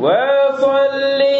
وصلي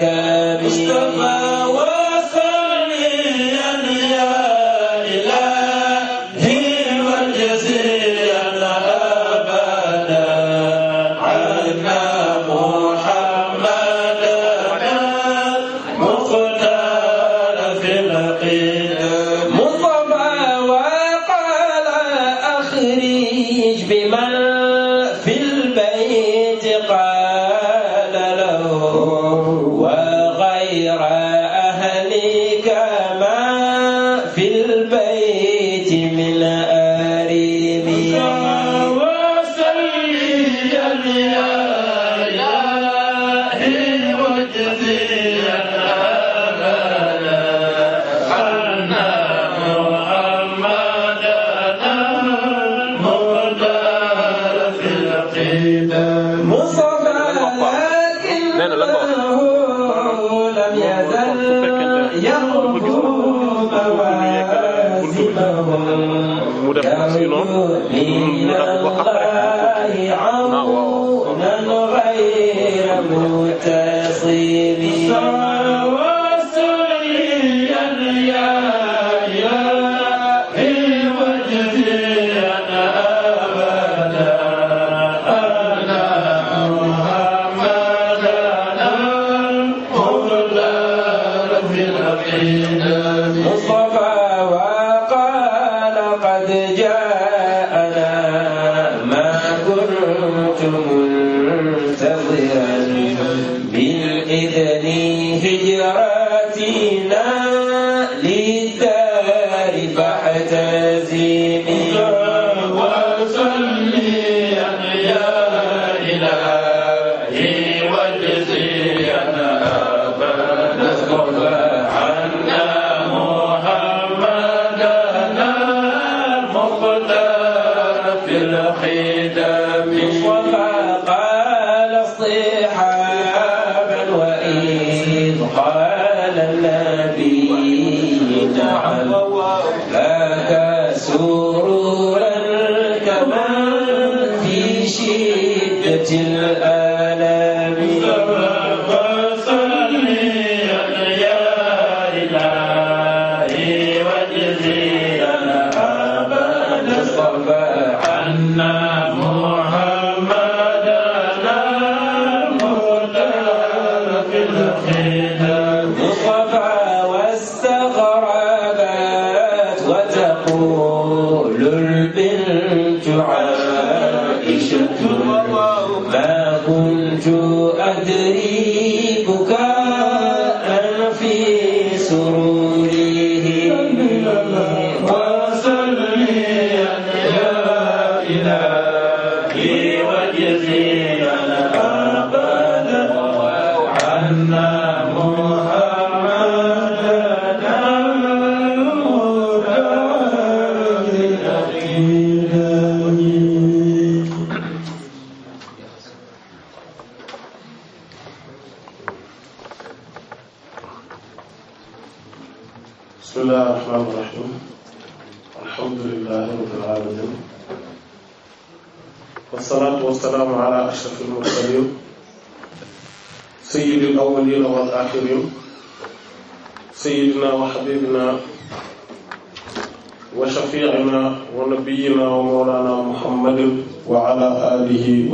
دعاك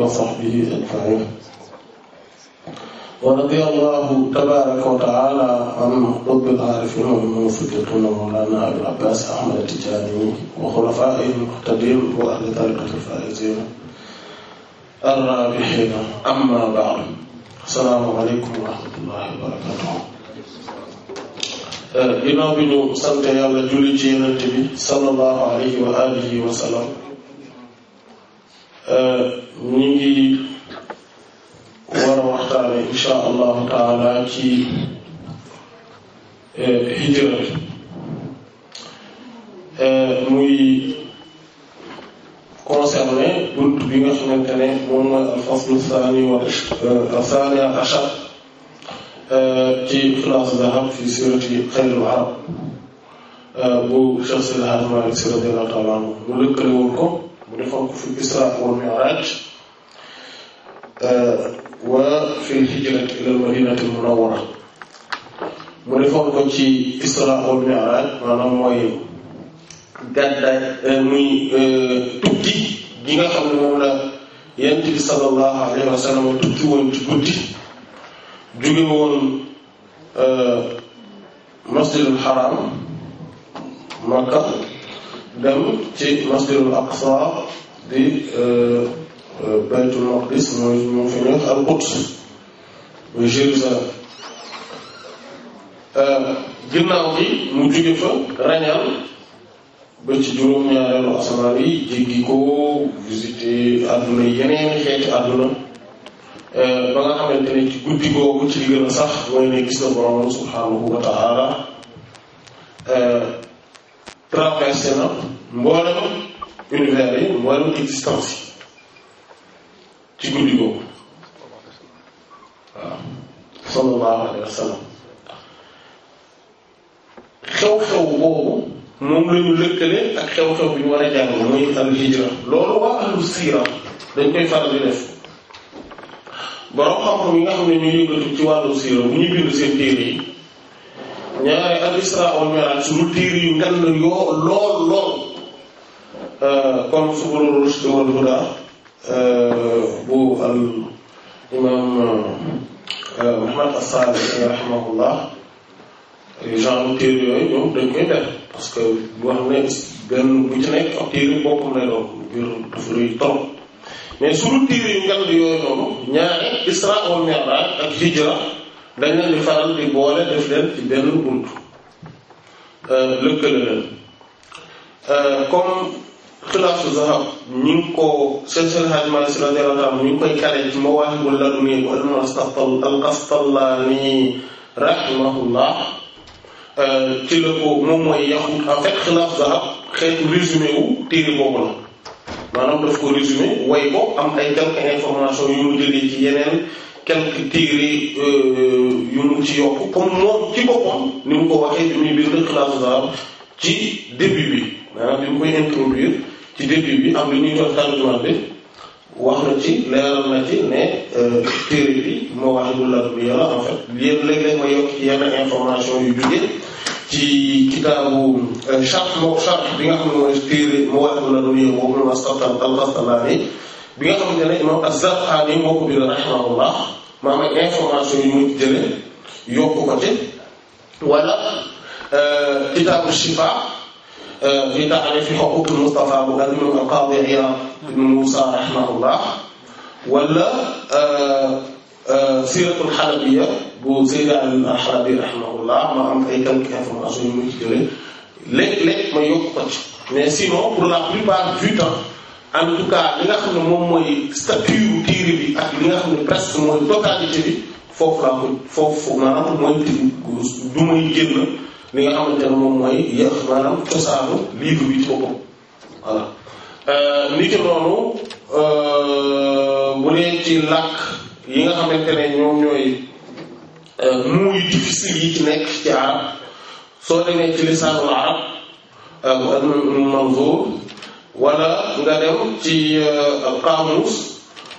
wa sahbihi ajmain wa radiya allahu tabaraka wa taala an qutbil aarifin wa muwaffiqina mawlana abil abbas ahmad tijaani wa xulafaa'ihi muhtadin wa ahli tariqati faizin arrabihina amma ba'd assalaamu aleykum wa rahmatullahi wa barakatuh ginnaaw bi ñu sant yàlla julli ci yonent bi sallallahu alayhi wa alihi wa sallam ci la ko moom mooy yàqu en fait xilaaf zahab xeetu résumé wu téere boobu la maanaam daf ko résumé way ko am ay quelques informations yu mu jëlee ci yeneen quelques téere euh, yu mu ci yokk comme moom ci boppam ni mu ko waxee bi muy bind xilaaf zahab ci début bi maanaam bi mu koy introduire ci début bi am li ñuy wax tarjumaan bi wax na ci leeral na ci ne euh, téere bi moo wax dul la bi yàlla en fait léeg-léeg ma yokk ci yenn information yu jógee ci kitaabu charh moo charh bi nga xam ne mooy téere Mawaahibu Nadawiyya boobu moom Astaftan al-Qastallani bi nga xamante ne imam Az-Zarqaani moo ko bind rahimahullah maanaam information yi mu jële yokku ko ci wala euh, kitaabu Shifa euh, fi ta'riif huquuq al-Mustafa bu al-imaam al-Qaadi Iyaad ibn Muusaa rahimahullah wala euh, Siiratul Halabiyya bu Zayd al-Harbi ma am ay quelques informations yu mu ci jëlee léeg-léeg ma ko ci mais sinon pour la plupart du temps en tout cas li nga xam ne moom mooy statut téere bi ak li nga xam ne presque mooy totalité bi foofu laa ko foofu maanaam du may génn li nga xamante ne moom mooy yéex maanaam cosaanu livre bi ci boppam voilà li euh, euh, bu dee ci làkk yi nga xamante ne ñoom ñooy. Euh, muy difficile yi nekk ci arab soo demee ci lisaanul arab euh, manzour wala nga dem ci euh, qaamuus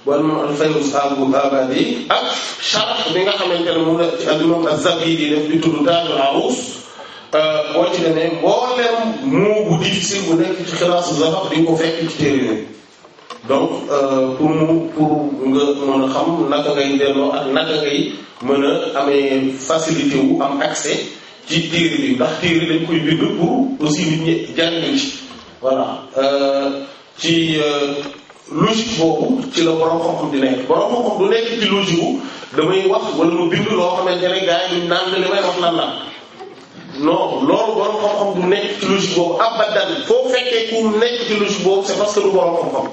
wala moom alfayrus abu abadi ak sharh bi nga xamante ne moom la ci di tudd taajul aruus boo ci demee mbooleem moo bu nekk ci xilaasu zafaf di ko fekk ci téere donc euh, pour mu pour nga mën a xam naka ngay delloo ak naka ngay mën a amee facilité wu am accès ci téere bi ndax téere dañ koy bind pour aussi nit ñi jàng ci voilà euh, ci euh, logique boobu ci la borom xam-xam di nekk borom xam-xam du nekk ci logique wu damay wax wala mu bind loo xamante ne gars yi ñu naan li may wax lan la non loolu borom xam-xam du nekk ci logique boobu abadan foo fekkee ku nekk ci logique boobu c'est parce que du borom xam-xam.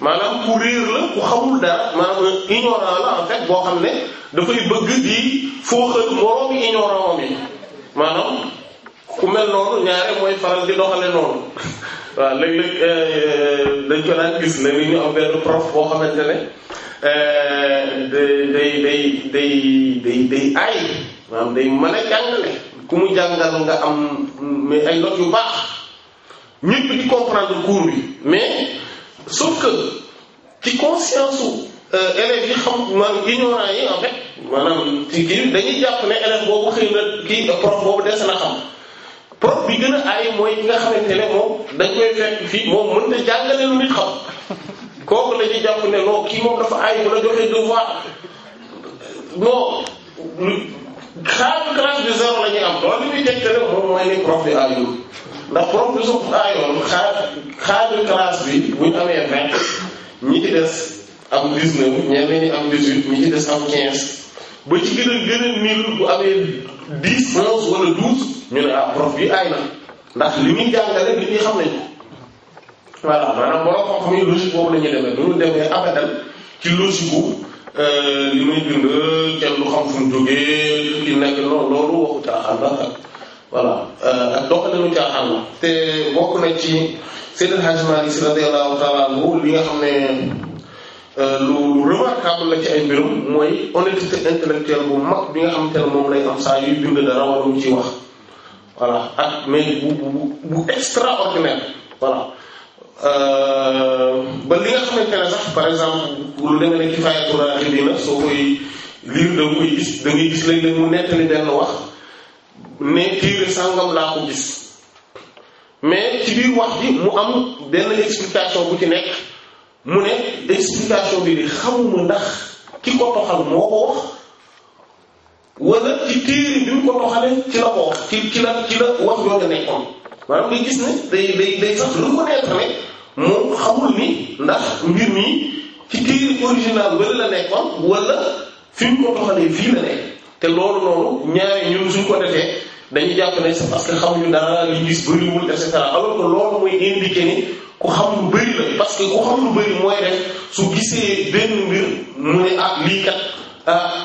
maanaam ku réer la ku xamul dara maanaam un la en boo xam ne dafay bëgg di fooxal moroomi ignorant yi maanaam ku mel noonu ñaare mooy faral di doxale noonu waaw léeg-léeg euh, euh, dañ ko daan gis la am benn prof boo xamante ne euh, day day day day day day aay maanaam day mën a jàngale ku mu jàngal nga am mais ay lot yu baax ñëpp di comprendre cours bi mais sauf que ci conscience su euh, élèves yi xam maanaam ignorant yi en fait maanaam ci dañuy jàpp ne élève boobu xëy na kii prof boobu des na xam prof bi gën a aay mooy nga xamante ne moom dañ koy fekk fii moom mënta jàngale lu nit xam kooku la jàpp ne non kii moom dafa aay bu la joxee devoir non xaar classe de zéro la ñuy am loolu li muy tegtale moom mooy ni prof bi aayul ndax profession ayoon xaaj xaaju classe bi bu ñu amee vingt ñi ci des am dix-neuf ñeneen ñi am dix-huit ñi ci des am quinze ba ci gën a gën a niil bu amee dix onze wala douze ñu ne ah prof bi ay na ndax li muy jàngale li ñuy xam nañ ko voilà maanaam borom xam-xam yi logique boobu la ñuy demee duñu demee abadan ci logique bu euh, li muy bind kenn du xam fu mu jógee ki nekk loolu waxu caaxaan la voilà ak euh, doxalinu caaxaan la te bokk na ci Seydil Hadji Malick Sy radiyallahu ta'ala anhu li nga xam ne euh, lu remarquable la ci ay mbirum mooy honnêteté intellectuelle bu mag bi nga xam te ne moom lay am saa yuy bind dara wala mu wax voilà ak mais bu bu bu extraordinaire voilà euh, ba li nga xamante ne sax par exemple lu demee ne ci Kifaayatu soo koy lire da gis da ngay gis léeg-léeg mu nettali benn wax. ne téere sàngam laa ko gis mais ci biir wax ji mu am benn explication bu ci nekk mu ne explication bi di xamuma ndax ki ko moo ko wax wala ci téere bi mu ko toxale ci la ko wax ci ci la ci la wax yooyu nekkoon maanaam nga gis ne day day day sax reconnaître ne moom xamul ni ndax mbir mi ci téere original wala la nekkoon wala fi mu ko fii la nekk te lool noonu ñaare ñun suñ ko defee dañuy jàpp ne c'est parce que xamuñu dara li gis bëriwul et cetera alors que loolu mooy indiqué ni ku xam lu bëri la parce que ku xam lu bëri mooy def su gisee benn mbir mu ah lii kat ah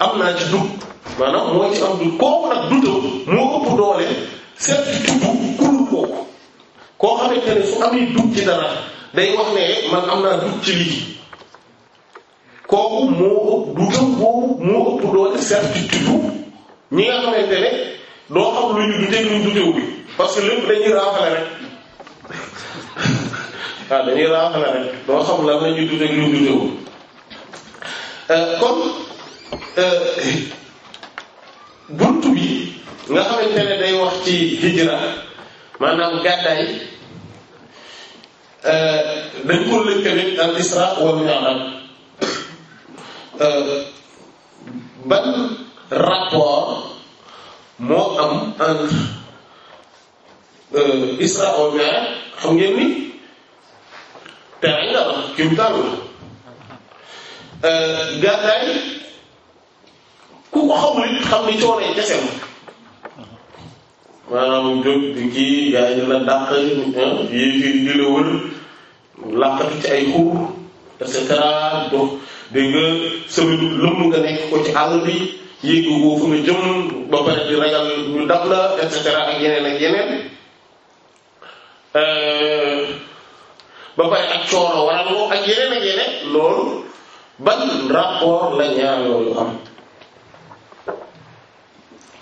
am naa ci dugub maanaam moo ci am dugub kooku nag dundam moo ëpp doole certitude bu kurul kooku koo xamante ne su amee dugub ci dara day wax ne man am naa dugub ci lii. kooku moo ëpp du gëm boobu moo ëpp doole ñi nga xamante ne doo xam lu ñu du teg ñu du bi parce que lépp dañuy raafale rek waaw dañuy raafale rek doo xam la nañu du teg ñu du euh, kon euh, buntu bi nga xamante ne day wax ci hijra maanaam gàddaay euh, dañ ko lëkkale al isra wal mi'raj Euh, ban rapport moo am entre euh, Isra wal xam ngeen ni terrain la kii bi tàllu la gàddaay ku ko xamul it xam ni coono yi dese ma maanaam jóg di kii gars yi la dàq ah, yéefir di la wër làqatu ci ay xur et cetera dégg nga sama lëmm nga nekk ko ci àll bi yéegu woo fu nga jëm ba pare di ñu dab la et ak yeneen ak yeneen euh, ba pare ak coono waral ko ak yeneen ak yeneen loolu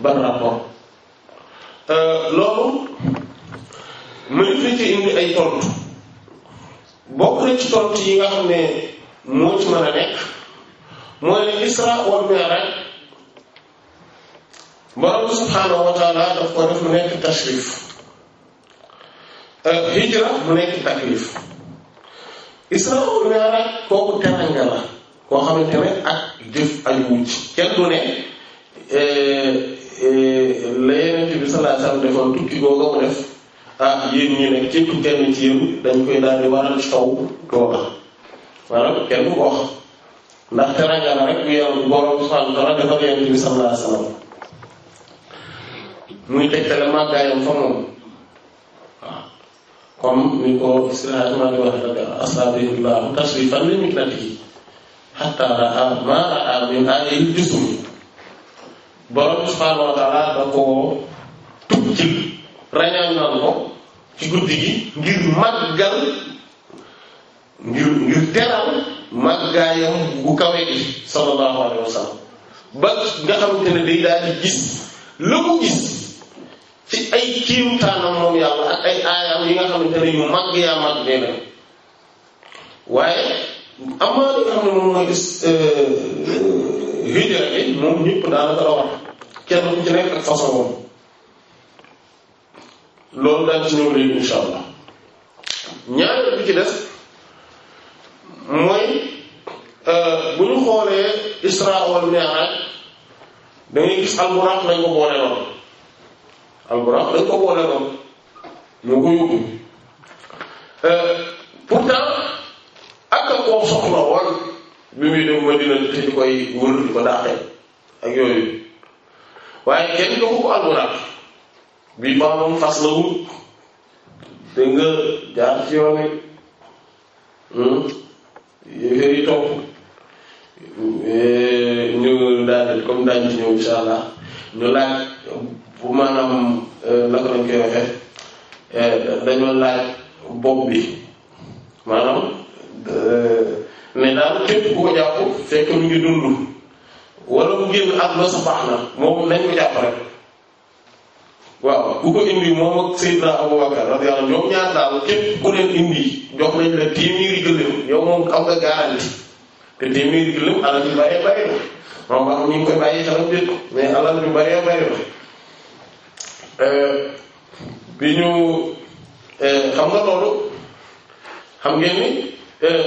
ban rapport euh, loolu mënu fi indi ay tontu bokk na ci tontu yi nga xam ne. moo ci mën nekk mooy ne isra wal mi'raj borom subhaanahu wa taala daf ko def mu nekk tashrif euh, hijra mu nekk taklif isra wal mi'raj kooku teranga la koo xamante ne ak jëf ay wucc kenn du ne euh, euh, la yeneen bi sallallahu alayhi wasallam def ah yéen ñi nekk ci kenn ci dañ koy daal di waral ci kaw maanaam kenn du ko wax ndax teranga rek bu yàlla borom subhanahu wa taala dafa yonent bi sallallahu alayhi wa sallam muy tegtale màggaayam fa moom waaw comme ni ko silagement di waxe rek asabiullahu tashrifan li mikratihi hatta raa ma raa min aayil jusum borom subhanahu da koo tub ci rañal nan ko ci guddi gi ngir màggal ngir ngir teral màggaayam bu kawe gi sallallahu alayhi wa ba nga xamante ne day daal di gis la mu gis ci ay kiimtaanam moom yàlla ak ay aayam yi nga xamante ne yu màgg yaa màgg nee na waaye amaa li nga xam ne moom mooy gis euh, hijra bi moom ñëpp daanaka ak façon moom loolu daal ci ñëw léegi incha allah ñaareel bi ci des mooy euh, bu ñu xoolee Isra wal Mi'raj da gis Al-Buraq ko boole noonu al ko boole noonu ñoo ko yóbbu euh, pourtant ak a koo soxla woon bi muy dem Madina te ñu koy wër di ko daaxee ak yooyu waaye kenn joxu ko al bi ba moom fas la wut te jaar ci yoon yéeféer yi topp eh, ñu daal comme daañu ci ñëw incha allah bu maanaam laka eh, lañ koy waxee eh, dañoo laaj bopp bi maanaam ne daal képp ku ko jàpp fekk mu ngi dund wala mu génn àdduna sa baax na moom nañ ko jàpp waaw ku ko indi moom ak Seydina Abu Bakar radiyallahu ñoom ñaar daal képp ku leen indi jox nañ la téeméeri gëléem yow moom am nga garanti te téeméeri gëléem alal alal bi bëree bëri na euh, bi ñu euh, xam nga loolu euh,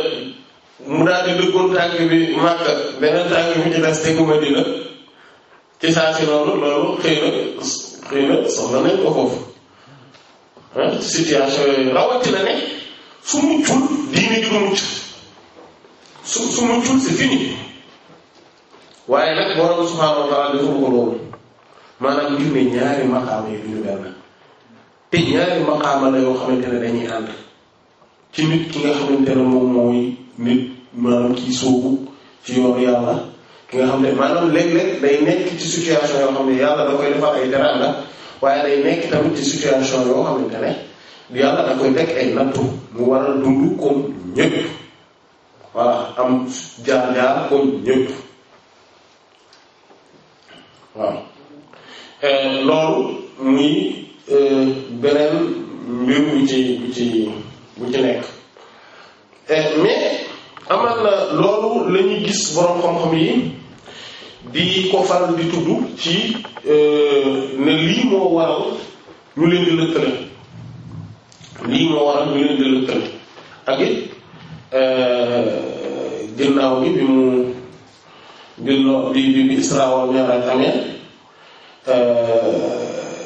mu daal di dëggoon tànk bi Makka beneen tànk bi ci des tegu Madina ci saa si noonu loolu xëy na. xëy na soxla nañ ko foofu ah situation yooyu rawatina ne su muccul diine ju du mucc su su muccul c'est fini waaye nag borom subhaanahu maanaam ngir ne ñaari maqaama yi duñu benn te ñaari maqaama la yoo xamante ne dañuy ànd ci nit ki nga xamante ne moom mooy nit maanaam kii soobu ci yoonu yàlla. ki nga xam ne maanaam léeg-léeg day nekk ci situation yoo xam ne yàlla da koy defal ay teraanga waaye day nekk tamit ci situation yoo xamante ne yàlla da koy teg nattu mu war a dund comme ñëpp voilà am jaar-jaar comme ñëpp waaw euh, loolu muy euh, beneen mbir bu ci bu ci nekk euh, mais amal na loolu la ñuy gis boroom xam-xam yi di ko faral di tudd ci euh, ne lii moo waral ñu leen di lëkkale lii moo waral ñu leen di lëkkale ak it euh, ginnaaw bi bi mu ginnaaw bi bi bi Isra wal Mi'raj amee euh,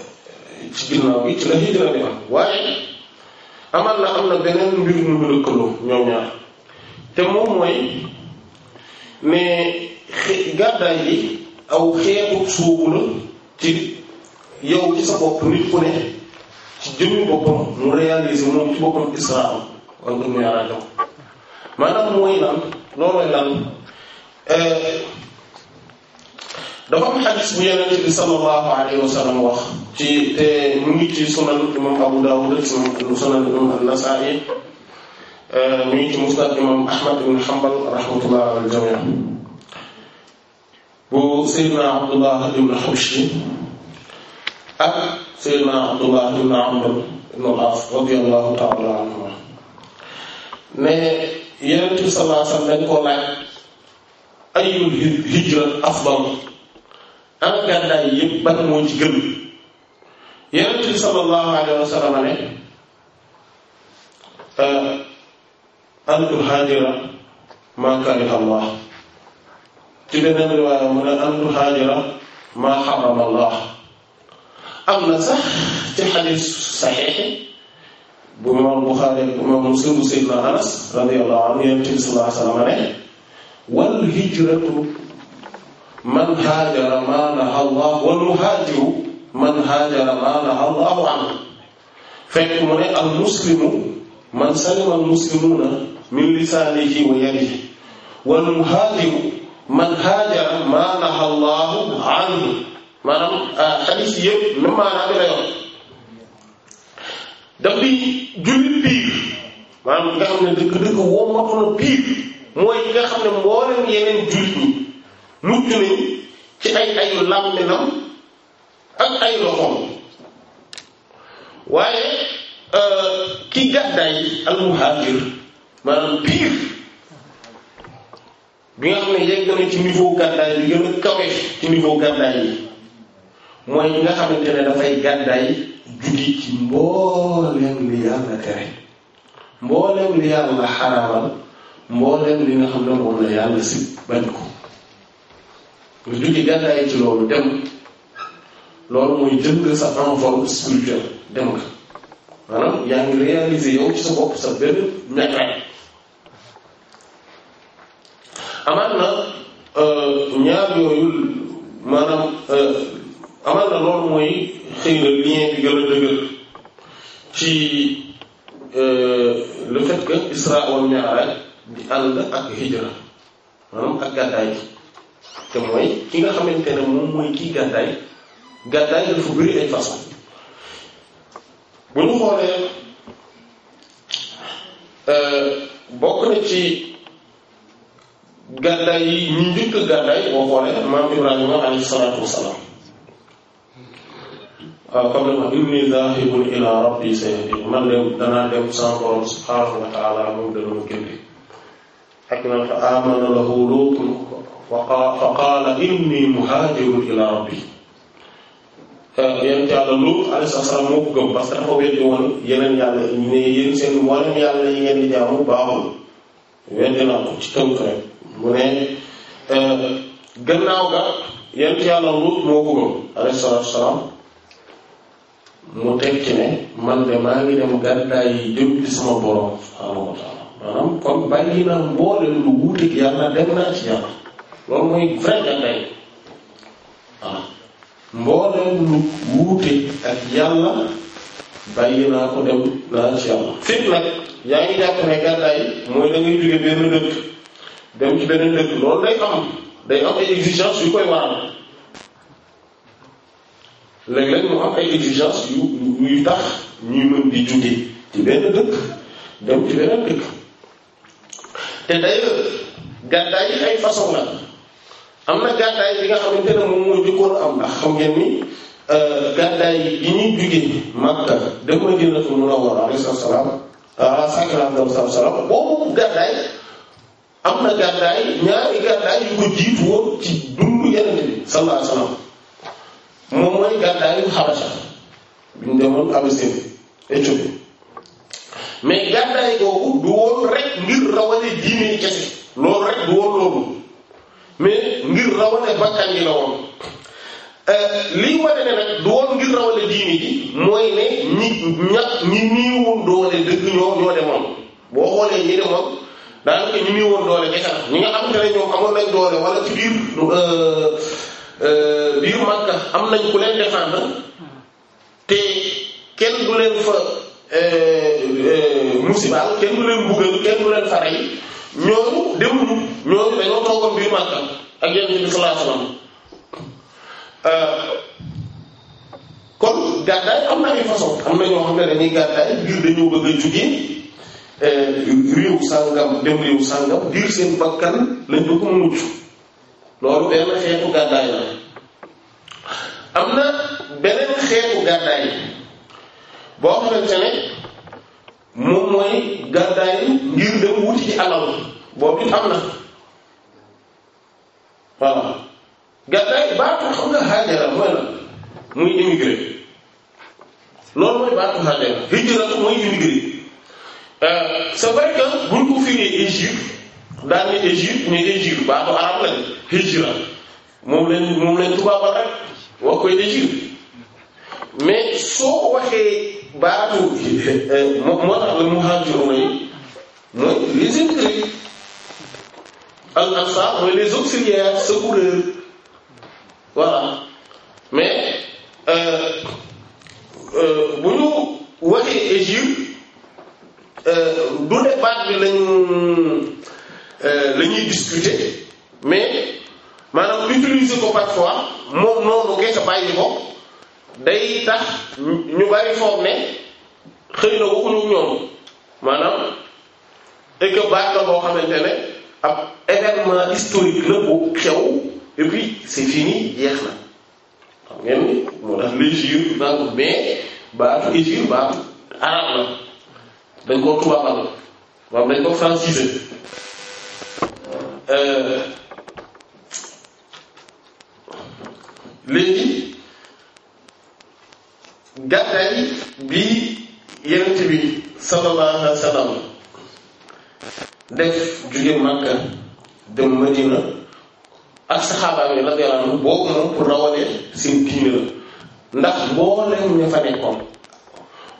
ci ginnaaw bi ci la hijra bi am waaye amal na am na beneen mbir mu lëkkaloo ñoom ñaar te moom mooy mais gàddaay bi aw xeetu suubu la ci yow ci sa bopp nit ku ne ci jëmmi boppam mu réaliser moom ci boppam isra am wala mu yaraatam maanaam mooy lan loolooy lan euh, dafa am xadis bu yeneen bi sallallahu alayhi wax ci te mu ngi ci sunan imam Abu Dawud ak sunan imam An-Nasa'i Euh, mu ngi ci musnad imam ahmad ibn hanbal rahmatullah al jamii bu sayyidina abdullah ibn xubshi ak sayyidina abdullah ibn amr ibn al-as radiyallahu taala anhuma ne yeneen bi sallallahu alayhi wa sallam dañ koo laaj ayul hijra afdal am gàddaay yëpp ban moo ci gën yeneen bi sallallahu alayhi wa sallam ne euh, an tuhaajira maa kariha Allah ci beneen riwaaya mu ne an tuhaajira maa xarama Allah am na sax ci xadis saxiix bu imaam Buxaari bu imaam Muslim bu Seydina Anas radiyallahu anhu Yonent bi sallallahu alayhi wa sallam ne wal hijratu man haajara maa nahaa Allah wal muhaajiru man haajara maa nahaa Allahu anhu fekk mu ne al muslimu man salima al muslimuuna min lisaanihi wa yadihi wal muhaajiru man haajara maa nahaa Allahu anhu maanaam ah, xadiis yëpp même bi la yor daf piir maanaam nga xam ne dëgg-dëgg wommatu na piir mooy nga xam ne mboolem yeneen jullit ñi mucc nañ ci ay ayu làmminam ak ay loxoom waaye ah, ki gàddaay al muhaajir maanaam pire bi nga xam ne yegg na ci niveau gàddaay bi gën a kawe ci niveau gàddaay yi mooy ñi nga xamante ne dafay gàddaay jugi ci mbooleem li yàlla tere mbooleem li yàlla xaraamal mbooleem li nga xam ne moom la yàlla si bañ ko nga jugi gàddaay ci loolu dem loolu mooy jënd sa envol spirituel dem nga maanaam yaa ngi yow ci sa bopp sa benn méthode amaan na euh, ñaar yooyu maanaam euh, amaan na loolu mooy xëy na lien bi gën a dëgër ci euh, le fait que Isra wal di ànd ak hijra maanaam ak gàddaay te mooy ki nga xamante ne moom mooy kii gàddaay gàddaay dafa bëri ay façon bu ñu xoolee bokk na ci gàddaay yi ñu njëkk a gàddaay boo xoolee maam Ibrahima alayhi salaatu wasalaam waaw comme li ma inni zaahibun ila rabbi sayyidi man de danaa dem sama borom subhaanahu wa taala moom dana ma gindi ak na fa amana lahu luutun fa qaala inni muhaajirun ila rabbi euh, yéen yàlla Luut alayhi salaam moo ko gëm parce que dafa weddi woon yeneen yàlla ne yéen seen mboolem yàlla yi ngeen di jaamu baaxul weddi naa ko ci tënk rek mu ne euh, gannaaw ga yent yàlla Luut moo ko gëm alayhi mu teg ci ne man de maa ngi dem gàddaay yi jëm borom subhaanahu wa taala maanaam kon bàyyi naa mboolem lu wuuteeg ak yàlla bàyyi naa ko dem naa ci yàlla. fii nag yaa ngi jàpp ne gàddaay mooy da ngay jóge benn dem ci beneen dëkk loolu day am day am exigence yu koy waral léeg-léeg mu am exigence yu yu tax ñuy mën di jóge ci benn dëkk dem ci beneen dëkk te d'ailleurs gàddaay yi ay façon la am na gàddaay yi nga xamante ne moom moo jëkkoon am ndax xam ngeen ni gàddaay yi ñuy jóge Makka dem Madinatul Munawwara alayhi salaam ah Sakra am na salaam boobu gàddaay. am na gàddaay ñaari gàddaay yu ko jiitu woon ci dundu yenente bi sallallahu alayhi wasallam moom mooy gàddaayu xabasa bi ñu demoon Abyssinie Éthiopie mais gàddaay googu du woon rek ngir rawale diine kese loolu rek du woon loolu mais ngir rawale bakkan yi la woon euh, liy wane ne nag du woon ngir rawale diine ji mooy ne ñi ña ñi nii woon doole dëgg ñoo ñoo demoon boo xoolee ñi demoon daanaka ñu ngi woon doole ca ñi nga xam ne ñoom amoon nañ doole wala ci euh, euh, am nañ ku te kenn du leen fa euh, musibaal kenn du leen na ay am na ñoo xam ne dañuy gàddaay biir dañoo bëgg a jugee. Euh, réew sàngam dem réew sàngam diir seen bakkan lañ ko ko mucc loolu benn xeetu gàddaay la am na beneen xeetu gàddaay boo xamante ne moom mooy gàddaay ngir dem wuti ci alal boobu mooy la muy immigré loolu mooy baatu haajara hijra mooy immigré Euh, c'est vrai que buñ ko firee hégire daan ne hégire mais hégire baatu arab lañ hijra moom lañ moom lañ tubaabal rek wax koy hégire mais soo waxee baatu euh, moo moo tax la muhajiruna yi mooy les immigrés al ansar mooy les auxiliaires secoureurs voilà mais euh, bu ñu waxee hégire Euh, du ne baat bi lañu euh, la ñuy discuter mais maanaam utiliser ko parfois moom noonu kese bàyyi ko day tax ñu bari foog ne xëy na waxuñu ñoom maanaam et que baat la xamante ne ab événement historique la xew et c'est fini jeex na ngeen moo tax l'hégire nangul mais baatu hégire baatu arab la dañ koo tubaabal waaw dañ ko francisé euh, léegi gàddaay bi yonent bi sallallahu alayhi wa sallam def jóge Màkka dem Madina ak saxaabaam yi radiyallahu anhum boobu moom pour rawalee seen diine la ndax boo leen ña fa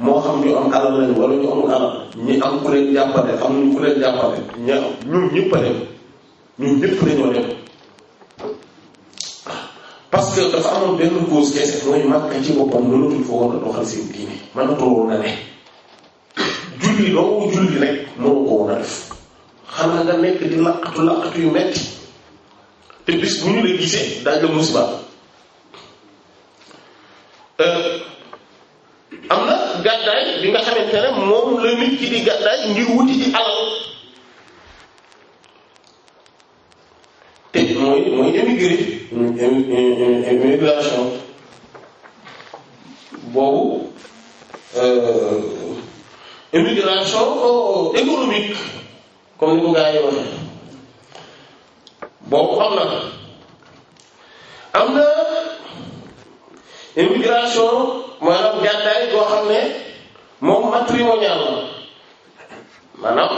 moo xam ñu am alal lañu wala ñu amul alal ñi am ku leen jàppale amuñu ku leen jàppale ña ñun ñëpp ñëpp dañoo dem parce que dafa amoon benn cause kese mooy Makka ci boppam a doxal woon a ne julli doo julli rek mënu ko woon a def xanaa nga nekk di laqatu laqatu yu metti te bis bu ñu la gisee daaj la musiba euh, gàddaay bi nga xamante ne moom la nit ki di gàddaay ngir wuti ci alal te mooy mooy émigré émigration boobu euh, émigration euh, économique comme ni ko gars boobu am na am na émigration maanaam gàddaay boo xam ne moom matrimonial la maanaam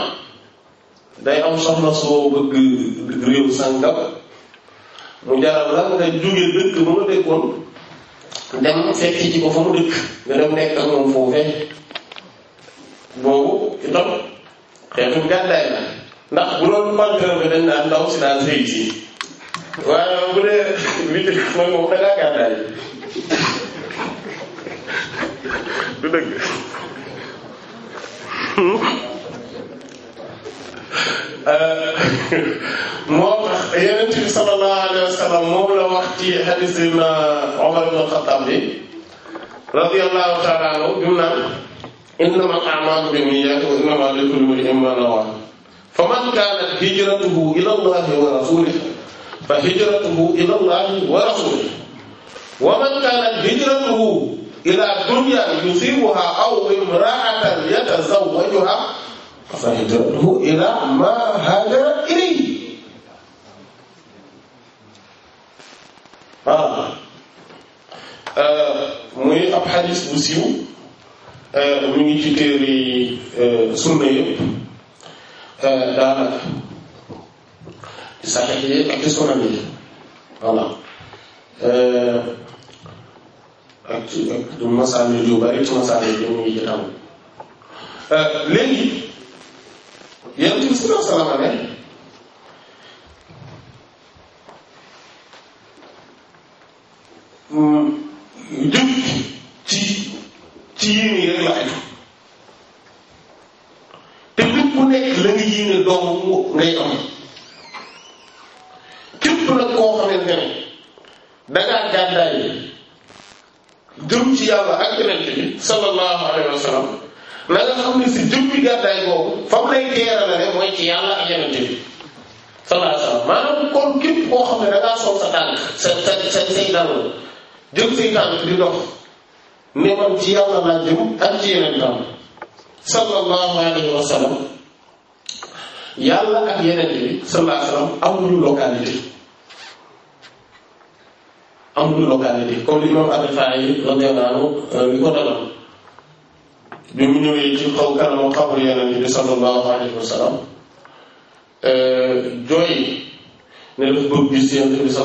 day am soxna soo bëgg réew sàngam mu jaral la nga jóge dëkk ba mu dëkkoon dem fekk ci ko fa mu dëkk nga dem nekk ak moom foofee boobu itam xeetu gàddaay la ndax bu doon pantere bi dañ naan ndaw si daal sëy si waaye bu dee li dëkk mooy moom dangaa gàddaay du dëgg Euh, moo tax Yonent bi sallallahu alayhi wa sallam moom la wax ci hadith Seydina Umar ibn Khattab bi radiyallahu ta'ala anhu bi mu naan innamal a'malu binniyyati wa innamaa likulli imri'in maa nawaa faman kaanat hijratuhu ila Allahi wa rasulihi fa hijratuhu ila Allahi wa rasulihi wa man kaanat hijratuhu ila dunyan yusibuha aw imra'atan yatazawwajuha fasahidahu ila ma hajara ilayhi waaw ah. euh, muy ab xadis bu siiw euh, mu ngi ci téere euh, sunna yëpp daanaka saxex yi ak sunan yi voilà ak ci du masaani yu bari ci masaani yi ñu ngi jotaam euh, léegi yonent bi sallallahu alayhi wa sallam ne jëf mm, ci ci yéene rek la aju te lépp ku nekk la nga yéene doomu ngay am képp nag koo xamante ne dangaa gàddaay gëm ci yàlla ak yonent bi sallallahu alayhi wa sallam la nga xam ne si jëmmi gàddaay boobu fa mu lay teerale rek mooy ci yàlla ak yonent bi sallallahu alayhi wa sallam maanaam kon képp koo xam ne da ngaa sol sa tànk sa sa sa say dàll jël say tànk di dox ne man ci yàlla laa jëm ak ci yonentam sallallahu alayhi wa sallam yàlla ak yonent bi sallallahu alayhi wa sallam amuñu localité. amul localité comme li imam Al-Rifaa'i radiyallahu anhu li ko dalal bi mu ñëwee ci xaw kanamu xabru Yonent bi sallallahu alayhi wa sallam euh, jooy ne daf bëgg gis rek lañ mos lañ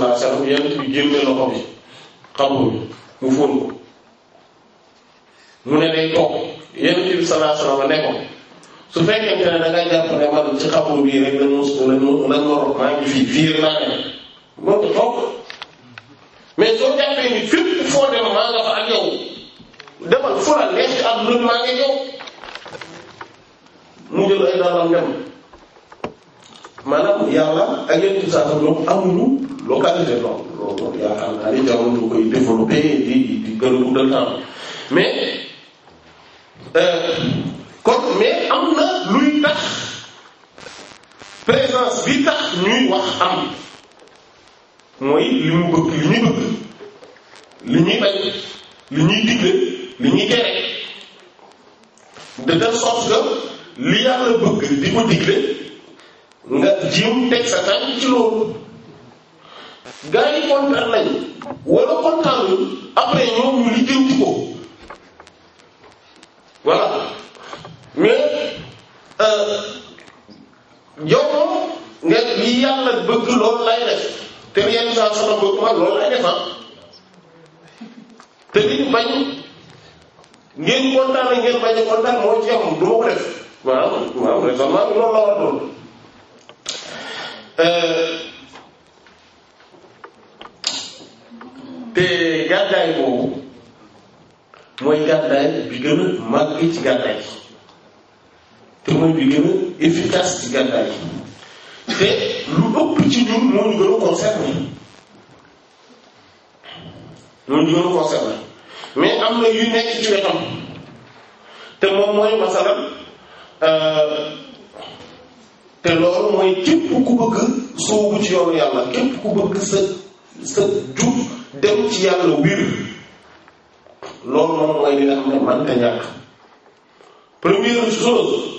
ma maa ngi fii fii rek laa ne moom toog. mais soo jàppee ni fépp foo dem maa nga fa ak yow demal fu la neex ci maa ngi yow mu jël ay daalam dem maanaam yàlla ak yeneen ci saa ñoom amuñu localité lool loolu yaakaar naa ni jamono ñu koy développé di di gën a guddal temps mais euh, kon mais am na luy tax présence bi tax ñuy wax am. mooy li mu bëgg li ñu bëgg li ñuy bañ li ñuy digle li ñuy tere de telle sorte que li yàlla bëgg di ko digle nga jiw teg sa tànk ci loolu gars yi kontaan lañ wala kontaan ñu après ñoom ñu lijjanti ko voilà mais euh, yow nga li yàlla bëgg loolu lay def te yenn saa soxna boobu man loolu lay defar te li ñu bañ ngeen kontaan ak ngeen bañ a kontaan moo ci am du ma ko def waaw waaw raisonnement bi loolu la war a doon te gàddaay boobu mooy gàddaay bi gën a màgg ci te mooy bi gën a efficace ci te lu ëpp ci ñun moo ñu gën a concerné moo ñu gën mais am na yu nekk ci wetam te moom mooy masalan euh, te loolu mooy képp ku bëgg soobu ci yoonu yàlla képp ku bëgg sa sa jub dem ci yàlla wir loolu moom mooy li nga xam man te ñàkk première chose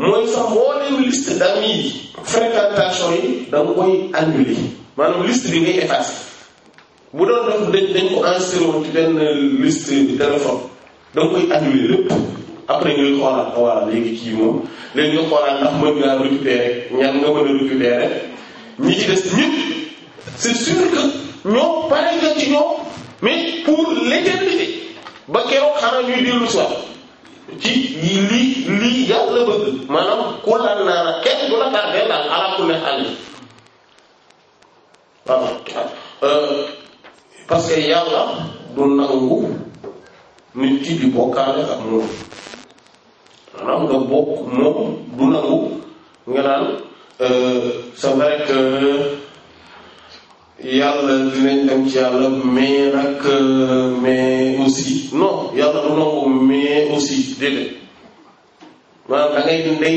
mooy sax mbooleem liste d'amis yi fréquentation yi da koy annuler maanaam liste bi ngay effacer bu doon def dañ ko enregistré ci benn liste téléphone da nga koy annuler lépp après ngay xoolaat oh, voilà léegi kii moom léegi nga xoolaat ndax mën ngaa récupérer ñaan nga mën a récupérer ñi ci des ñëpp c'est sûr ñoo pare nga ci mais pour l'éternité ba keroog xanaa ñuy dellu si ci ñi lii lii yàlla bëgg maanaam ku la naara kenn du la tardé daal ala ku ne àll waaw euh, parce du nangu nit ci di bokkaale ak moom nga bokk moom du nangu nga naan euh, c'est vrai que yàlla dinañ dem ci yàlla mais nag mais aussi non yàlla du nangu mais aussi déedéet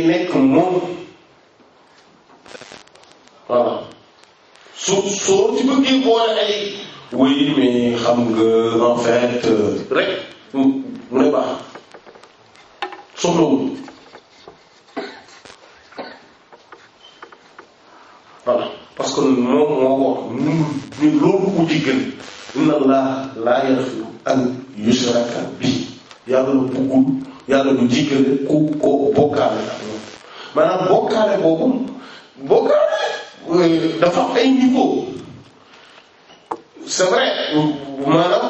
nekk moom voilà soo ci bëggee boole ay oui mais xam nga en fait rek mu ne baax soxlawul voilà parce que moom moo ko loolu ku ci gën allah laa yaghfiru an yushraka bi yàlla lu buggul yàlla lu jigale ku ko bokkaale ak moom maanaam bokkaale boobu bokkaale dafa ay niveau c'est vrai maanaam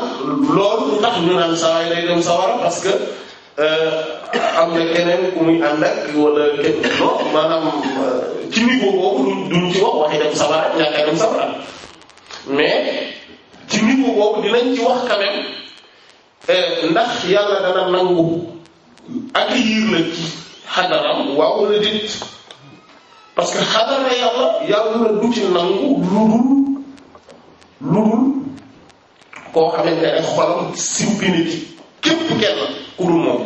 loolu tax ñu naan saa yi dem sawara parce que Euh, am na keneen ku muy ànd kenn non maanaam euh, ci niveau boobu duñ ci wax waxi dem sabara ñàkk sabara mais ci niveau boobu dinañ ci wax quand même euh, ndax yàlla dana nangu accueillir la ci xadaram waaw wala déet parce que xadara yàlla yàlla du ci nangu ludul ludul koo xamante ne xolam siw bi képp kenn ku dul moom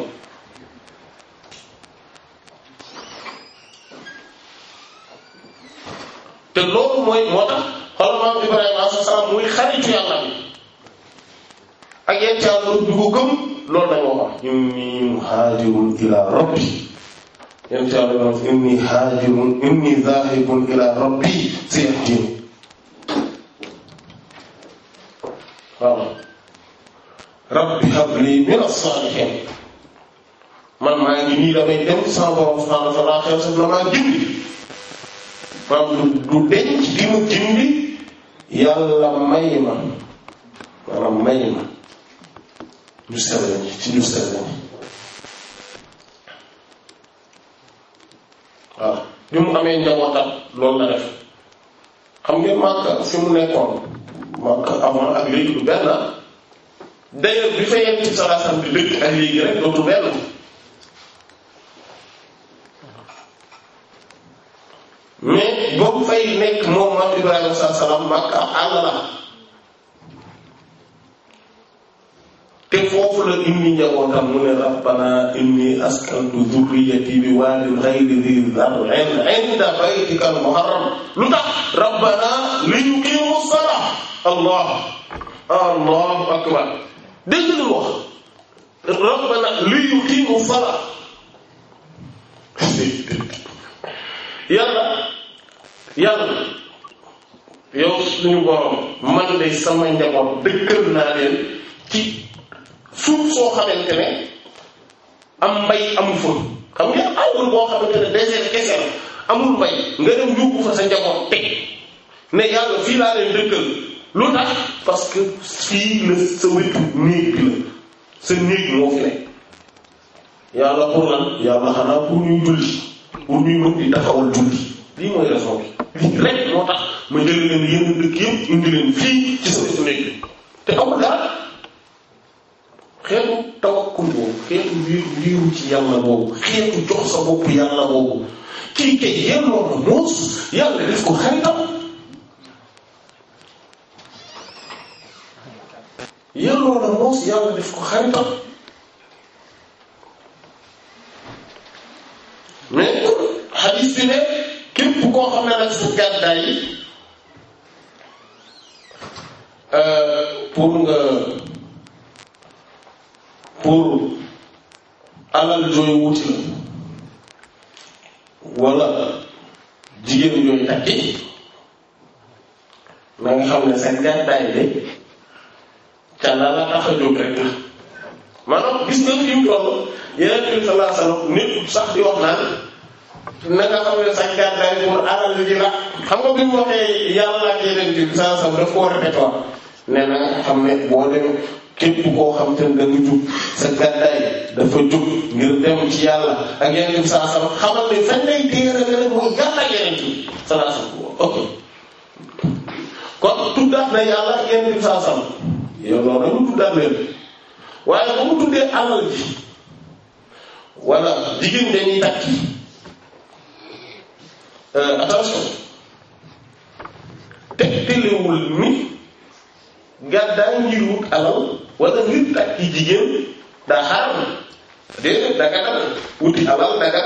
te loolu mooy moo tax xoolal maam Ibrahima alayhi salaam muy xaritu yàlla bi ak yenn ci àll bi ko gëm loolu lañ waxoon. inni muhaajirun ila rabbi yenn ci àll bi maanaam inni haajirun inni zaahibun ila rabbi sayahdin waaw. rabbi habli min as-salihin man maa ngi nii damay dem sama borom subhanahu wa ta'ala xew sa la maa jimbi maanaam denc di mu jimbi yàlla may ma maanaam may ma ñu sell lañu ci ñu sell waaw bi mu amee njabootam loolu la def xam ngeen Makka fi mu nekkoon Makka avant ak léegi du benn d'ailleurs bi fa yem ci bi dëkk ak léegi rek dootul benn mais boobu fay nekk moom maam Ibrahima salaam Makka àll la te foofu la indi njabootam mu ne rabbana inni askantu durriyati bi waadin ghayri dhi zar'in inda baytikal muharram lu tax rabbana li yuqimu salaah allah allahu akbar dégg lu wax rabbana li yuqimu sala yàlla yàlla yow suñu borom man de sama njaboot dëkkal naa leen ci suuf soo xamante ne am mbay amu fa xam nga awul boo xamante ne désert kese amul mbay nga dem yóbbu fa sa njaboot teg ne yàlla fii laa leen dëkkal lu tax parce que fii la sa wetu néeg la sa néeg moo fi nekk yàlla pour yàlla xanaa pour ñuy julli pour ñuy mën di taxawal julli lii mooy raison bi lii rek moo tax ma jël leen yenn dëkk yëpp indi leen fii ci sa wetu néeg bi te amul dara xeetu tawakkul boobu xeetu wéeru wéeru ci yàlla boobu xeetu jox sa bopp yàlla boobu kii kay yelloo na moos yàlla def ko xaritam yelloo na moos yàlla def ko xaritam mais xadis bi ne képp koo xam ne nag sa gàddaay euh, pour nga pour alal jooy wuti la wala jigéen yooyu takki na xam ne sa gàddaay de ca tax a jóg rek tax maanaam gis nga fi mu toll yeneen bi sallallahu alayhi wasallam nit sax di wax naan na nga xam ne sax gàddaay pour alal ji la xam bi mu ne boo demee képp koo xam te ne jug sa gàddaay dafa jug ngir dem ci yàlla ak yeneen bi sallallahu alayhi wasallam xamal ne fañ lay téere nga ne mooy yàlla ak yeneen bi sallallahu alayhi wasallam ok kon tuddaat na yàlla ak yeneen bi sallallahu alayhi wasallam yow loolu dama tuddaan leen waaye ba mu tuddee alal ji wala jigéen dañuy takki euh, attention tegtalewul mi nga daa ngir wut alal wala ngir takki jigéen daa xaaral déedéet wuti alal daga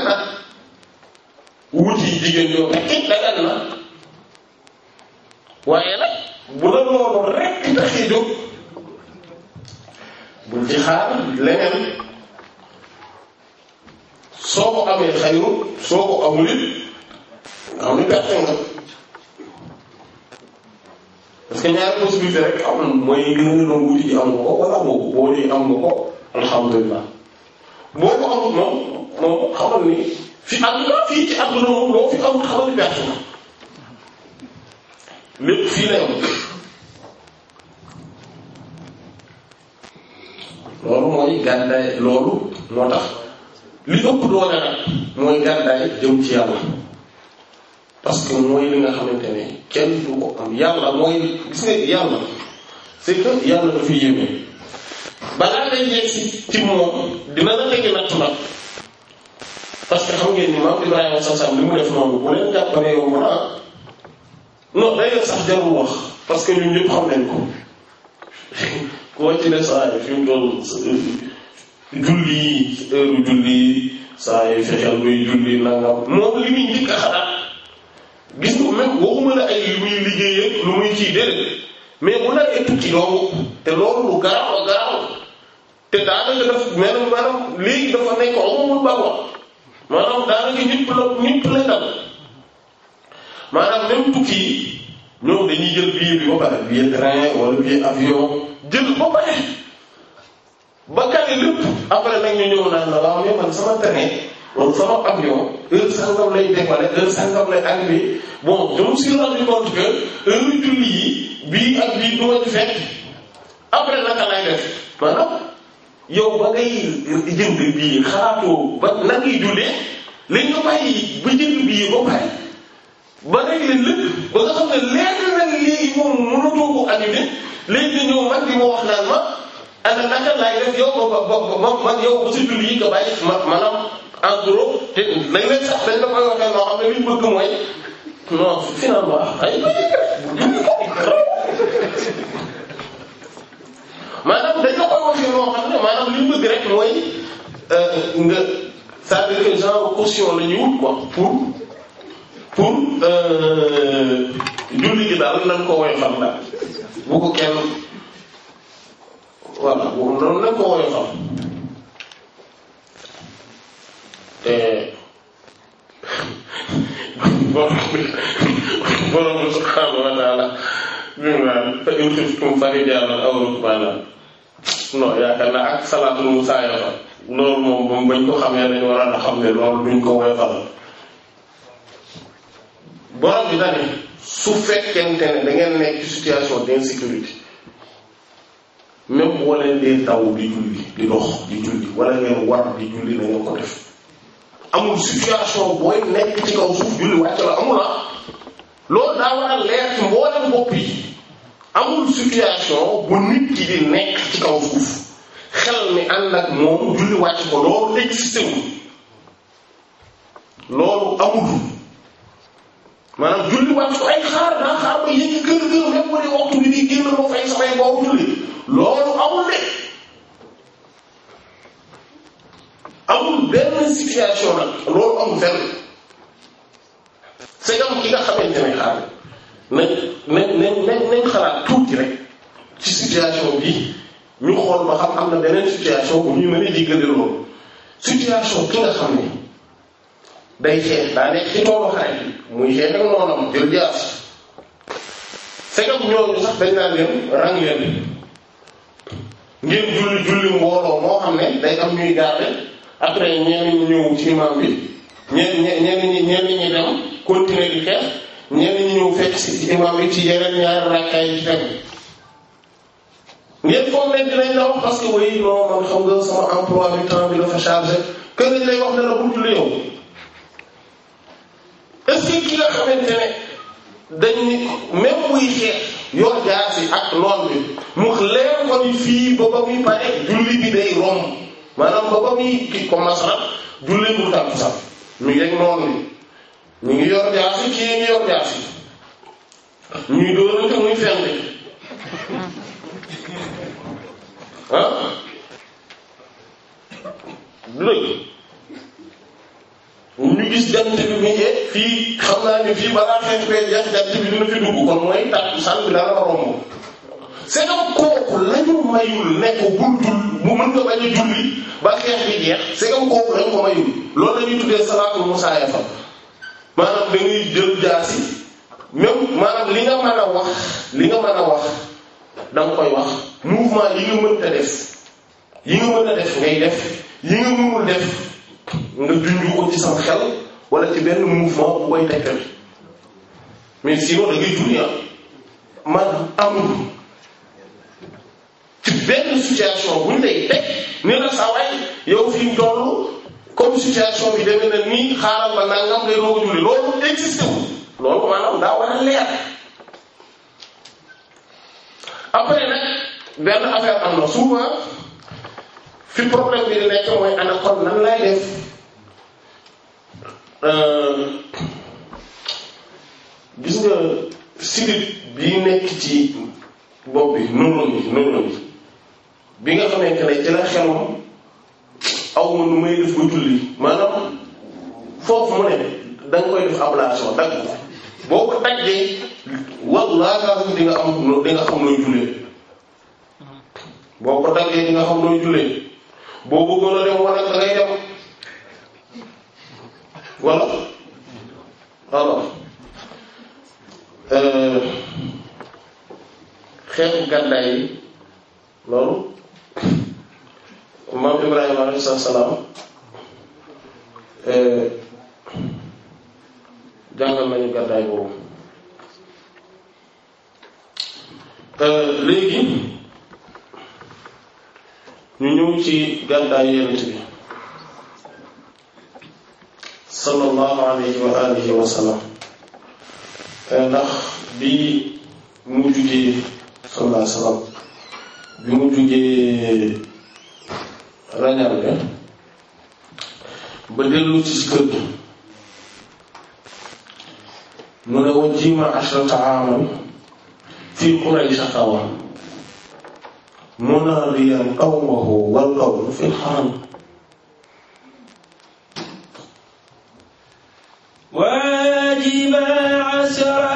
wuti jigéen ñoo takki daga waaye la loolu rekk taxi jóg bul ci leneen soo ko amee xayru soo ko amul it nga xam ni perte nga parce que ñaari possibilité rek am mooy li nga doon wuti am nga ko wala boo dee am nga alhamdulilah boo ko amul moom moom xamal ni fi àdduna fii ci àdduna moom loo fi amul xamal ni perte nga lépp fii lay loolu mooy gàddaay loolu moo tax li ëpp doole nag mooy gàddaay jëm ci yàlla parce que mooy li nga xamante ne kenn du ko am yàlla mooy gis nga yàlla c'est que yàlla dafa yéeme balaa ngay yegg si ci moom dina la tegi natt nag parce que xam ngeen ni maam Ibrahima sasam li mu def noonu bu leen jàpp yow mën a ah, non d'ailleurs sax jarul wax parce que ñun ñëpp xam nañ ko koo ci ne saa yi fi mu doon julli yi julli saa yi fexeel muy julli nangam moom li muy njëkk a xalaat gis nga même waxuma la ay li muy liggéeyee lu muy ciy déedéet mais bu la ay tukki doomu te loolu lu garaaw garaaw te daanaka daf maanaam maanaam léegi dafa nekk amul ba wax maanaam daanaka ñëpp la ñëpp la dal maanaam tukki yi ñoom dañuy jël billet bi ba pare billet train wala billet avion. jël ba pare ba kale lépp après nag ñu ñëw naan la waaw mais man sama tane sama avion heure sangam lay décoller heure sangam lay arrivé bon je me suis rendu compte que heure julli yi après naka lay def maanaam yow ba ngay jënd bii xalaatoo ba na ngay jullee li nga bàyyi ba jënd bii ba pare. ba daj leen lépp ba nga xam ne leer na léegi moom mënatoo ko annulé léegi nga ñëw man di ma wax naan ma ana naka laay def yow ba ba ba man yow ba si julli yi nga bàyyi ma maanaam en gros te leen sax dañ la koy waxee loo xam ne li ñu bëgg mooy non finalement ay maanaam dañ la koy waxee loo xam ne maanaam li ñu bëgg rek mooy euh, nga c'est-à-dire la ñu wut quoi pour. pour euh, julli gi daal nan ko woyofal daal bu ko kenn voilà boobu noonu nan ko woyofal borom subhaanahu wa taala bi mu naan fa in xiftum farijaalan aw rukbaanan non yaakaar naa ak salaatul musaayafa loolu moom moom bañ ko xamee dañu war a xam ne loolu duñ ko woyofal borom bi daal su fekkente ne da ngeen nekk ci situation d'insécurité même boo leen dee taw di julli di dox di julli wala ngeen war di julli na ko def amul situation booy nekk ci kaw suuf julli wàcc la amul ah loolu daa war a leer ci mboolem bopp yi amul situation bu nit ki nekk ci kaw suuf xel mi ànd ak moom julli wàcc ko loolu existé loolu amul. maanaam julli wàcc ko ay xaar naa xaar ba yéegi gër gër même bu dee waxtu bi di génn ma fay samay boobu julli loolu amul de amul benn situation nag loolu amul fenn c'est comme ki nga xamante ne xaar nañ nañ nañ nañ xalaat tuuti rek ci situation bi ñu xool ba xam am na beneen situation bu ñuy mën a loolu situation ki nga xam ne day xeex daa nekk ci toolu xare yi muy xeex ak noonam jël jaas fekk ñooñu sax dañ naan leen rang leen ngeen julli julli mbooloo moo xam ne day am ñuy garde après ñenn ñi ñëw ci imam bi ñenn ñenn ñi dem continuer di xeex ñenn ñi ñëw fekk ci imam bi ci yeneen ñaari rakkaay ci dem ngeen foog ne dinañ la wax way non man xam nga sama emploi du temps bi dafa chargé que lay wax ne la pour julli yow est-ce ki nga xamante dañ ni même buy xeex yor jaasi ak noon bi mu leer ko ni fii ba ba pare julli bi day romb maanaam ba ba muy kii commencé nag julli bu tàmm sax mi ngi ak noon bi ñu ngi yor jaasi kii ngi yor jaasi ñuy dóorante muy fenn ah du dëgg ñu gis jant bi mu yegg fii xam naa ne fii balaa xeetu bee jeex jant bi dina fi dugg kon mooy tax sànq bi dana romb. c'est kooku lañu mayul ne ko bul dul nga bañ a julli ba xeex bi jeex c'est kooku lañ ko mayul loolu la tuddee salaatul musaayafa maanaam da ngay jël jaasi même maanaam li nga mën a wax li nga mën a wax da koy wax mouvement yi nga mënta def yi nga mën a def ngay def yi nga mënul def. nga junj ko ci sam xel wala ci benn mouvement bu koy tegtal mais sinon da ngay julli man amul ci benn situation buñ lay teg ni la saa yow fi mu toll comme situation bi na nii xaaral ba nangam day doog a julli loolu existé wu loolu maanaam daa war a leer après nag benn affaire am na souvent. fi problème bi di nekk mooy ana kon nan lay def euh, gis nga sidit bi nekk ci bopp bi noonu bi noonu bi bi nga xamante ne ci la xelom aw ma nu may def ba julli maanaam foofu mu ne da koy def ablation dagg boo ko daggee wallaahi di nga am di nga xam nooy jullee boo ko daggee di xam nooy jullee boo bëggoon a dem wala da ngay dem wala alors euh, xeexu gàddaay yi loolu maam Ibrahima alayhi salaam euh, jàngal nañu gàddaay boobu euh, léegi. ñu ñëw ci gàddaayu yonent bi sallallahu alayhi wa alihi ndax bi mu jugee sallallahu alayhi wa sallam bi mu jugee rañal bi ba dellu ci si kër mu ne wa jiima ashrata aaman fii Quraysh shaqawa munaadiyan qawmahu wal qawmu fil haram wajiba ashara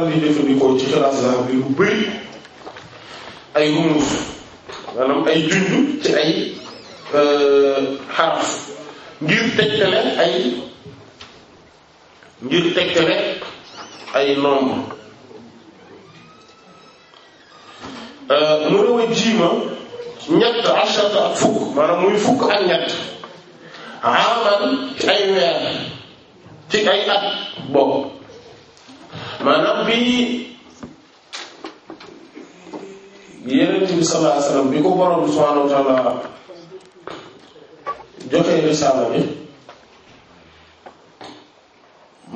daan nañ jëfandikoo ci classe la bi lu bëri ay rumus maanaam ay junj ci ay euh, xaraf ngir tegtale ay ngir tegtale ay nombre euh, mu ne wa jiima ñett asharta ak fukk maanaam muy fukk ak ñett aaman ci ay weer ci ay at maanaam bi yeneen bi sallallahu alayhi wasallam bi ko borom subhanahu wa joxee risaala bi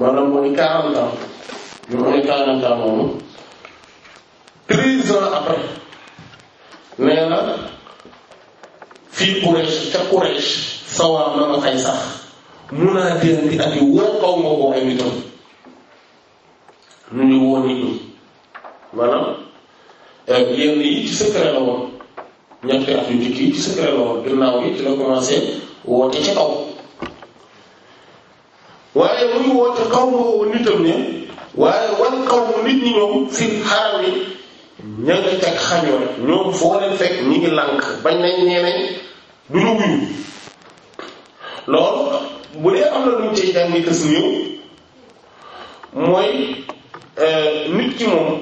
maanaam mooy quarante ans bi mu ne quarante ans moomu treize ans après nee na fii Quraysh ca Quraysh sawaa ma nga fay sax mun naa déen di ak yi woo kaw nga ko ay nitam ñu ngi nit ñi maanaam euh, yenn yi ci secret la woon ñetti at yu ci secret la woon ginnaaw gi ci la commencé woote ci kaw waaye muy woote xaw ma woo nit ñi ñoom fi xaaral ni ña nga teg xañoon ñoom foo leen fekk ñi ngi lànk bañ nañ nee du ñu wuyu loolu bu dee am na lu ñu cay jàngi tës néew mooy Euh, nit ki moom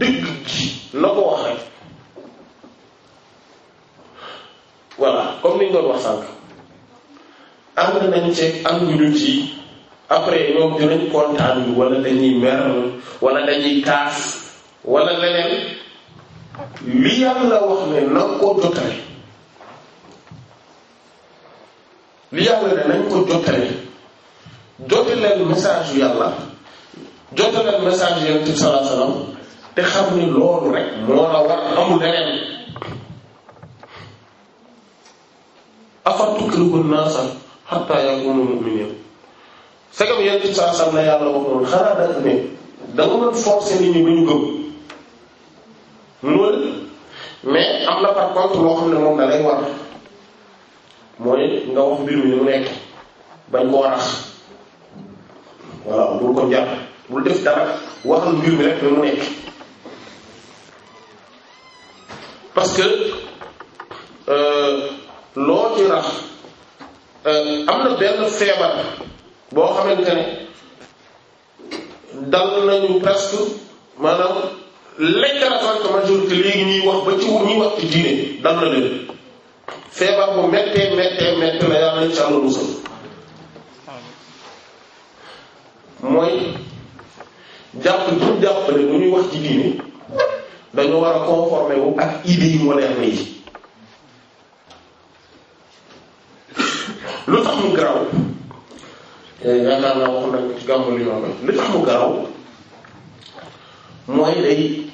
dëgg ji na ko wax rek voilà comme ni ñu doon wax sànq ànd nañ ci ànduñu ci après ñoom dinañ kontaan wala dañuy mer wala dañuy kaas wala leneen li yàlla wax ne na ko jotale li yàlla ne nañ ko jotale jotaleen message yu yàlla jottaleel message yonent bi sallallahu alayhi te xam ni loolu rek moo la war amul leneen afatukrihu naasa hatta yakunu mu'minin segam yonent bi sallallahu alayhi wasallam la yàlla waxoon xanaa dafa ne da nga mën forcer nit ñi ba ñu gëm loolu mais am na par contre loo xam nga wax mbir mi nekk bañ koo rax voilà bul ko jàpp bul def dara waxal mbir mu nekk parce que euh, loo ci rax euh, am na benn feebar boo xamante ne dal nañu presque maanaam lañ dara sax majorité léegi ñuy wax ba ci ñuy wax ci diine dal na leen feebar bu méttee méttee méttee la yàlla nañ ci àll musal mooy jàpp ñu jàpp ne ñuy wax ci diine dañoo war a conformé wu ak idées yi moderne yi lu tax lu tax mu garaw mooy day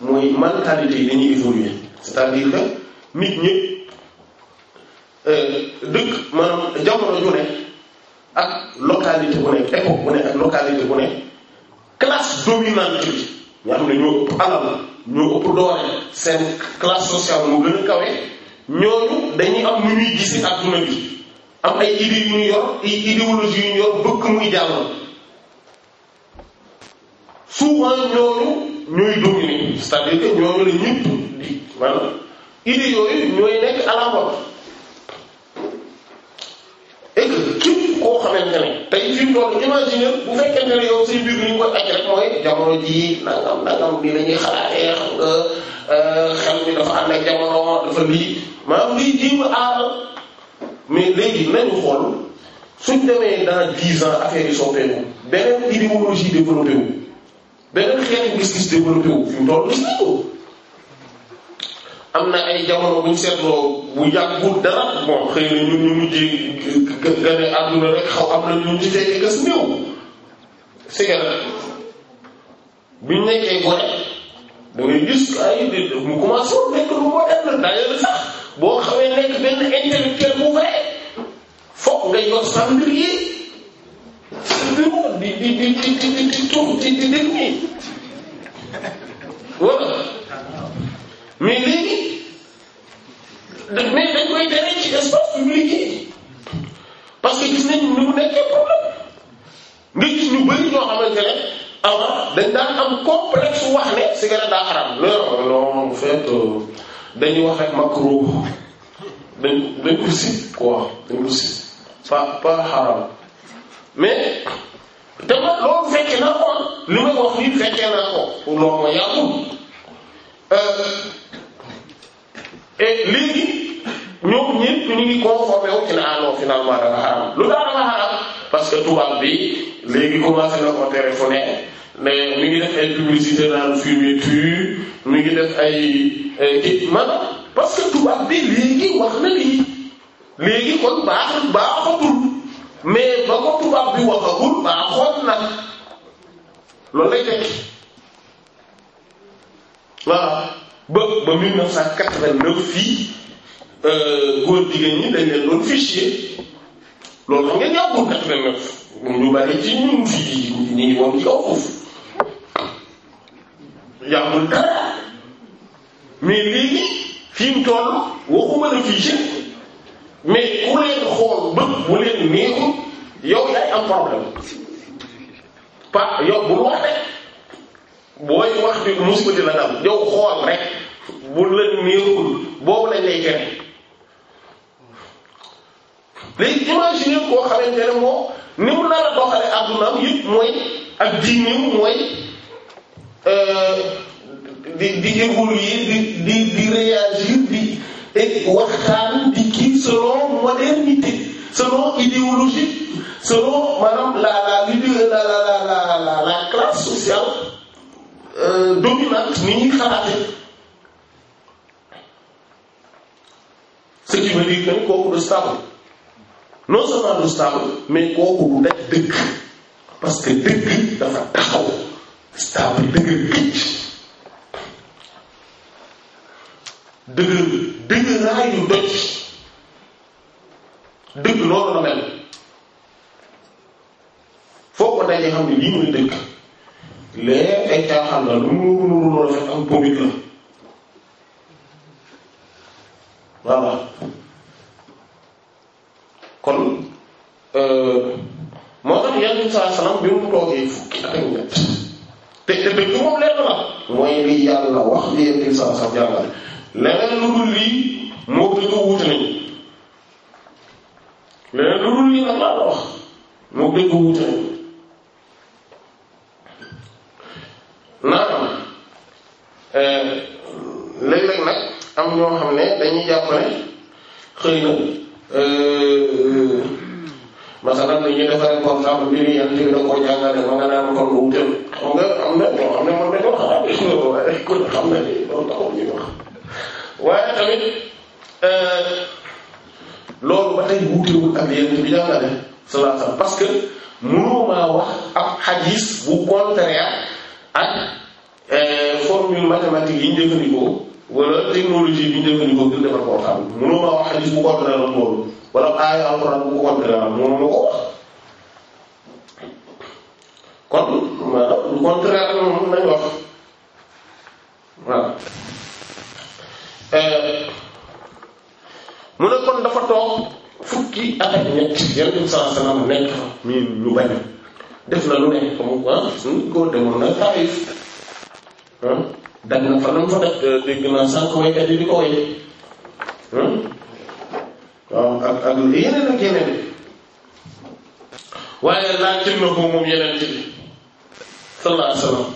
mooy mentalité yi dañuy évoluer c'est-à-dire nit ñi euh, dëkk maanaam jamono ju ne ak localité bu ne époque bu ne ak bu ne classe dominante bi nga xam ne ñoo alal ñoo ëpp doole seen classe sociale mu gën a kawe ñooñu dañuy am nu ñuy gisi adduna bi am ay idées yu ñu yor ay yu ñu yor bëgg muy jàll souvent ñooñu ñooy dominer cest à ñooñu la ñëpp di maanaam idées yooyu ñooy nekk à la mode boo xamante ne tey fi mu toll imaginer bu fekkente ne yow si biir bi ñu koy aj rek mooy jamono jii nangam nangam bi la ñuy xalaatee xam nga euh, xel mi dafa ànd ak jamono dafa lii maanaam liy jéem a aaral mais léegi nañu xool suñ demee dans dix ans affaire yi soppeeku beneen idéologie développé beneen xeetu gis-gis développé wu gis nañ ko am na ay jamono bu ñu seetloo bu yàggul dara bon xëy na ñun ñu mujj gane àdduna rek xaw am na ñu ci fekkee gas néew cigarette bi ñu nekkee gore da ngay gis ay di mu commencé woon nekk lu moderne d'ailleurs sax boo xamee nekk benn intellectuel bu vrai fokk nga yor sa mbir yi di di di di di di di di di di di di mais léegi mais koy tere espace public yi parce que gis nañ ni nekkee problème nga gis ñu bari ñoo xamante ne avant dañ daan am complexe wax ne cigarette si quoi dañ ko si fekkee naa ko li may wax nii fekkee naa ko loolu ma yàggul. Euh, et léegi ñoom ñépp ñu ngi conformé wu ci ne ah non finalement dafa lu tax dafa xaram parce que tubaab bi léegi commencé na ko téléphoné mais mi ngi def ay publicité dans le fumier ngi def ay kii maanaam parce que tubaab bi léegi wax na lii léegi kon baax baaxatul mais ba ko tubaab bi waxagul baaxoon na loolu lay tekki. voilà ba ba 1989 fii euh, góor jigéen ñi dañ leen doon fichier loolu nga yàggul 89 ñu bari ci ñun fii nii moom ci kaw foofu yàggul dara mais léegi fi mu toll waxuma la fichier mais ku leen xool am problème pa yow bu wax booy wax bi musiba dina dal yow xool rek bu la néewul boobu lañ lay tere léegi imaginer koo xamante ne moo ni mu nar doxale addunaam yëpp mooy ak diineem mooy euh, di di évoluer di di di réagir di waxtaan di kii selon modernité selon idéologie selon maanaam la la la la la la la classe sociale Euh, dominante ni ñuy xalaate ce qui veut dire que kooku du stable non seulement du stable mais kooku du daj dëgg parce que dëgg dafa taxaw stable dëgg këcc dëgg dëgg dëgg loolu foo ko dajee xam ne lii mooy dëgg léeg ay caaxaan la lu mu nuru rafet am comique la voilà kon euh, moo tax yàlla saa salaam bi mu toogee fukki at ak ñett te te dëgg moom lenn la mooy lii yàlla wax lii yàlla saa salaam jàngale leneen lu dul lii moo gën a wuute lu dul lii nag laa wax moo gën a naa am euh, léeg nag am ñoo xam ne dañuy jàpp euh, euh, ma ne mën nañoo xalaat ah waaye kon xam na ni wax que ab xadis bu contraire ak eh, formule mathématique yi ñu jëfandikoo wala technologie bi ñu jëfandikoo ngir defar portable mënoo maa wax xadis bu contraire la loolu wala aaya alxuraan bu contraire la mënoo ma ko wax kon maanaam lu eh, mu ne kon dafa toog fukki at ak ñett yenn saa salaam nekk mi ñu bañ def na lu ne xam nga ah suñu góor na Taif ah daj na fa lan fa daj euh, dégg naa sànq waykat yi di ko waye waaw ak ak yeneen ak yeneen waaye laajte na ko moom yeneen ci sallallahu alayhi wa sallam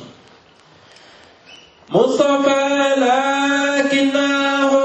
Mustafa lakinnahu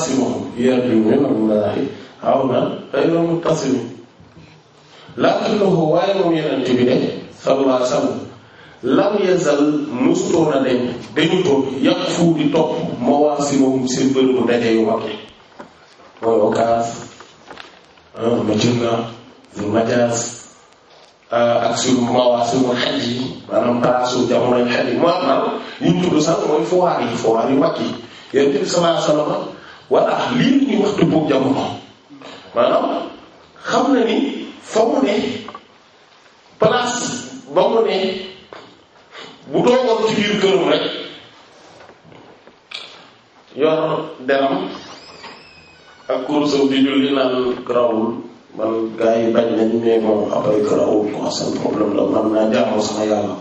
muttasimum yarju min allahi awnan ghayra muttasimin lakinnahu waaye moom yenente bi de sallallahu alayhi wasallam lam yazal mustoon a dañ dañu toog yàq fuu di topp mawaasimum seen bëri yu mag yi mooy okaas ah, ma jëm na lu majaas ah, ak suñu mawaasimul xaj yi maanaam taasu jamono xaj yi mu am na ñu tudd sax mooy fowaar yi fowaar yu yi yéen tamit sallallahu alayhi wasallam wala lii ñuy wax dëppoo jamono maanaam xam na ni fa mu ne place ba mu ne bu toogoon ci biir këram rek yor deram ak kuréel di julli naan grawul man gars yi bañ nañ mais moom après grawul quoi seen problème la man naa jaamu sama yàlla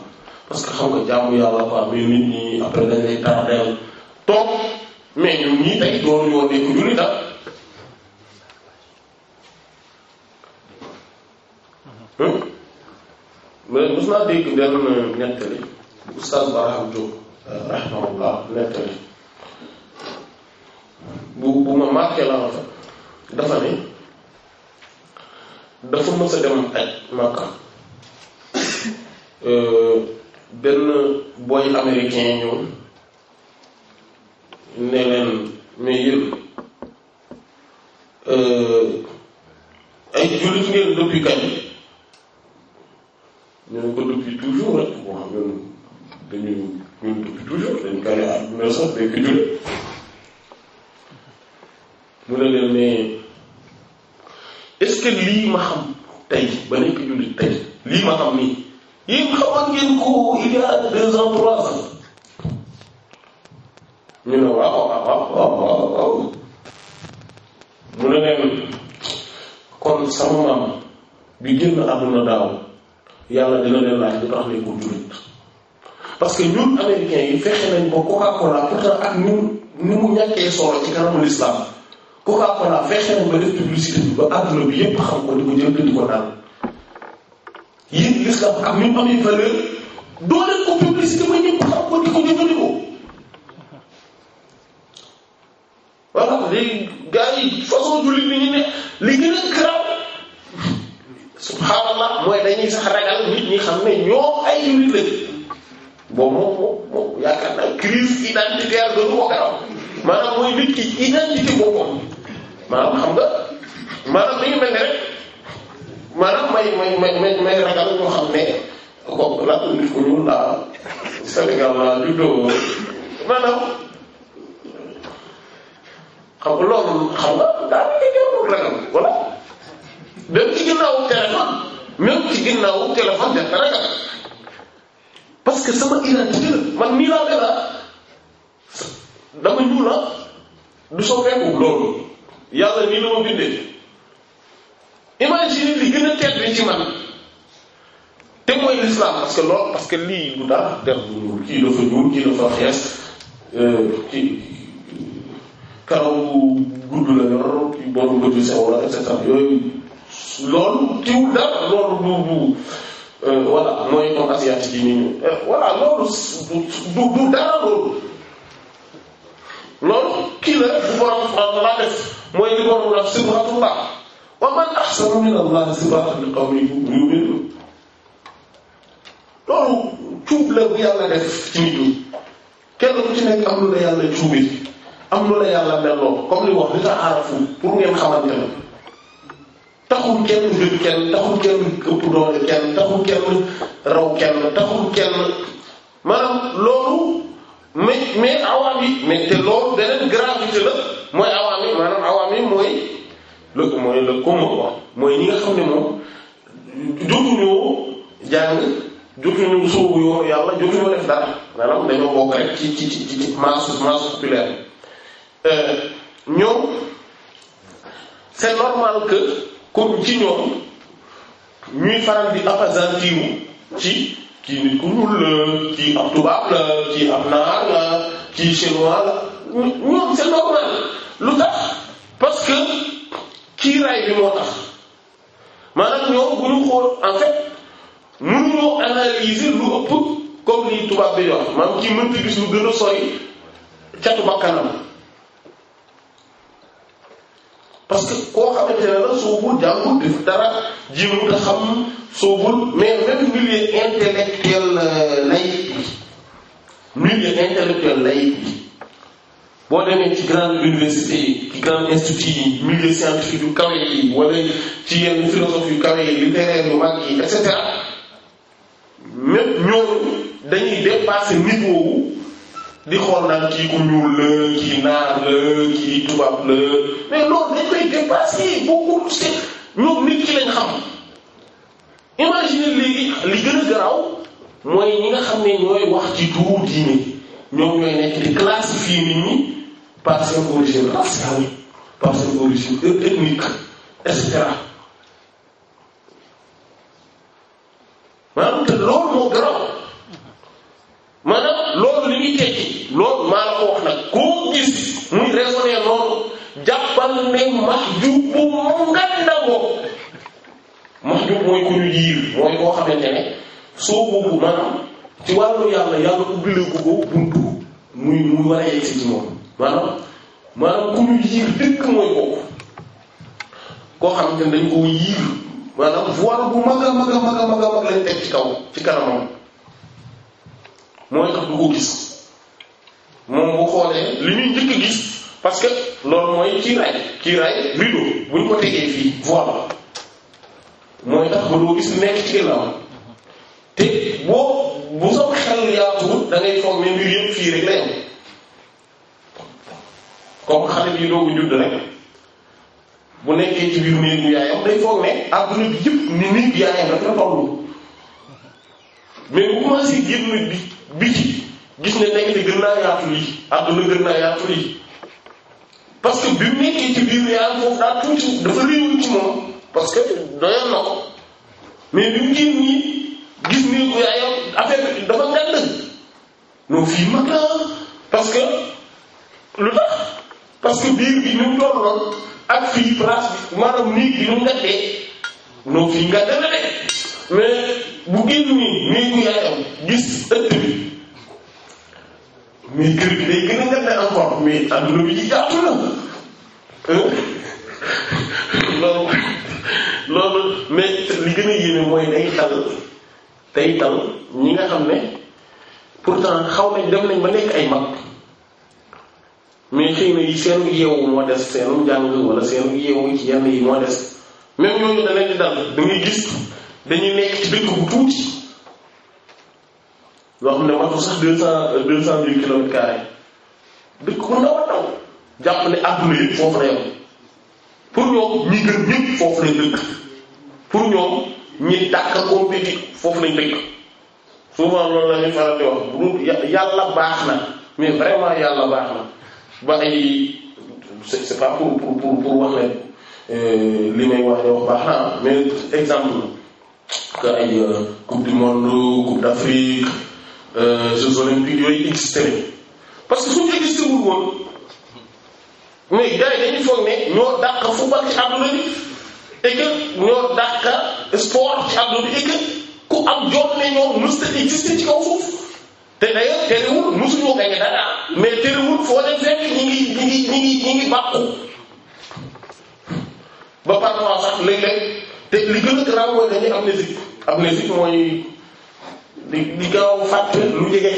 parce que xam nga jaamu yàlla quoi mais nit ñi après dañ lay tardeel toog. mais ñoom ñii tey doon ñoo nekk jullit da ah. mais mos naa dégg benn nettali Oustaz Barham Diop rahmahullah nettali bu bu ma marqué la en fait dafa ne dafa mës a dem aj Makka euh, benn boy américain ñëw ne leen mais yéen euh, ay jullit ngeen depuis kañ ñu ne ko depuis toujours rek bon ñun dañuy ñun depuis toujours dañ gane àdduna sax dañ ko jullit mu leen ne est-ce lii ma xam tey ba nekk jullit tey lii ma xam nii yéen xamoon ngeen ko il y a deux ans ñu ne waaw mu ne leen kon sama maam bi génn àdduna daaw yàlla dina leen laaj lu tax ne ko jullit parce que ñun américains yi fexe nañ ko Coca-Cola pourtant ak ni mu ni solo ci kanamu l'islam coca fexe nañ ba def publicité bi ba àdduna bi yépp xam ko di ko jënd di ko naan yéen l'islam ak ni mu amee valeur doo leen ko publicité ba ñépp xam ko di ko jëfandikoo voilà léegi gars yi façon jullit bi ñu ne li gën a garaaw subhaanallah mooy dañuy sax ragal nit ñi xam ne ñoo ay jullit lañ bon moom moom moom yaakaar naa crise identitaire doonu ko garaaw maanaam mooy nit ki identité boppam maanaam xam nga maanaam dañu mel ne rek maanaam may may may may ñoo xam ne kooku la nit ku ñuul laa Sénégal laa juddoo maanaam. xam nga loolu xam nga daanaka jarul ragal voilà même ci ginnaawu téléphone même ci ginnaawu téléphone def ragal parce que sama identité la man nii laa mel la ah. dama ñuul la ah. du soppeeku loolu yàlla nii la ma bindee imagine li gën a tedd bi ci man te mooy l'islam parce que loolu parce que lii du dara der bu kii dafa ñuul kii dafa xees euh, kii. gudd la yor kii boobu nga la et cetera loolu tiw dara euh, euh, loolu du du voilà mooy ñoom asiatique yi ni ñu voilà loolu du dara loolu loolu kii la du borom subhanahu mooy li borom la sibratullah wa man ahsanu min allahi sibratan li qawmin yu'minun loolu cuub la bu yàlla def ci nit ñi kenn ku ci nekk am lu la yàlla cuubi am lu la yàlla melloo comme li wax li tax aarafu pour ngeen xamante ne taxul kenn njëkk kenn taxul kenn ëpp doole kenn taxul kenn raw kenn taxul kenn maanaam loolu mais mais awaam yi mais te loolu beneen gravité la mooy awaam yi maanaam awaam yi mooy le mooy le commun quoi mooy ñi nga xam ne moom jotuñoo jàng jotuñu sóobu yoo yàlla jotuñoo def dara maanaam dañoo bokk rek ci ci ci ñoom c'est normal que ku ci ñoom ñuy faral di appesantir ci kii nit ku ñuul la kii ab tubaab la kii ab naar la kii chinois ñoom c'est normal lu tax parce que kiiraay bi moo tax maanaam ñoom bu ñu xool en fait mënuñoo analyser lu ëpp comme ni tubaab bi wax maanaam kii mënta gis lu gën a sori catu parce que koo xamante ne la soobul jàngul def dara jiwul te xam soobul mais même milieu intellectuel euh, laïque bi milieu intellectuel laïque bi boo demee ci grande université yi ci grande institut yi milieu scientifique yu kawe yi wala ci yenn philosophe yu kawe yi littéraire yu mag yi et cetera même ñooñu dañuy dépasser niveau wu di xool naan kii ku ñuul la kii naar la kii tubaab la mais loolu dañ koy dépasser bokkul c'est ñoom nit ki lañ xam imagine li li gën a garaaw mooy ñi nga xam ne ñooy wax ci turu diine ñoom ñooy nekk di classifier nit ñi par seen origine raciale par seen origine ethnique et cetera maanaam te loolu moo garaaw maanaam loolu li muy tekki loolu maa la ko wax nag koo gis muy raisonné noonu jàppal ne mahjub bu nganda boobu mahjub mooy ku ñu yiir mooy koo xamante ne soo boobu maanaam ci wàllu yàlla yàlla ubbilee ko ko buntu muy muy war a yegg moom maanaam maanaam ku ñu yiir dëkk mooy boobu koo xamante ne dañ koo yiir maanaam voile bu mag a mag a mag a mag a mag lañ teg ci kaw ci kanamam mooy tax du ko gis moom bu xoolee li muy njëkk gis parce que loolu mooy kiiraay kiiraay rideau bu ñu ko tegee fii voile mooy tax ba doo gis nekk ci ginnaawam te boo bu sama xel yaatuwul da ngay foog ne mbir yëpp fii day foog ne àdduna bi yëpp ni néegu yaayam rek la tollu mais bu commencé génn bi bi ci gis ne nekk gën naa yaatu lii àdduna gën naa yaatu lii parce que bi mu nekkee ci biir yàlla foofu daa tuuti dafa réewul ci moom parce que doyoon na ko mais bi mu génn parce que lu tax parce que biir bi ni mu tolloon ak fii place bi maanaam néeg bi nu mu ngandee non fii ngand na mais bu génn nii néegu yaayam gis ëtt bi mais kër gi day gën a mais adduna bi loolu mais li gën a yéeme mooy day dal day dal ñi nga xam ne pourtant xaw nañ dem nañ ba nekk ay mag mais xëy na yi seenu yeewu moo des seenu jàng wala seenu yeewu ci yenn yi moo des même ñooñu da leen di dal da gis dañuy nekk ci dëkk bu tuuti yoo xam ne matul sax deux cent euh, deux cent mille kilomètres carrés dëkk bu ndaw a ndaw jàpp ne àdduna yëpp foofu la yem pour ñoom ñi gën ñëpp foofu lañ dëkk pour ñoom ñi dàq compétit foofu lañ dëkk souvent loolu la ñuy faral di wax bu yàlla baax na mais vraiment yàlla baax na ba ay c'est c'est pas pour pour pour wax leen euh, li may wax ne wax baax na mais exemple. que ay euh, du monde coupe d'Afrique euh, jeux olympiques yooyu existé nañ parce que suñu existé wul woon mais gars dañuy foog ne ñoo dàq football ci àdduna bi et que ñoo dàq sport ci àdduna bi et ku am jot ne ñoom mës a ci kaw foofu te d'ailleurs terewul mësuñoo gañe dara mais terewul foo leen fekk ñi ngi ñi ngi ñi ngi ñi ngi bàqu ba parlement sax léeg-léeg te li gën a garaaw mooy dañuy amnésique amnésique mooy di di gaaw fàtte lu jege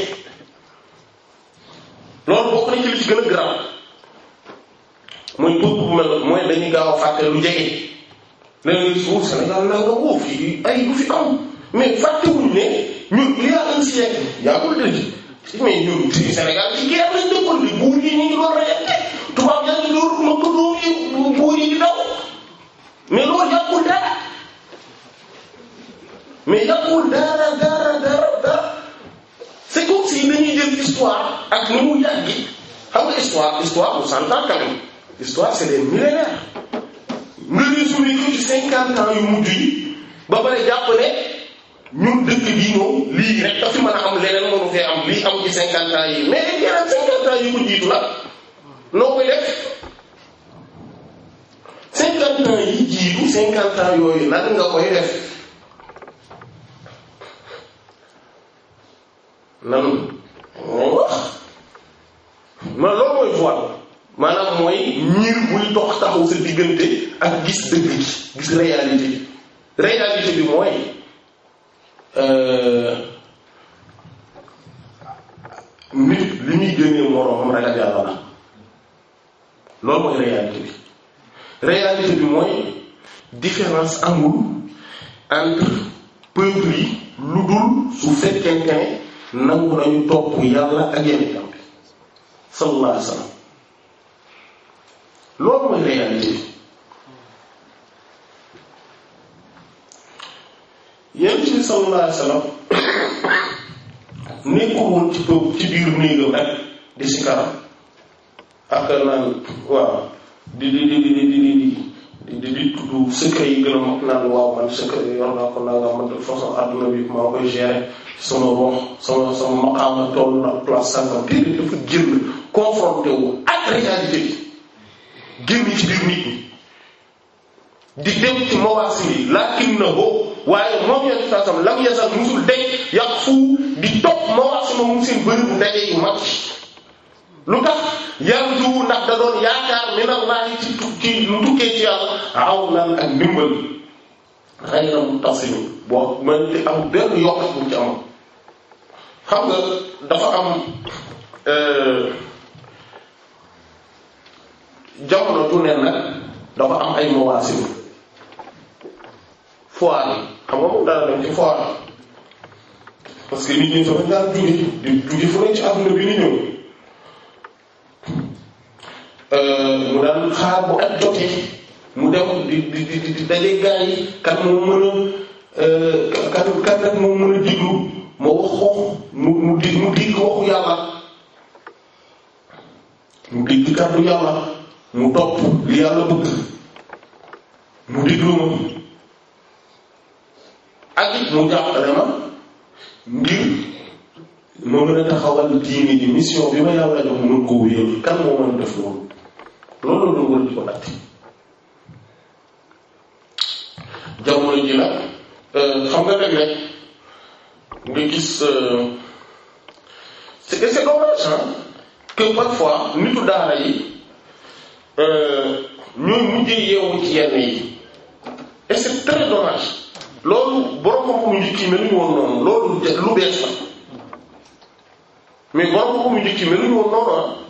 loolu bokk na ci li gën a garaaw mooy boobu bu mel mooy dañuy gaaw fàtte lu jege léeg-léeg suuf Sénégal naa nga woo fii ay du fi am mais fàttewuñ ne ñun il y a un siècle yaa ngi ko dégg mais ñun ci Sénégal ci guerre lañ dëkkoon di ngi doon reyante yaa ngi doon ma ko doon buur yi di daw mais loolu mais yàquwul dara dara dara dara c'est comme si nañuy jël histoire ak ni mu yàggi xam nga histoire histoire on s'entend quand même histoire c'est des millénaires nga résumé ko ci cinquante ans yu mujj yi ba pare jàpp ne ñun dëkk bii moom lii rek dafa mën a am leneen mënu fee am lii am ci cinquante ans yi mais yeneen cinquante ans yu ko jiitu la noo koy def cinquante ans yi jiitu cinquante ans yooyu lan nga koy def nan moo oh. wax loolu mooy voile maanaam mooy miir buy dox taxaw sa diggante ak gis dëgg gi gis réalité réalité bi mooy euh, nit li ñuy gënee moroomam ragal yàlla la loolu mooy réalité bi réalité bi mooy différence amul entre peuple lu dul su fekkente ne nangu nañu topp yàlla ak yonentam bi sallallahu alayhi loolu mooy réalité bi yéen ci sallallahu alayhi wa nekkul woon ci toog ci biir néegam rek di si kanam ak naan waaw di di di di di. di di tudd secret yi gën a mag naan waaw man secret yi yor naa ko man de façon adduna bi maa koy gérer sama rox sama sama maqaama toll na place sangam déedéet dafa génn confronté wu ak réalité bi génn ci biir nit ñi di dem na boo waaye moom yenn saa sam lam yasal musul day yàq fu di topp mawaasi ma mu seen bëri bu daje yu mag lu tax yarju ndax doon yaakaar minallahi ci tukki lu tukkee ci yàlla awnan ak ndimbal ghayra muttasim boo mën di am benn yokk bu ci am xam nga dafa am euh, jamono ju ne nag dafa am ay mawaasim foire yi xam nga moom dana dem ci foire parce que nit ñi dafa daan jóge di jóge fu ne ci bi ni ñëw Euh, mu daan xaar bu ak jotee mu dem di di di di daje gaa yi kat moo mën a euh, kat kat rek moo mën a diglu ma wax xoox mu mu dig mu dig waxu yàlla mu dig di kàddu mu topp li ma ngir ma mën a taxawal diine ji mission bi ma yàlla jox mën koo wéyal kan moo mën a def loolu loolu la wër di ko natt jamono ji nag euh, xam nga rek nga gis euh, c'est que c'est dommage que parfois nitu daara yi euh, ñooy mujjee yeewu ci yenn yi c'est très dommage loolu borom xam-xamu njëkk meluñu woon noonu loolu lu bees la mais borom xam-xamu njëkk meluñu woon noonu ah.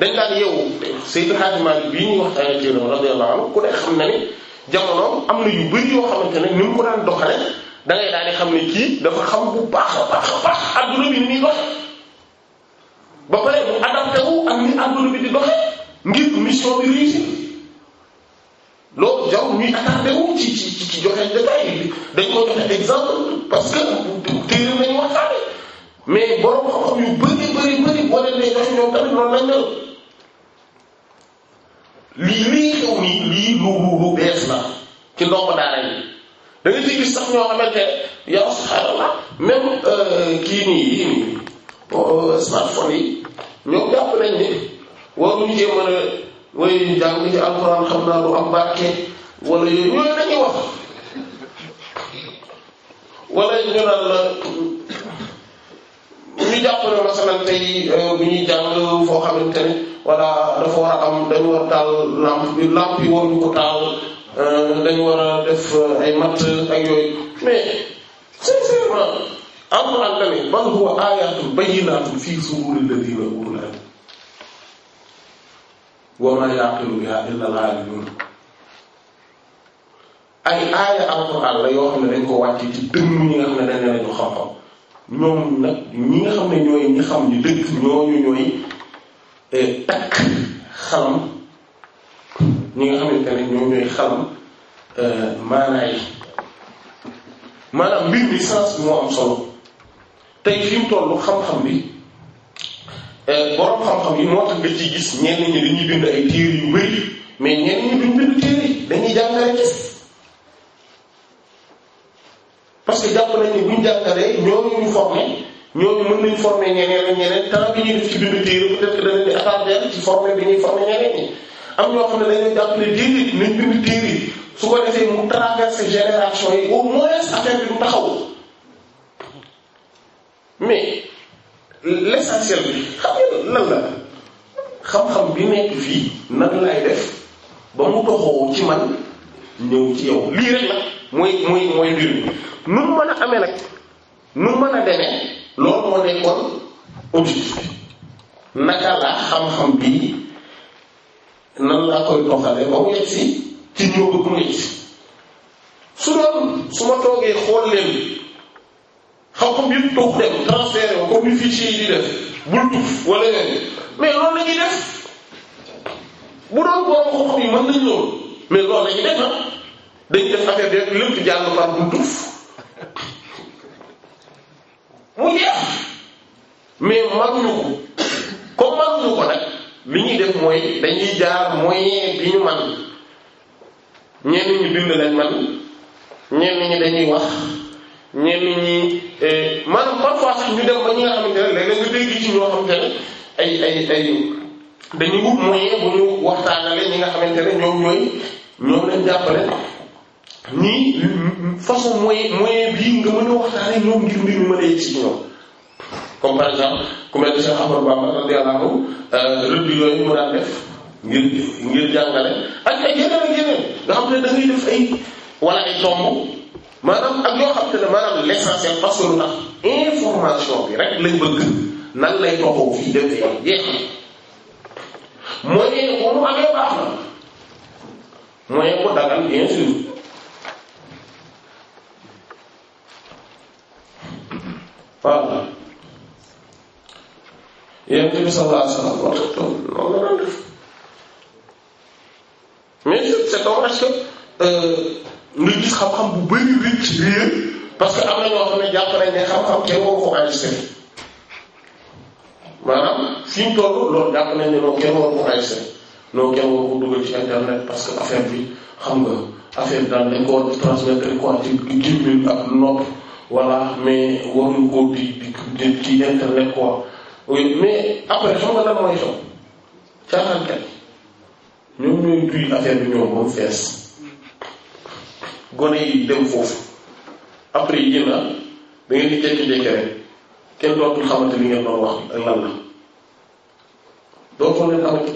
dañ daan yeewu Seydi Hadji Malick bii ñuy waxtaanee téeram radiyallahu ku ne xam na ni jamono am na yu bëri yoo xamante ne ni mu ko daan doxale da ngay xam ne kii dafa xam bu baax a baax adduna bi ni doxe ba pare adduna bi di doxe ngir mission bi loolu jaw ñuy attardé wu ci ci ci joxe détail dañ ko joxe exemple parce que téeram nañu waxtaane mais borom xam-xam bëri bëri bëri boo leen ñoom tamit noonu lañ mel lii lii xew nii lii lu lu lu bees la ci ndongo daara yi da nga sax ñoo xamante ne yow subhaanallah même euh, kii nii yii nii euh, yi ñoom jàpp nañ ne waruñu cee mën a way jàng xam naa du am barke wala yooyu yooyu dañuy wax wala ñu naan la. bu ñu jàpp ne masalan tey euh, bu ñuy jàng foo xamante ni wala dafa war a am dañu war a taal lamp bi ko taal euh, dañu war a def euh, ay matt ak yooyu mais sincèrement alquran tamit bal huwa ayatun bayyinatun fi suduuril lazina utul ilm wa ma yaqilu biha illa al ay aaya alquran yoo xam ne dañ ko wàcc ci dënnu ñi nga xam dañ ne lañu xam-xam ñoom nag ñi nga xam ne ñooy ñi xam ñu dëgg ñooñu ñooy eh, takk xalam ñi nga xamante ne ñoom ñooy xalam eh, maanaay maanaam mbir bi moo am solo tey fi mu toll xam-xam bi eh, borom xam-xam yi moo tax nga ciy gis ñenn ñi dañuy bind ay téere yu bëri mais ñenn ñi duñ bind téere dañuy jàngale kese parce que jàpp nañ ni ñu formé ñooñu mën nañ formé ñeneen ak ñeneen temps bi ñuy def ci ci formé bi ñuy formé ñeneen am ñoo xam ne dañuy jàpp ne déedéet nañ bind téere su ko defee mu traversé génération yi au moins affaire bi du taxaw mais l'essentiel bi xam nga lan la xam-xam bi nekk fii nan laay def ba mu doxoo ci man ñëw ci yow lii rek la. mooy mooy mooy mbir mi nu mu mën a amee nag nu mu mën a demee loolu moo nekkoon audit naka laa xam-xam bi nan laa koy toxale ba mu yegg si ci ñëw ba mu yegg si su doon su ma toogee xool leen xam-xam yëpp toog dem transféré ko comme ni fichier yi di def bul tuuf wala yeneen mais loolu la ñuy def bu doon borom xam-xam yi mën nañ loolu mais loolu la ñuy def ah. dañ def affaire de rek jàll par bu mu jeex mais mag ñu ko comme mag ñu ko nag li ñuy def mooy dañuy jaar moyen bi ñu man ñenn ñi bind lañ man ñenn ñi dañuy wax ñenn ñi eh, maanaam parfois sax ñu dem ba ñi nga xamante ne léeg-léeg nga ci ñoo xamante ne ay ay ay dañuy wut moyen bu ñu waxtaanale ñi nga xamante ne ñoom ñooy ñoom lañ jàppale nii façon moyen moyen bii nga mën waxtaanee ñoom ngir mbir mi mën a yegg comme par exemple ku mel euh, ne Cheikh Ahmadou Bamba def ay yeneen ay tomb maanaam ak yoo xam ne maanaam l'essentiel parce que tax information bi rek lañ bëgg nan lay toxoo fii dem fi yoon jeex na moyen bu mu dagal bien sûr pardon yéen bi sallallahu alayhi wasallam moo tax doom noonu la doon def mais c'est dommage que nga gis xam-xam bu bari rëcc réer parce que am na ñoo xam ne jàpp nañ ne xam-xam kenn waru ko maanaam fi mu loolu jàpp nañ ne loolu kenn waru ko enregistré loolu kenn waru ko ci internet parce que affaire bi xam nga affaire bi daal war a transmettre ko ci ak nopp voilà mais waruñu koo di di ci internet quoi oui mais après xam nga lan mooy xew caaxaankat ñoom ñooy duy affaire bi ñoom moom fees gone yi dem foofu après yéen a da ngeen di jékki-jékki rek kenn dootul xamante li ngeen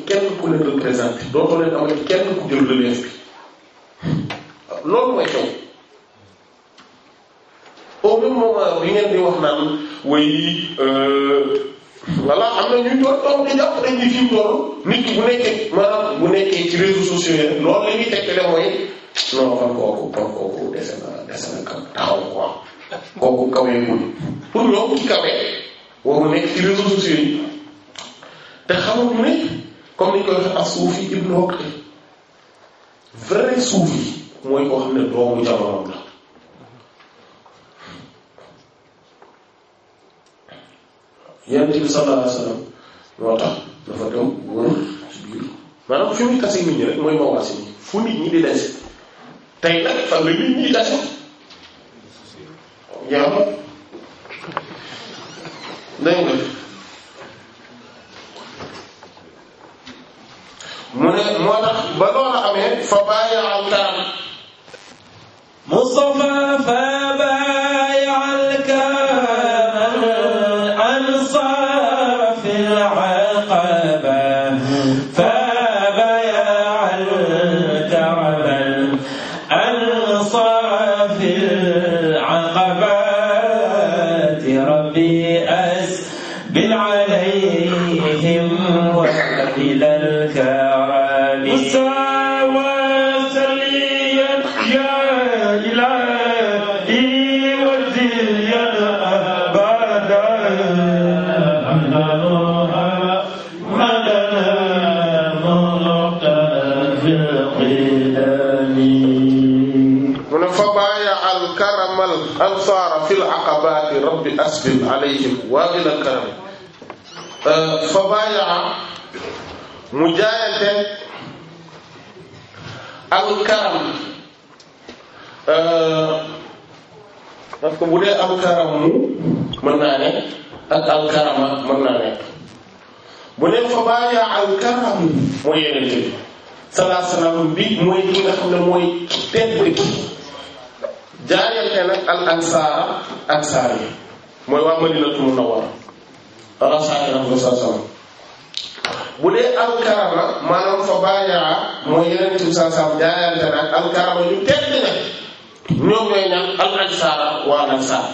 kenn ku leen représenté dootoo bi loolu mooy xew. au même moment bi ngeen di wax naan way euh, voilà am na ñuy doon toog nit ki bu nekkee maanaam bu nekkee ci réseaux sociaux yi loolu la ñuy tekkale mooy non fan kooku fan kooku dese na dese na kaw taxaw quoi kooku kaweegul pour ñoom ki kawe waru nekk ci réseaux sociaux yi te xamuñu ne comme ni koy xam ne doomu jamonoom la. yonent bi sallallahu alayhi wasallam moo tax dafa dem wër ci biir maanaam fi muy tase nit ñi rek mooy mawasi yi fu nit ñi di daje tey nag fan la nit ñi daje yaa ma dégg nga moo tax ba loola amee fa bàyyi altaan Mustafa fa bàyyi min asfin alayhim waawil al karami fa baayaa mu jaayante alkaram parce que bu dee alkaram mu mën naa ne ak alkarama mën naa bu dee fa baayaa alkaram mooy yeneen bi salaasalaam bi mooy ki nga xam mooy tedd ki jaayante nag al ansaara ansaar mooy waa Madinatu Munawwara ala saakinihaa afdalu salaam bu dee alkarama maanaam fa baayaa mooy yeneen ci saasam jaayante nag alkarama ñu tedd na ñoom ñooy ñaan al ansaara waa ansaar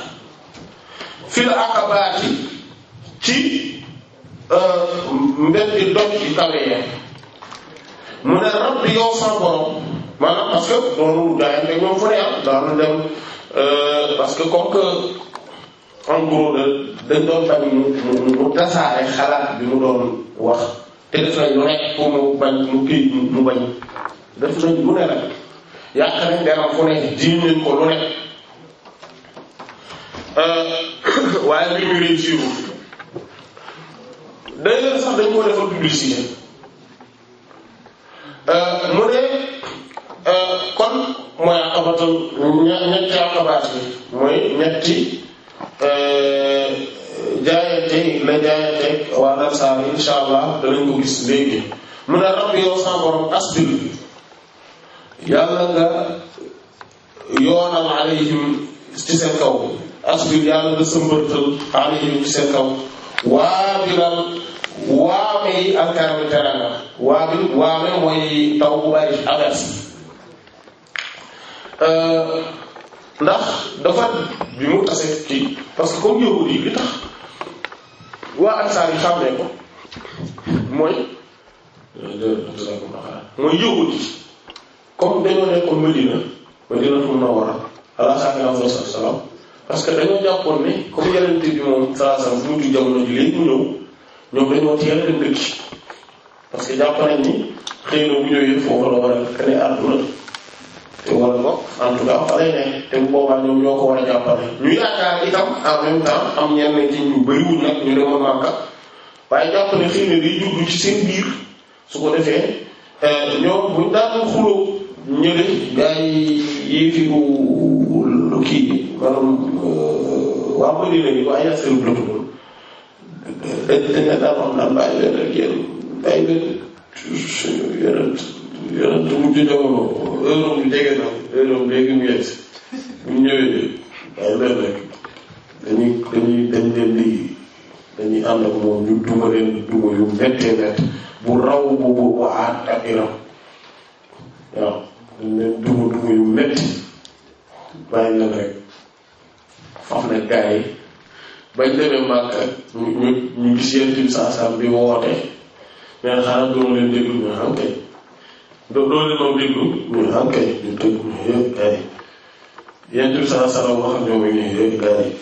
fil aqabaati ci euh, mbedd dox ci kawe ya mu ne rabbi yow sama borom maanaam parce que loolu gaa yi ñoom fu ne am daanu dem euh, parce que comme en gros dañ doon bañ mu mu tasaare xalaat bi mu doon wax te def nañ lu nekk mu bañ mu kii mu bañ def nañ lu ne nag yàq nañ nañ ko euh, defal publicité euh, mu ne euh, kon mooy akabatal ñetti akabaat yi mooy ñetti Euh, jaayante la jaayanteeg waa ansaar insha allah danañ ko gis léegi mu ne rab yow sa borom asbil yàlla nga yoonal alayhim ci seen kaw asbil yàlla nga sëmbërtal alayhim ci seen kaw waabilal waame yi ak karami teranga waabil waame mooy taw bu bari averse ndax dafa bi mu tase ci parce que comme yow yi li tax waa ansaar yi xam ne ko mooy euh, mooy yëwut yi comme dañoo nekkoon Medina Medina fu Munawwara ala saakina afdal salaam parce que dañoo jàppoon ne comme yeneen bi moom salaasam bu mujj jamono ji léegi mu ñëw ñoom dañoo teel a dem dëkk parce que jàpp nañ xëy na bu ñëwee foofu la war a ne àdduna wala boog en tout cas fa ne te bu boobaa ñoom ñoo ko war a jàppale ñu yaakaar itam en même temps am ñenn ci ñu bëriwul nag ñu demoon Màkka waaye jàpp ne xëy na day juddu ci seen biir su ko defee euh, ñoom buñ daan xuloo ñële gaa yi yéefiru kii maanaam euh, waa Madina yi waa Yasrib la tuddoon dañ dañ daan wax naan bàyyi leen ak yéen bàyyi leen suñu yonent yonent mu juddoo heure mu jege na heure mu léegi mu yegg bu ñu ñëwee bàyyi leen rek dañuy dañuy dañ leen di dañuy ànd ak moom ñu duma leen duma yu bu raw boobu bu aat ak iram waaw dañ leen duma duma yu métti bàyyi leen rek faf na gars yi bañ demee màkk ñu ñu ñu gis yéen tim saasam bi woote mais xanaa duma leen déglu ñu xam doo doo leen doon déglu ñu ah kay ñu dégg ñu yëpp ay yéen ci saa salaam wax ak ñoom ñu yëpp gars yi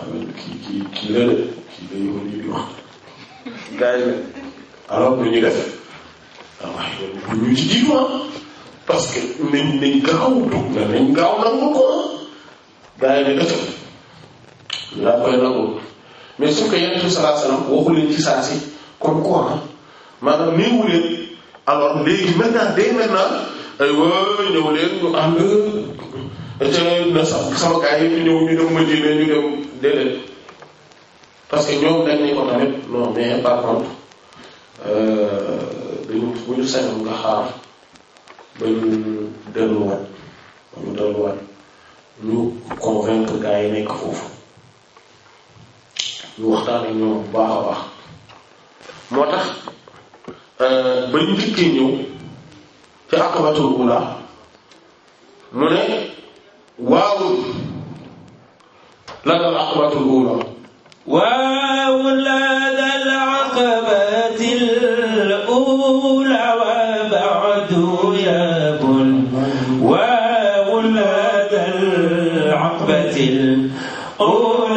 waaw kii kii kii la de kii la yow lii di wax gars yi alors lu ñu def waaw ah, waaye ñu ci jiitu ah. parce que nañ nañ gaaw dugg na nañ gaaw nangu ko ah. gars yi ne def laa koy nangu mais su ko yéen ci saa salaam waxu leen ci saa si comme quoi. maanaam néewu leen alors léegi maintenant day maintenant ay wa ñëw leen ñu ànd te na sax sama gars yi ñu ñëw ñu dem Madina ñu dem déedéet parce que ñoom dañ ne ko tamit non mais par contre euh, dañu bu ñu sañoon nga xaar ba ñu delluwaat ba ñu delluwaat ñu convaincre gars yi nekk foofu ñu waxtaan ak ñoom bu baax a baax moo tax. Euh, ba ñu njëkkee ñëw ci aqabatul ula mu ne waawul la dal aqabatul ula waawul la dal aqabatil ula wa baadu yaabun waawul la dal aqabatil ula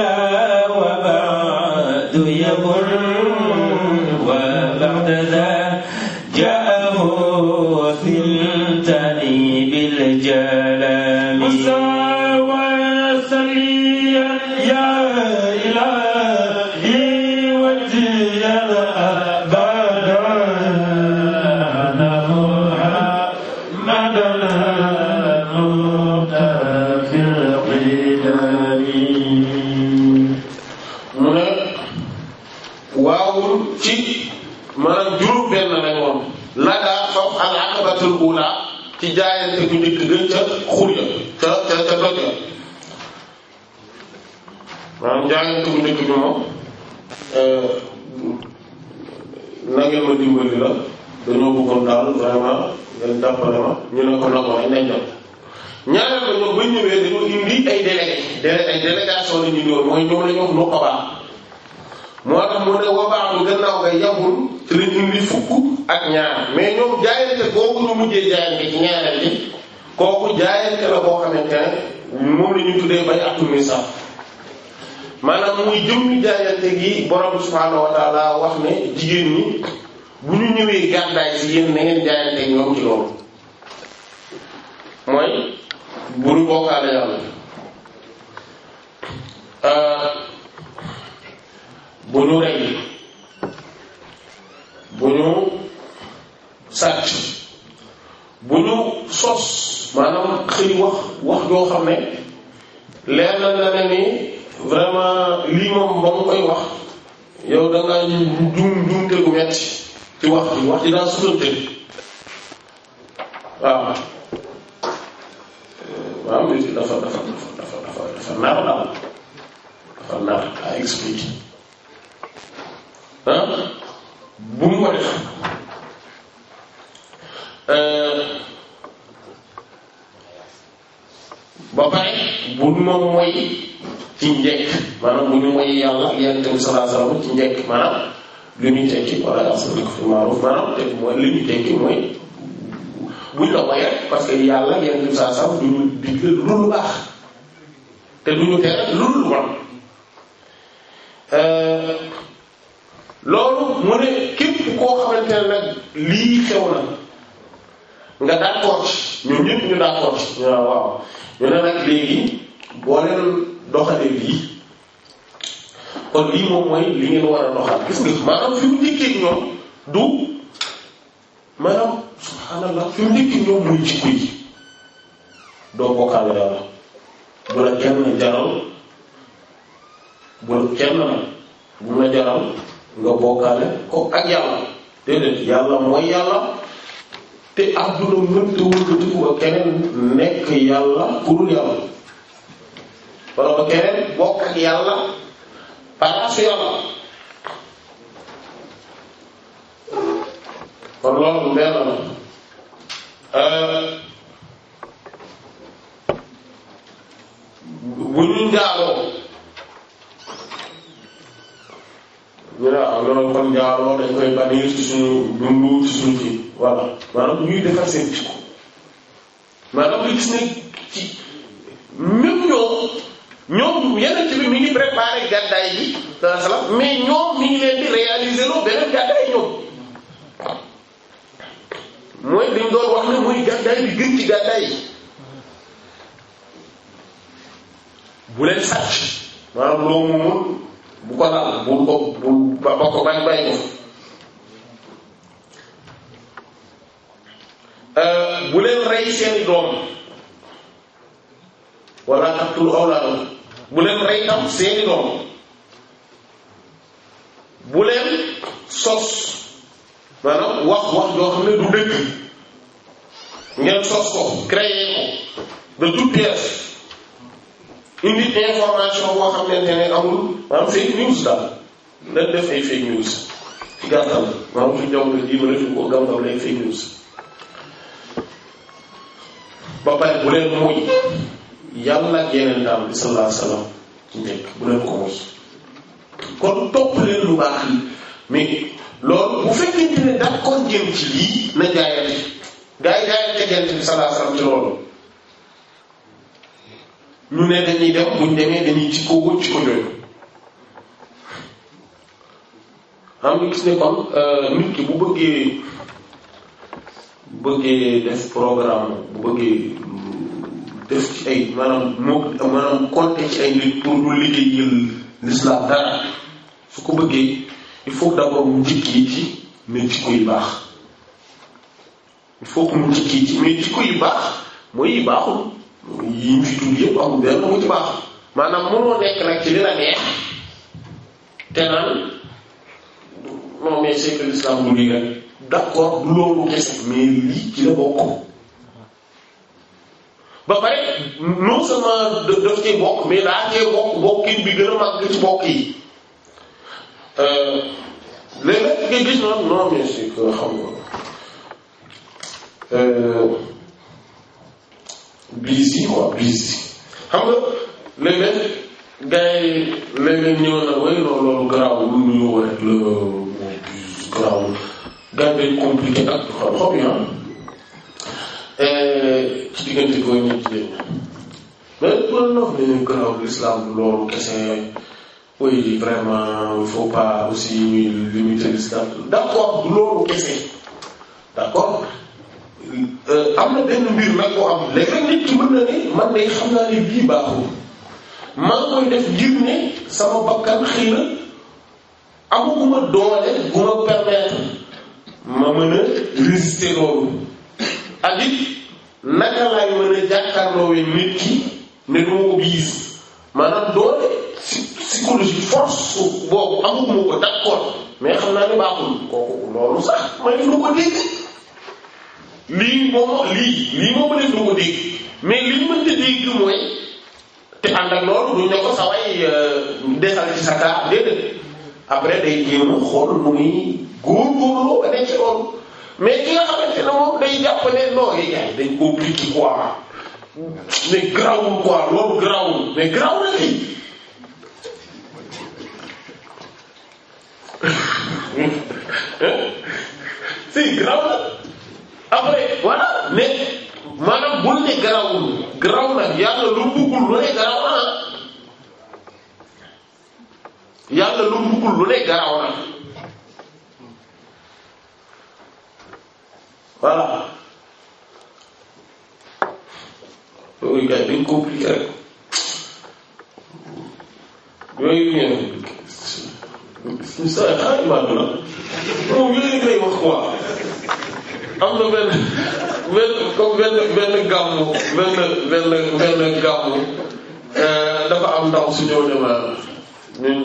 vraiment ngeen jàppale ma ñu ne ko ndox mi nañ jot ñaareel ba ñoom ba ñëwee dañoo indi ay ñu indi woon mooy ñoom la wax nu xabaar moo tax mu ne wabaaxul gannaaw ngay yabul ci la ñu muy jëm jaayante gi borom subhaanahu wa wax ne jigéen ñi. bu ñu ñëwee gàddaay ci yéen na jaayante ñoom ci loolu mooy bu ñu bokkaale yàlla euh, bu ñu rey bu ñu sàcc bu ñu sos maanaam xëy wax wax joo xam ne leer na la ne vraiment lii moom ba mu koy wax yow da ngaa ñu jum gu metti ci wax ji wax ji daal sutante waaw waaw nit ki dafa dafa dafa dafa dafa dafa naar daal dafa naar à expliquer ah bu mu ko def euh, ba pare bu ñu ma moy ci njëkk maanaam bu ñu moy yàlla yàlla tamit sallallahu alayhi wasallam ci njëkk maanaam li muy tekki wala ya'muru bil urfi ma'ruf maanaam te mooy li muy mooy buñ la ko parce que yàlla yenn saa sax du ñu digle lu lu baax te du ñu tere lu lu euh, loolu mu ne képp koo xamante ne nag lii xew na nga d'accord ci ñun ñëpp ñu d'accord ci ñu waaw ñu ne nag léegi boo leen doxalee lii kon lii moom mooy li ngeen war a doxal gis nga maanaam fi mu njëkkee ñoom du maanaam subhaanallah fi mu njëkkee ñoom muy jikko yi doo bokkaale yàlla bu la kenn jaral bu la kenn bu la jaral nga bokkaale ko ak yàlla déedéet yàlla mooy yàlla te àdduna mënta wëlbatiku ba keneen nekk yàlla ku dul yàlla wala ba keneen bokk ak yàlla palaasu yàlla kon loolu benn la bu ñu njaaloo ñu ne ah loolu kon njaaloo dañ koy bannir ci suñu dundu ci suñu kii voilà maanaam ñuy defar seen jikko maanaam nga gis ne ci même ñoom ñoom yeneen bi mi ngi préparé gàddaay bi salaam mais ñoom mi ngi leen di réaliser loo beneen gàddaay ñoom mooy liñ doon wax ne yi bu leen sàcc maanaam loo moomul bu ko laal bu ba ko bañ bàyyi ko euh, bu leen rey seeni doom wala taqtulu bu leen rey seeni doom bu leen sos maanaam wax wax joo xam ne du dëgg ngeen sos ko créer ko de toutes indi information boo xamante ne amul maanaam fake news daal dañ def ay fake news ci gàttal maanaam ci jamono jii ma nekk ko gàmbaw lay fake news ba pare bu leen mooy yàlla ak yeneen daal bi sallallahu alayhi wasallam ci njëkk bu leen ko mos kon topp leen lu baax yi mais loolu bu fekkente ne d'accord ngeen ci lii na jaayante gaa yi jaayante jant bi sallallahu alayhi wasallam ci loolu ñu ne dañuy dem buñ demee dañuy ci ko wócc ko jooy xam nga gis ne kon euh, nit ki bu bëggee def programme bu bëggee def moo maanaam compter ci ay nit pour du liggéeyal l'islam dara su ko bëggee il faut d'abord mu jikki ci ci mais jikko baax mooy yi baaxul yi ñu fi tudd yëpp amul benn mu ci baax maanaam mënoo nekk nag ci la neex te naan non mais c'est que l'islam du lii rek d'accord loolu kese mais lii ci bokk ba pare non seulement bokk mais daa cee bokk bokkin bi gën a mag ci bokk yi euh, léeg-léeg nga gis noonu non mais c'est que xam nga euh, brise yi quoi brise yi xam nga léeg-léeg gars yi léeg-léeg ñëw Euh, ci diggante góor ñi jigéen ñi mais loolu noonu dañuy gënaaw l'islam loolu kese oui vraiment il faut pas aussi ñuy limiter l'islam d'accord loolu kese d'accord euh, am na benn mbir nag ko am léeg nit ki na ne man day xam naa ne bii baaxul maa koy def ngir ne sama bakkan xëy na amaguma doole gu ma permettre ma mën a résister loolu ak it naka lay mën a jàkkaarloowee nit ki ne du ko biis maanaam doole psychologique force boobu amuma ko d'accord mais xam naa ne baaxul kooku loolu sax may du ko dégg lii moom lii lii moom rek du ko dégg mais li ñu mënta dégg mooy te ànd ak loolu du ñu saway euh, desal ci sa kaa déedéet après day jéem a xool nu muy góorgóorloo ba denc loolu. mais ki nga xamante ne moom day jàpp ne non yéen eh, yaay day compliqué quoi mais grawul quoi loolu grawul mais grawul lii. si graw na après ne maanaam bul ne grawul graw na yàlla lu bëggul lu ne garaw na yàlla lu bëggul ne garaw na voilà yooyu gars dañ compliqué rek yooyu yéen suñu saa yi ah imaam la moom yooyu ngay wax quoi am na benn benn comme benn benn gàmmu benn benn benn gàmmu euh, dafa am ndaw su ñëw ne ma ñun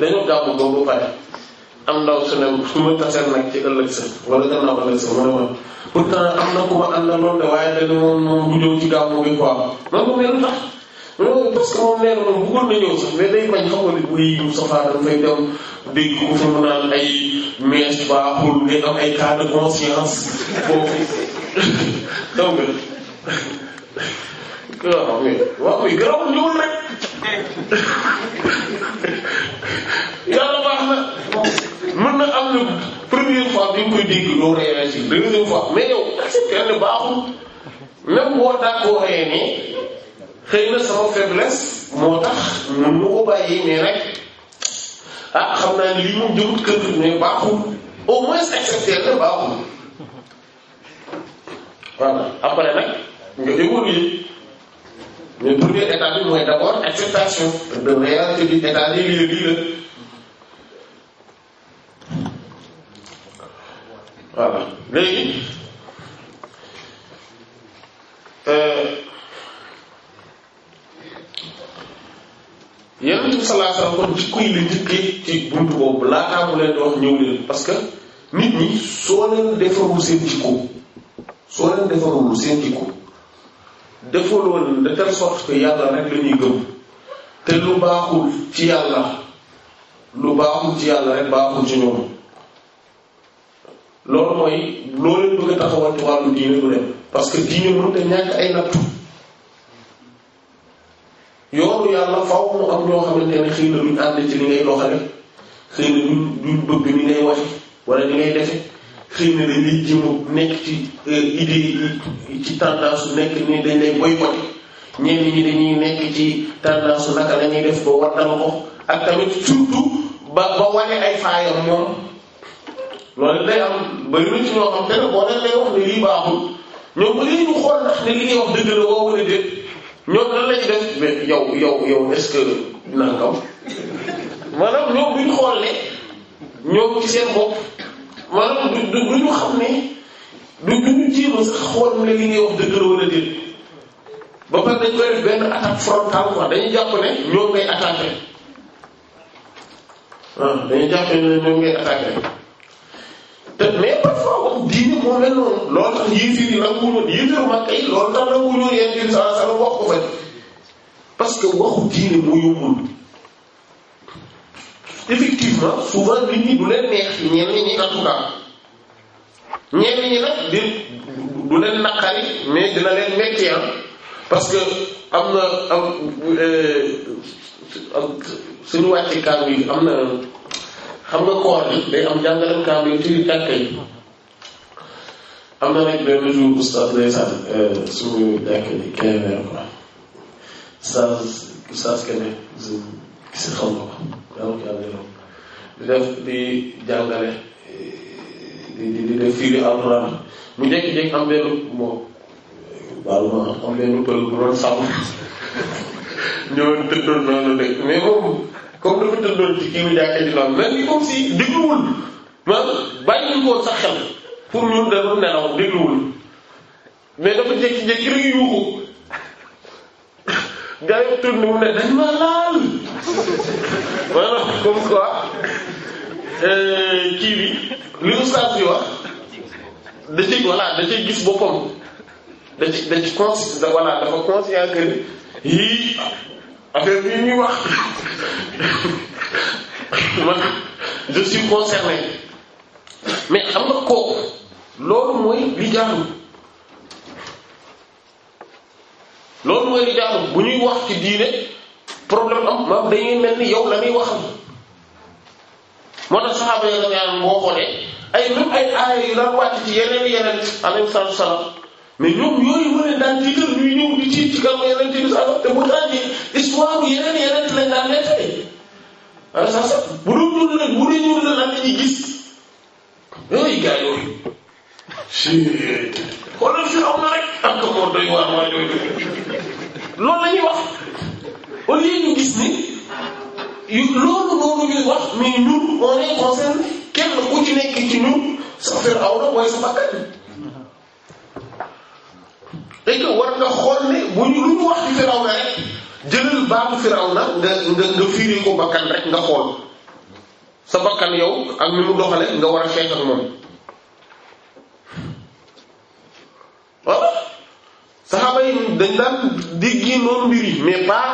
dañoo gàmmu ba ba pare am ndaw su ne su ma tasee nag ci ëllëg sa wala gannaaw ëllëg sa mu ne ma. pourtant am na ku ma àndaloon de waaye dana moom moom bu ñëw ci gàmmu bi quoi man ko melu tax parce que moom nee na moom bëggoon na ñëw sax mais day bañ xam nga muy safaanam day dem dégg ko fa mu naan ay mees baaxul ngay am ay cas de conscience foofu xam nga waaw waaw muy garaawul ñëwul rek yàlla baax na mën na am na première fois bi nga koy dégg doo réagir ci deuxième fois mais yow kenn baaxul même boo d'accord waxee nii xëy na sama faiblesse moo tax mën na ko bàyyi mais nag ah xam naa ne lii moom jëmut kër mais baaxul au moins accepter la baaxul voilà après nag nga évoluer mais pour dire bi mooy d'abord acceptation de réalité bi état lii lii la voilà léegi euh, yenn sallallahu alayhi kon jikko yi la njëkkee ci buntu boobu laataa mu leen di wax ñëw leen parce que nit ñi soo leen defarul seen jikko soo leen defarul seen jikko defal woon de telle sorte que yàlla rek la gëm te lu baaxul ci yàlla lu baaxul ci yàlla rek baaxul ci ñoom loolu mooy loo leen bëgg a taxawal ci wàllu diine du dem parce que diine mënut a ñàkk ay nattu yoonu yàlla faaw mu am ñoo xamante ne xëy na duñ ànd ci li ngay doxale xëy na duñ duñ bëgg ni ngay waxe wala ni ngay defe xëy na dañuy jëm nekk ci euh, idée nekk ni dañ lay boy ñenn ñi dañuy nekk ci tendance naka la ñuy def ba wattal ko ak tamit surtout ba ba wane ay faayam moom loolu day am bëri na ci ñoo xam te ne boo leen wax ne lii baaxul ñoom ba léegi ñu xool ndax ne li ngay dëgg la woo wala déet ñoom lan lañ def mais yow yow yow que nangam maanaam ñoom bu ñu xoolee ñoom ci seen bopp. maanaam du du du ñu xam ne du du ñu jéem sax xool ne li wax dëgg la wala déet ba pare dañ koy def benn attaque frontale quoi dañuy jàpp ne ñoom ngay attaqué ah, ne ñoom ngay attaqué te mais parfois moom diine moo mel noonu loolu tax yi nangu woon yéefir Makka loolu tax nangu woon yéen bi sa sa parce que waxu diine mu yombul. effectivement souvent nit ñi du leen neex ñenn ñi en tout cas ñenn ñi nag di du leen naqari mais dina leen metti parce que am na am euh, suñu wàcce kaam yi am na xam nga koor yi day am jàngale kaam yi ci jàkka yi am na nag benn jour oustaz ndeysaan euh, suñu jàkka yi keneen quoi oustaz oustaz keneen gis xam nga ko daanaka yàlla dina ko di def di jàngale ma am benn pël bu doon sàmm ñëwoon de mais moom di la mel dafa nelaw dégluwul mais gaa yi tourné mu ne dañ ma laal maanaam comme quoi euh, kii bi li ustaas bi wax da ci voilà da gis boppam da ci da ci dafa conscient que yii affaire bi ñuy wax man je suis concerné mais xam nga kooku loolu mooy li loolu mooy li jaadu bu ñuy wax ci diine problème am maam dañuy mel ni yow la muy wax moo tax saxaaba yi xoolee ay même ay aaya yu daan wàcc ci yeneen yeneen alayhi salaatu wasalaam mais ñoom ñuy ñëw di tiit ci kanam yeneen ci bis alors te bu daan di histoire bu yeneen yeneen lañ daan nettali ah sax sax bu doon ñëw rek bu doon ñëw rek lan la ñuy gis yooyu gars yooyu. xoolal fi am na rek ak moo doy waar maa jooju loolu wax au lieu ñu gis ni loolu loolu ñuy wax mais ñun on est concerné kenn ku ci nekk ci ñun sa affaire aw la waaye sa bakkan et que war nga xool ne bu ñu lu mu wax ci Firawna rek jëlal baatu Firawna nga nga nga fiiree ko bakkan rek nga xool sa bakkan yow ak ni mu doxale nga war a xeex ak moom. voilà saxaaba yi dañ daan dégg noonu mbir yi mais pas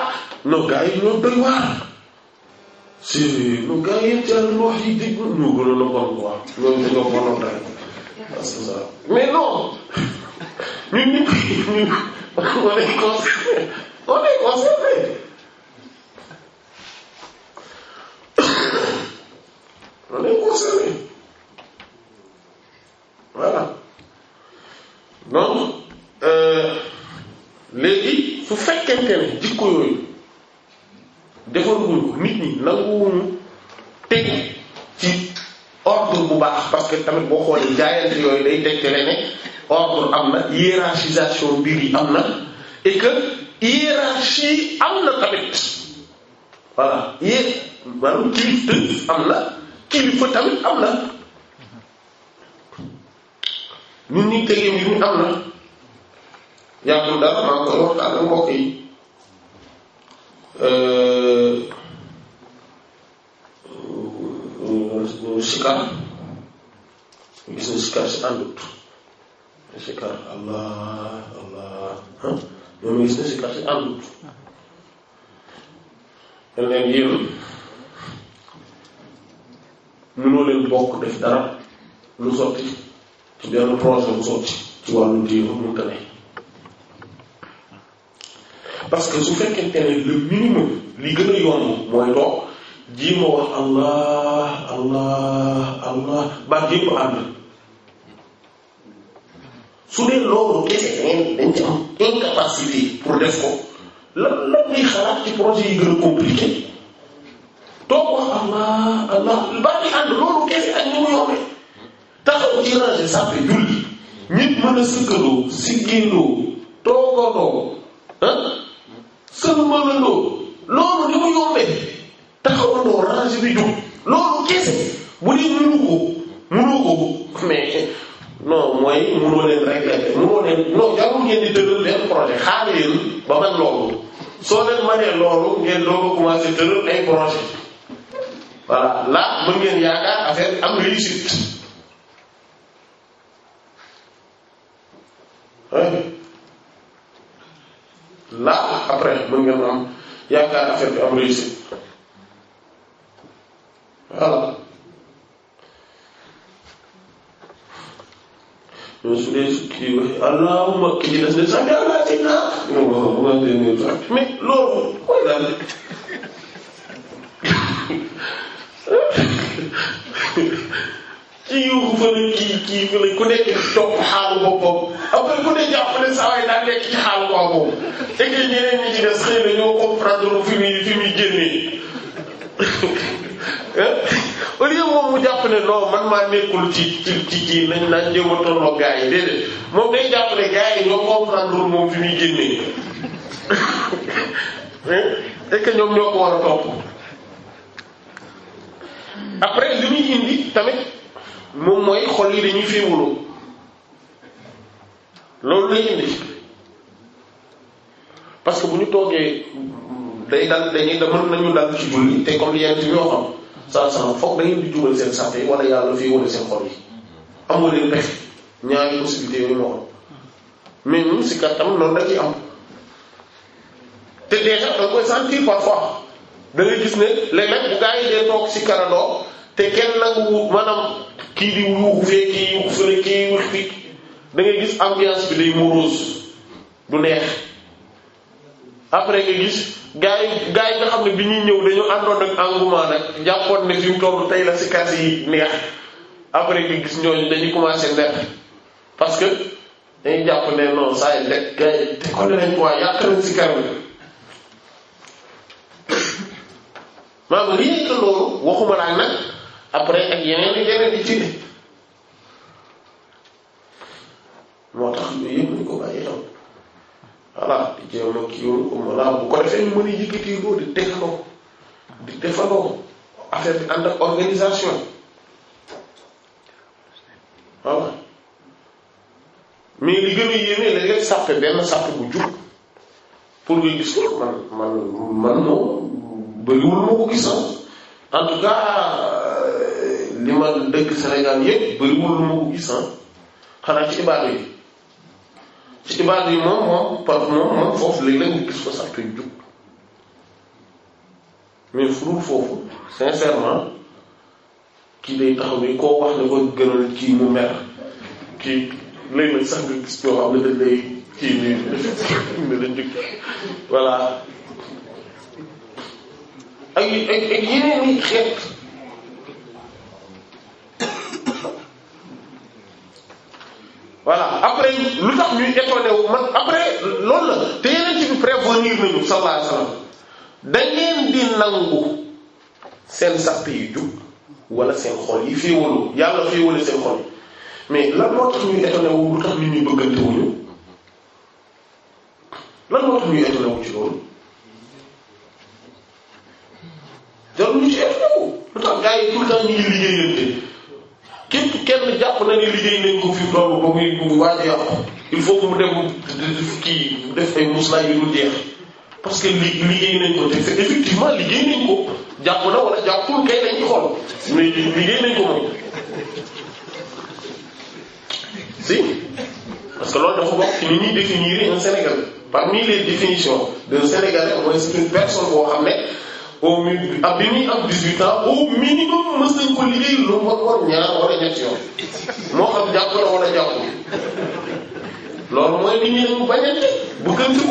nos gars yi ñoo doy waar si nos gars yi ci wax yi dégg ñoo gënoon a bon quoi ñoom dañoo bonoon daal mais non ñun nit ñi ñun on est concerné on est concerné on est concerné voilà. donc euh, léegi su fekkente ne jikko yooyu nit ñi nanguwuñu teg ci ordre bu baax parce que tamit boo xoolee jaayante yooyu day tegtale ne ordre am na hiérarchisation mbir am na et que am na tamit voilà yé maanaam kilifa am na kilifa tamit am na nit ñi tëye mbir mi am na yàggul dara maa ngi koy waxtaan mbokk yi euh, euh, sikar gis na sikar si àndut sikar allah allah ñoom gis na sikar si àndut dañ leen yéen leen bokk def dara lu sotti te benn projet bu sotti ci wàllu diine mënta parce que su fekkente ne le minimum li gën a yomb mooy loo ji ma allah allah allah baat yëpp ànd su dee loolu kese ngeen dañ ci am incapacité pour def ko gën a compliqué toog wax allah allah baat yi ànd loolu kese ak ñu taxaw ci rangé sàppe julli nit mën a sëkkaloo siggéendoo toogandoo ah sëlmalandoo loolu ni mu yombee taxawandoo rangé bi jóg loolu kese bu dee mënu ko mënoo ko mais non mooy mënoo leen rek mënoo leen non jarul ngeen di tëral leen projet xaar leen ba man loolu soo leen manee loolu ngeen doog a commencé tëral ay projet voilà là mën ngeen yaakaar affaire am réussite là après mën ngeen am yaakaar affaire bi am réussite voilà mais su dee kii waxee allahumma ki ci des ne sax yàlla naa ci naa nga ko wax mais loolu mooy daal de kii yuuxu fa la kii kii fa la ku nekk di topp xaalu boppam après ku ne jàpp ne saa waay daa nekk ci xaalu waa boobu et que ñeneen ñi ci des xëy na ñoo comprendre fi muy fi muy génnee au lieu moom mu jàpp ne non man maa nekkul ci ci ci ci nañ naan jéem a tolloo gaa yi déedéet moom day ne gaa yi ñoo comprendre moom fi muy génnee et que ñoom ñoo ko war a topp après li muy moom mooy xol yi dañuy féewuloo loolu la indi parce que bu ñu toogee day dal dañuy da mën nañu dal ci julli te comme yenn yoo xam saa sama foog da ngeen di jubal seen sàppe wala yàlla féewale seen xol yi amoo leen pexe ñaari possibilités yooyu moo am mais ñun si kattam noonu la ciy am te déjà da nga koy sentir parfois da ngay gis ne léeg bu gaa yi dee toog si karadoo te kenn nangu maanaam kii di yuuxu fee yuuxu fi da gis ambiance bi day morose du neex après nga gis gars yi nga xam ne bi ñuy ñëw dañu àndoon ak engouement nag jàppoon ne fi mu toll tey la si yi neex après nga gis ñooñu dañuy commencer neex parce que dañuy jàpp ne non saa yi rek gars yi te kon nañ quoi yàq nañ si kar bi maanaam rien que loolu waxuma laa nag après ak yeneen ak yeneen di ci moo tax yooyu yëpp ñu ko bàyyi xel voilà di jéem a kii woon comme voilà bu ko defee ñu mën a yëkkati ko di defaloo di defaloo affaire bi ànd ak organisation voilà mais li gën a yéeme léeg-léeg sàppe benn sàppe bu jub pour nga gis ko man man man moom bëriwul moo ko gis en tout cas euh, li ma dëkk Sénégal yëpp bariwul lu ma ko gis ah xanaa ci ibaadu yi ci ibaadu yi moom moom par moom moom foofu léeg-léeg nga gis ko sax te jub mais furul foofu sincèrement kii day taxaw ni koo wax ne ko gënal kii mu mer kii léeg-léeg sax nga gis ñoo xam ne dañ lay kii nii ne la njëkk voilà ak ak yeneen i xeet voilà après lu tax ñuy étonné wu man après loolu la te yeneen ci bi prévenir nañu sallallahu alayhi wasallam da ngeen di nangu seen sàpp yu jub wala seen xol yi féewalu yàlla féewale seen xol mais lan moo tax ñuy lu tax nit ñi bëggante wuñu lan moo tax ñuy ci loolu jarul ñu ci énu lu tax gars yi tout ngi jàpp na ni liggéey nañ ko fi loolu ba muy bu waaj a yàqu il faut que mu dem kii def ay muslaay yu dul jeex parce que liggéey nañ ko jàpp na wala jàppul kay lañ ci xool mais liggéey nañ ko moom si parce que loolu dafa bokk ci ni ñuy définir un Sénégal parmi les définitions d'un Sénégalais mooy c'est une personne boo xam ne. au min ak bi muy am 18 ans au minimum mës nañ ko liggéey lu mu moo xam jàpp la wala jàpp loolu mooy li ñuy am bañante bu gën ko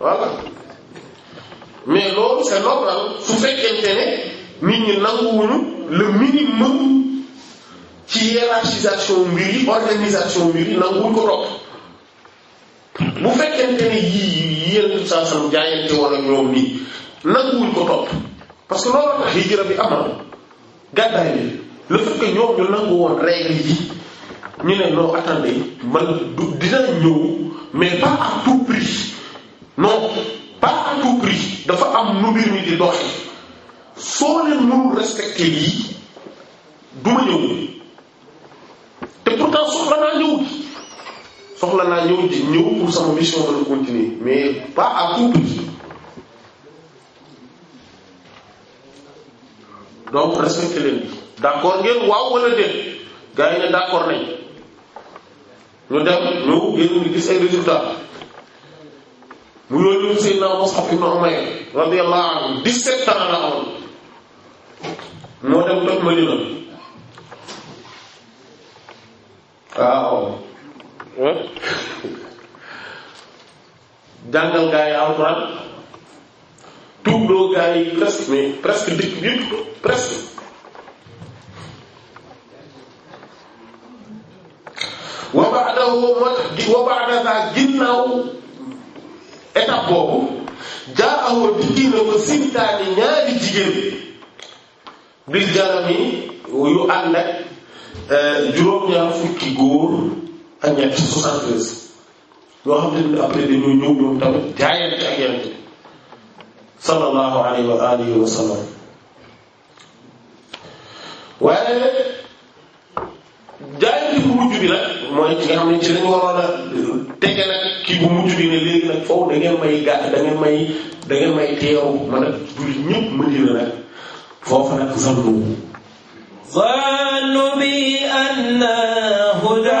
voilà mais loolu c'est su fekkente ne nit ñi nanguwuñu le minimum ci hiérarchisation mbir organisation mbir yi nanguwuñ ko topp. bu fekkente ne yii yéen saa sàmm jaayante wala ñoom nii nanguwuñ ko topp parce que loolu tax hijra bi amal gàddaay bi le ñoom ñu nangu woon règle yi ñu ne non attendez man du dina ñëw mais pas à prix non pas à prix dafa am nu mbir mi di doxee soo leen mënul respecté lii du ma ñëw te pourtant soxla naa ñëw. soxla naa ñëw ñëw pour sama mission mën continuer mais pas à tout prix donc respecté leen bi d'accord ngeen waaw wala déet gars ne d'accord nañ ñu dem ñëw ngeen ñu gis ay résultats mu yónni Seydina Mus'ab ibn Umayr radiyallahu anhu 17 ans la amoon moo dem toog Madina waaw. jàngal gaa yi alxuraan tuubloo gaa yi presque mais presque dëkk bi presque wa ba'dahu moo tax di wa ba'daha ginnaaw étape boobu jaa'ahu dikki na ko sintaani ñaari jigéen bil jarami yu ànd ak eh, juróom-ñaar fukki góor ak ñett 73 yoo xam ne après dañoo ñëw ñoom tamit jaayante ak yonent bi sallallahu alayhi wa alihi wa bu mujj bi nag mooy ci nga xam waroon a tege nag kii bu mujj bi ne léegi nag foofu da ma nag zannu zannu bi anna huda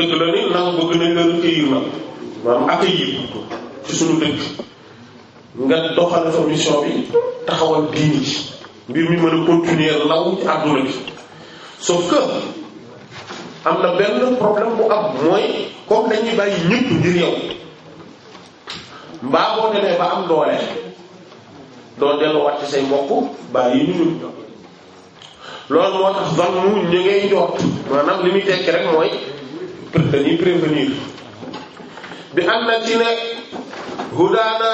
dëgg la ni nangu gën a gën a téye la maanaam accueillir ci suñu dëkk nga doxal fa mission bi taxawal diini mbir mi mën a continuer law ci àdduna bi sauf am na benn problème bu am mooy comme dañuy bàyyi ñëpp ngir yow mbaa am doole doo delluwaat ci say mbokk loolu moo tax zone mu ñu ngay jot maanaam li muy tekki rek mooy dañuy prévenir bi am na ci nekk hudaana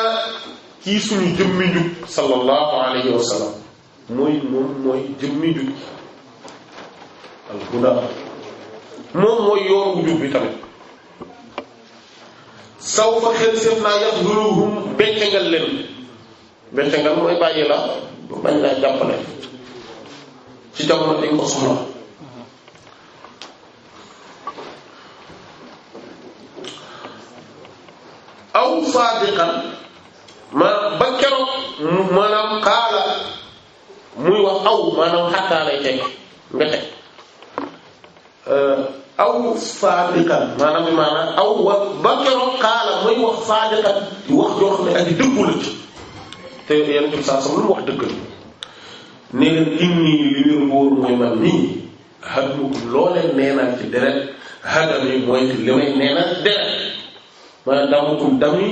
kii suñu jëmmi njub sallallahu alayhi wa sallam mooy moom mooy jëmmi njub al huda moom mooy yoonu njub bi tamit saw fa xel seet naa yax duruhum beccangal leen beccangal mooy bàyyi la bañ laa jàppale ci jamono dañ ko soxla aw saadiqan maanaam ba keroog maanaam muy wax aw maanaam xattaa lay teg nga euh, aw saadiqan maanaam bi maanaam aw wa ba keroog muy wax saadiqan di wax joo xam ne ak dëggu la ci te yan saa sam lu wax dëgg ne leen innii li wér wóor mooy man nii hadmukum loo leen neenaan ci deret hadami mooy li may neenaan ci deret maanaam damukum dami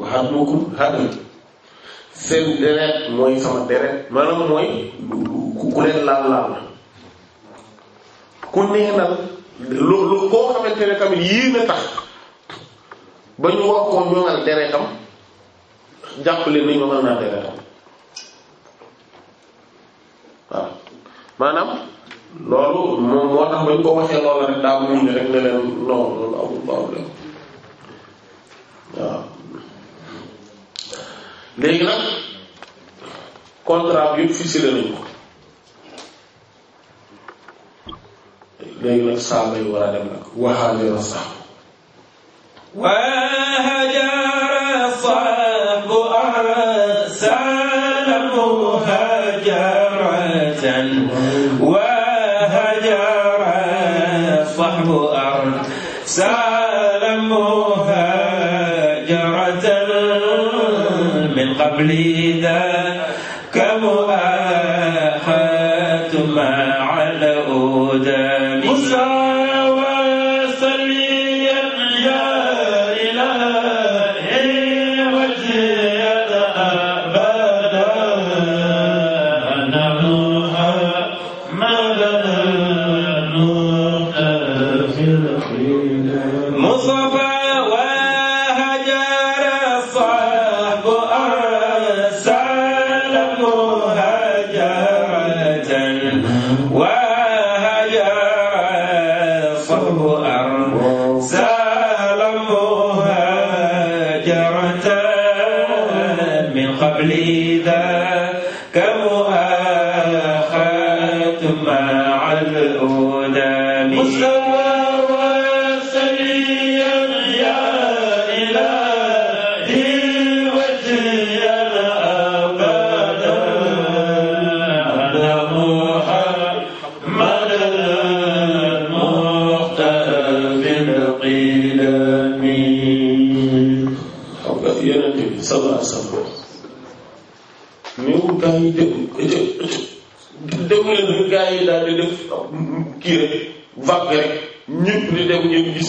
wa hadmukum hadmi seen deret mooy sama deret maanaam mooy ku leen laal laal na ku neenal lu lu koo xamante ne yii na tax ba ñu wax ko ñoŋal deretam jàppale ni ñoŋal naa deretam waaw maanaam loolu moom moo tax ba ñu ko waxee loola rek daa muñ ne rek ne leen non loolu amul waaw léegi nag contrat bi yëpp ficelé nañu ko léegi nag saaba yi war a dem nag waxaajara sax waxaajara sax bu ara saalamu hajaratan waxaajara sax bu ara li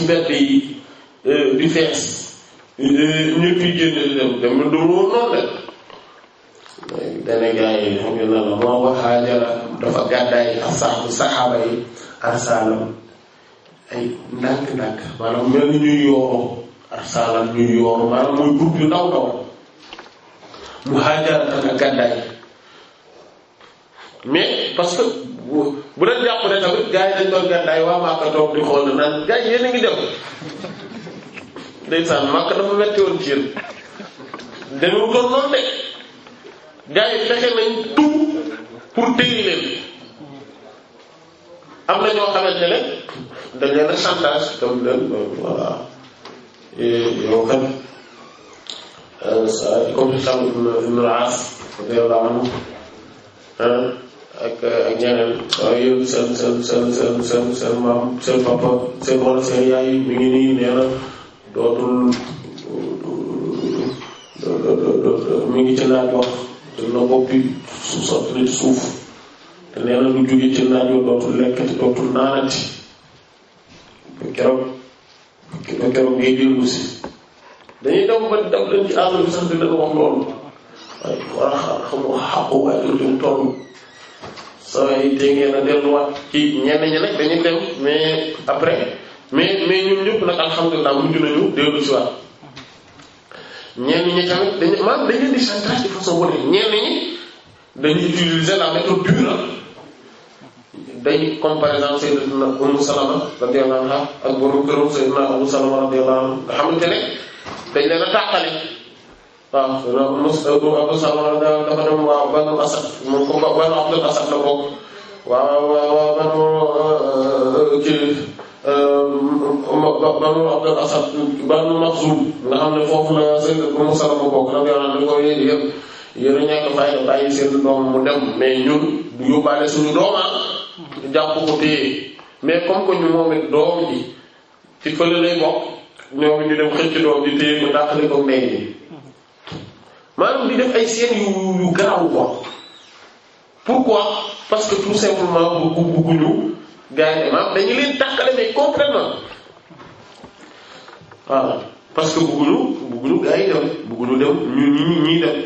ci yi euh, di fees euh, ñëpp yi génn dem dem na dóor noonu rek dana gaa yi xam dafa gàddaay asaabu saxaaba yi arsaalam ay ndànk-ndànk maanaam mel ñuy yooroo arsaalam ñuy yooroo maanaam mooy groupe yu ndaw ndaw mu xaajala dana gàddaay mais parce bu doon jàpp ne tamit gars yi dañ doon gàddaay waa Màkka toog di xool na naan gars yi yéen a ngi dem ndeysaan Màkka dafa metti woon ci yéen dañu doon noonu de gars yi fexe nañ tout pour téye leen am na ñoo xamante ne dañ leen a chantage comme leen euh, voilà yow kat euh, comme Hishaam ibn al-Aas radiyallahu anhu ak ak ñeneen waaye seen seen seen seen maam seen papa seen wala seen yaay mi ngi nii nee dootul mi ngi ci naaj wax te na bopp bi su sotti na ci suuf te nee na lu ci naaj wa dootul lekkati dootul naanati ba keroog ba keroog ngay si dañuy dem ba daf leen ci àll bi sax di leen wax loolu waaye war a xam xamu xàqu lu yi te ngeen a delluwaat kii ñenn ñi nag dañuy dem mais après mais mais ñun ñëpp nag alhamdulilah mujj nañu dellu si waat ñenn ñi tamit dañuy maanaam dañu leen di chantage de façon bu ne ñi dañuy utiliser la méthode dure dañuy comme par exemple Sayyidina dañ leen a tàqale. waaw mos Abu Salama dafa dem waaw Banu Asad moom ko Banu Abdul Asad la bokk waaw waaw Banu kii Banu Abdul Asad Banu Maxzum nga xam ne foofu la seen Umu Salama bokk nag yoonal dañ ko yéegi yëpp yéen a ñàkk fayda bàyyi seen doom mu dem mais ñun du yóbbaale suñu doomaa jàpp ko téye mais comme que ñu moom it doom ji ci fële lay bokk ñoom ñu dem xëcc doom ji téye ko dàqali ko mbéy mi maanaam di def ay seen yu yu ko pourquoi parce que tout simplement bugguñu gars yi dem bugguñu dem ñu ñi ñuy dem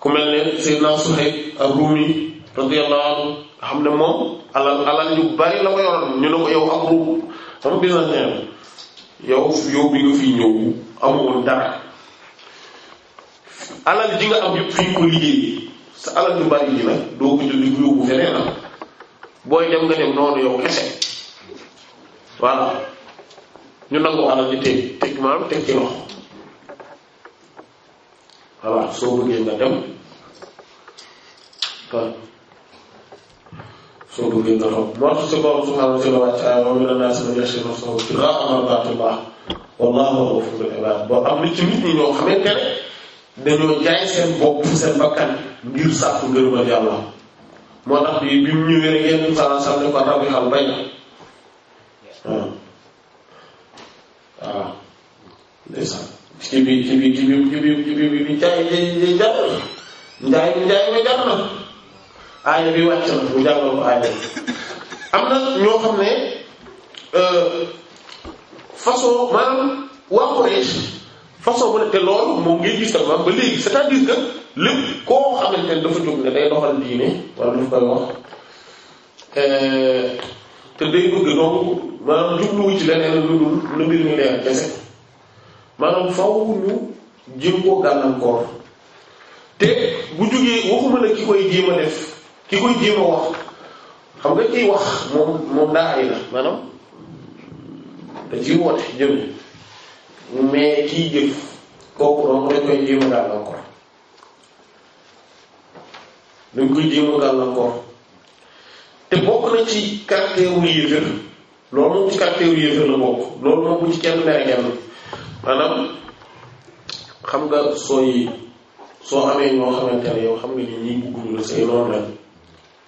ku mel ne Seydina Suhayb ar-Rumi radiyallahu anhu xam ne moom alal alal yu bari la ko yoroon ñu ne ko yow ak ruum sama business yow yow bi nga fi ñëw amoon dara. alal ji nga am yëpp fi ko liggéey sa alal lu bari la doo ko jël di ko yóbbu feneen booy dem nga dem noonu yow kese ñu nangu alal ji teg maam teg ci loxo voilà soo bëggee nga dem soo bëggee nga toog moo si borom subhaanahu wa ta'aala wa mina naasi man yashri nafsahu boo am nit ñi ñoo xamante ne dañoo jaay seen bopp seen bakkan ngir sàkku ngërëmal yàlla moo tax bi bi mu ñëwee rek yenn saa ne ko rabixal bay waaw na njaay njaay ma jar na aaya bi wàcc na bu jàngal ko aaya am na ñoo xam ne euh, façon maanaam waa Quraysh façon bu ne te loolu moom ngay gis tamit ba léegi c'est-à-dire que lépp koo xamante ne dafa jóg ne day doxal diine wala wax euh, te day bëgg donc maanaam jubluwu ci leneen lu dul lu mbir waxuma ne ki koy jéem def ki koy jéem wax xam nga kiy wax moom moom daa ay la maanaam da ciy woote jëm. mais kii jëf kooku moom dañ koy jéem a gàllankoor dañ koy jéem a gàllankoor te bokk na ci caractère wu yéefér loolu moom ci caractère wu yéefér la bokk loolu moom bu ci kenn mere kenn maanaam xam nga sooy soo amee ñoo xamante ne xam nga ni ñi bugguñu la say noonu la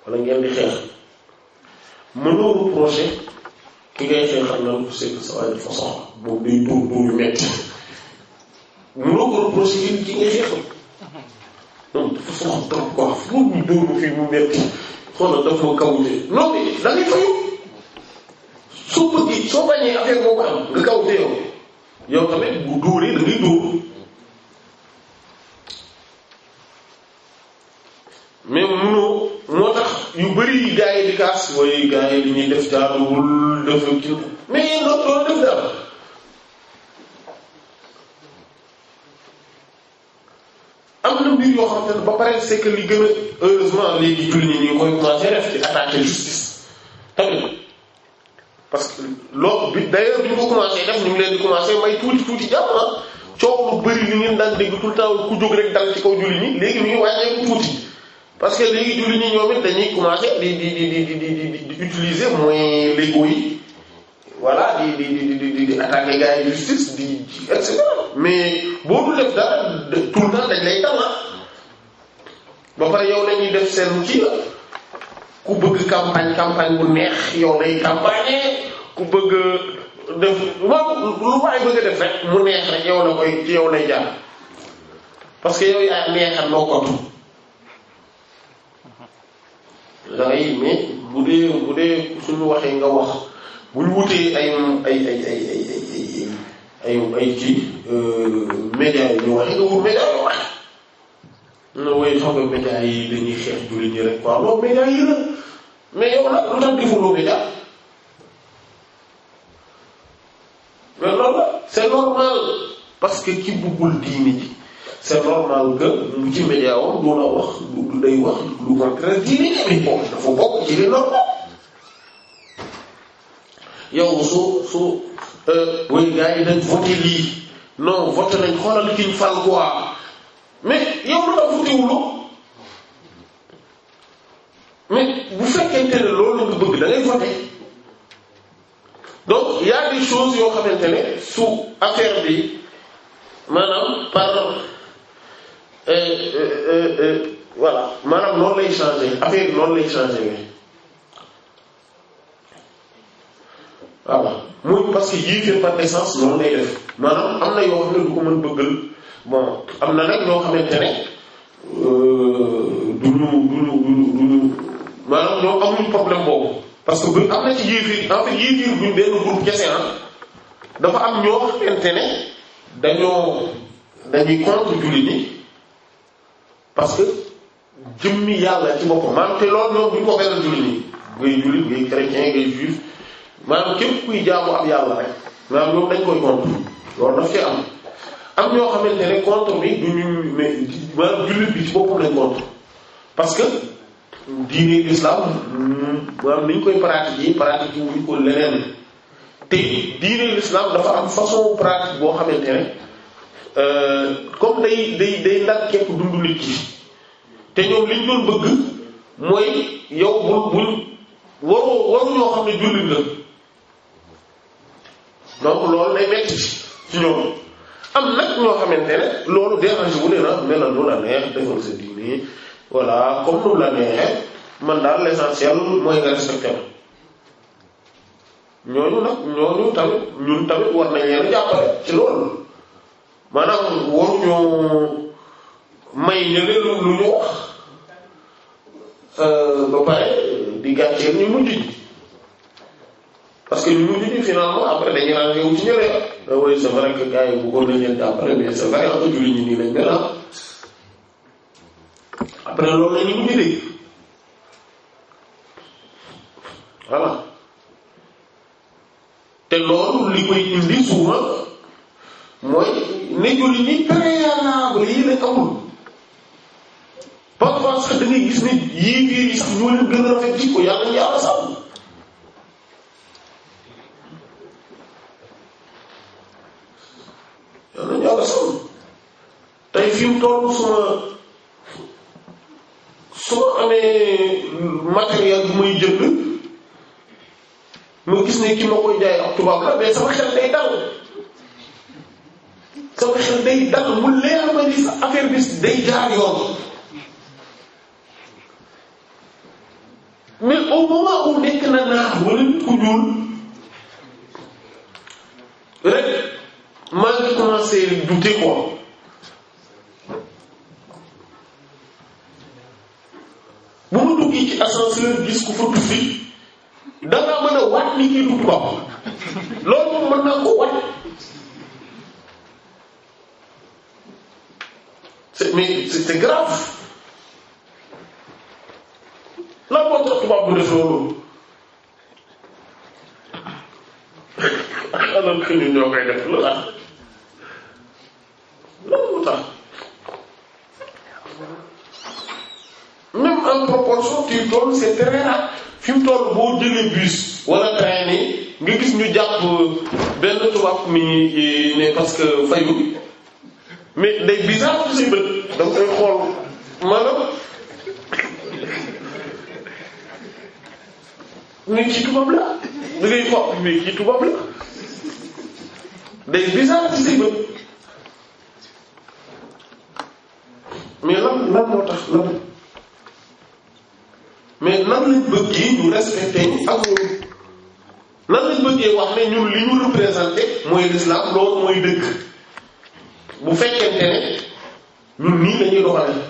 wala ngeen di xeex mënoo reprocher ki ngay xeexal na lu ko soxla boobu day tuur tuur yu metti mënoo ko reprocher ci nga xeexal donc dafa soxla trop quoi foofu dóor ko fii mu metti soo bëggee soo bañee kawutee yow yow tamit bu dóoree da ngay dóor mais mënoo moo tax yu bëri gars di kaas mooy gars li ñuy def jaaduwul def kii mais yéen loolu def dara. na mbir ba pare c'est que li gën a heureusement léegi jullit ñi ñu koy commencé def ci attaquer justice tamit parce que loolu bi d'ailleurs bi ñu ko commencé def ñu ngi leen di commencé may tuuti tuuti jàpp na coow lu bari li ngeen daan dégg rek dal ci kaw jullit ñi léegi ñu ngi wàññeeku tuuti parce que léegi jullit ñi ñoom dañuy commencé di di di di di di di utiliser moyens légaux yi voilà di di di di di di attaquer gars yi justice di et mais boo dul def dara tout le dañ lay taw ba pare yow lañuy def seen ci la ku bëgg campagne campagne bu neex yow lay koy ci yow lay jaar parce que yow yaa neexal loo kontu lay mais bu dee bu dee suñu waxee nga wax bu wutee ay ay ay ay ay ay ay ay ay kii média yi ñu wax na way xam nga yi dañuy xeex jullit ñi rek waaw loolu médias yi la mais yow nag lu tax defuloo média mais loolu la c'est normal parce que ki buggul diini ji c'est normal que mu ci média wam du la wax du day wax lu contraire diini ji amee bokk dafa bokk ci li normal su su euh, way gars yi dañ voté lii non voté nañ xoolal kiñ fal quoi mais yow lu tax wutiwulu mais bu fekkente ne loolu nga bëgg da ngay voter donc y a des choses yoo xamante ne su bi maanaam par euh, euh, euh, voilà maanaam noonu lay changer affaire bi noonu lay changer voilà mooy parce que yéefee par essence noonu lay def am na yoo xam ne du ko bon am na nag ñoo xamante ne euh, du ñu du ñu du ñu maanaam ñoo amuñu problème boobu parce que bu am na ci yéefir en buñ benn groupe kese ah dafa am ñoo xamante ne dañoo dañuy contre jullit ñi parce que jëmmi yàlla ci boppam maanaam te loolu ñoom duñ ko feral jullit ñi ngay jullit ngay chrétien ngay juif maanaam képp kuy jaamu ab yàlla rek maanaam ñoom dañ koy contre loolu daf ci am. am ñoo xamante ne contre bi du ñu mais maanaam jullit bi ci boppam lañ contre parce que diine l'islam maanaam ni ñu koy pratiquer pratique yi wuñ ko leneen te diine l'islam dafa am façon pratique boo xamante ne euh, comme day day day ndar képp dundu nit ki te ñoom liñ doon bëgg mooy yow bul bul waroo waru ñoo xam ne jullit la donc loolu day metti ci ñoom am nag ñoo xamante ne loolu dérange wu ne la ne la lu la neex defal sa diine voilà comme lu la neexee man daal l'essentiel mooy nga respecté ñooñu nag ñooñu tamit ñun tamit war nañ leen jàppale ci loolu maanaam waruñu may ñële lu ñu wax euh, ba pare di gàcceel ñu mujj ji parce que ñu ngi finalement après dañuy naan yow ci ñële ah. Eh waaye c'est vrai que gars yi bëggoon nañu leen jàppale mais c'est vrai que jullit ñi nii lañ mel ah après loolu la ñu mujj dégg voilà te loolu li koy indi souvent mooy ne jullit ñi préalable yi lañ amul parfois sax yi sax ñoo leen gën a rafet jikko tey fi mu su ma su ma amee matériel bu may jënd ma gis ne ki ma koy jaay ak tubaab la mais sama xel day dal sama xel day dal mu leer ma ni sa day jaar yoon mais au moment où nekk na naar wala ku ñuul rek maa ngi commencé douter quoi bu ma duggee ci ascenseur gis ku fa tufli dangaa mën a wat ni kii dugg ko loolu moom mën naa ko wat c'est mais c'est grave lan loolu alors que ñoo koy def lu loolu moo tax même en proportion kii tool c'est très rare fi mu toll boo jëlee bus wala train nii nga gis ñu jàpp euh, benn tubaab mi ne parce que fayu mais day bizarre ci bët da nga mais kii tubaab la da ngay xool mais tubaab la day bizarre ci bët mais lan lan moo tax lan. mais nan lañ bëggee ñu respecté ñu ak ñoom nan lañ bëggee wax ne ñun li ñu représenté mooy l'islam loolu mooy dëgg bu fekkente ne ñun nii lañuy doxale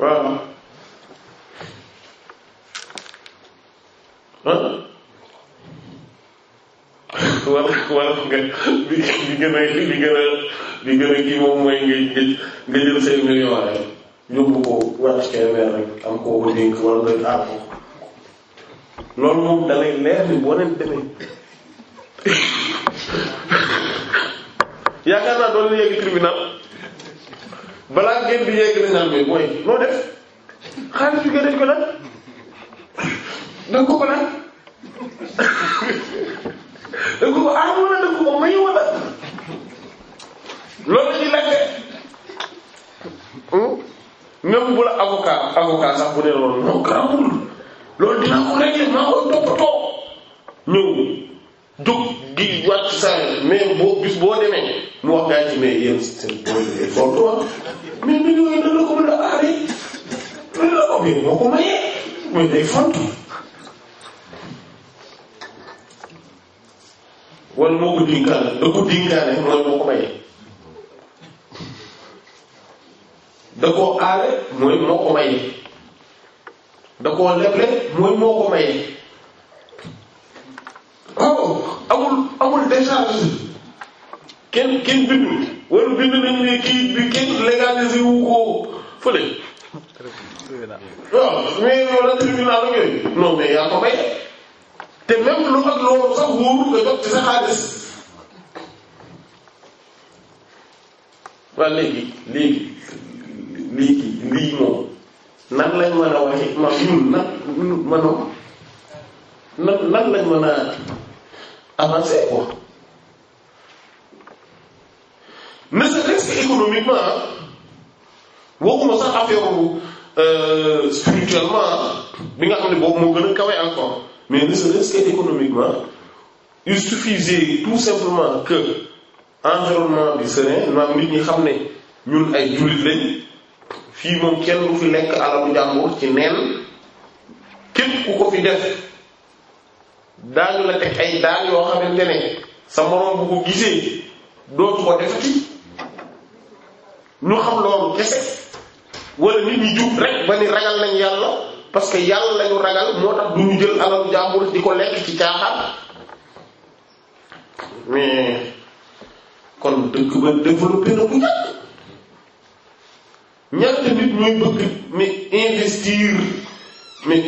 waaw war war nga bi bi gën a bi gën a bi gën a kii moom mooy nga jël seen million rek yóbbu ko wàcc kay rek am koo ko dénk wala nga aar ko loolu moom da lay leer ni boo leen demee yaakaar def ko lan da ko ko danga ko aar wala danga ko may loolu la ñuy hmm? la avocat avocat sax bu ne ko ñëw jóg di wàcc sa mais boo bis boo demee mu wax gaa ci mais yéen seen projet fort mais millions ko mën a aaree lan la wala moo ko dénkaane da ko dénkaane mooy moo ko maye da koo aare mooy moo ko maye da koo leble mooy moo ko maye waaw amul amul décharge kenn kenn bindu wala bind nañu ne kii bi kenn légalisé wu ko fële waaw mais wala tribunal ak yooyu non yaa ko maye te même lu ak loolu sax wóorul nga jot sa xaalis waaw léegi léegi lii lii moom nan lañ mën a waxe ma ñun nag ñun mënoo nan nan lañ mën a avancer quoi ne serait-ce que économiquement waxuma sax affaire euh, spirituellement bi nga xam ne boobu moo gën a kawe encore mais ne serait-ce qu'économiquement il suffisait tout simplement que environnement bi serein maanaam nit ñi xam ne ñun ay jullit lañ fii moom kenn du fi lekk alalu jàmbur ci neen képp ku ko fi def daañu la teg ay daal yoo xamante ne sa moroom bu ko gisee dootu ko defati ñu xam loolu kese wala nit ñi jub rek ba ni ragal nañ yàlla parce que yàlla lañu ragal moo tax du ñu jël alalu jàmbur di ko lekk ci caaxaan mais kon dëkk ba développé na bu ñàkk ñaata nit ñuy bëgg mais investir mais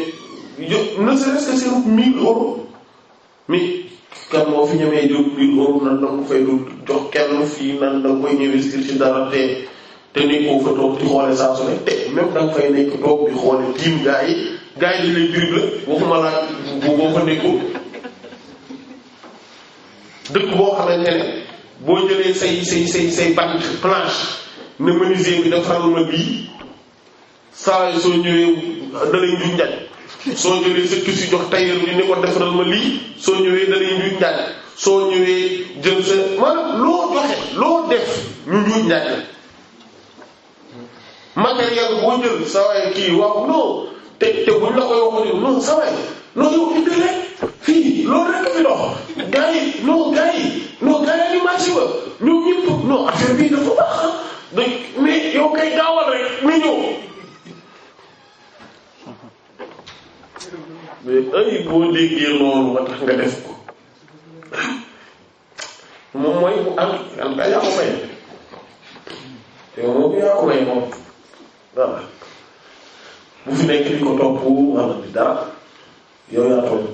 ne serait-ce que c'est mille kan moo fi ñemee jóg mille euros nan la ko fay du jox kenn fii nan la koy investir ci dara te te nekkoo fa toog di xoole saa su ne te eh, même da nga fay nekk toog di xoole tiim gaa yi gaa yi di lay dribble waxuma laa boo fa nekkul dëkk boo xamante ne boo jëlee say say say say bant planche ne menuisier bi defaral ma bii saa soo ñëwee dalay njuñ njaaj soo jëlee sa tissu jox tailleur bi ne ko defaral ma lii soo ñëwee dalay njuñ njaaj soo ñëwee jël sa maanaam loo joxe loo def ñu njaaj matériel boo jël sa waay kii waxu non te te buñ la koy waxoon non sa waay non yow indi rek fii loolu rek fi dox gars yi non gars yi non gars yi marché ba ñoom ñëpp non affaire bii dafa baax donc mais yow kay gaawal rek mais ñëw. mais ay boo déggee noonu ba tax nga def ko moom mooy bu am yàlla yaa ko may yow moom yaa ko may moom. voilà bu fi nekk di ko topp wala di dara yow yaa toll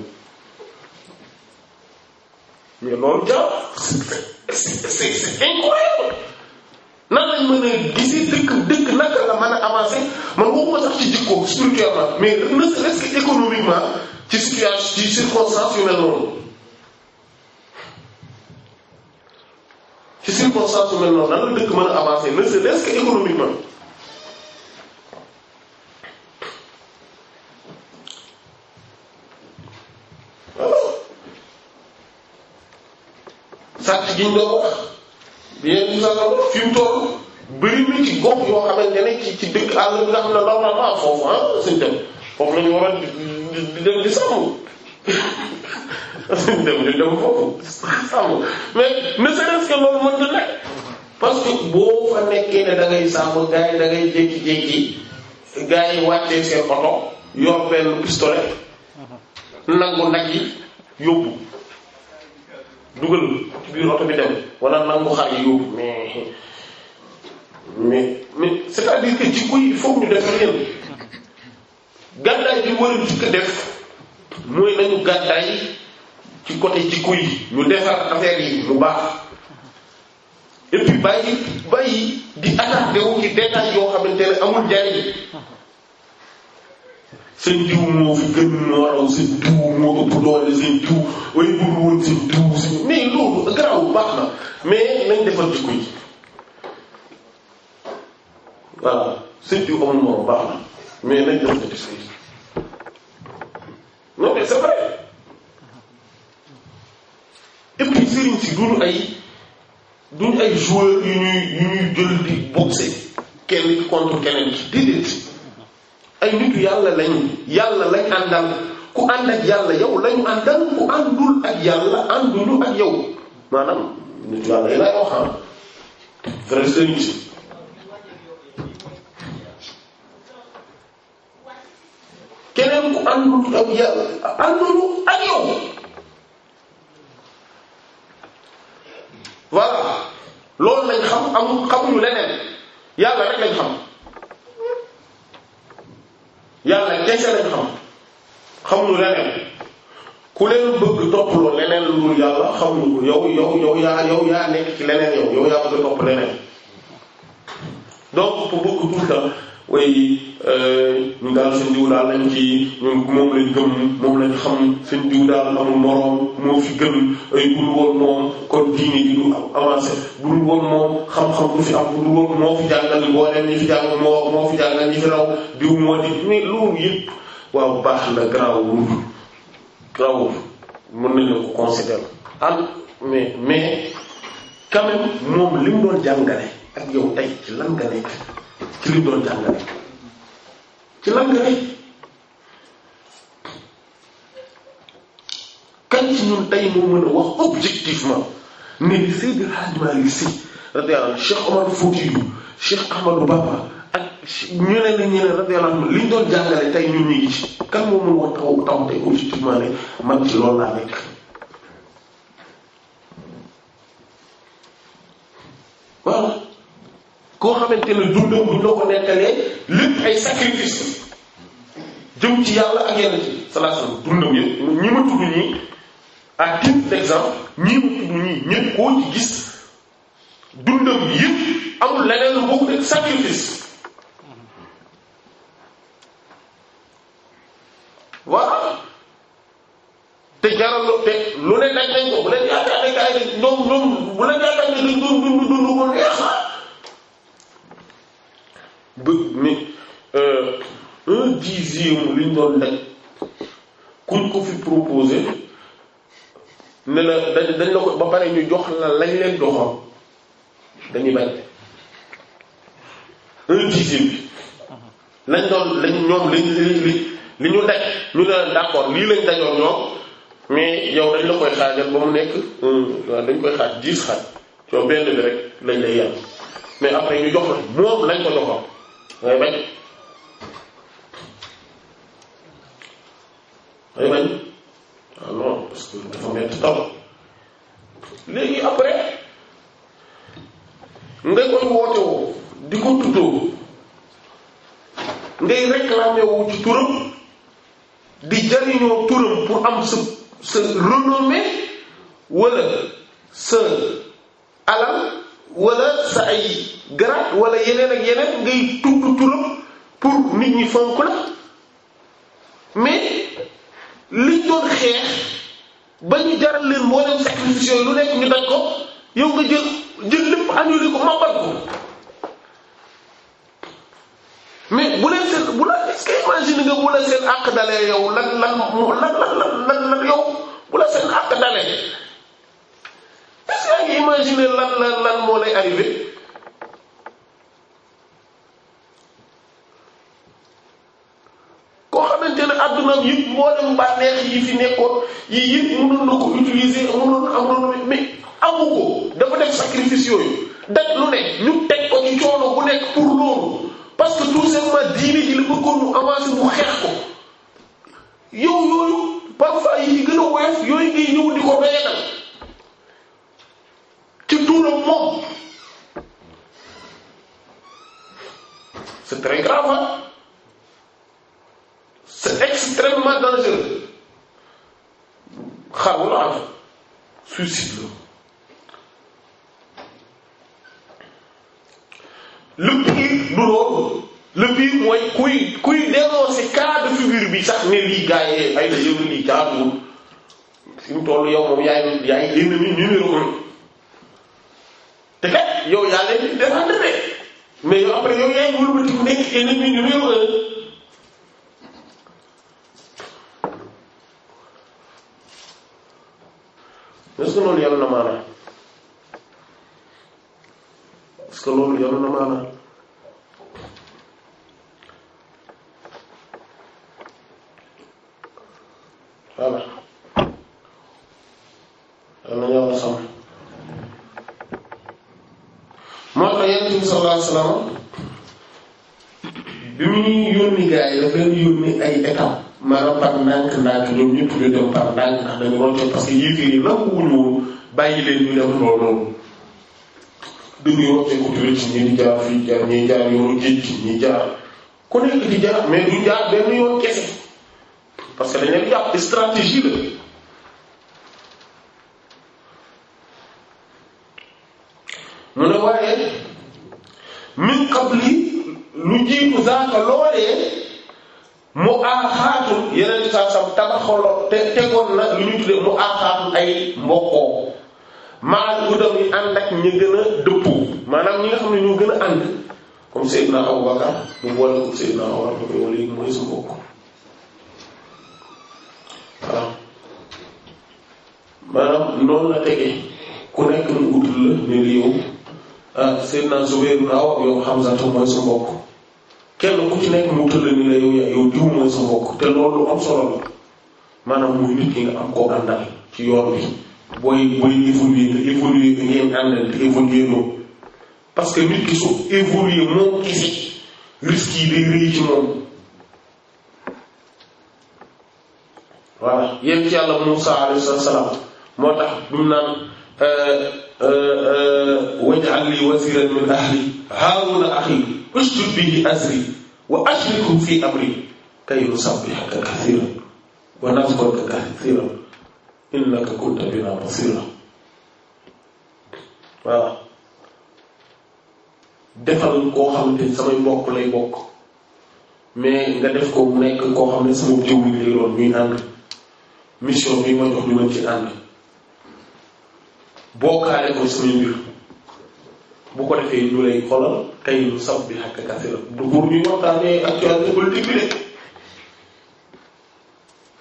mais loolu jàpp c'est c'est incroyable nan lañ mën a gisee dëkk dëkk naka la mën a ya man waxuma sax ci jikko spirituellement mais ne serait-ce que économiquement ci situation ci circonstance yu mel noonu ci circonstance yu mel noonu nan la dëkk mën a avancer ne serait-ce que économiquement. sàcc gi ñu doon wax yéen ñu sàcc fi mu ci gox yoo xamante ne ci ci dëkk àll bi nga xam ne normalement foofu ah suñ dem foofu la ñu war a di dem di sàmm suñ di dem mais ne serait-ce que loolu mën nekk parce boo fa nekkee ne da ngay sàmm gars yi ngay jékki-jékki gars yi wàccee seen oto yor nag yi yóbbu. dugal ci biir oto bi dem wala nangu xar yi yóbbu mais mais mais c'est-à-dire que jikko yi foog ñu def lu yem gàddaay bi war a def mooy nañu gàddaay ci côté jikko yi lu defar affaire yi mu baax et puis bàyyi bàyyi di attaqué wu ci détail yoo xamante ne amul njariñ seen diw moo fi gën moo raw seen diw moo ëpp doole seen diw woon seen diw si mais loolu garaaw baax na mais nañ defal jikko yi voilà seen diw amul morom baax na mais nañ defal jikko yi non mais c'est vrai et si duñu ay duñu ay joueurs yu ñuy yu ñuy jël di boxer kenn ay nitu yàlla lañu yàlla lañ àndal ku ànd ak yàlla yow lañu àndal ku àndul ak yàlla ànduñu ak yow maanaam yàlla yi lay wax ah keneen ku àndul ak yàlla ànduñu ak yow xam xamuñu leneen yàlla rek lañ xam yàlla kese lañ xam xamuñu leneen ku leen bëgg topploo leneen lu dul yàlla xamuñu ko yow yow yaa nekk leneen yow yow yaa bëgg topp leneen donc pour beaucoup tout le way euh, ñu daal suñ daal lañ ci ñun moom lañ gëm moom lañ xam suñ diw daal amul moroom moo fi gën ay bul woon moom kon diine ji du avancé bul woon moom xam-xam du fi raw diw di mais loolu yëpp waaw baax la garaawul garaawul mën nañu ko considérer am ah, mais mais quand moom li mu jàngale ak yow tey ci lan nga nekk ci li doon ci lan nga ci ñun tey moo wax objectivement ne li Seydi Hadji Malick Sy radiyallahu anhu Cheikh Omar Foutiyou Cheikh Ahmadou Bamba ak ñu ne la ñu ne radiyallahu anhu li ñu doon tey ñun ñu ngi ci kan moo mën wax taw taw tey objectivement ne man ci loolu laa nekk koo xamante ne dundam buñ la ko nekkalee lépp ay sacrifice jëm ci yàlla ak yenn ci salaasa dundam yëpp ñi ma tudd ñii à titre d'exemple ñii ma tudd ñii ñëpp koo ci gis dundam yëpp amul leneen lu bokk rek sacrifice voilà te jaral loo te lu ne dañ nañ ko bu leen yaakaar ne gars yi ñoom ñoom bu leen yaakaar ne dañ doon dund dund ko neex ah. bëgg ni euh, un dixième li ñu doon daj kuñ ko fi proposé ne la dañ dañ la ko ba pare ñu jox la lañ leen doxoon dañuy bañ un dixième lañ doon lañ ñoom lañ li li ñu daj ñu ne la d'accord lii lañ dajoon ñoom mais yow dañ la koy xaajal ba mu nekk waaw dañ koy xaaj dix xaaj yow benn bi rek lañ lay yàlla mais après ñu jox la moom lañ ko joxoon mooy bañ mooy bañ waaw non parce que dafa metti taw léegi après nga koy woote di ko tuddoo ngay réclamer ci turam di jariñoo turam pour am sa sa renommée wala sa alal wala sa ay garaat wala yeneen ak yeneen ngay tudd turam pour nit ñi fonk la mais liñ doon xeex ba ñu jaral leen moo leen sacrifice yooyu lu nekk ñu dañ ko yow nga jël jël lépp annulé ko mabal ko mais bu leen seen bu la ce que imagine nga seen àq dalee yow lan lan lan lan lan yow bu la seen àq dalee est-ce que yaa ngi moo lay arrivé koo xamante ne adduna bi moo dem bànneex yi fi nekkoon yi yëpp mënoon na ko utiliser mënoon na am mais amu ko dafa def sacrifice yooyu daj lu ne ñu teg ko ci coono bu nekk pour loolu parce que tout simplement diine ji la bëggoon mu avancer mu xeex ko yow yooyu parfois yi gën a woyof yooyu ngay ñëw di ko wéyatal. ci tuuram moom c'est très grave hein c'est extrêmement dangereux xaru la am suicide la loolu le pire mooy kuy kuy dénoncer cas de figure bi sax ne lii gars yi ay la yëngu lii jaaduwul fi mu toll yow moom yaay yaay ennemi numéro un te kat yow yaa leen di défendre de mais yow après yow yaay wëlbati nekk ennemi numéro un euh. est-ce que loolu yàlla na maanaam est-ce que loolu yàlla na maanaam voilà yàlla na yàlla sàmm moo tax yonent bi sallallahu alayhi wasallam bi muy yónni gars yi daf leen yónni ay étapes maanaam par ndànk-ndànk ñoom ñëpp ñu dem par ndànk ndax dañu roccoon parce que yéeféer yi nangu wuñu bàyyi leen ñu dem loolu noonu dañuy rocceeku di rëcc ñi di jaar fii jaar ñi jaar yoonu géej gi ñi jaar ku nekk di jaar mais du jaar benn yoon kese parce que dañu leen stratégie la ne waaye min qabli lu jiitu zaaka loolee mu aaxaatul yeneen saa sam tabaxaloo te tegoon na lu ñu tuddee mu aaxaatul ay mbokkoo maal guddaw yi ànd ak ñu gën a dëppoo maanaam ñi nga xam ne ñu gën a ànd comme Seydina Abubakar mu boole ko Seydina Umar ko yow léegi mooy sa mbokk waaw maanaam noonu la tege ku nekk mu gudd la ne yow Euh, Seydina Zubayr naaw ak yow Hamza mooy sa mbokk kenn ku nekk mu tëdd ni la yow yaa yow diw mooy sa mbokk te loolu lu am solo la maanaam muy nit ki nga am koo àndal ci yoon bi booy booy évoluer nga évoluer nga ngeen àndal te évoluer loo parce que nit ki su évoluer moom kese risque yi day rëy ci moom voilà yéen ci yàlla Musaa alayhi salaam moo tax bi mu naan waj'al li waziran min ahli haaruna axi ushdud bihi azri wa ashrikhu fi amri kay nusabbihaka kathiran wa nadhkuraka kathiran innaka kunta bina basira waaw defal koo xamante ni samay mbokk lay bokk mais nga def ko mu nekk koo xam ne sama jiw bi lay doon ñuy ànd mission bi ma jox ñu mën ci ànd. bokkaale ko suñu mbir bu ko defee ñu lay xolal tey lu sab bi xakk kasira du pour ñu waxtaanee actualité politique bi de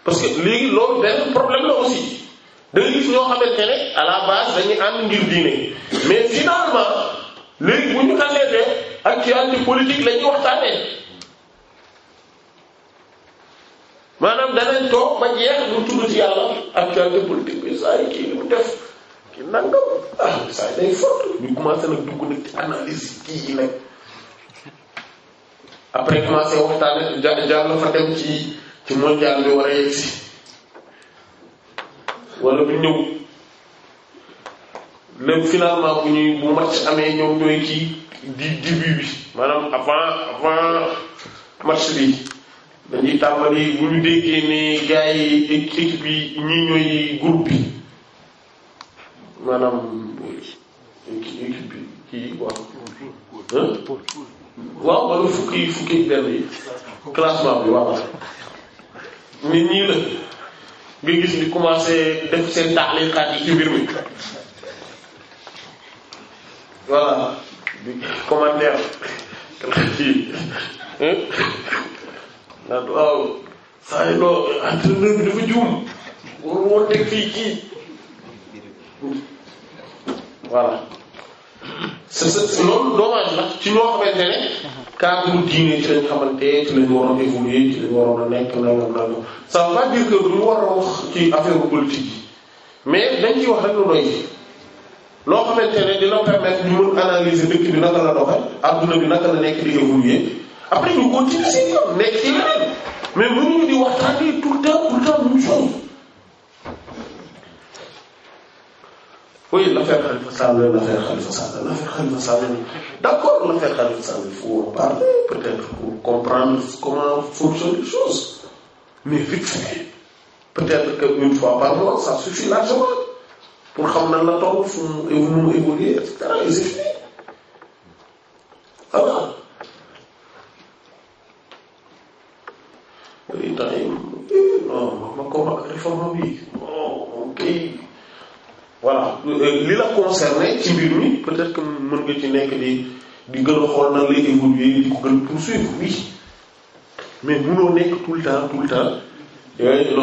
parce que léegi loolu benn problème la aussi da gis ñoo xamante ne à la dañuy ànd ngir diine mais finalement léegi bu ñu xamee actualité politique la ñuy waxtaanee maanaam danañ toog ba jeex lu tudd ci yàlla actualité politique bi saa yi kii li mu def. kii nangam ah saa day fot ñu commencé nag dugg nag ci analyse kii nag après commencé waxtaane jaar la fa dem ci ci mondial bi war a yegg si wala bu ñëw lépp finalement bu ñuy bu match amee ñoom ñooy kii di début bi maanaam avant match bi dañuy tàmbali bu ñu déggee ne gars yi équipe yi ñii ñooy groupe bi. maanaam kii kii quoi fukki fukki benn yi classement bi waaw nit ñii la nga gis ni commencé def seen taxliqaat yi ci mbir mi voilà di commentaire waaw saa yi loo dafa juum warul fii kii voilà c'est c'est loolu dommage la ci ñoo xamante ne cadre diine ci ci lañ waroon évoluer ci waroon a nekk nangam pas dire que duñu war a wax ci affaire politique yi mais dañ ci wax rek lu doy loo xamante ne dina naka la doxee adduna bi naka la nekk di évoluer après ñu continuer nekk ci leneen mais mënuñu di waxtaanee tout le temps tout le temps même chose oui l'affaire Khalifa Sall l'affaire Khalifa Sall l'affaire Khalifa Sall d'accord l'affaire Khalifa Sall il faut en parler peut-être pour comprendre comment fonctionnent les choses mais vite fait peut-être que une fois par mois ça suffit largement pour xam nan la toll fu mu évoluer et cetera et c'est fini voilà. Eh, non ma ko réforme bi non kay. voilà euh, li la concerné ci mbir mi peut-être que mën nga ci nekk di di gën a xool nan lay évoluer di ko gën poursuivre oui mais munoo nekk tout le temps tout le temps yooyu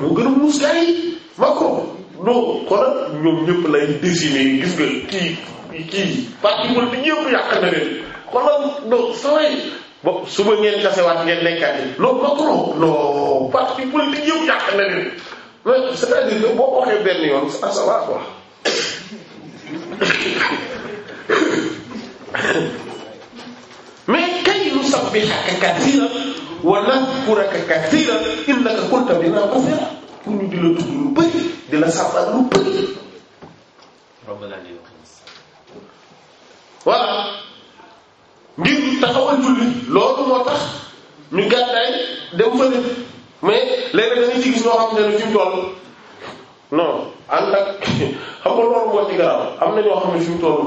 moo gën a muus gars yi Macron non xoolal ñoom ñëpp lay décimer gis nga kii suba ngeen kasewaat ngeen nekkaat non Macron non parti politique yëpp yàq na leen. mais c'est-à-dire que boo ko waxee benn yoon ça va quoi mais kay nusabbihaka kathiran wa ñu di la tudd lu di la sàbbal lu bëri. voilà ngir taxawal julli loolu moo tax ñu dem fële. mais léeg-léeg dañuy ci xam ne ne fi toll non ànd ak xam nga loolu na ñoo xam ne fi mu toll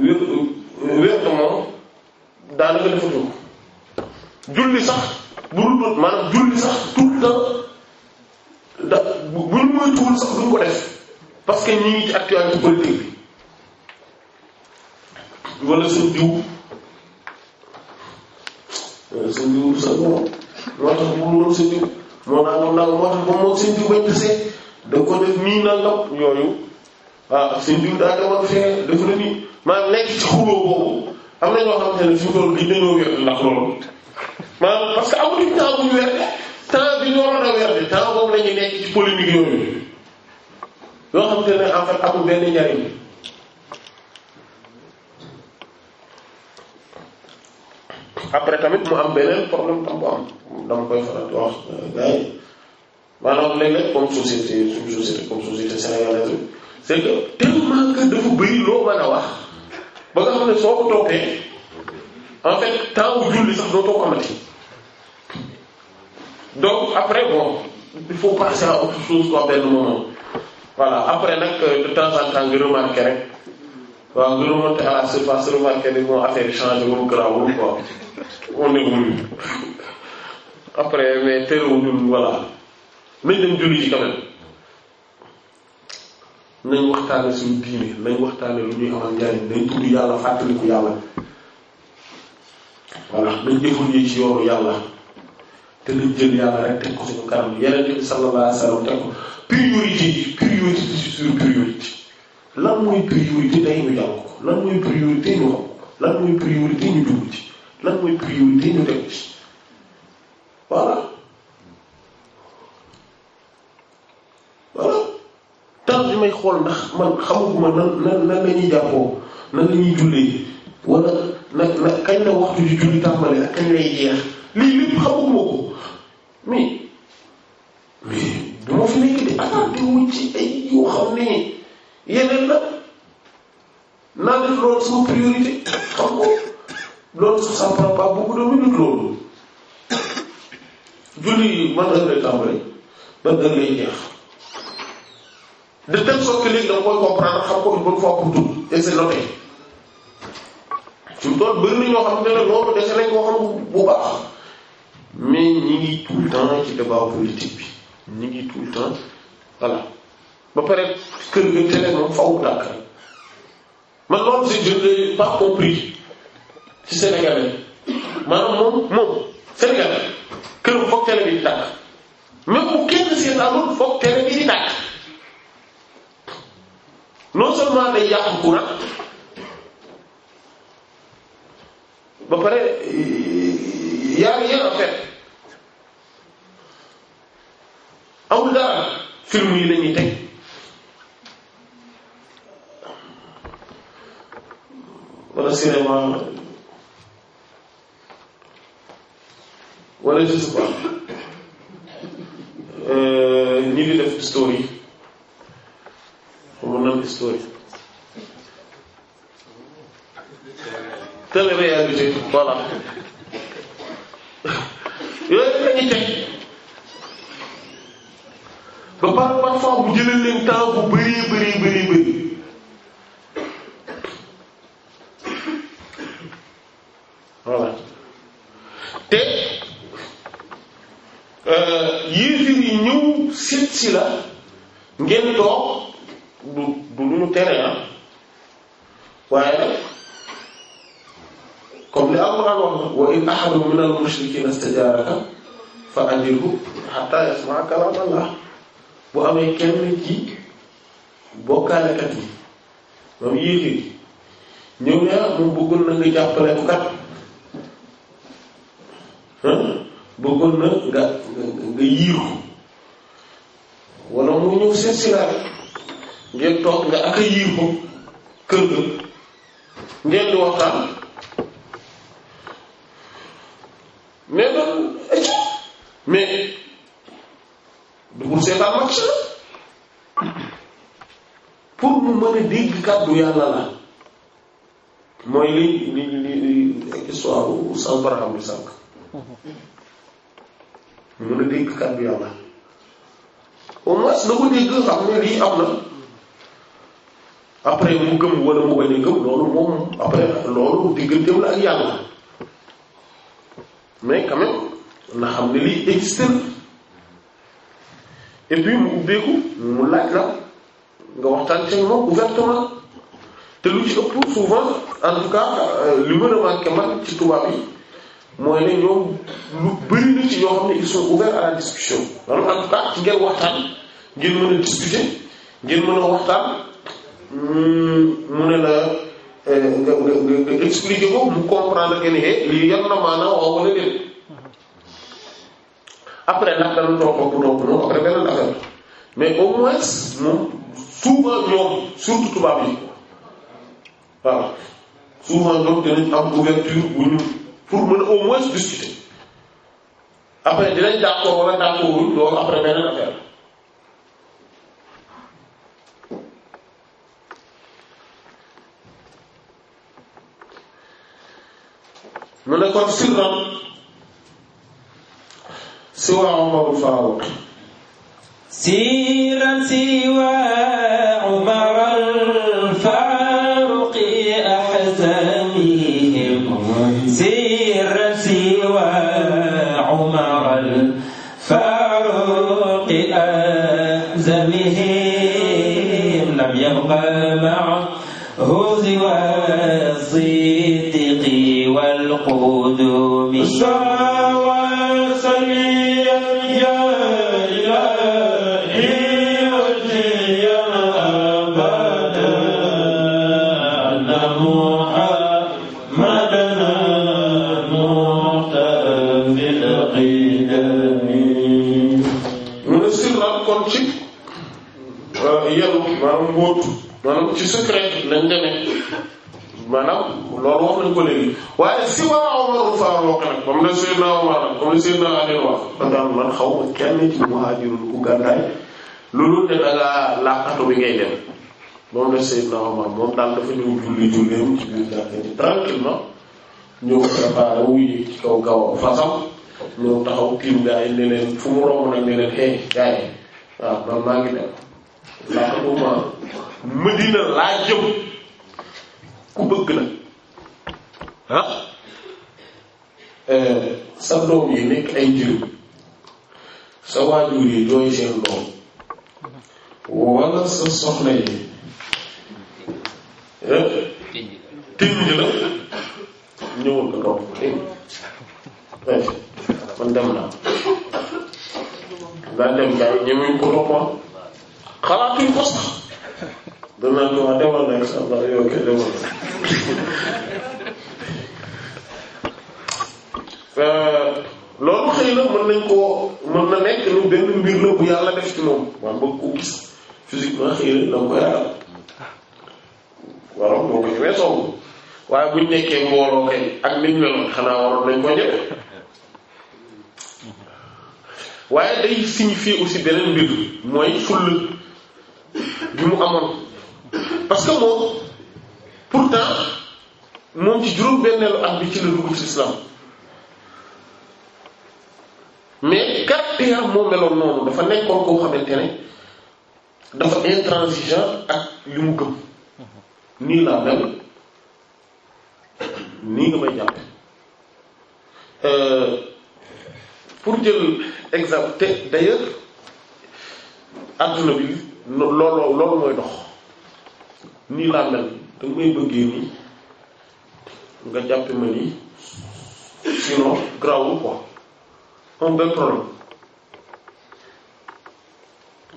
wér wér moom daanaka dafa dugg julli sax bu dul maanaam julli sax tout da da buñ moytuwul sax duñ ko def parce que ñi ngi ci actualité politique bi wala seen jiw. Euh, sëñ bi wut sa borom moo tax bu mu mën sëñ moo nangam nangam moo tax ba moog sëñ bi bañ tase da ko def nii nangam yooyu waaw ah, sëñ bi daa demoon fee def na nii maanaam am na ñoo xamante ne parce que amuñu temps bu ñu werde temps bi ñu waroon a nekk ci polémique yooyu yoo xamante ne en fait amul benn njariñ. après tamit mu am beneen problème tam bu am dama koy faral di wax euh, gars yi maanaam léeg-léeg comme société suñu société comme société sénégalaise bi c'est que tellement que dafa bëri loo mën a wax ba nga xam ne soo ko toogee en fait temps wu julli sax dootoo ko amati donc après bon il faut passer à autre chose quoi benn moment voilà après nag euh, de temps en temps nga remarqué rek. waaw nga remonté à la surface remarqué ni moo affaire yi changé wul garaawul quoi on est revenu après mais terewul ñun voilà nañ dem julli ji quand même nañ waxtaane suñu diine nañ waxtaane lu ñuy amal njariñ nañ tudd yàlla fàttaliku yàlla voilà nañ jëfandikoo ci yoonu yàlla te nañ jël yàlla rek teg ko suñu kanam yeneen bi sallallahu alayhi wa sallam teg ko priorité yi priorité sur priorité. lan mooy priorité day ñu jàll ko lan mooy priorité ñu xam lan mooy priorité ñu ci lan mooy priorité ñu teg ci voilà voilà temps bi may xool ndax man xamaguma nan nan nan la ñuy jàppoo nan la ñuy jullee wala nag nag kañ la waxtu di julli tàmbale ak kañ lay jeex lii lépp xamaguma ko mais mais dama fi nekk di attardé wu ci ay yoo xam ne. yeneen la naa def loolu sama priorité xam ko loolu ça prend pas beaucoup de minutes loolu julli yi man heure lay tàmbali ban heure lay jeex de telle sorte que léegi danga koy comprendre ko une bonne fois pour tout et c'est noté su doon bëri na ñoo xam ne loolu dese nañ koo xam bu baax mais ñi ngi tout le temps ci débat politique bi ñi ngi tout temps voilà ba pare kër ga télé moom faaw tàkk man loolu si je n'ai pas compris ci Sénégalais maanaam moom moom Sénégalais kër foog télé bi di tàkk même bu kenn seetaanul foog télé bi di tàkk non seulement day yàq courant ba pare yaa ngi en fait amul dara film yi lañuy teg. wala cinéma wala je sais pas euh, ñi di def story xamu nan story télé réalité voilà yooyu lañuy teg ba par parfois bu jëlee leen temps bu bari bari bari te euh, yéefir yi ñëw sit si la ngeen toog du du lu ñu tere ah. waaye comme li alquran wax na wa in ahadu min al mushrikiina istajaaraka fa ajirhu hatta yasmaa kalaam allah bu amee kenn ci bokkaalekat yi moom yéefir yi ñëw ne moom bëggoon na jàppale ko kat bëggoon na nga nga yiir ko wala mu ñëw seet si la ngeen toog nga ak yiir ko kër ga ngeen di waxtaan mais nag mais dugul seetaan match la pour mu mën a dégg kàddu yàlla la mooy li li li histoire u Sal Barham bi sànq mën a dégg kàddu yàlla au moins na ko dégg xam ne lii am na après mu gëm wala mu bañ gëm loolu moom après loolu digganteem la ak yàlla mais quand na xam ne lii existé et puis mu ubbeeku mu laaj la nga waxtaan ci moom ouvertement te lu ci ëpp souvent en tout cas euh, li ma remarqué man ci tubaab mooy ne ñoom lu bëri na ci yoo xam ne ils sont ouverts à la discussion maanaam en tout cas ci ngeen waxtaan ngeen mën a discuter ngeen mën a waxtaan mu mm, ne la euh, nga nga nga expliquer ko mu comprendre que ni eh, lii yar na maanaa waaw wala déet après nag dana toog topp topp noonu après beneen affaire mais au moins moom souvent ñoom surtout tubaab yi waaw souvent ñoom dinañ am ouverture bu ñu. pour mën a au moins discuter après dinañ d'accord wala d'accordul loolu après beneen affaire mu ne kon sirran siwaa umarul faaruq sirran siwaa umarul القدوم nañu ko léegi waaye si waa Omar Faruq nag comme ne Seydina Omar nag comme ne Seydina Ali wax daal man xaw ma kenn ci muhaajirul ku gàddaay loolu ne da ngaa laqatu bi ngay dem moom ne Seydina Omar moom daal dafa ñëw julli julleem ci biir jàkka ji tranquillement ñëw préparé wuy ci kaw gaw fasam ñëw taxaw tiim gaa yi ne leen fu mu romb nag ne leen hey gaa yi waaw man maa ngi dem laqatu ma Medina laa jëm ku bëgg nag ah sa doom yi nekk ay jur sa waajur yi dooy seen doom wala sa soxna yi tim eh? ji la ñëwul nga toog tim eh, man dem naa daa dem daal ñëwuñ ko toog ma xalaatuñ ko sax danaa ko wax demal nekk sa ndax yow kay demal Euh, loolu xëy na mën nañ koo mën na nekk lu benn mbir la bu yàlla def ci moom maanaam bëgg ko gis physiquement xëy na da nga waroon nañ ko ñëwee waaye day signifier aussi beneen mbir mooy fulla bi mu amoon parce que moom pourtant moom ci juróom benneelu at bi ci la dugg ci islam mais caractère moo meloon noonu dafa nekkoon koo xamante ne dafa intransigeant ak li mu gëm nii laa mel nii nga may jàppe euh, pour jël exemple te d'ailleurs adduna bi looloo loolu mooy dox nii laa mel danga may bëggee nii nga jàppe ma nii sinon grawul quoi mam benn problème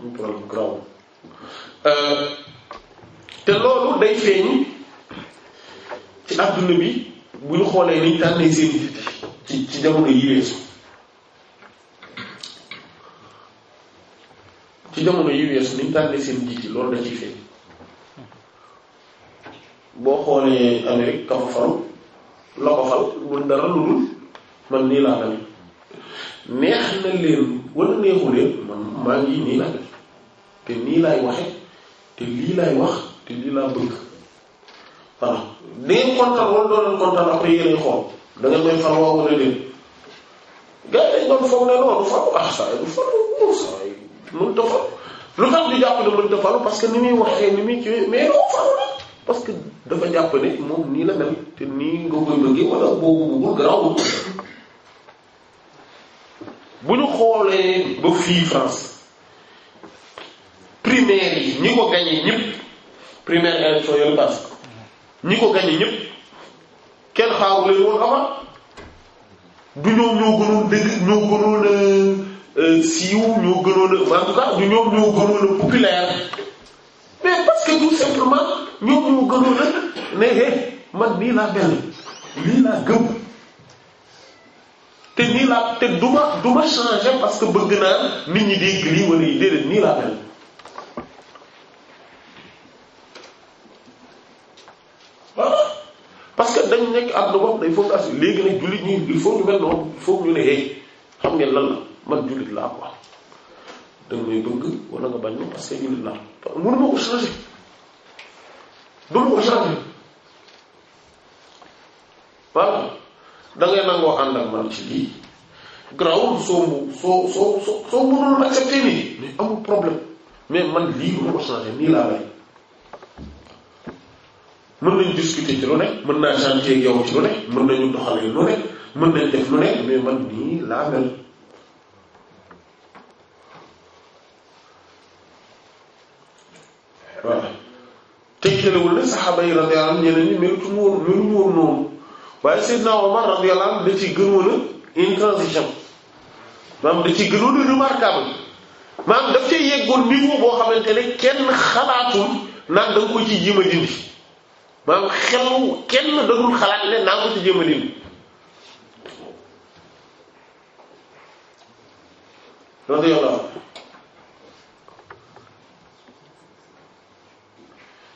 am problème graw te loolu day feeñ ci adduna bi bu ñu xoolee niñ tànnee seen nit ci ci jamono yi ci jamono yi weesu niñ tànnee seen njiit yi loolu da feeñ boo xoolee Amérique ka la ko fal mun dara lu dul man nii laa tamit neex na leen wala neexu leen man maa ngi nii la te nii laay waxe te lii laay wax te lii laa bëgg voilà da kontaan wala doo leen kontaan après yéenay xool da far waa wala déet gars yi dañ doon foog ne non du faru ah saa yi du faru moom saa yi mënta faru lu tax du jàpp ne mënta faru parce que ni muy waxee ni muy kiiwee mais doo faru la parce que dafa jàpp ne moom nii la mel te nii nga koy bëggee wala boobu bëggul garaawul. bu ñu xoolee ba fii France primaire yi ñi ko gañe ñëpp primaire élection yooyu pass ñi ko gañe ñëpp kenn xaaw leen woon avant du ñoom ñoo gënoon dëgg ñoo gënoon a euh, siiw ñoo gënoon a en tout du ñoom ñoo gënoon a populaire mais parce que simplement ñoom ñoo gënoon a ne man nii laa benn lii laa gëm te nii laa te du ma changer parce que bëgg naa nit ñi dégg lii wala yi déedéet nii laa mel. parce que dañ nekk àdduna bopp day foog as léegi nag jullit ñi il faut ñu mel noonu il faut ñu ne hey xam ngeen lan la man jullit laa quoi da nga may bëgg wala nga bañ ma parce que jullit laa mënuma ko changer mënuma ko changer voilà. da ngay nangoo ànd ak man ci lii grawul soo mu soo soo soo soo mënul accepté nii mais amul problème mais man lii lu ma changé nii laa lay mën nañ discuter ci lu ne mën naa chanter yow ci lu ne mën nañu doxalee lu ne mën nañ def lu ne mais man nii laa mel waaw te jëlewul ne saxaaba yi radiyallahu anhum ñeneen ñi melutu woon meluñu woon noonu waaye Seydina Omar radiyallahu anhu da ciy gënoon a intransigeant maanaam da ciy gënoon a daf cay yeggoon niveau boo xamante ne kenn xalaatul naan da ko ci jéem a dindi maanaam xelu kenn dootul ko ci jéem dindi radiyallahu anhu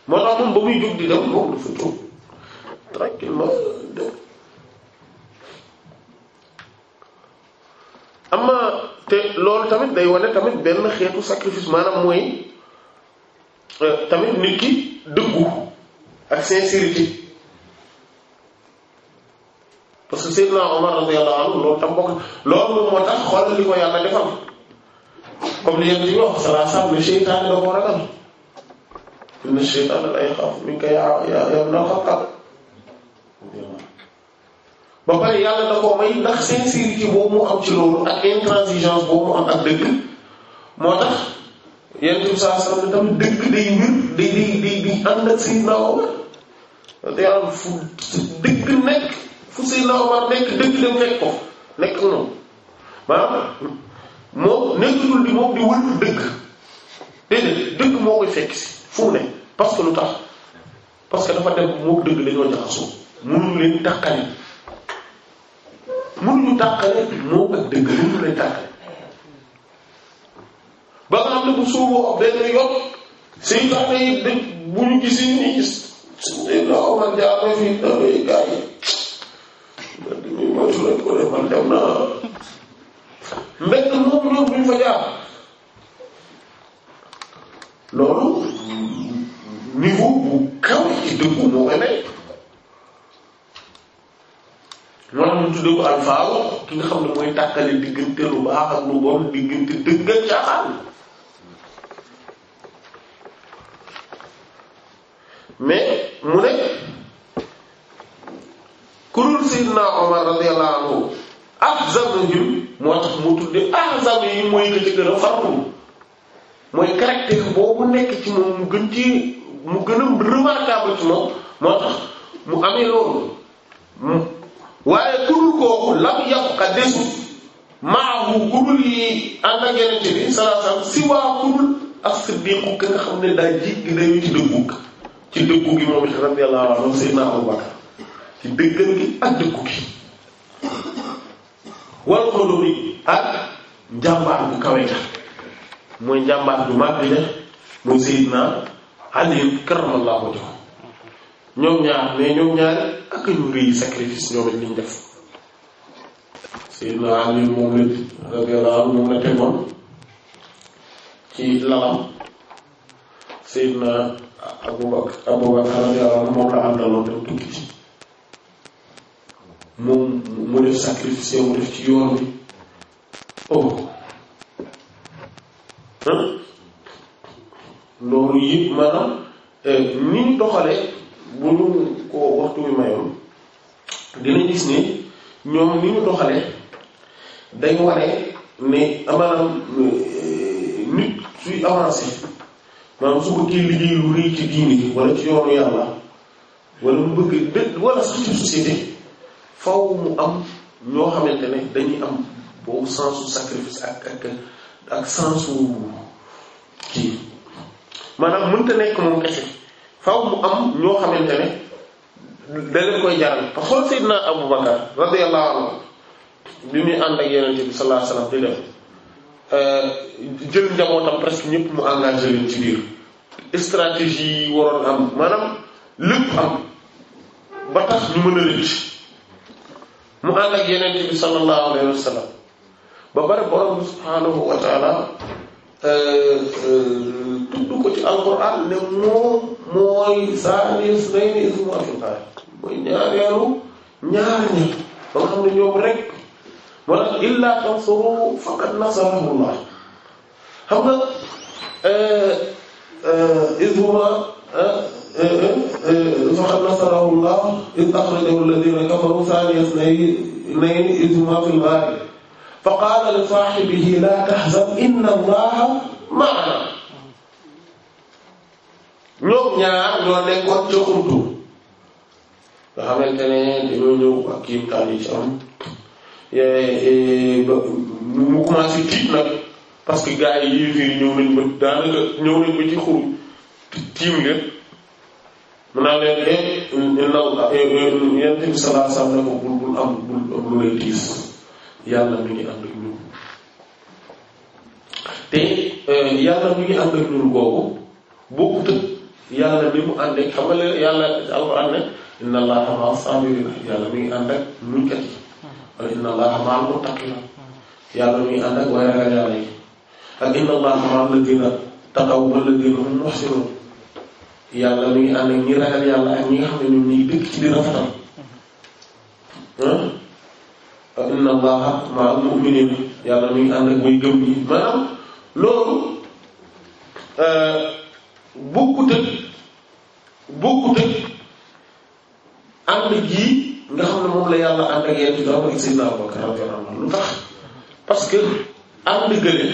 moo tax moom ba muy jóg di dem moom dafa tuub tranquillement am na te loolu tamit day wane tamit benn xeetu sacrifice maanaam mooy euh, tamit nit ki dëggu ak sincérité parce que Seydina Omar radiyallahu anhu loolu tam bokk loolu moo tax xoolal li ko yàlla defal comme li yéen di wax salaa sam ne seytaane da koo ragal inna seytaane lay xaaf mi ngi yaa yaa yaa nal xaaf ba pare yàlla da koo may ndax sincérité boobu mu am ci loolu ak intransigeance boobu mu ak dëgg moo tax yenn fu dëgg nekk fu Seydina Omar nekk dëgg nekk ko nekk noonu maanaam moom nekkatul di moom di wër dëgg déedéet dëgg moo koy fekk si fu mu ne parce que lu tax parce que dafa dem moom dëgg la ñu mënuñu leen taqali mënuñu taqale moom ak dëgg mënuñu leen taqale ba nga xam ne bu suuboo ak benn yoon suy yi dañ bu ñu gisee ñu gis suñ leen loo man jaarale fii bu kaw ci dëggu moo koy may. loolu lañ tuddee ko alfaaw moo tax mu tuddee ahzab yi mooy nga ci gën a farlu mooy caractère boobu nekk ci moom mu gën ci mu gën a remarquable ci moom moo tax mu amee loolu. waaye kudul kooku lam yabqa desul maahu kudul yi ànd ak yenente bi sallallahu si waa kudul ak siddiqu ka nga xam ne daa jéggi dañu ci dëggu ci dëggu gi moom it radiyallahu anhu sayyidina Abu Bakar ci dëggal gi ak dëggu gi wal bu kawe ja mooy njàmbaar bu màgg ja mooy ñoom ñaar mais ñoom ak ñu rëy sacrifice ñoom liñ def Seydina Ali moom moom la tegoon ci lalam Seydina Abubakar Abubakar radiyallahu anhu moom la àndaloon dem tukki ci moom mu def sacrifice mu def ci yoon bi oh loolu yëpp maanaam eh, ni ñu doxalee bu ñu ko waxtu wi mayoon dina gis ni ñoom ni ñu doxale day ware ne maanaam eh, nit suy avancé maanaam su bëggee liggéey lu ci diini wala ci yoonu yàlla wala mu bëgg dë wala sax ci société faw mu am ñoo xamante ne dañuy am boobu sensu sacrifice ak ak sensu kii maanaam mënta nekk moom kese faw mu am ñoo xamante ne da koy jaral te xool Seydina Abu Bakar radiyallahu anhu bi muy ànd ak yenente euh, stratégie waroon am maanaam lépp am ba tax ñu mën a rëcc mu ànd ak yenente bi sallallahu alayhi ba bari borom subhaanahu wa tudd ko ci alquran ne moom mooy saani sunayni isma fil xaar mooy ñaareelu ñaar ñi ba nga xam ne ñoom rek moo tax illaa tansuru faqad nasarahullah xam nga eh, eh, isma eh, faqad nasarahullah id axrajahu alladina kafaru saani isnayni isma fil xaar fa qaala li saaxibihi laa tahzan inna allaha maana ñoom ñaar ñoo nekkoon ca xuntu nga xamante ne dañoo ñëw ak kii taal yi ci am mu commencé tiit nag parce que gars yi yii fii ñëw nañ ba daanaka ñëw nañ ba ci xur tiim leen mu naa leen ne eh, eh, naw eh, yent bi sallallahu alayhi wasallam ne ko bul bul am bul am lu lay tiis yàlla mi ngi ànd ak ñun te yàlla mi ngi ànd ak ñun googu bokkut yàlla li mu ànd ak xam ne inna yàlla mi ngi ànd ak muñkat yi wala inna allaha ma'al muttaqin yàlla mi ngi ànd ak way ragal yàlla yi ak inna allaha ma'al ladina taqaw wal ladina hum muhsinun yàlla mi ngi ànd ak ñi ragal yàlla ak ñi xam ne ñoom ñuy dëkk ci dina fatal hmm? ah inna allaha ma'al mu'minin yàlla mi ngi ànd ak way gëm yi maanaam loolu. Euh, bokkut ak bokkut ak ànd gii nga xam ne moom la yàlla ànd ak yenn doom ak Seydina Abubakar radiyallahu anhu lu tax parce que ànd gële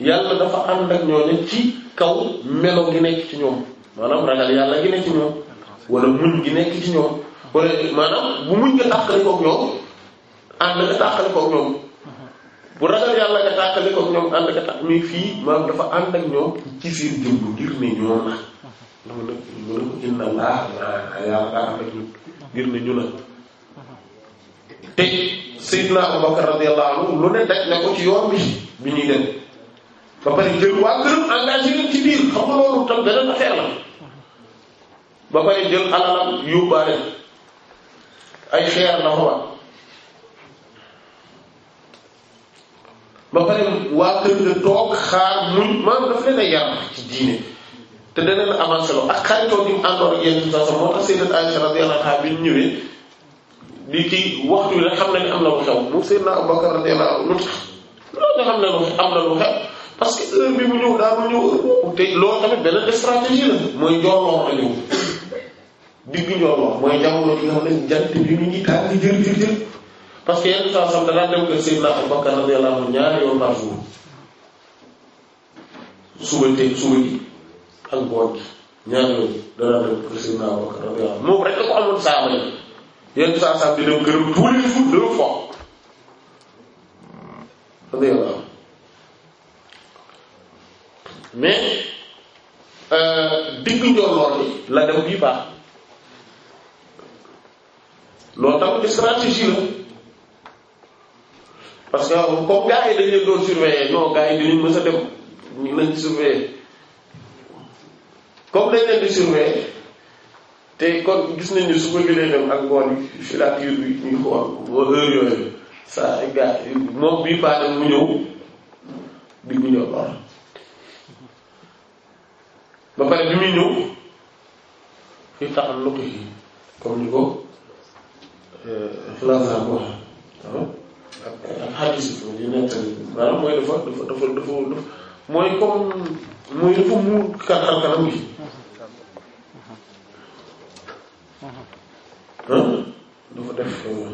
yàlla dafa ànd ak ñooñu ci kaw melo gi nekk ci ñoom maanaam ragal yàlla gi nekk ci ñoom wala muñ gi nekk ci ñoom wala maanaam bu muñ nga tàqali koog ñoom ànd nga tàqali koog ñoom bu ragal yàlla nga tàqale ko ñoom ànd nga tax mais fii maanaam dafa ànd ak ñoom ci seen jëmm ngir ngir ne ñu na te Seydina Abubakar radiyallahu lu ne daj na ko ci yoon bi bi ñuy dem ba pare jël waa gërëm engagé leen ci biir xam nga loolu tam beneen affaire la ba pare jël alalam yóbbaale ay xeer na ko ba pare waa kër ga toog xaar muñ maanaam daf leen a yar ci diine te danañ la avancé loo ak xaritoo bi mu àndoon ak yenn situation moo tax Sayyidat Aisha radiyallahu anha bi ñu ñëwee di kii xam na ne am na lu xew mu Sayyidna Abubakar radiyallahu anhu loolu nga xam ne am na lu xew parce que heure bi mu ñëw daa mu ñëw heure te loolu tamit benn ñëw digg njooloor mooy jamono bi nga xam jant bi mu ngi daal di jër jër jër parce que yenn saa soxna daan dem kër Seydina Abu Bakar radiyallahu anhu ñaari yoon par jour suba tey suba gi ak ngoon gi yoon danaa dem kër Seydina Abu Bakar radiyallahu anhu moom rek da ko amoon saaba yi yenn saa saa di dem këram tous les jours deux fois radiyallahu anhu mais digg la dem bii baax loolu tamit stratégie la. parce que comme gars yi dañ leen doon surveiller non gars yi dinañ mës a dem ñu nañ surveiller comme dañ dem ak ngoon yi bi ñu xool ba heure yooyu saa gars moom bii paase mu ñëw bi mu ñëw ba pare bi muy ñëw fii taxal lu ko comme ni ko euh, Lazare ko waxee ak ak xaddis yi nettali maanaam mooy dafa dafa dafa dafa mooy comme mooy dafa muur kanam kanam gi dafa def euh,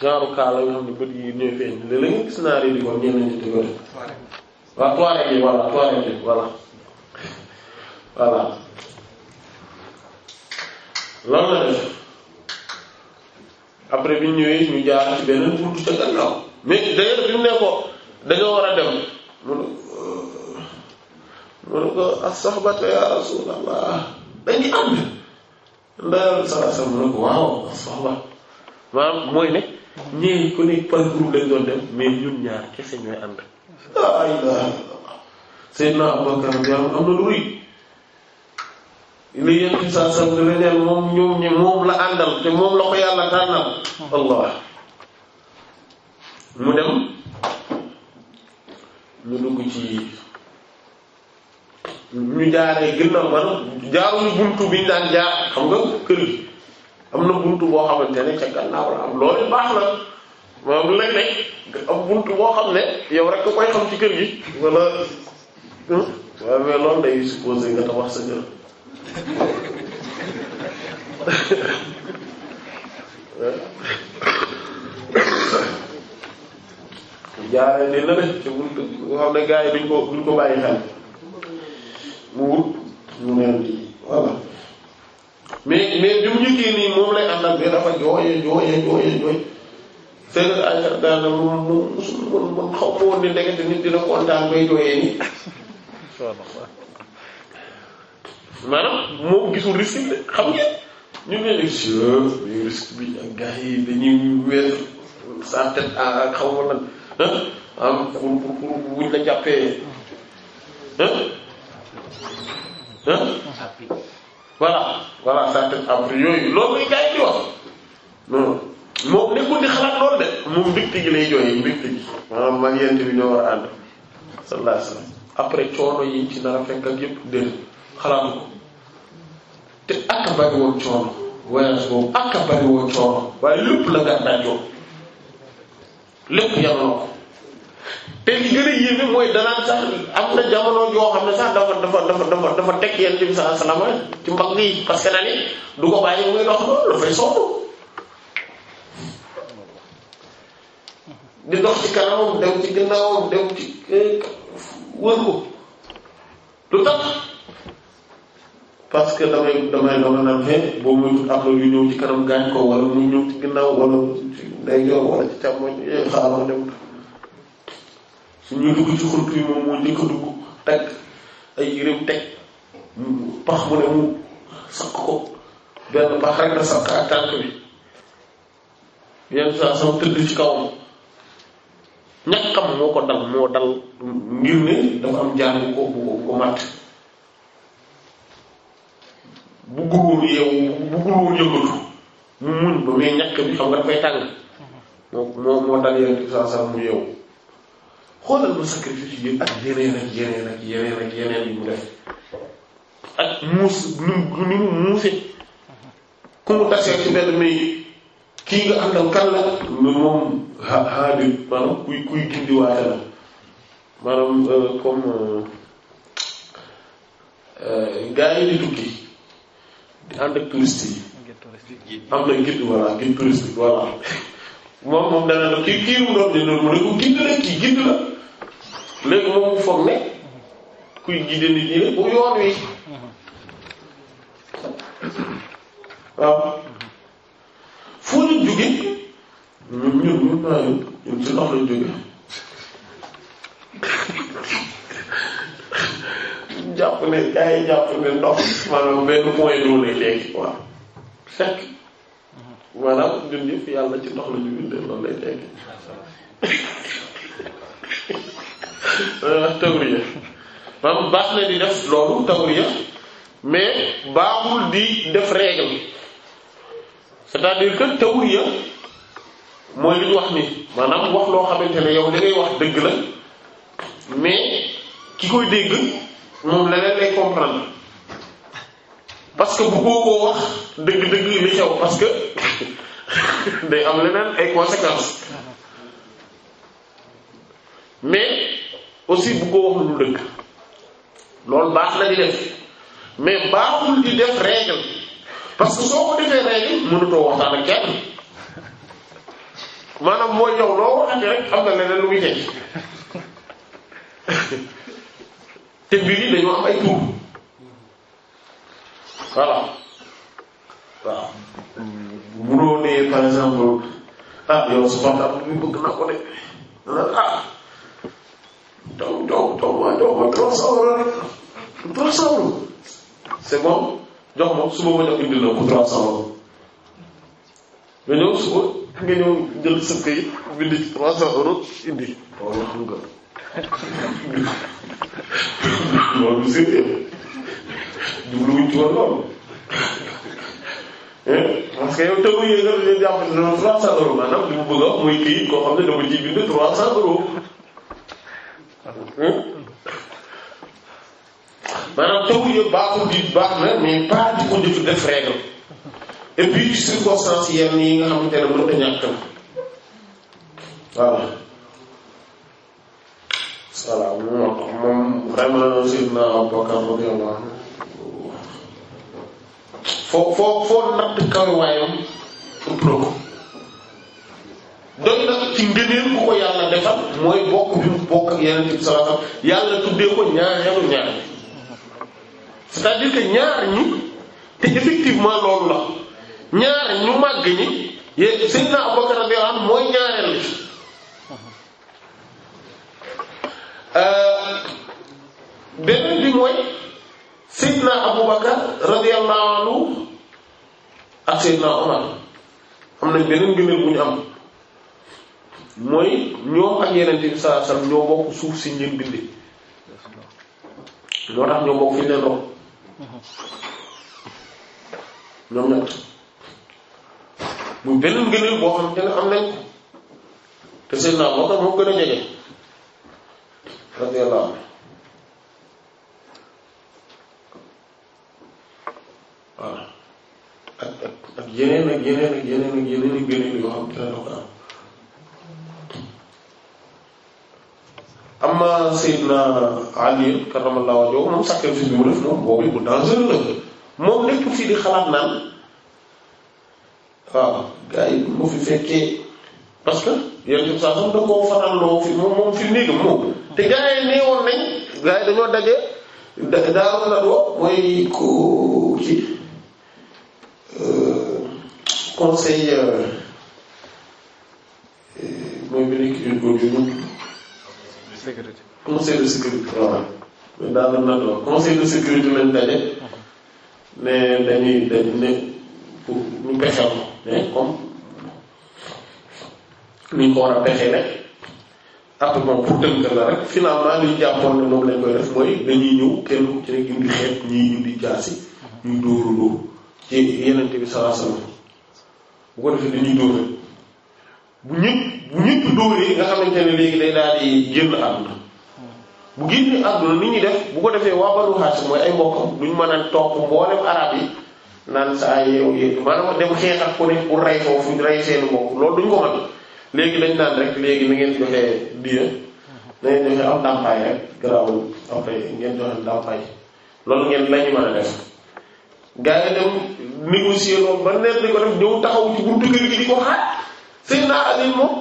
genre kaala yoo xam ne bët yi ñooy feeñ léeg-léeg nga gis naa di ko ñenn ñi di ko def waaw toilette yi voilà toilette yi voilà voilà loolu la def après bi ñu ñëwee ñu jaar ci benn buntu ca gannaaw mais d'ailleurs bi mu ne ko dañoo war a dem mu ne ko euh, as-sahbata rasulallah dañuy ànd ndaal sa sa mu ne ko waaw as-sahba mooy ne ñii ku nekk par groupe lañ doon dem mais ñun ñaar kese ñooy ànd. la ilaha illallah Seydina Abubakar am na lu rëy. li yent bi saa sam dafa moom ñoom ñi moom la àndal te yàlla tànnal allah mu dem mu dugg ci ñu jaaree gën a man jaaruñu buntu bi ñu daan jaar xam nga kër gi am na bunt boo xamante ne ca gannaaw la am loolu baax na maanaam léeg-léeg am buntu boo xam ne yow rek nga koy xam ci kër gi wala hmm? waaw mais loolu day supposé nga tabax sa kër jaaree ni la ne te wut xam ne gars yi duñ ko duñ ko bàyyi xel mu wut mu mel nii voilà mais mais bi mu njëkkee nii moom lay àndal mais dafa jooyee jooyee jooyee jooy seen ay daanaka mu mu mu xaw ma woon ne ndekete nit dina kontaan bay jooyee nii. maanaam moom gisul risque bi xam ngeen ñu ngi leen di risque bi ak gars yi dañuy weer sa tête ak xaw ma lan ah am pour pour pour buñ la jàppee ah ah voilà voilà sa tête après yooyu loolu yi di wax non moom nekkul di xalaat loolu de moom mbégte gi lay jooyee mbégte gi maanaam man yent bi ñoo war a ànd sallallahu alayhi wasallam après coono yi ci nar fekk ak yëpp dégg xalaatu ko te ak a coono voyage boobu ak a coono waaye lépp la nga dajoo lépp yàlla ko te li gën a yéeme mooy danaan sax am na jamono yoo xam ne sax dafa dafa dafa dafa dafa teg yenn bi sa salama ci mbagg yi parce que dañuy du ko bàyyi muy dox loolu dafay sonn di dox ci kanamam dem ci ginnaawam dem ci eh, wër ko lu tax. parce que damay damay damay naan xëy boo muy après yu ñëw ci kanam gaañ ko wala muy ñëw ci ginnaaw wala ci ndeyjoor wala ci eh, dugg ci xunt yi moom moo njëkk dugg teg ay yëreem teg pax mu ne mu sakk ko benn pax rek na sakk ak tànk bi yenn saa sama tëdd ci kawam ñàkkam moo ko dal moo dal ngir ne dafa am jaan ko bu ko matt buggul woon yeewu buggul woon yëngatu mu muñ ba mais ñàkk bi xam nga dafay tàng moo moo dal yeneen bi saa saa mu yeewu xoolal ma sacrifice yi ak yeneen ak yeneen ak yeneen ak yeneen yi mu def ak muus ni ni mu ku mu tasee ci benn may kii nga àndal kan la moom ha- haadir maanaam kuy kuy gindiwaate la maanaam euh, comme euh, euh, yi di tukki ànd ak touriste am na guide voilà guide touristique voilà moom moom dana la kii kii mu doon di noonu mu ne ko guide la kii guide la léegi moom mu foog ne kuy guide nit ñi la bu yoon wi waaw foo leen jóge ñun ñun ñun naa ñun ñun ci ndox lañ jóge jàpp ne gars jàpp ne ndox a benn mooy doole léegi waaw fekk maanaam ñun ñëpp yàlla ci ndox la ñu bindee loolu lay tekki euh, tawriya baax na di def loolu tawriya mais baaxul di def règle c'est-à-dire tawriya mooy li ñu wax ni maanaam wax loo xamante ne yow li ngay wax dëgg la mais ki koy dégg moom leneen lay comprendre parce que bu ko wax dëgg-dëgg li xew parce que day am leneen ay conséquences mais aussi bu ko wax dëgg loolu baax na di def mais baaxul di def règle parce que soo ko defee règle mënutoo waxtaan ak kenn maanaam mooy yow loo waxante rek am na leneen lu muy teg te mbir yi dañoo am ay tur voilà waaw munoo ne par exemple ah yow supportable bi bëgg na ko de ah donc donc donc waa donc waa trop sawro rek trop sawro c'est bon jox ma suba ma jox indil na ko trop sawro nga ñëw suba nga ñëw jël sa këyit bind ci 300 euros indi loolu xam nga loolu lu sérieux jubluwuñ ci woon loolu parce que yow tegu yi nga xam ne jàpp na 300 euros maanaam li mu bëgg a wax mooy kii koo xam ne dama ciy bind 300 euros maanaam tegu yëpp baaxul di baax na mais pas di ko def def règle et puis circonstances yenn yi nga xamante ne mënut a ñàkk na voilà. voilà moom moom vraiment Seydina Abubakar radiyallahu anhu foo foo foo natt kawaayam ëpp na ko doy na ci ngëneel ku ko yàlla defal mooy bokk bi mu bokk ak yeneen bi yàlla tuddee ko ñaareelu ñaar c'est-à-dire que ñaar ñi te effectivement loolu la ñaar ñu màgg ñi Seydina Abubakar radiyallahu anhu mooy ñaareel Euh, beneen bi mooy Seydina Aboubacar radiyallahu anhu ak Seydina Omar am nañ beneen gënal bu am mooy ñoo ak yeneen bi sallallahu alayhi ñoo bokk suuf si ngeen bindee ñoo tax ñoo bokk fi ñu ñoom ñett muy beneen gënal boo xam te ne am nañ ko te Seydina Aboubacar moo gën a jege. radiyallahu anhu waaw ak ak ak yeneen ak yeneen ak yeneen ak yeneen ak yeneen yoo xam te ne ko am amma Seydina Ali karamallahu wajhahu moom sacrifice bi mu def moom boobu bu dangereux la moom nekk fii di xalaat naan waaw gars yi moo fi fekkee parce que yenn saa sax da koo fanaan loo fi moom moom fi néegam moom te gars yi neewoon nañ gars yi dañoo daje da daawoon na doo mooy ku ci euh, conseil euh, mooy bi nekk ci góor yi moom. sécurité conseil de sécurité waaw. daal na doon conseil de sécurité lañ daje ne dañuy dañ ne pour ñu pexeel ne comme. lu ñu ko a pexe nekk après moom pour tënk la rek finalement liñ jàppoon ne moom lañ koy def mooy dañuy ñëw kenn ku ci nekk indi ñu dóoru dóor ci yenente bi sallallahu alayhi wasallam bu ko defee dañuy dóor bu ñëpp bu ñëpp dóoree nga xamante ne léegi day daal di génn àdduna bu génnee àdduna ni ñuy def bu ko defee waa Banu Hashim mooy ay mbokkam duñ mën a topp mboolem arab yi naan saa yow a maanaam dem xeex ak ne pour rey foofu rey seeni mbokk loolu duñ ko mën léegi dañ naan rek léegi na ngeen joxee diye na ngeen joxe am ndàmpaay rek garaawul après ngeen joxe ndàmpaay loolu ngeen lañu mën a def gars yi loolu ba nekk di ko def taxaw ci buntu di ko xaaj sëñ naa alin moom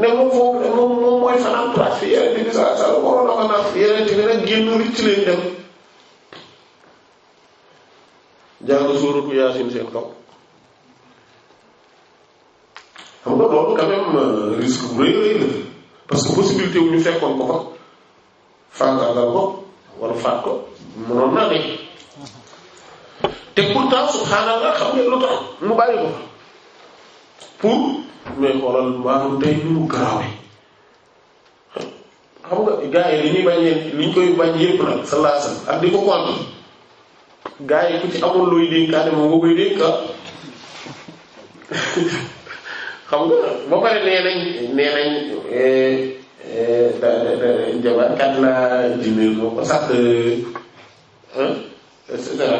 ne moom foofu moom moom mooy fanaan place fi yeneen bi sa sa waroon na ko naan yeneen bi nag génn ricc leen dem jàng suuratu Yaasin seen kaw xam nga loolu quand même euh, bu rëy rëy la parce que possibilité wu ñu fekkoon ko fa faagaagal ko wala faat ko mënoon naa nekk te pourtant subhaanallah xam nga lu tax mu bàyyi ko pour mais xoolal maanaam tey ni mu garaawee xam nga gars yi li ñuy bañee li ñu koy bañ yëpp nag sallallahu alayhi wasallam ak di ko kontu gars yi ku ci amul looy dénkaane moom nga koy dénka ah. xam nga ba pare nee nañ nee nañ da da da jabarkat la jimir moo ko sax eh, et cetera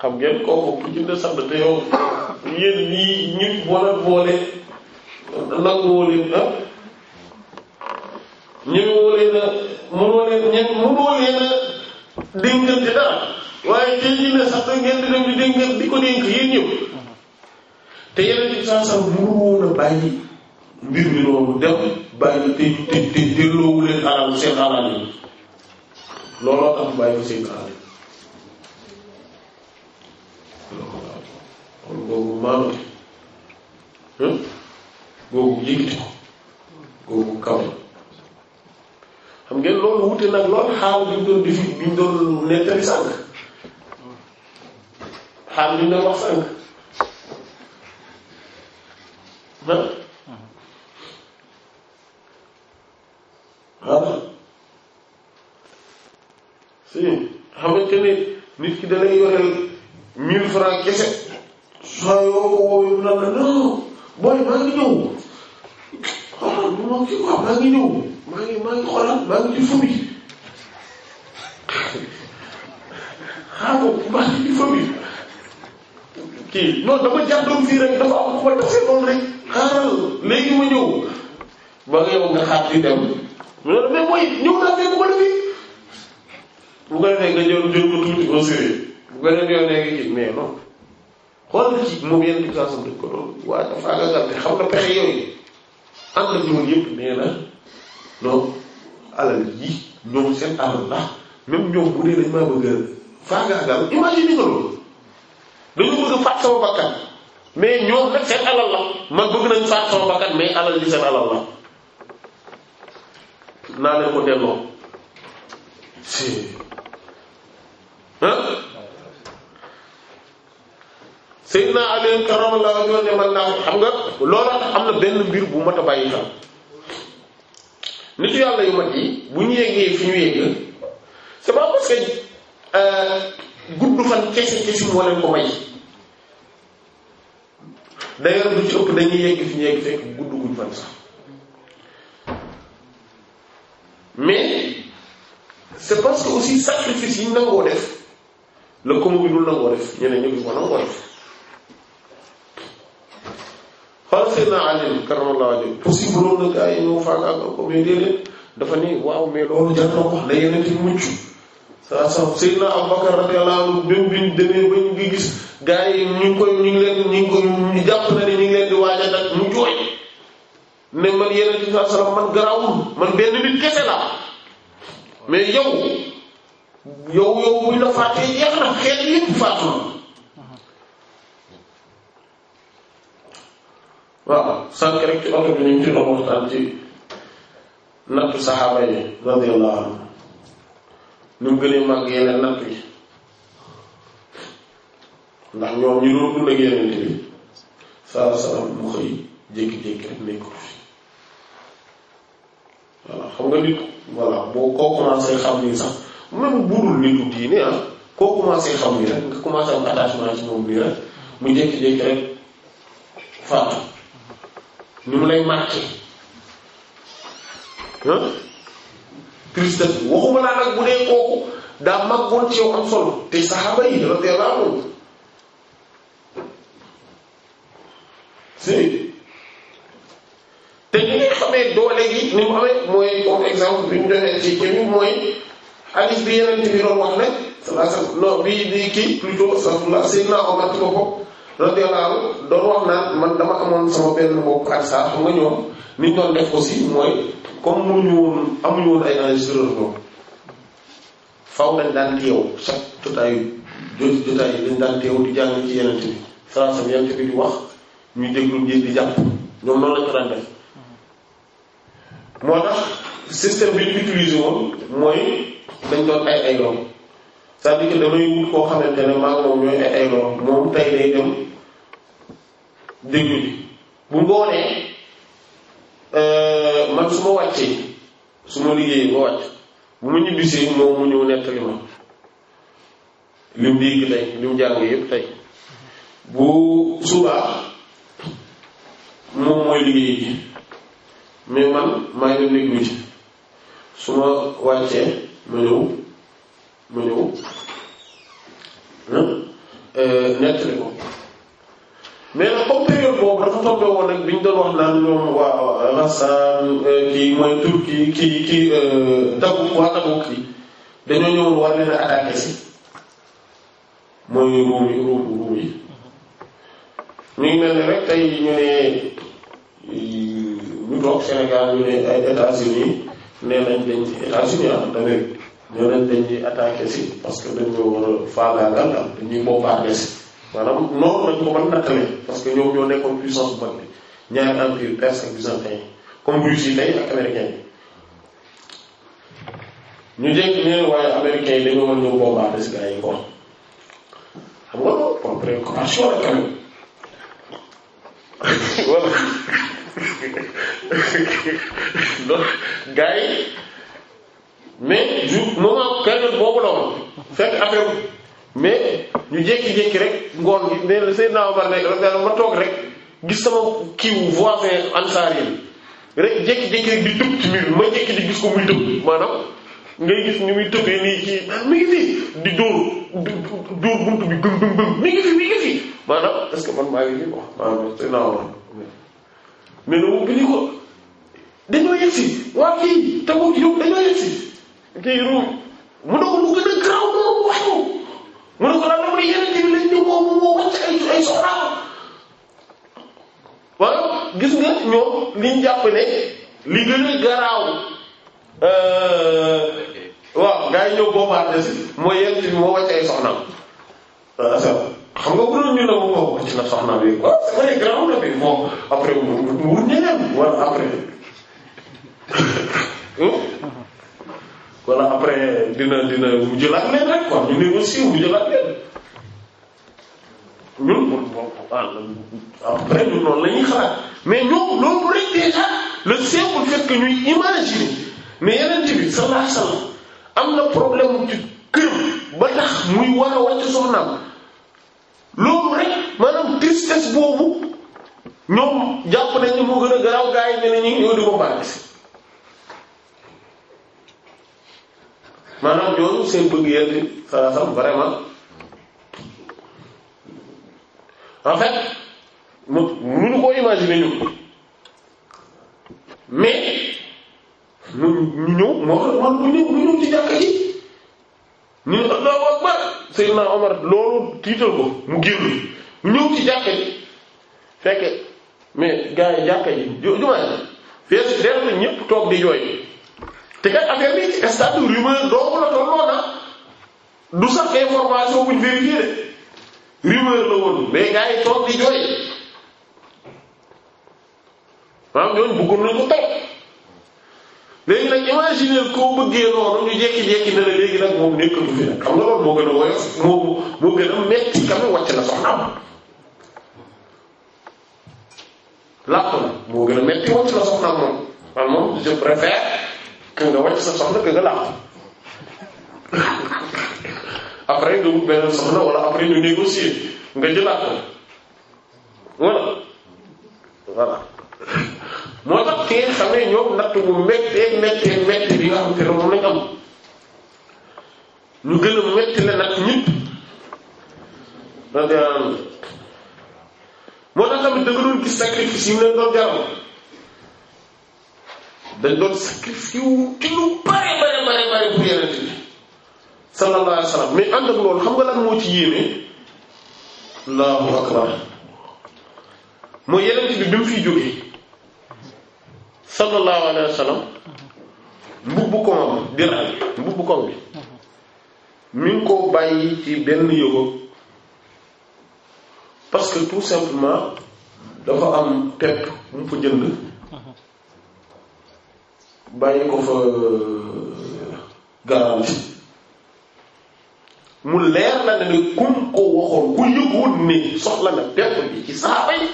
xam ngeen kooku ku jënd sax te yow yéen ñii ñu boole boole nangu woo leen ah ñu woo leen a mënoo leen ña mënoo leen a dénkante dara waaye tey jii ne sax ngeen di dem di dénkante di ko dénk yéen ñëpp. te yeneen i sens am mënu woon a bàyyi mbir mi noonu dem bàyyi te te te delloowu leen alal seen alal yi looloo tax bàyyi seen alal kon googu maanu googu yëkkati ko googu kaw xam ngeen loolu wute nag loolu xaal bi ñu doon defi bi ñu doon nettali sànq xaal bi ñu doon wax sànq dëgg waaw si xamante ne nit ki da lay yoreel mille francs kese saa yoo ko wooyu na la non booy maa ngi ñëw xoolal bu ma kii quoi maa ngi ñëw maa ngi maa ngi xoolal maa ngi ci kii non dama jàddoon fii rek dafa am ku ma tase noonu rek xaaral léegi ma ñëw ba nga yow nga xaar fi dem loolu mais mooy ñëw naa fekk ko defee bu ko defee nga jël jël ko tuuti au sérieux bu ko defee nga gis xam na pexe yooyu ànd ak ñoom yëpp nee na non alal yi ñoom seen alal la ñoom bu dee dañ maa bëgg a faagaagal imagine nga loolu dañu bëgg faat sama bakkan mais ñoom nag seen alal la man bëgg nañu faat sama bakkan mais alal li seen alal la naa leen ko delloo si ah Seydina naa ko xam nga loola am na benn mbir bu mat a bàyyi xel nitu yàlla yu mat yi bu ñu yeggee fi ñu yegg c'est pas parce euh, gudd fan kese kese moo leen ko may d'ailleurs du ci dañuy yegg fi ñu yegg fekk gudd guñ fan sax mais c'est parce que aussi sacrifice yi nangoo def la comme bi dul nangoo def ñeneen ñi duñ ko nangoo def xoolal Seydina Ali karamallahu wajhu possible loolu nag ay ñëw faagaal ko mais déedéet dafa ni waaw mais loolu jar na wax na yeneen ci sa Seydina Abubakar radiyallahu anhu bimu biñ demee ba ñu gis gars yi ñu ngi koy ñu ngi leen ñu ngi koy ñu jàpp na ne ñu ngi leen di waaj a nag jooy ne man yeneen ci saa salaam man garaawul man benn nit kese la mais yow yow yow buñ la fàttee jeex na xeet yépp fàttu waaw sànq rek ci oto bi ñu ngi ci doon waxtaan ci nattu saxaaba yi radiyallahu nu mu gën a màgg yeneen natt yi ndax ñoom ñu doon dund ak yeneen bi saa salaam mu xëy jékki-jékki rek nekkul fi voilà xam nga nit voilà boo koo commencé xam nii sax même burul nitu diine ah koo commencé xam nii rek nga commencé am attachement ci moom nii rek mu jékki-jékki rek faatu ni mu lay marqué ah cristal waxuma laa nag bu dee kooku daa màggoon ci yow am solo te saxaaba yi dama teel a si te ñi nga xamee doole gi ni mu amee mooy comme exemple bi ñu joxee ci kii mooy hadith bi yeneen bi doon wax ne sallallahu non bi di kii plutôt sallallahu sayyidina Omar ci boppam radiyallahu doon wax naan man dama amoon sama benn mbokk ak saa xam nga ñoom ni ñu doon def aussi mooy comme mënuñu woon amuñu woon ay enregistreur moom faw dañ daan teew chaque jotaayu jotaayu dañ daan teew di jàng ci yeneen bi salaasam yeneen bi di wax ñu déglu ji di jàpp ñoom noonu lañ daan def moo tax système bi ñu utilisé woon mooy dañ doon ay ay lool cest que damay wut koo xamante ne moom ñooy ay ay moom tey day dem déglu bi bu ngoonee Euh, man su ma wàccee su ma ba wàcc bu ma ñibbisee moom mu ñëw nettali ma lim dégg tey lim jàng yëpp tey bu subaa moom mooy liggéey bi mais man maa dem déglu ci su wàccee ma ñëw ma ñëw ah, euh, nettali ko mais nag comme période boobu dafa tombé woon nag bi ñu doon wax naan ñoom waa Ghassan euh, kii mooy Turki kii kii euh, Tabuk waa Tabuk kii dañoo ñëwoon war leen a attaqué mooy ruum yi ruum ni rek tey ñu ne euh, ñu toog Sénégal ñu ne ay États-Unis nee nañ dañ ci États-Unis ah tamit nee nañ dañ ñuy parce que dañ ñoo war a faagaagal dañ ñuy bombardé maanaam noonu lañ ko mën nattale parce que ñoom ñoo nekkoon puissance bu mag bi ñaari empire perse ak byzantin yi comme russe yi tey ak américain yi ñu jekk neen waaye américain yi dañoo mën ñëw bombarder si gars yi ko xam nga loolu comme préoccupation la quand même voilà donc gars yi mais du moment période boobu la woon fekk affaire mais ñu jékki-jékki rek ngoon gi nee na Seydina ma toog rek gis sama kiiwu voisin ansaar yi rek jékki-jékki rek di tëb ci ma jékki di gis ko muy tëb maanaam ngay gis ni muy tëbee nii ci maanaam est man maa ngi fi wax maanaam Seydina Omar mais ko dañoo yegg waa kii te wut yow dañoo yegg si kii ruum mu doon lu gën a garaaw loolu waxtu. mu ko lan la mu ne yeneen bi lañ ñu woo mu woo wala gis nga ñoom liñ jàpp ne li gën a garaaw euh, waaw gars yi ñëw bombarde si mooy yeneen bi moo wacc ay soxnaam euh, xam nga bu doon ñu ne moom moo wacc na soxnaam yi quoi c'est vrai garaaw na bi moom après mu wut ñeneen wala après dina dina mu jëlaat leen rek quoi ñu négocier mu jëlaat leen ñun bon ah, après ñun noonu la ñuy mais ñoom loolu rek déjà le simple fait ñuy imaginer mais yeneen bi sallallahu alayhi wasallam am na problème kër ba tax muy war a wàcc soxnaam loolu rek maanaam tristesse boobu ñoom jàpp nañu moo gën a garaaw gars yi ñu ne ñu ngi ñëw di ko bàyyi. maanaam ñooñu seen bëgg yéen sa sam vraiment en fait mu mënu koo imaginer ñu mais ñu ñu moo man bu ñëw bu ñëw ci jàkk ji ñu ne loolu tiital ko mu génn ñëw ci jàkk ji fekk mais gars yi jàkk ji jumaa fees dellu ñëpp toog di jooy te kat affaire bi stade rumeur doomu la doon noona ah. du sax information buñ vérifié rumeur la woon mais gars yi toog di jooy maanaam ñooñu bëggoon nañ ko toog léegi nag imaginer koo bëggee noonu jekki-jekki ne la léegi nag moom nekkatu fi nag xam moo gën a woyof moo moo gën a na soxnaam làpp moo gën a metti wàcc na moom man moom je préfère que nga wàcc sa soxla que nga làqu après nga wut benn soxla wala après négocier nga jëlaat ko voilà voilà moo tax tey xamee ñoom natt bu méttee méttee métti bi nga xam te ne moom lañ am ñu gën a métti la nag ñëpp moo tax tamit nga doon gis sacrifice yi mu leen dañ doon sacrifice wu ci lu bare bare bare bare pour bi sallallahu alayhi wa sallam mais ak loolu xam nga lan moo ci yéeme allahu akbar mooy yenente bi bi mu fiy jógee sallallahu alayhi wa sallam mbubbu koom bi diraay mbubbu koom bàyyi ci benn yóbbu parce que tout simplement dafa am pepp mu fa jënd bàyyi ko fa euh, garanti mu leer na ne kum ko waxoon ku yëgoon ne soxla na pepp bi ci saaba yi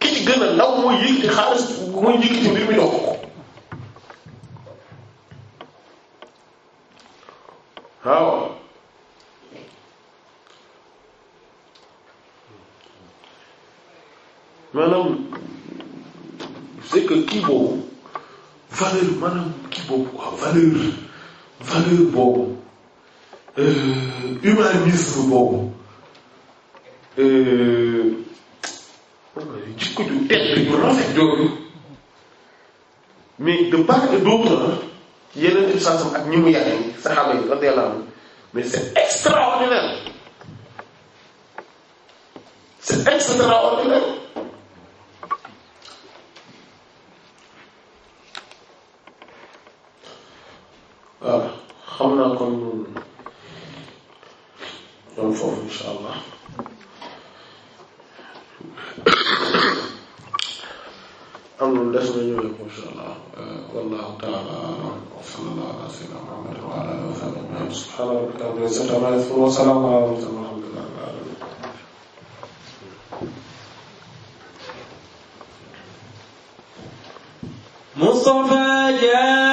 ki gën a ndaw mooy yëkkati xaalis mooy yëkkati mbir mi dox ko waaw maanaam c'est kii boobu valeur maanaam kii boobu quoi valeur valeur boobu euh, humanisme boobu euh, oh, jikko ju tedd ju rafet jooju mais de part et d'autre yeneen sansam ak ñi mu yàgg yi saxaaba yi radiyallahu anhu mais c'est extraordinaire c'est extraordinaire waaw xam naa kon ñoom foofu insha allah am lu des na ñëwee ko insha allah wallahu taala wa sallallahu ala sayyidina muhammad wa ala alihi wa sahbihi subhana rabbika rabbil izzati amma yasifun wa salamun ala mursalin walhamdulillahi rabbil alamin Mustafa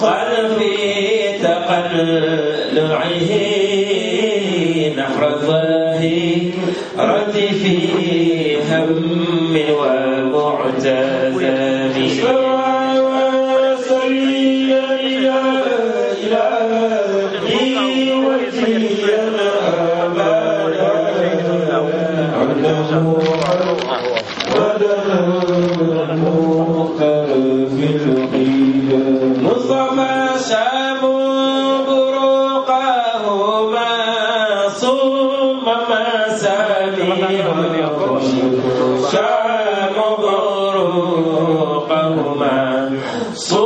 قال في So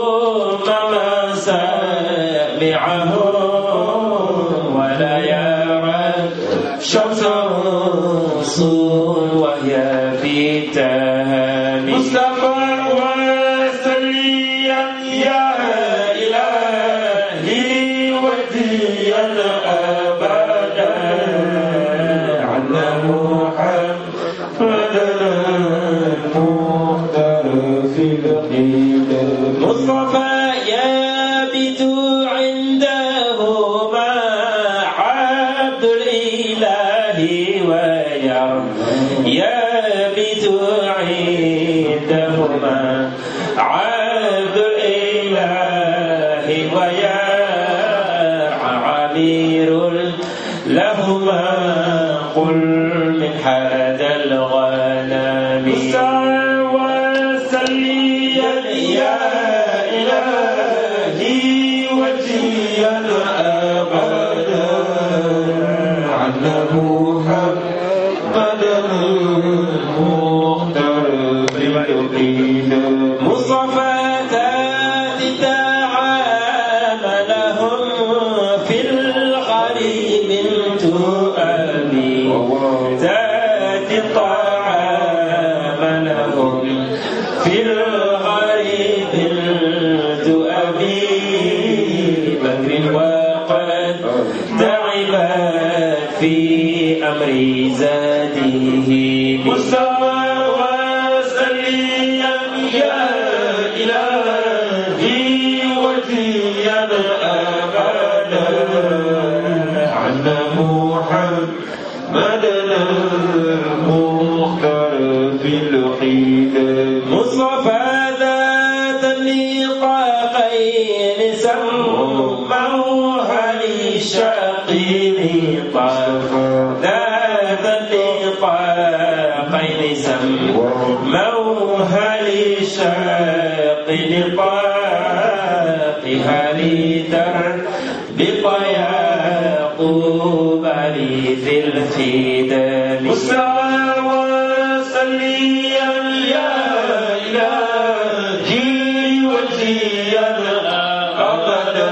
قل من حدث قينسا موها لشاق لطاقها لدر بقيا قوب لذي الخدم مستعى وصليا يا إلهي وجيا أبدا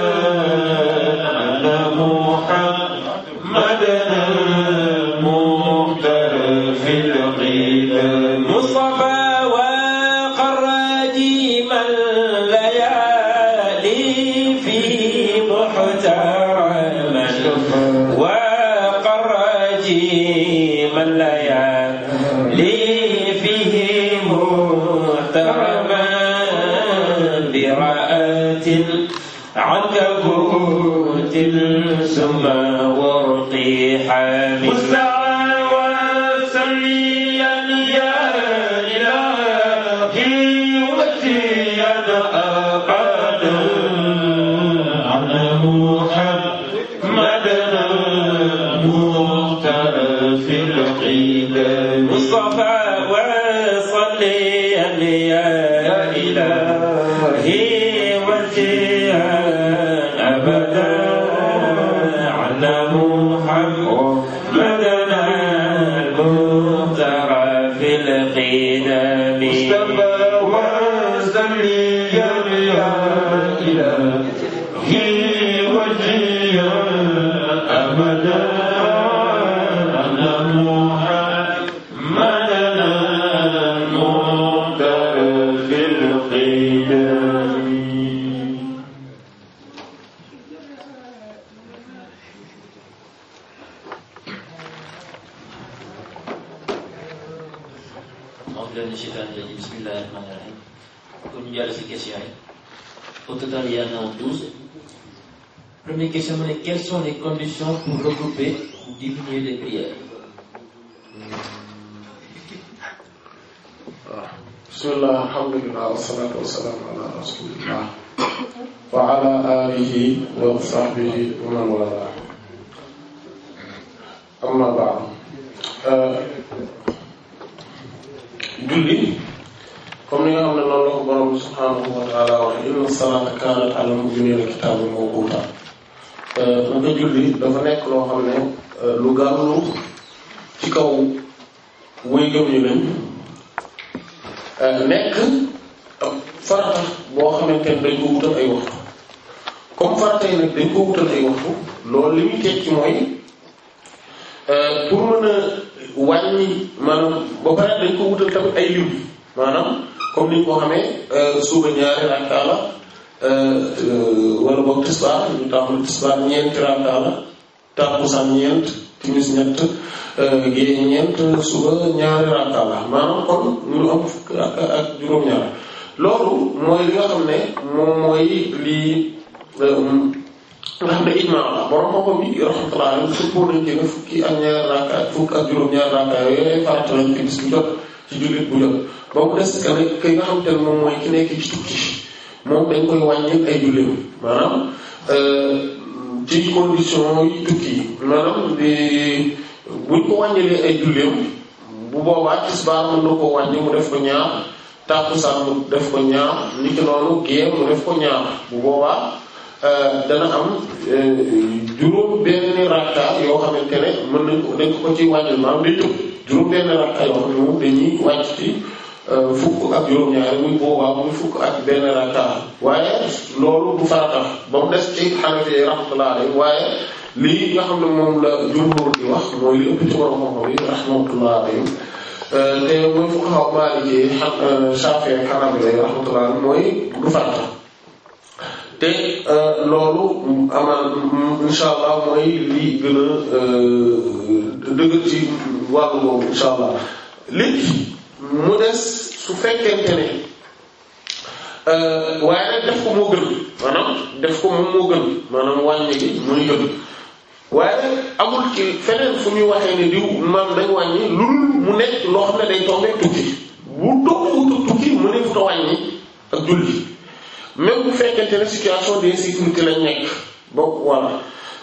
solution pour regrouper ou diminuer les prières bismillah alhamdulillah wasalaatu wasalaamu ala rasulillah wa ala alihi wa sahbihi wa man wala amma baad euh, julli comme ni nga xam ne noonu la ko borom subhanahu wa taala wax inna salaata kaanat ala mu'minina kitaaban mawquuta nga julli dafa nekk loo xam ne euh, lu gaaw ci kaw muy gëm ñu euh, lañ nekk farata boo xamante ne dañ ko wutal ay waxtu comme farata yi dañ ko wutal ay waxtu loolu li muy tekki mooy euh, pour mën a wàññi maanaam ba pare dañ ko wutal tamit ay lim maanaam comme ni ñu ko xamee suba ñaari rakka Euh, euh, wala boog tisbaar ñu tàmbali ñeenti raakaa la tàkkusaan ñeent timis ñett euh, gée ñeent suba ñaari raakaa la maanaam am fukki raakaa loolu mooy li nga xam ne moom mooy lii nga xam ne ijmaa la borom boppam yi rahmatullah alayhi suppoo yooyu ay farata lañ bu jot ci jullit bu jot ba des que ki nga xam te moom mooy ki nekk ci tukki moom dañ koy wàññi ay julleem maanaam euh, ci condition yi tukki maanaam di buñ ko wàññilee ay julleem bu boobaa tisbaar mën na koo wàññi mu def ko ñaar tàkkusaan mu def ko ñaar ni ki noonu gée mu def ko ñaar bu boobaa euh, dana am euh, juróom benn rakka yoo xamante ne mën nañ ko ko ko wàññil maanaam dañuy wàcc ci Euh, fukk ak juróom-ñaari muy boobaa muy fukk ak benn rakka waaye loolu du farata ba mu des ci Hanafi rahmatullah alayhi waaye lii nga xam ne moom la jumhur di wax mooy li ëpp ci borom xam-xam yi rahmatullah alayhi euh, euh, mooy du farata te loolu amaan insha allah mooy lii gën a dëgër ci wàllu boobu insha allah léegi mu des su fekkente ne euh, waaye nag def ko moo gën maanaam def ko moom moo gën maanaam wàññi gi muy gën ci feneen fu ñuy waxee ne wàññi lul mu nekk loo xam ne day tombe tukki bu toog tukki mu ne fu ta wàññi ak julli même bu fekkente ne situation d'insécurité lañ nekk boobu voilà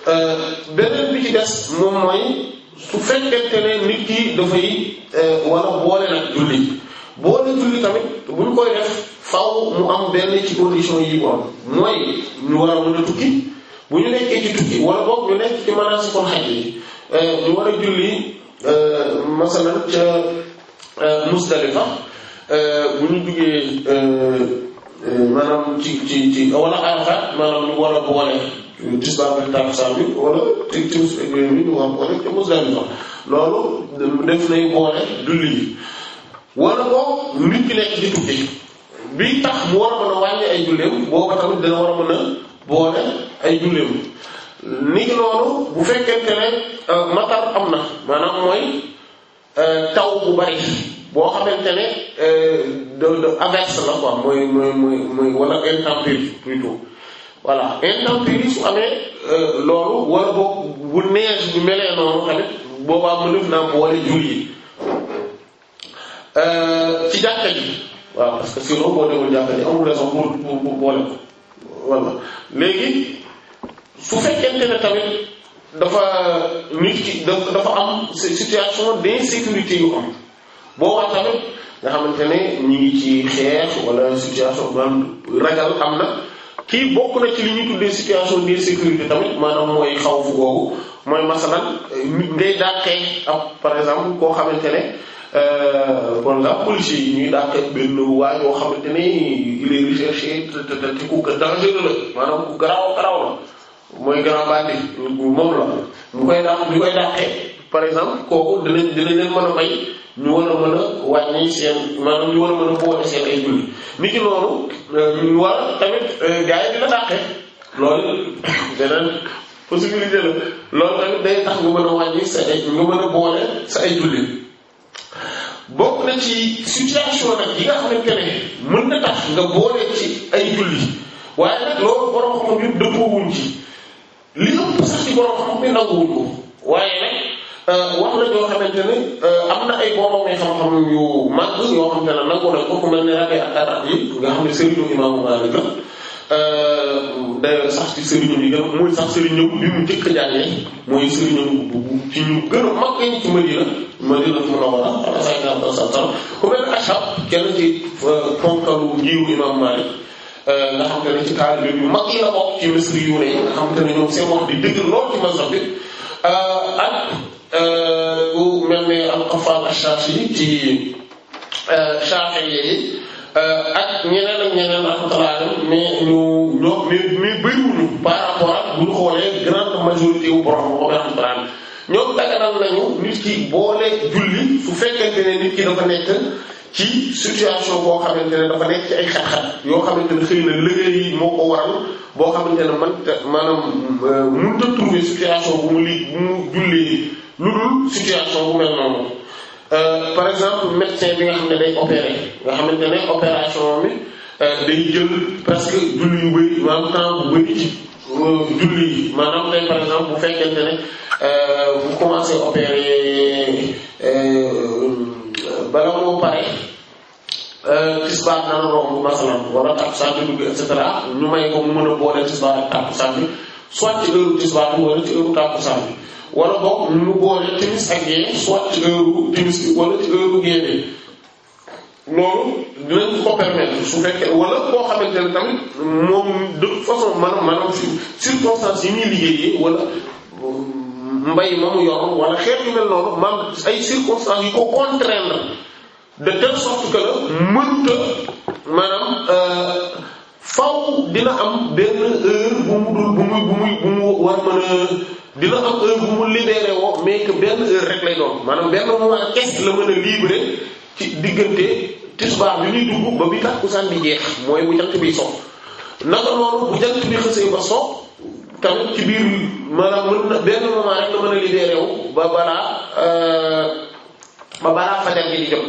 euh, beneen bi ci des moom mooy su fekkente ne nit ki dafay euh, wala boole nag julli boole julli tamit buñ koy def faaw mu am benn ci condition yi bu am mooy ñu war a mën a tukki bu ñu nekkee ci tukki wala boog ñu nekk ci manaasikul hajj yi euh, ñu war a julli euh, masalan ca bu ñu jugee maanaam ci ci ci wala Arafat maanaam ñu war a boole. tisbaar bi takkusaan bi wala teg ci ak yooyu bi ñu war ko def ci Muzdalifa loolu def nay boole julli yi wala boobu nit ki nekk di tukki bi tax mu war a mën a wàññi ay julleem boobu tamit dina war a mën a boole ay julleem ni loolu bu fekkente ne euh, matar am na maanaam mooy euh, taw bu bari boo xamante ne euh, de de averse la quoi mooy mooy mooy mooy wala intempérie plutôt voilà intempérie su amee euh, loolu wala boog bu neige bi melee noonu tamit boobaa mënul naa boole julli euh, ci jàkka ji waaw parce que sinon boo demul jàkka ji amul raison pour pour boole ko léegi su fekkente ne tamit dafa nit ki dafa am situation d'insécurité yu am boobaa tamit nga xamante ne ñu ngi ci xeex wala situation ragal am na. kii bokk na ci li ñuy tuddee situation d'insécurité tamit maanaam mooy xaw fu googu mooy masalan euh, nit ngay dàqee ab par exemple koo xamante ne euh, kon la police yi ñuy dàqee benn xamante ne il est recherché kooku dinañ leen mën a may ñu war a mën a wàññi seen maanaam ñu war a mën a boole seen ay julli ni ki noonu euh, ñu tamit euh, gars yi di la loolu beneen possibilité la loolu tamit day tax nga mën a wàññi sa ay nga mën a boole sa ay julli bokk na ci situation nag yi nga xamante ne mën na tax nga boole ci ay julli waaye nag loolu borom xam-xam yëpp dëppoo wuñ li ëpp sax ci borom xam-xam yi nanguwuñ ko waaye nag Euh, wax la ñoo xamante ne euh, am na ay borom yi xam-xam yu màgg yoo xamante ne nangu nañ ko ku mel ne Rabi ak Arab yi nga xam ne sëriñu Imaamu Maalik la euh, d'ailleurs sax ci sëriñu bi gën mooy sax sëriñu bi mu njëkk a jàngee mooy sëriñu bu ci ñu gën a mag yi ci Madina Madina Munawwara ala cinquante cent ku mel ne Ashab kenn ci ponkalu njiiru Imaamu Maalik nga xam te ne ci taalibe yu mag yi la bokk ci misri yu ne nga xam te ne ñoom seen wax di dëgg lool ci mazhab bi ak ku euh, mel ne al-Qaffal ash-Shashi ci euh, Shafi'i yi euh, ak ñeneen ak ñeneen rahmatullah mais ñu ñoo mais mais par rapport bu xoolee grande majorité wu borom ko rahmatullah ñoom daganal nañu nit ki boole julli su fekkente ne nit ki dafa nekk ci situation boo xamante ne dafa nekk ci ay xat-xat yoo xamante ne xëy na liggéey yi moo ko waral boo xamante ne man maanaam mënut trouver situation bu mu lii bu mu jullee lu dul situation bu mel noonu euh, par exemple médecin bi nga xam ne day opérer nga xamante ne opération bi euh, day jël presque julli yu bëri maanaam temps bu bëri euh, julli yi maanaam tey par exemple bu fekkente ne bu commencé opérer bala moo bi et cetera ñu may ko mu mën a boole tisbaar ak takkusaan soit ci bi wala ci bi wala boog ñu boole timis ak gée soit ci heure timis bi heure gée loolu dinañ ko su fekkee wala koo xamante ne tamit moom de façon maanaam maanaam circonstances yi muy liggéeyee wala mbay ma mu yor wala xeet yu mel noonu maam ay circonstances yu ko contraindre de telle sorte que la mënta maanaam euh, faw dina am benn heure bu mu dul bu muy bu mu war mën a dina am heure bu mu libéré woo mais benn heure rek maanaam benn moment kese la mën a libre ci diggante tisbaar bi muy dugg ba bi takkusaan bi jeex mooy bu jant bi so naka noonu bu jant bi xësee ba so tamit ci biir maanaam mën na benn moment rek la mën a libéré ba balaa euh, ba balaa fajar gi di jot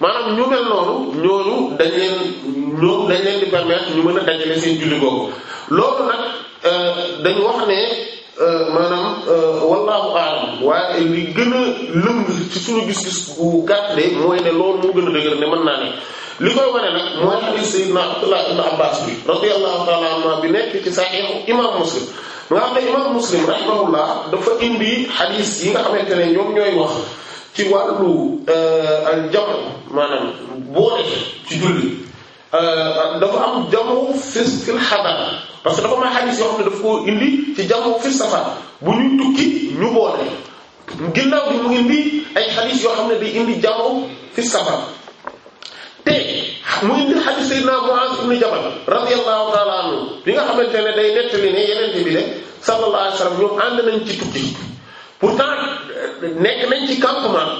maanaam ñu mel noonu ñooñu dañ leen ñoom dañ leen di permettre ñu mën a dajale seen julli googu loolu nag euh, dañu wax ne. Euh, maanaam euh, wallaahu a'lam waaye li gën a lëng ci suñu gis-gis bu gàtt de mooy ne loolu moo gën a dëgër ne mën naa ne li koy wane nag mooy hadith sayyidina Abdullah ibn Abbas bi radiyallahu bi nekk ci sahih imam Muslim nga xam ne imam Muslim rahimahullah dafa indi hadith yi nga xamante ne ñoom ñooy wax ci wàllu euh, al jamu maanaam boole ci julli dafa am jamu fiskil xadar parce que dafa may xadis yoo xam ne daf koo indi ci jàmm fi safar bu ñuy tukki ñu boole ginnaaw bi mu indi ay xadis yoo xam ne day indi jàmm fi safar te mu indi xadis sayyidina Muaz ibn Jabal radiyallahu ta'ala anhu bi nga xamante ne day nettali ne yeneen bi de sallallahu alayhi wasallam ñoom ànd nañ ci tukki pourtant nekk nañ ci campement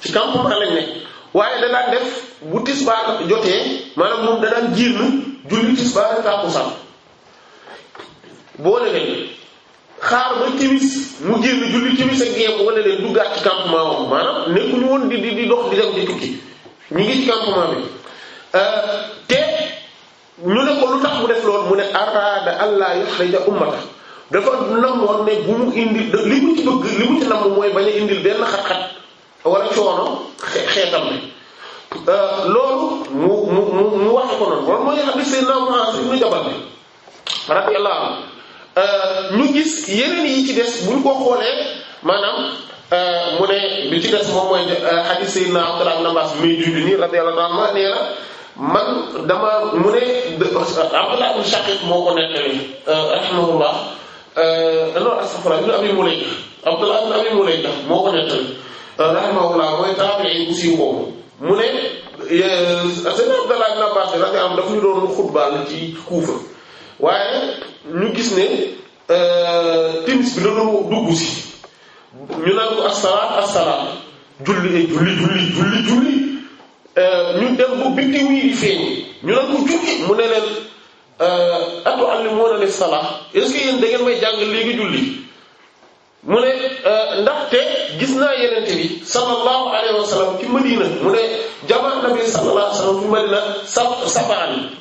ci campement lañ nekk waaye da daan def bu tisbaar jotee maanaam moom da daan jiir na julli tisbaar tàkkusaan boole leen xaar ba timis mu génn julli timis ak gee boole leen duggaat ci campement moom maanaam nekkuñu woon di di dox di dem di tukki ñu ngi ci campement bi euh, te ñu ne ko lu tax mu def loolu mu bu mu indi li mu ci mu ci a indil benn xat euh, mu mu mu waxe ko noonu loolu mooy xam ne Seydina Mu'aaz ibn Jabal bi radiyallahu anhu Euh, ñu gis yeneen yi ci des buñ ko xoolee maanaam euh, mu ne bi ci des moom mooy euh, hadith sayyidina Abdullah ibn Abbas muy junj nii radiyallahu anhu nee na man dama mu ne Abdullah ibn Shaqiq moo ko nettali rahimahullah non astaghfirullah ibn Abi Mulayka Abdullah ibn Abi Mulayka moo ko nettali rahimahullah mooy tabi'i bu siiw boobu mu ne sayyidina Abdullah ibn Abbas radiyallahu anhu dafa ñu doon xutbaal ci Kuufa waaye ñu gis ne euh, timis bi la doon dugg si ñu naan ko assalaat assalaat julli julli julli julli euh, ñu dem bu biddiw yi di feeñ ñu naan ko julli mu ne leen euh, atu allimuna lis salah est-ce que yéen da may jàngal léegi julli mu ne ndaxte gis naa yenente bi sallallahu alayhi wa sallam madina mu ne jamaa nabi sallallahu alayhi wa sallam fi madina sa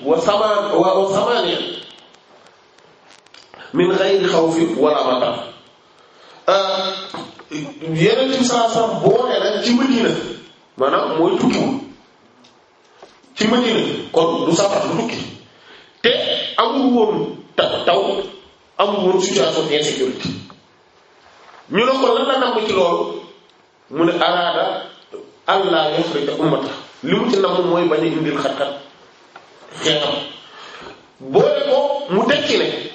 wa samaan min ghayri khawfin wala matar yeneen ci saa saa boole la ci Madina maanaam mooy tukkiwul ci Madina kon du safar du tukki te amul woon taw taw amul woon situation d'insécurité ñu ne ko lan la namm ci loolu mu ne araada allah yaxrija ummata li mu ci namm mooy bañ a indil xat-xat xeexam boole ko mu tekki ne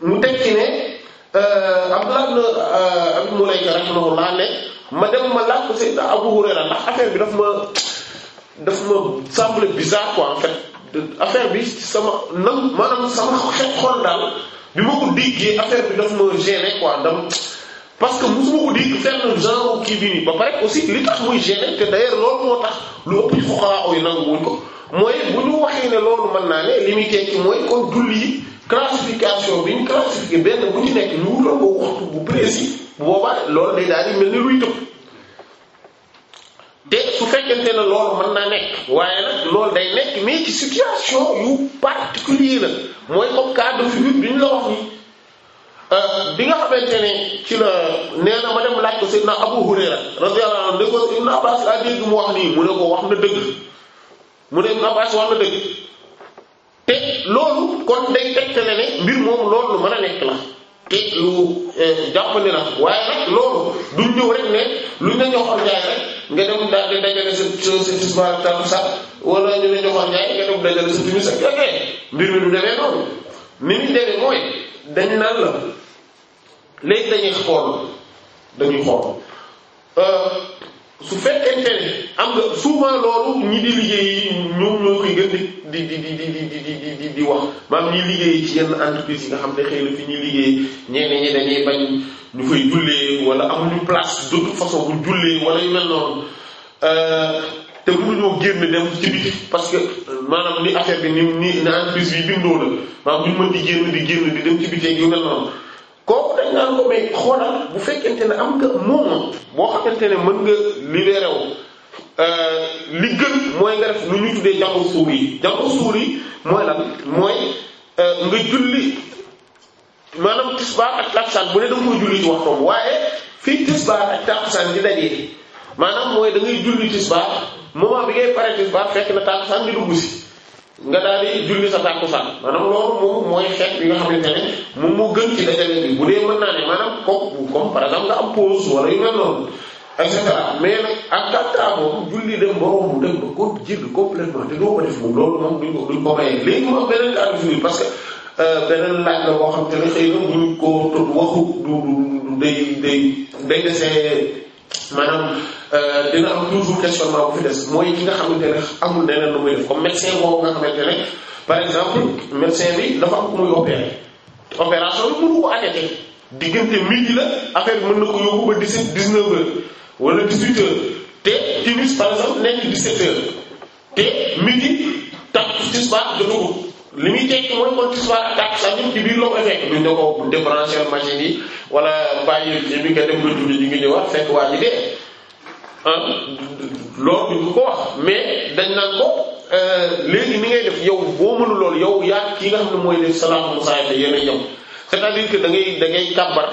mu tekki ne mu euh, ibn euh, Abi Mulayka rahimahullah ne ma dem ma laaj ko Sayyidina Abu Hurayra ndax affaire bi daf ma daf ma semble bizarre quoi en fait affaire bi sama nam maanaam sama xet xol daal bi ma ko déggee affaire bi daf ma gêner quoi dam parce que mosuma ko dégg fenn genre kii bi nii ba pare aussi li tax muy gêner te d'ailleurs loolu moo tax lu ëpp ci fuqaha yi nangu wuñ ko mooy bu ñu waxee loolu mën naa ne li muy tekki mooy kon julli yi classification bi ñu classifié benn bu ñu nekk ñu wutal ko mel ni luy tëb te su fekkente ne loolu mën naa nekk waaye nag loolu day nekk mais ci situation yu particulier la mooy comme cas de bi ñu la wax nii euh, bi nga xamante ne ci la nee na ma dem laaj ko Seydina Abu Hurayra radiyallahu anhu ne ko Ibn Abbas a dégg mu wax nii mu ne ko wax na dëgg mu ne Ibn Abbas wax na dëgg te loolu kon day tegtale ne mbir moomu loolu lu mën a nekk la te lu eh, jàppandi la waaye nag loolu duñ ñëw rek ne lu ñu la joxoon jaay rek nga dem daal di dajale sa sa tisbaar tam sax wala ñu la joxoon jaay nga dem dajale sa timis ak yooyu mbir mi du demee noonu ni ñu demee mooy dañ naan la léegi dañuy xool dañuy xool. Euh, su fekkente ne am nga souvent loolu ñi di liggéey ñoom ñoo koy gën di di di di di di di wax maam ñi liggéey ci yenn entreprise yi nga xam ne xëy na fi ñuy liggéey ñeneen ñi dañuy bañ ñu fay jullee wala amuñu place de toute façon bu jullee wala yu mel noonu euh, te mënuñoo génn dem ci biti parce que maanaam ni affaire bi ni ni entreprise bi bindoo la maam buñu mën di génn di génn di dem ci biti ak yu mel noonu. kooku dañ naan xoolal bu fekkente ne am nga moom boo xamante ne mën nga libéré wu euh, li gën mooy nga def lu ñu tuddee jàngu suur yi jàngu suur yi mooy lan mooy euh, nga julli maanaam tisbaar ak takkusaan bu ne da nga koy julli ci waxtoom waaye fii tisbaar ak takkusaan di dajee maanaam mooy da ngay julli tisbaar moment bi ngay pare tisbaar fekk na takkusaan di dugg si nga daal di julli sa tàkkusaan maanaam loolu moom mooy xeet bi nga xamante ne moom moo gën ci dajale bi bu dee mën naa ne maanaam kooku mais nag ak moom julli dem ba romb dem ba ko jégg complètement te doo ko def moom loolu moom duñ ko duñ ko mayee léegi moom beneen kàddu fi parce que euh, beneen laaj la boo xam te ne xëy na buñ ko tudd waxu du du day day day desee. maanaam euh, dina am toujours questionnement bu fi des mooy ki nga xamante ne amul leneen lu muy def comme médecin boobu nga xamante ne par exemple médecin bi dafa am ku muy opérer opération bi mënu ko arrêté diggante midi la affaire bi mën na ko yóbbu ba 17 19 heures wala te timis par exemple nekk 17 heures te midi tax tisbaar jotu ko li muy tekki mooy kon tisbaar ak takkusaan ñëpp ci biir loo fekk duñ ne ko débranché machine yi wala bàyyi ji bi nga dem nga julli ñu ngi ñëwaat fekk waa ji dee ah loolu duñ ko wax mais dañ naan ko euh, léegi ni ngay def yow boo mënul loolu yow yaa ki nga xam ne mooy def salaatu musaayada yéen a ñëw c'est-à-dire que da ngay kàbbar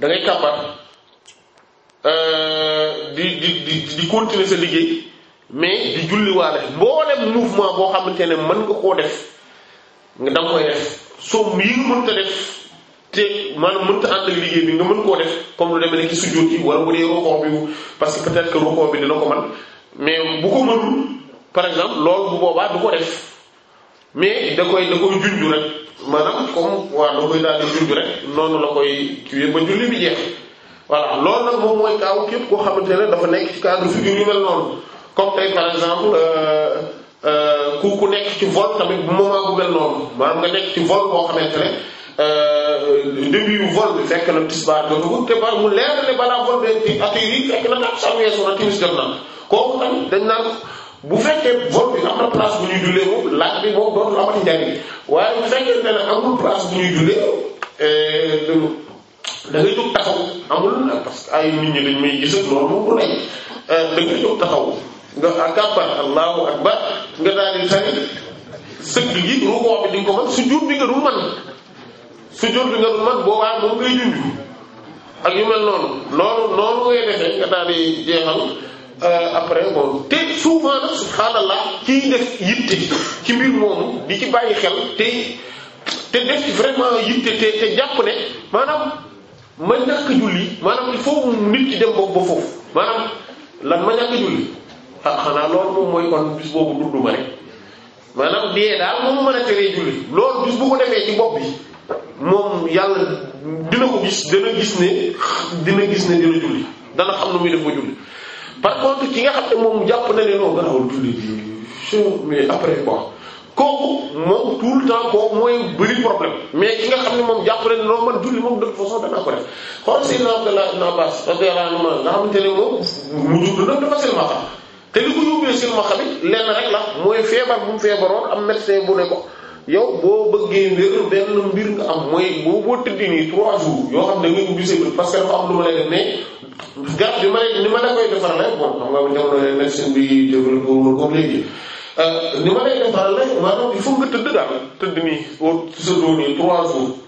da kàbbar euh, di di di di continuer sa liggéey. mais di julliwaale mboolem mouvement boo xamante ne man nga koo def nga danga koy def soo yi nga mënta def te maanaam mënta ànd ak liggéey bi nga mën koo def comme lu demee ne ci sujjóot yi wala bu dee rukoo bi parce que peut-être bi dina ko man mais bu ko mënul par exemple loolu bu boobaa du ko def mais da koy da koy junj rek maanaam comme waaw da koy daal di junj rek noonu la koy kiiwee ba julli bi jeex voilà loolu nag moom mooy kaaw képp koo xamante ne dafa nekk ci cadre comme tey par exemple euh, euh, ci vol tamit bu moment euh, yu vol bi fekk na ba mu leer ne balaa kooku tamit dañ naan bu fekkee vol bi am na place bu ñuy jullee moom laaj moom doon la amati njariñ waaye bu fekkee ne ne amul place bu ñuy jullee da jóg taxaw amul parce que ay nit ñi may gis loolu moom bu nekk da jóg taxaw. nga akbar allahu akbar nga daal di sëgg yi ruuxoo bi di nga ko bi nga dul mën sujjóot bi moom ngay junj ak yu mel noonu noonu noonu ngay defee nga daal jeexal euh, après bon te souvent nag subhaanallah def yitte ci mbir moomu di ci bàyyi xel te te def ci vraiment yitte te te jàpp ne maanaam ma ñàkk julli maanaam il faut nit ki dem boobu foofu maanaam lan ma ñàkk julli ah xanaa loolu moom mooy kon bis boobu dudd ma rek maanaam dee daal moom mën a teree julli loolu bis bu ko defee ci bopp bi moom yàlla dina ko gis dina gis ne dina gis ne dina julli dana xam nu def ba julli par nga xam ne moom jàpp na ne non garaawul julli mais après quoi kooku le temps kooku mooy bëri problème mais ki xam ne moom jàpp na ne non man julli moom te li ko yóbbee silmaxa bi lenn rek la mooy feebar bu mu feebaroon am médecin bu ne ko yow boo bëggee wér benn mbir nga am mooy boo boo nii trois jours yoo xam ne nga ubbi sa bët parce que dafa am lu ma lay def mais garab bi ma lay ni ma la nga jamono médecine bi jégalu ko comme léegi euh, ni ma lay defarale maanaam il faut nga tëdd daal tëdd nii au sa doon yi trois jours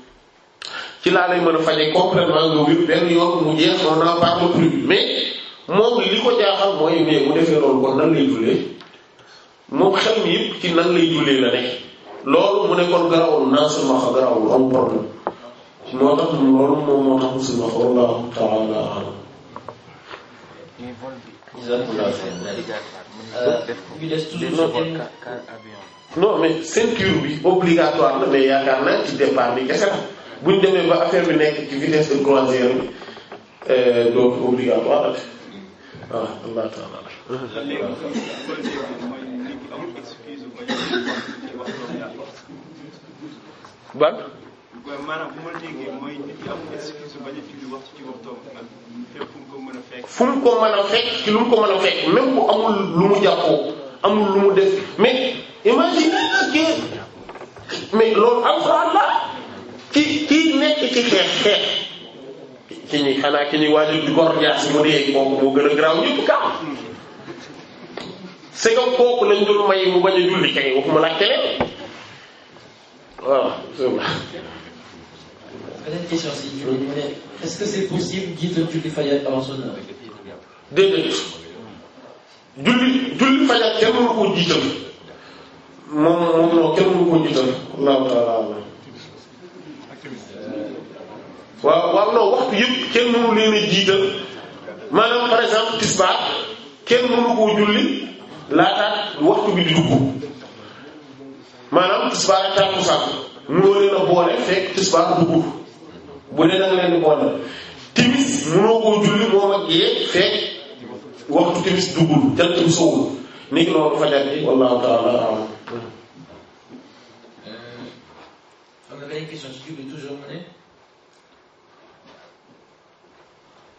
nga wér benn yoon mu jeex on n'en parle plus mais moom li ko jaaxal mooy mais bu defee loolu kon nan lay jullee moom xel mi yëpp ci nan lay jullee la nekk loolu mu ne kon garawul naa silmaxa garawul am problème moo tax loolu moom moo tax mu silmaxa wallahu ta'ala a'lam euh, non mais ceinture bi obligatoire la mais yaakaar naa ci départ bi kese la bu ñu demee ba affaire bi nekk ci vitesse de croisière bi euh, dootu obligatoire la waaw allah taala ban maanaam bu ma déggee mooy nit ki lu mu ko mën a fekk même bu amul lu mu jàppoo amul lu mu def mais imagine que mais loolu alxuraan la ki kii nekk ci xeex xeex ki ñuy xanaa ki ñuy waajur di gor jaas mu dee kooku moo gën a garaaw ñëpp kaam c'est kooku lañ dul may mu bañ a julli kay waxuma la keneen waaw bismillah beneen julli julli fajar kenn mënu ko moom moom non kenn mënu ko waaw waaw non waxtu yëpp kenn mënu leen a maanaam par exemple tisbaar kenn mënu koo julli laataat waxtu bi di maanaam tisbaar ak tàkkusaan mënoo leen a boole fekk tisbaar dugg bu dee da leen di boole timis mënoo koo julli moom ak yee fekk waxtu timis duggul jant bi sowul ni ki loolu fajar bi wallahu taala alam euh,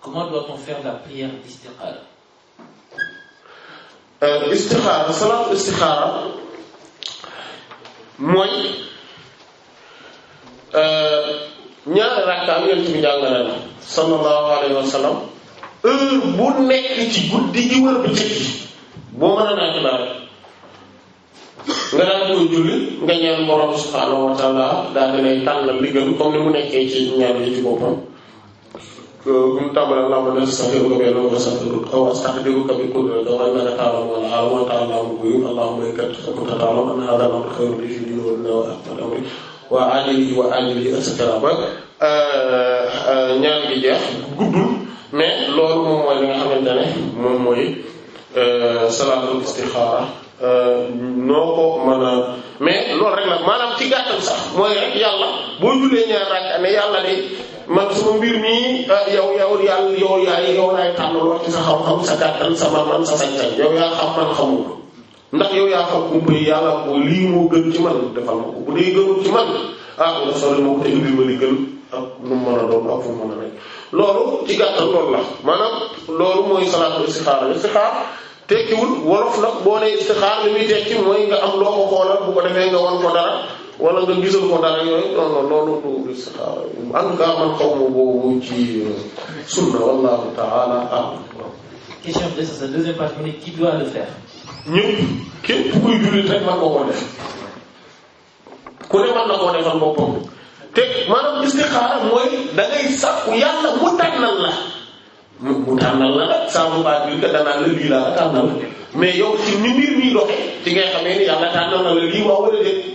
Comment doit-on faire la prière d'istikhara euh, istixaara salaatu istixaara mooy euh, ñaari rakkaam yonent bi jàngale na sallallahu alayhi wa sallam bu nekk ci guddi gi wër bu jëkk boo mën a naaj la rek nga daal koy julli nga ñaan borom subhaanahu wa taala daal di lay tànnal li gën comme ni mu nekkee ci ñaar yi boppam Euh, bu mu tàmbalee laa ma des sax yow nga koy doon sant lu xaw a sax dégg ko bi pour doo xam ne taalam wala ah wala taalam bu yëpp allahumma kat kunta taalam am naa daanaka xew li fi di loolu dina wax ak amri waa ajali wa ajali et cetera ba euh, ñaan gi jeex guddul mais loolu moom mooy li nga xamante ne moom mooy euh, salaatul istixaara noo ko mën a mais loolu rek nag maanaam ci gàttal sax mooy rek yàlla boo jullee ñaar rakk ne yàlla de. man suma mbir mii ah, yow yow yàlla yow yaay yow laay tànn lool ci sa xam-xam sa gàttal sa man-man sa sañ-sañ yow yaa xam man xamul ndax yow yaa xam kumpa yi yàlla ko lii moo gën ci man defal ma ko bu dee gënul ci man ah nga sori ma ko te indil ma li gën ak nu mu mën a doon ak fu mu mën a nekk loolu ci gàttal loolu la maanaam loolu mooy salaatu istixaara istixaara tekkiwul wolof nag boo nee istixaara li muy tekki mooy nga am loo ko xoolal bu ko defee nga wan ko dara wala nga gisal ko dara yooyu non non loolu du istixaara en tout cas man xaw ma boobu ci euh, sunna wallahu ta'ala a'lam. question de sa deuxième page mu ne qui doit le faire. ñëpp képp kuy jullit rek man nga ku ne man na koo defal boppam te maanaam istixaara mooy da ngay sàkku yàlla mu tànnal la. mu tànnal la nag saabu baat bi danaa la lii laa tànnal mais yow ci ni mbir mi doxee ci ngay xamee ni yàlla na la lii waa wala déet.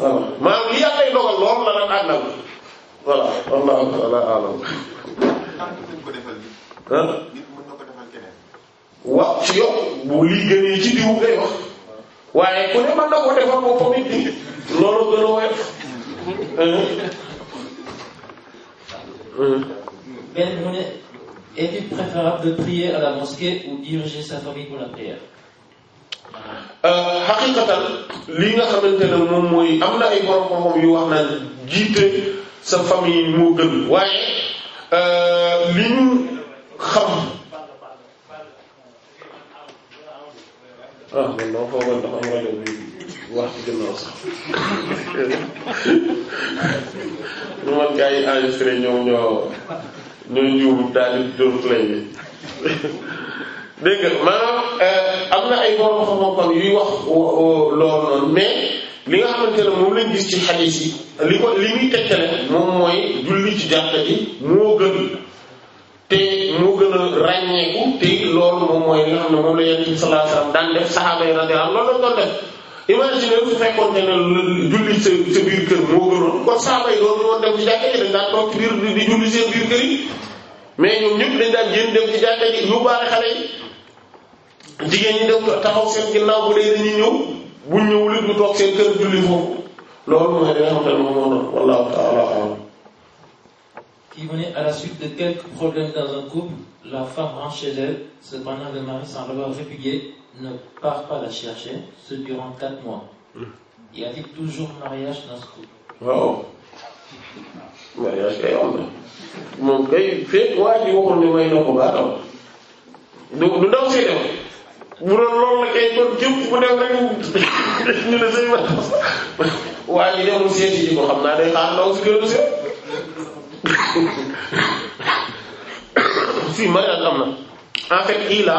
voilà maanaam li yàlla lay dogal loolu la nag àndal voilà wallahu ta'ala a'lam. ah. waaw ci yow bu lii gënee ci diw ngay wax waaye ku ne mën na ko defal boppam it nii loolu gën a woyof. benn mu ne est-il préférable de prier à la mosquée ou diriger sa famille pour la prière. xaqiqatan euh, li nga xamante ne moom mooy am na ay borom xam yu wax naan jiite sa famille moo gën waaye euh, li ñu xam. ah man maa foogoon ndax am rajo bi wax ci gannaaw sax ñu man gars yi enregistré ñoom ñoo ñoo njiw daal di jël play bi. dégg nga euh, am na ay borom xam-xam yuy wax loolu noonu mais li nga xamante ne moom lañ gis ci xadiis yi li ko li moom mooy julli ci jàkka ji moo a ràññeeku te loolu moom nga xam ne moom la Yonent sa sa biir kër moo gënoon kon saxaaba yi doon woon dem ci jàkka ji dañ daan biir di julli seen biir kër yi mais ñoom ñëpp dañ daan jéem dem ci jàkka ji ñu baare xale yi jigéen ñi def taxaw seen ginnaaw bu dee dañuy ñëw buñ ñëwul it ñu toog seen kër julli foofu loolu mooy li nga xamante wallahu ta'ala a'lam. kii mu ne à la suite de quelques problèmes dans un couple la femme rentre chez cependant le mari sans l'avoir répudié ne part pas la chercher ce durant quatre mois. Hmm. y a t toujours mariage dans couple. waaw mariage kay am na moom kay fépp waa ji waxul ne may na baatam du du ndaw si dem. bu loolu la kay kon ku dem rek ñu ne sëñ Ba waa ji demul seeti ji ko xam naa day xaar ndaw si gën a seet si mariage am na en fait Ila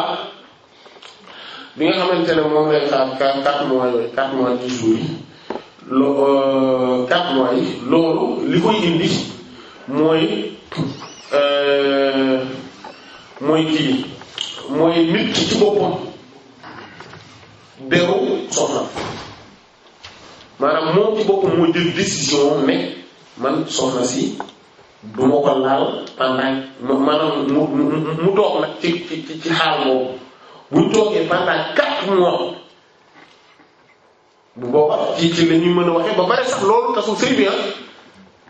bi nga xamante ne moom lay xaar quatre mois yooyu quatre mois dix euh, loolu li koy indi mooy euh, mooy kii mooy nit ki ci boppam. deru soxna maanaam moom ci boppam moo jël décision ne man soxna si du ma ko laal pendant maanaam mu mu toog nag ci ci ci xaal buñ toogee pendant quatre mois bu ci ci la ñuy mën a waxee ba pare sax loolu tasul sëy bi ah.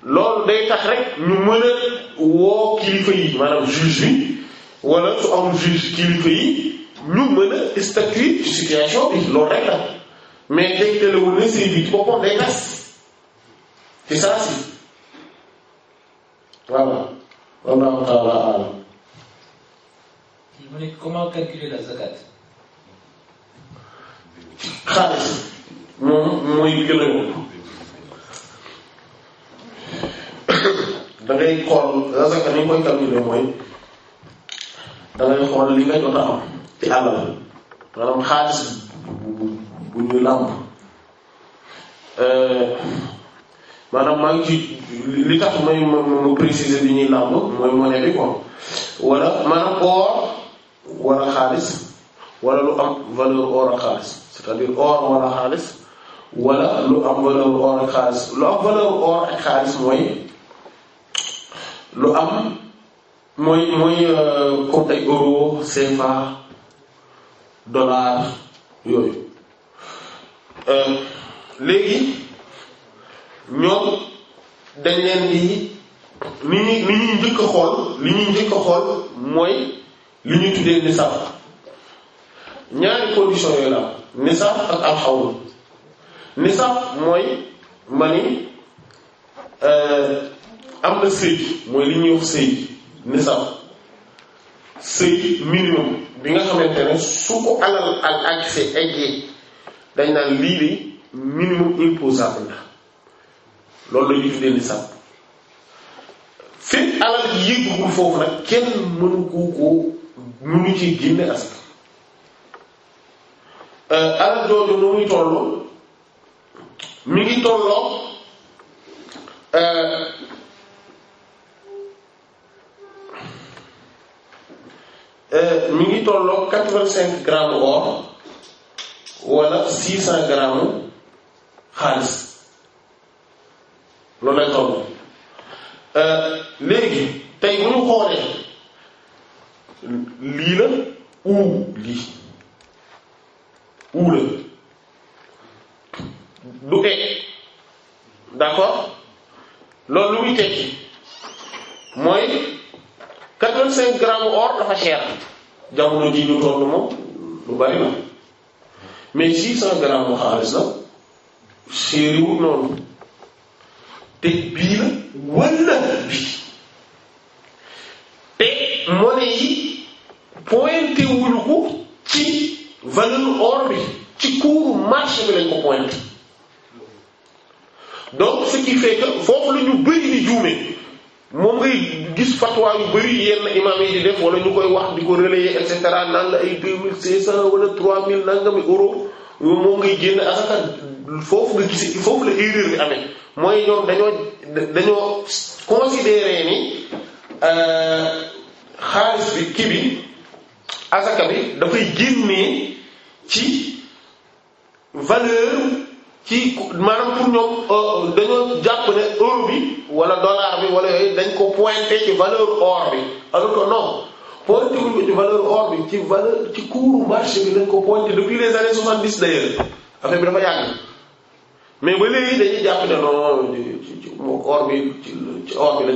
loolu day tax rek ñu mën a woo kilifa yi maanaam juge bi wala su amul juge kilifa yi ñu mën a statuer ci situation bi loolu rek la mais tey telewul ne sëy bi ci boppam day tas ci saa si voilà wallahu taala alam mu ne comment calculer la zakat xaalis moom mooy bi gën a yomb da ngay xool la zakat ni koy calculer mooy da ngay xool li nga jot a am ci alal maanaam xaalis bu ñu làmb euh, maanaam maa ngi ci li tax may ma ma préciser bi ñuy làmb mooy monnaie bi quoi wala maanaam or wala xaalis wala lu am valeur or ak xaalis c'est-à-dire or wala xaalis wala lu am valeur or ak xaalis lu am valeur or ak xaalis mooy lu am mooy mooy euh, comme ay euro CFA dollar yooyu euh, léegi ñoom dañ leen di li ñuy li ñuy njëkk xool li ñuy njëkk xool mooy li ñuy tuddee nisab ñaari condition yooyu la am nisab ak alxawlu nisab mooy ma ni euh, am na sëy mooy li ñuy wax sëy nisab sëy minimum bi nga xamante ne su ko alal ak accès eggee dañ naan lii li minimum imposable la loolu la ñu tuddee nisab fépp alal yéggagul foofu nag kenn mënu koo koo mënu ci génne askan euh, alal jooju nu muy tolloo mi ngi tolloo euh, Euh, mi ngi tolloo quatre-vingt-cinq or wala six cent grammes xaalis loolu lay toll euh, léegi tey bu xoolee lii la uu lii uu la du e d'accord loolu lu muy tekki mooy quatre-vingt-cinq grammes or dafa cher jamono ji ñu toll moom lu bari na mais six cent grammes xaalis la séeriwul noonu te bii la wala bii te monnaie yi pointé ko ci valeur or bi ci cours marché bi lañ ko pointé donc ce qui foofu la bëri di juumee moo ngay gis fatwa yu bari yenn imam yi di def wala ñu koy wax di ko relayer et naan la ay deux mille cinq cent wala trois mille nangami euro moom ngay génn asaka foofu nga gise foofu la erreur bi amee mooy ñoom dañoo dañoo considérer ni euh, xaalis bi kii asaka bi dafay génnee ci valeur ci maanaam pour ñoom euh, dañoo jàpp ne euro bi wala dollar bi wala yooyu dañ ko pointé ci valeur or bi alors que ko ci valeur or bi ci ko pointé depuis les dafa yàgg mais ba léegi dañuy jàpp ne non bi ci ci or bi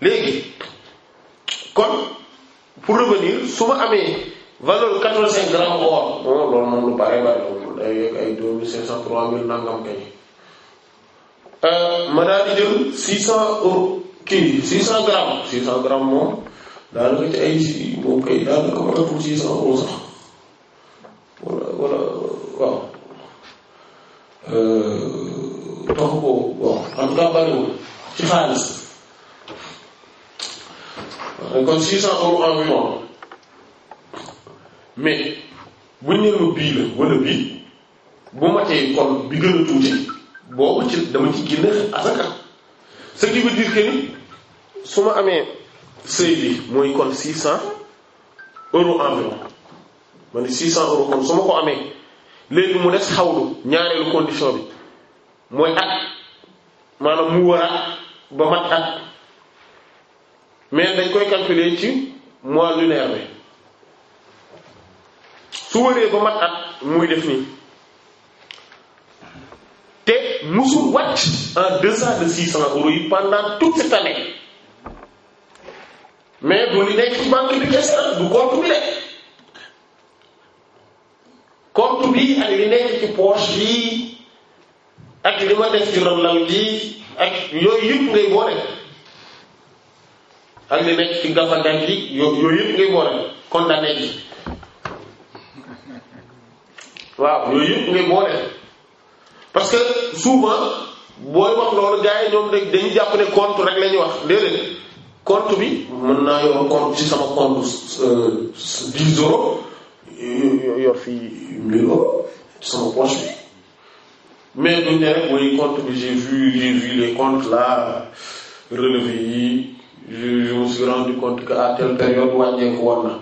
lañ kon pour revenir su ma amee valeur quatre-vingt-cinq grammes or moom loolu moom lu bare bare day yegg ay deux mille cinq cent trois mille nangam kay euh, ma daal di jël six cent euros kii six cent grammes six cent moom daanaka ci ay moom kay daanaka ma ëpp six cent euros sax wala wala waaw euh, tax ko bon en tout cas bariwul ci xaalis euh, kon six cent euros environ mais buñ wala bii bu ma tey kon bi gën a tuuti boobu ci dama ci génne asaka ce qui veut dire que ni su ma amee sëy bi mooy kon 600 euros environ ma ne 600 euros kon su ma ko amee léegi mu des xawlu ñaareelu condition bi mooy at maanaam mu war ba mat at mais dañ koy calculer ci mois lunaire bi su wëree ba mat at muy def nii. te musul wàcc en deçà de six cents euros yi pendant toute cette année nekk ci banque bi kese la du compte bi lekk ak li nekk ci poche bi ak li ma def ci ronlal bi ak yooyu yëpp ngay boole ak li nekk ci gafandan bi yooyu yëpp ngay boole condamné bi waaw yooyu yëpp ngay boole parce que souvent booy wax loolu gars yi ñoom dañu jàpp ne compte rek la ñuy wax déedéet compte bi mën naa yor compte ci sama compte euh, dix euros yor fii mille euros sama poche bi mais duñ ne rek mooy compte bi j'ai vu j'ai vu les comptes là relevés yi je je me compte que à telle période wàññeeku woon na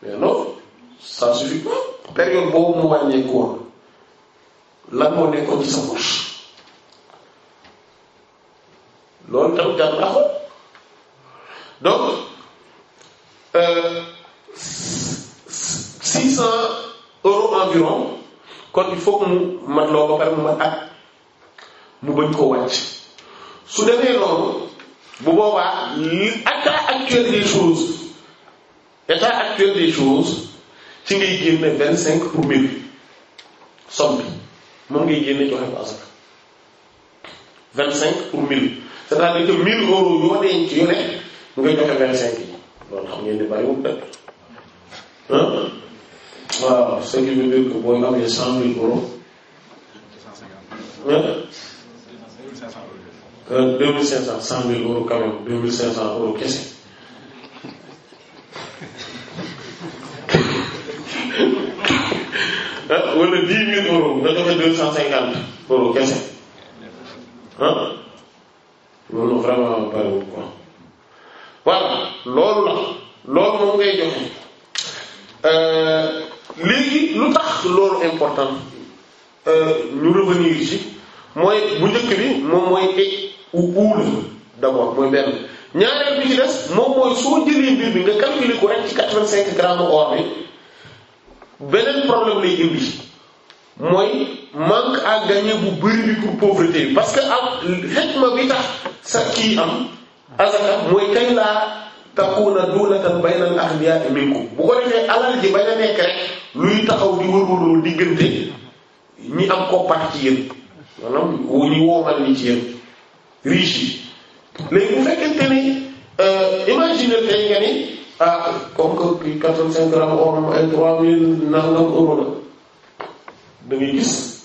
mais non ça suffit période boobu mu wàññeeku woon. lan moo nekkoon ci sa poche loolu tam jar naa xool donc euh, six cent euros environ kon il faut que mu loo ba pare mu mat ak mu bañ koo wàcc su defee loolu bu boobaa état actuel des choses état actuel des choses ci ngay génne vingt cinq pour mille somme moom ngay génne joxe ko asaka vingt cinq pour mille c'est-à-dire que mille euros yoo denc yu nekk nga joxe vingt cinq yi loolu xam ngeen ne bariwul dëkk waaw ce qui veut dire que booy amee cent mille euros euh, deux mille cinq cent cent mille euros quand même deux mille cinq cent euros kese Ah, wala dix mille euros nga joxe deux cent cinquante euros kese ah loolu loolu la loolu moom ngay joxe euh, léegi lu tax loolu important euh, ñu revenir ci mooy bu njëkk bi moom mooy teg ou ou d'abord mooy benn ñaareel bi ci des moom mooy soo jëlee mbir bi nga calculer ko rek ci quatre-vingt-cinq grammes or bi. beneen problème lay indi mooy manque à bu bari bi pour pauvreté parce que ak xikma bi tax sa kii am azaka mooy kañ laa takuna dulatan baynal aghniya'i minkum bu ko defee alal ji bañ a nekk rek luy taxaw di wërwërloo diggante ñi am koppar ci yéen maanaam ñi woomal ni ci yéen riche yi léegi bu fekkente ni euh, imaginer tey nga ni ah comme que quatre-vingt-cinq grammes trois mille nangam euro la da gis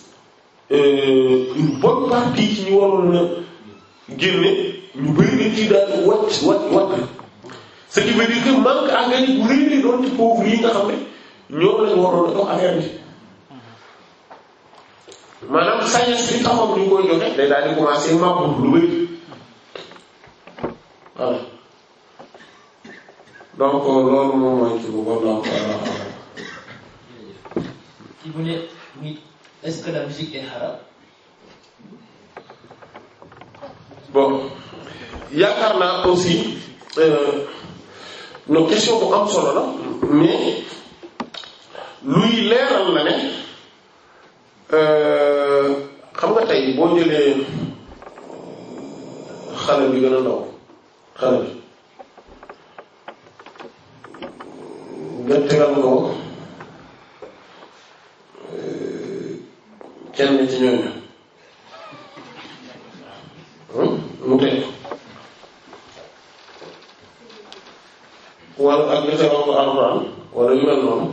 euh, une bonne partie ci waroon na génne ñu bëri dañ ciy daal wàcc wàcc wàcc ce qui veut dire que manque engrais bu rëy doon ci pauvre yi nga xam ne ñoom lañ waroon a jox affaire bi maanaam sagesse bi taxaw ñu koy joxe day daal di commencer màgg lu bëri voilà. donc euh, loolu moom mooy ci bu wallahu taala alam ki yaakaar naa aussi euh, no question bu am solo la mais luy leeral la ne euh, xam nga tey boo jëlee xale bi gën a ndaw xale bi jottiral ko eh, kenn ci ñooñu hmm? mu teg wala ak nga tegal ko alxuraan wala yu mel noonu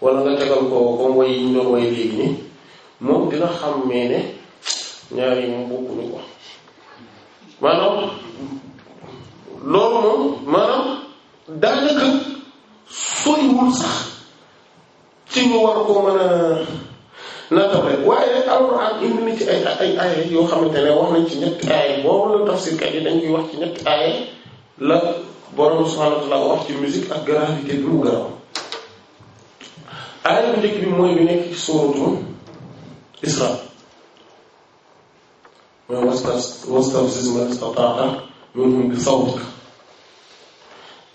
wala nga tegal ko way ñu doon way léegi nii moom dina xàmmee ne ñaar yi moom ko maanaam loolu moom maanaam daanaka soriwul sax ci ñu war ko mën a naatawee waaye nag alxuraan indi na ci ay ay ay yoo xamante ne wax nañ ci ñetti aaya boobu la tafsirkat yi dañ koy wax ci ñetti aaya la borom subhaanahu wa ta'aala wax ci musique ak gravité bi mu garaw aaya bu njëkk bi mooy bi nekk ci suuratu Isra mooy wastafziz man istata'ta minhum bi sawtika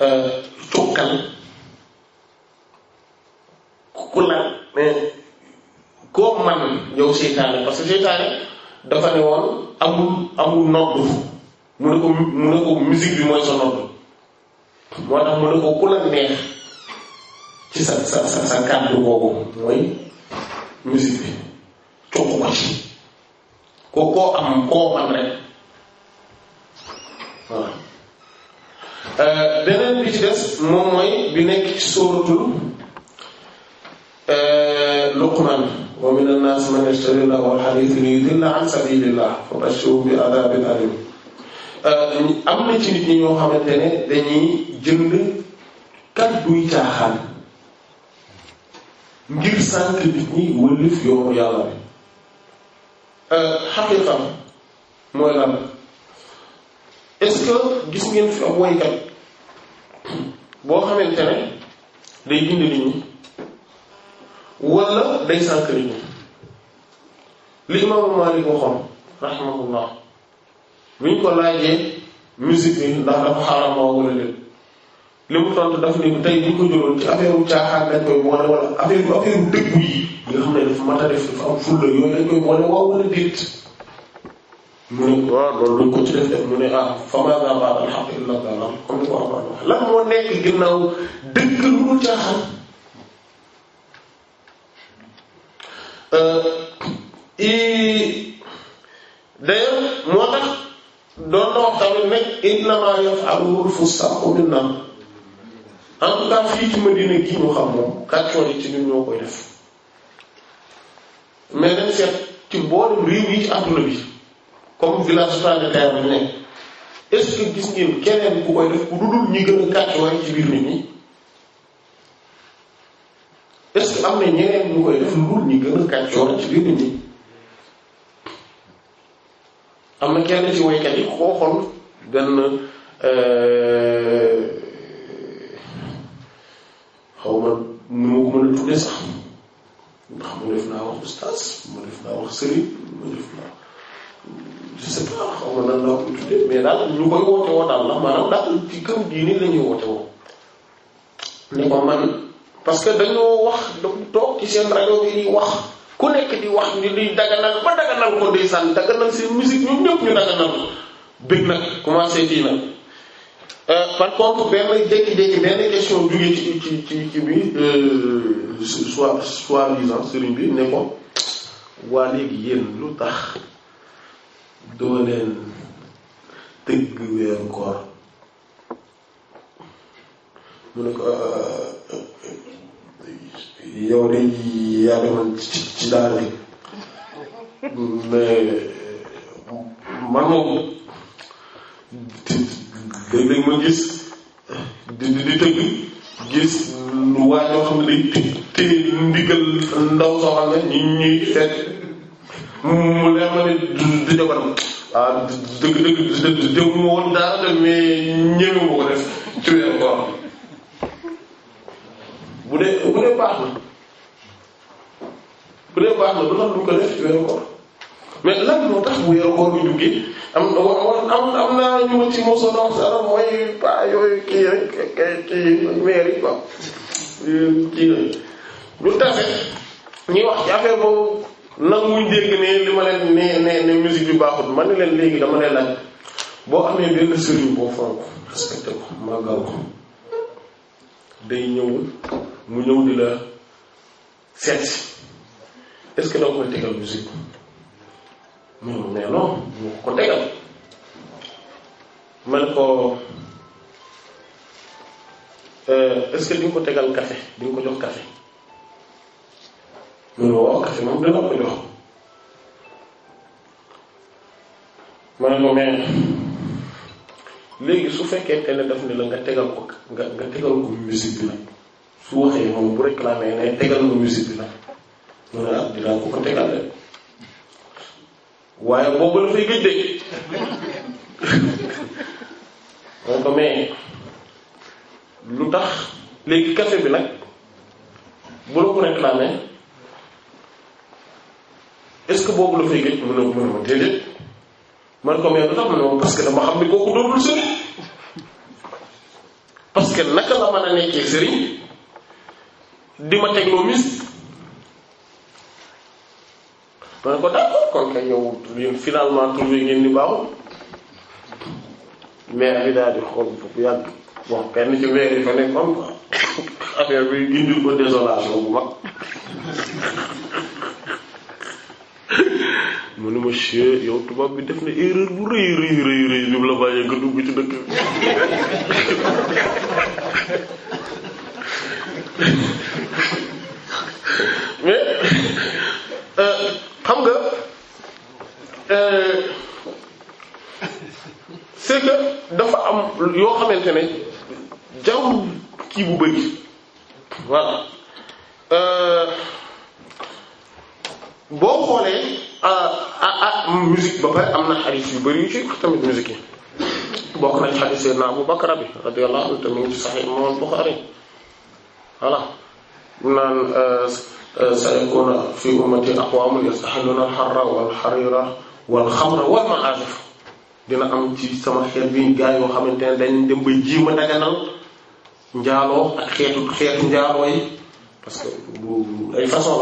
euh, tukkal ku lan mais koo man yow seytaane parce que seytaane dafa ne woon amul amul nodd mu ne ko mu ne ko musique bi mooy sa nodd moo tax mu ne ko ku la neex ci sa sa sa sa kàddu boobu mooy musique bi cokk ko ci ko koo am koo man rek voilà euh, beneen bi ci des moom mooy bi nekk ci sóoratul Luqman wa mina n-naasi man yashtari lahwa l-hadiis li yudilla an sabiilillah fabashshirhu bi adaabin aliim am na ci nit ñi ñoo xamante ne dañuy jënd kàdduy caaxaan ngir sànq nit ñi wëlif yoonu yàlla bi euh, mooy lan est gis ngeen fi am woykat boo xamante ne day bind nit wala day sànq nit li imaamu Maalik waxoon rahimahullah bi ñu ko laajee musique bi ndax dafa xaram wala lépp li mu tontu daf ni tey bu ñu ko jëloon ci affaire wu caaxaan dañ koy bu affaire wu dëggu yi nga xam ne dafa mat a def am fulla yooyu dañ koy boole waaw wala déet mu ne waaw loolu duñ ko ci def def mu ne ah fama za ba'da al-haqq illa dalal comme ni ko amaan wax lan moo nekk ginnaaw dëgg lu Euh, i d'ailleurs moo tax doon na wax tamit nag innamaa yaf'alul fusaaqu minna en tout cas fii ci Madina gii ñu xam moom kàccoor yi ci ñun ñoo koy def mais seet ci mboolem réew yi àdduna bi comme village planétaire bi nekk est-ce que gis ngeen keneen ku koy def ku dudul ñi gën a kàccoor yi ci biir nit ñi est-ce que am na ñeneen ñu koy def lu dul ñi gën a kàccoor ci biir ñi am na kenn ci woykat yi xooxoon benn euh, xaw ma nu ma ko mën a sax ndax ma def naa wax oustaz ma def naa wax sëriñ ma def naa je pas xaw ma nan laa ko tuddee mais daal ñu koy woote woo daal la maanaam daal ci kër diini la ñuy woote man. parce que dañoo wax dañu toog seen rajo bi wax ku nekk di wax ni di daganal ba daganal ko ndeysaan daganal seen musique ñoom ñëpp ñu daganal ko nag commencé tii nag euh, par contre benn jékki-jékki benn question soit soit disant sëriñ bi ne ko waa léegi yéen lu tax doo leen tëgg weeru koor mu ne ko yaa demoon ci ci daara man moom léeg-léeg ma gis di di tëgg gis lu waay yoo xam ne day téye ndigal ndaw soo xam ne ñu ñuy fekk mu leer ma ne du jabaram ah dëgg dëgg dëgg dëgg mu woon daara mais ñëwee ma ko def ci ko bu dee bu dee baax na bu dee baax na lu tax du ko def weeru koor mais lan moo tax bu weeru koor bi duggee am am am naa ñu ma ci mosoon wax dara mooy paa yooyu kii rek kii maire yi quoi kii rek lu taxe ñuy wax ci affaire boobu nanguwuñ dégg ne li ma leen ne ne ne musique ma ne leen léegi dama leen laaj boo amee benn sëriñ boo fonk respecté ko màggal ko day ñëwul mu ñëw di la seet est-ce que da nga koy tegal musique non mais non mu ko tegal man ko euh, est-ce que ko tegal café di ko jox café mu ne waaw café dana ko jox ma ne ko mais léegi su fekkee ne daf ne la nga tegal ko nga nga tegal ko musique bi su waxee moom bu réclamé ne tegal nga musique bi nag mu ne ah ko ko tegal rek waaye boobu dafay gëj de moom ko mais lu tax léegi café bi nag bu la ko réclamé est-ce que boobu la fay gëj mu ne mu ne ma déedéet man ko mais lu tax mu ne moom dama xam ni kooku dootul sëriñ parce naka la mën a nekkee sëriñ di ma tegloo musique ma ne ko d'accord kon kay yow finalement trouvé ngeen ni baaxul maire bi daal di xool bu yàgg bon kenn ci maire fa nekkoon quoi affaire bi indil ko désolation bu mag mu ne monsieur yow tubaab bi def na erreur bu rëy rëy rëy rëy la bàyyee nga dugg ci dëkk mais euh, xam nga euh, c'est que dafa am yoo xamante ne jaww kii bu bëri voilà euh, boo xoolee ah ah musique ba pare am na xadiis yu bëri yu ci tamit musique yi bokk nañ xadiis Seydina Abu Bakra bi radiyallahu anhu tamit ci Sahih Imam Bukhari voilà naan sayakuna euh, euh, fi ummati aqwamun yastahilluna al-harra wal-harira wal ne dañ dem bay jiima daganal njaaloo ak xeetu xeetu njaaloo yi parce que bu ay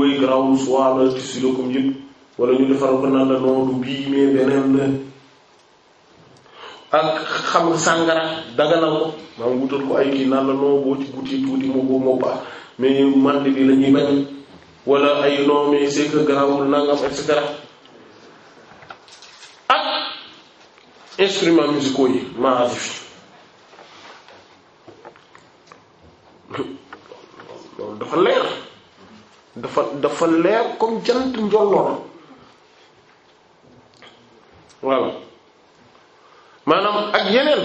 way garaw suwaa la ci si comme yëpp ñu defaral ko naan la noonu bii mais beneen ak xam sàngara daganal ko maa ngi wutal ko ay kii naan la noo boo ci guuti tuuti moo ko moo mais man bi la bañ wala ay non mais c'est que garaawul nangam et cetera yi maa fi dafa leer dafa dafa leer comme jant njolloon voilà. maanaam ak yeneen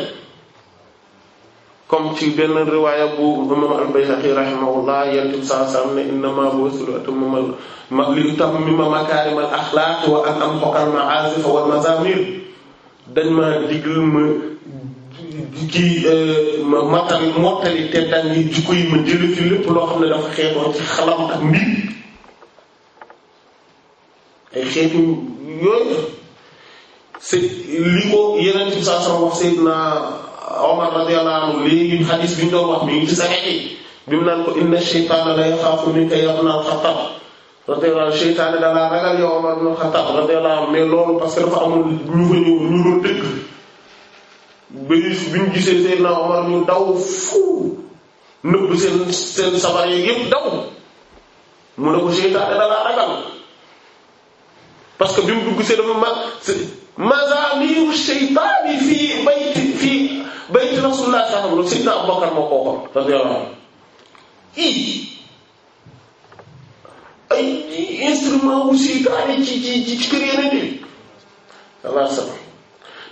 comme ci benn riwaaya bu imam al-Bayhaqi rahimahullah yonent bi sallallahu alayhi wasallam ne innamaa bu'ithtu li utammima makaarimal axlaaq wa an amhuqa al-ma'aazif wal mazaamir dañ ma digal ma kii euh, matal mottali te daan yi jikko ma jëlee ci lépp loo xam ne dafa xeetoon ci xalam ak mbir ay xeetu yooyu. c'est li ko yeneen ci saa soxna wax Seydina Omar radiyallahu léegi xadis bi ñu doon ngi ci bi mu naan ko inna shaytaana la yaxaafu minka Omar ibn al-Xattaab radiyallahu anhu parce que dafa amul ñu fa ñu doon dëkk ba bi ñu gisee Seydina Omar ñu daw fu nëbb seen sabar yi yëpp daw mu ne ko shaytaane da la parce que bi dugg see dafa mag mazaamiiru sheytaani fii bayti fii bayti rasuulillah sallallahu alayhi wa sallam Seydina Abubakar moo ko waxoon radiyallahu anhu i ay instrument wu seytaane ci ci ci kër yeneen bi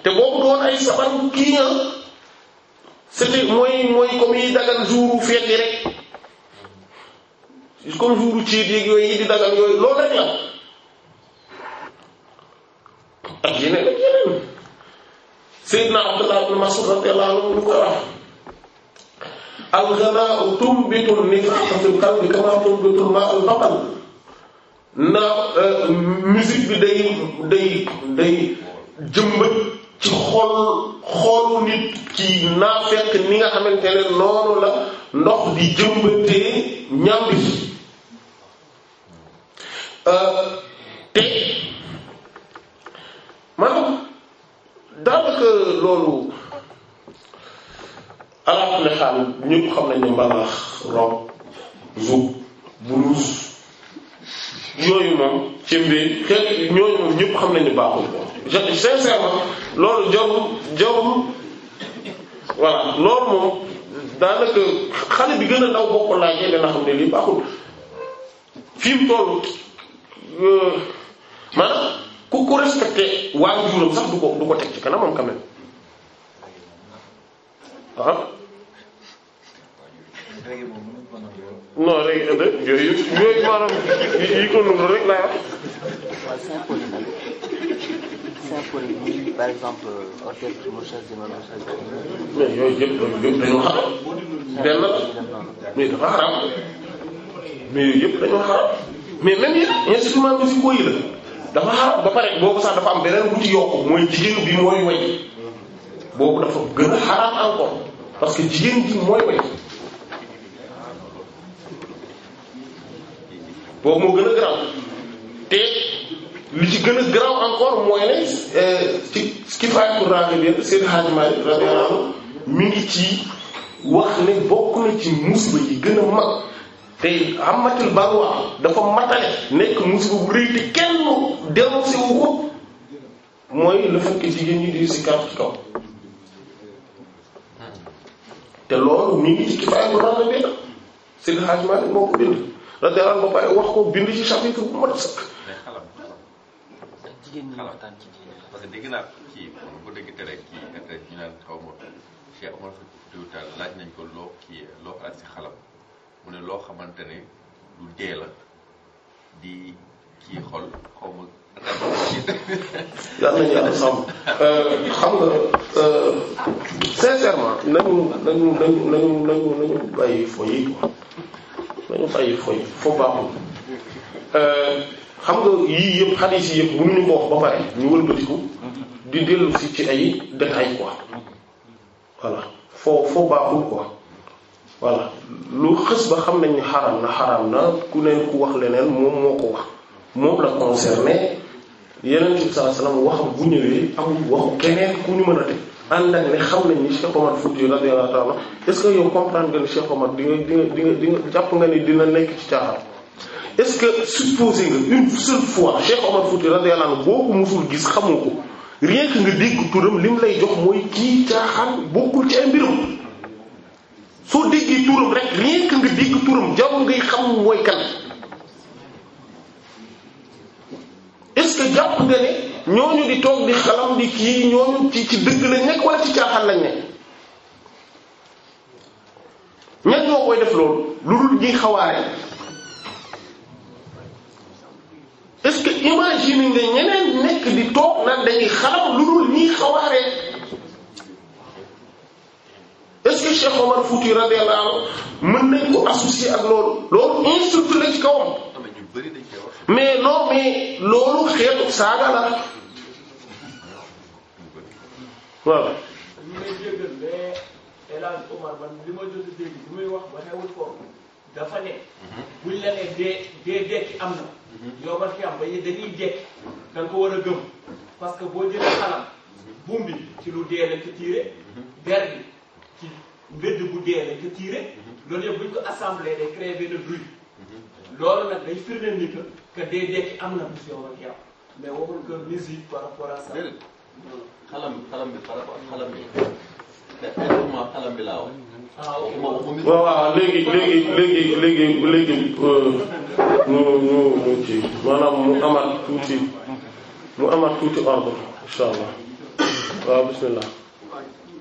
te boobu doon ay sabar kii nga c'était mooy mooy comme dagal jouru feet yi rek comme jouru di dagal yooyu loolu rek ak yeneen ak yeneen Seydina Abdullah ibn Mas'ud radiyallahu anhu lu koy wax al-ghinaa'u tunbitu an-nifaaq fil qalbi kamaa tunbitu al-maa'u euh, bi day day day jëmbat ci xol xolu nit ki naa fekk ni nga xamante ne noonu la ndox di jëmbatee ñàmbi euh, maanaam daanaka loolu alaakule xaal ñëpp xam nañ ne mbalaax rob zouk blouse yooyu moom cimbi xeet ñooyu moom ñëpp xam nañ baaxul moom sincèrement loolu jarul jarul voilà loolu moom daanaka xale bi gën a ndaw bokk laajee dana xam ne lii baaxul fi mu toll euh, ku ko respecté waajuram sax du ko du ko teg ci kanamam quand même ah. non rek yooyu yooyu maanaam yi ko nuru rek laa wax. Saint-Paul yi par exemple orchestre Moussaoui Moussaoui. mais yooyu yëpp yëpp dañoo xaram. benn mais dafa xaram mais yooyu yëpp dañoo xaram mais même yi instrument musicaux yi la. dafa xaram ba pare boobu sax dafa am beneen bu ci yokku mooy jigéen bi mooy way boobu dafa gën a xaram encore parce que jigéen bi mooy way boobu moo gën a garaaw te li ci gën a garaaw encore mooy ne euh, ci pour rajo bi seen xaajmaay rajo mi ngi ci wax ne bokk na ci musiba yi gën a mag. te amatul balwa dafa matale nekk musiba bu rëy te kenn dellu si wu mooy le fait jigéen ñi di si kàr ci kaw te loolu mi ngi ci kifaaya bu ràll bi Seydi Hadji Malick moo ko bind radiyallahu anhu ba pare wax ko bind ci chapitre bu mat sëkk. jigéen ñi waxtaan ci diine dégg naa kii bu dégg tere kii ñu naan nañ ko loo kii loo xalaat si xalam. mu ne loo xamante ne lu dee la di kii xol xaw ma. yàlla nañu yàlla sàmm euh, xam nga euh, sincèrement nañu nañu nañu nañu nañu bàyyi fo yi quoi nañu bàyyi fo yi fo baaxul euh, xam nga yii yëpp xadiis yi yëpp mënuñu ko wax ba pare ñu wëlbatiku di dellu si ci ay détails quoi voilà foo foo baaxul quoi. voilà lu xës ba xam nañ ne xaram na xaram na ku ne ku wax leneen moom moo ko wax moom la concerné yeneen ci saa salaam waxam bu ñëwee amul waxu keneen ku ñu mën a teg ànd ne xam nañ ni Cheikh Omar Fouti radiyallahu ta'ala ce que yow comprendre nga ni di nga di nga di nga jàpp nga ni dina nekk ci caaxaan est-ce que supposé nga une seule fois Cheikh Omar Fouti radiyallahu anhu ko gis xamoo ko rien nga dégg turam lim lay jox mooy kii caaxaan bokkul ci ay mbirum. soo déggee turam rek rien que nga dégg turam jaww ngay xam mooy kan est-ce que jàpp nga ne ñooñu di toog di xalam di kii ñooñu ci dëgg lañ nekk wala ci caaxaan lañ nekk ñett ñoo koy def loolu lu dul ñuy xawaare est-ce que imagine nga ñeneen nekk di toog nag dañuy xalam lu dul ñuy xawaare est-ce que Cheikh Omar Fouti radiyallahu anhu mën nañ ko associer loolu loolu insulte la ci mais non mais loolu xeetu saaga la waaw dafa ne buñ la am na mhm. yow man fi dekk da ko war a gëm parce que boo jëlee xalam buum ci lu dee lañ tiire der mbedd bu dee lañ ko tiire mhm. loolu yëpp bu ñu ko assemblée day créé benn bruit loolu nag day firndeel ni que que day dekki am na bis yow ak yow mais waxul que musique par rapport à ça. déedéet xalam xalam bi par rapport xalam bi te effectivement xalam bi laa wax. Ah, waaw waaw léegi léegi léegi léegi léegi euh, ñu ñu ñu ci maanaam mu amaat tuuti mu amaat tuuti ordre incha allah waaw bismillah.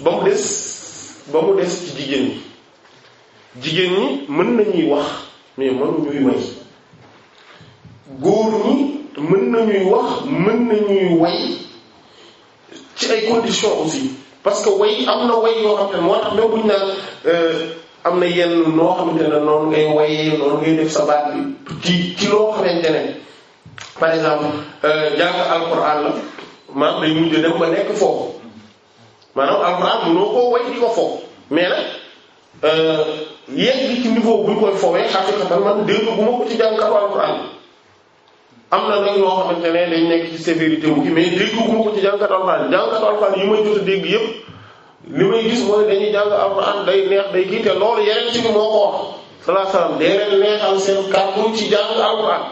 ba mu des ba mu des ci jigéen ñi jigéen ñi mën nañuy wax mais mënuñuy way góor ñi mën nañuy wax mën nañuy way ci ay conditions aussi parce que way am na way yoo xam ne moo tax même buñ naan euh, am na yenn noo xamante ne noonu ngay wayee noonu ngay def sa baat ci loo xamante ne par exemple euh, jàng alquran la maanaam day mujj dem ba nekk foofu maanaam alxuraan mënoo koo way di ko foofu mais nag euh, yegg ci niveau bu ñu koy foowee xaqiqatan man dégg bu ko ci jàngkatu alxuraan am na nag ñoo ma ko ci jàngkatu alxuraan jàngkatu alxuraan yi may jot dégg yépp li may gis mooy dañuy jàng alxuraan day neex day kii te loolu yeneen ci bi moo ko wax salaa dee leen neexal seen kàddu ci jàng alxuraan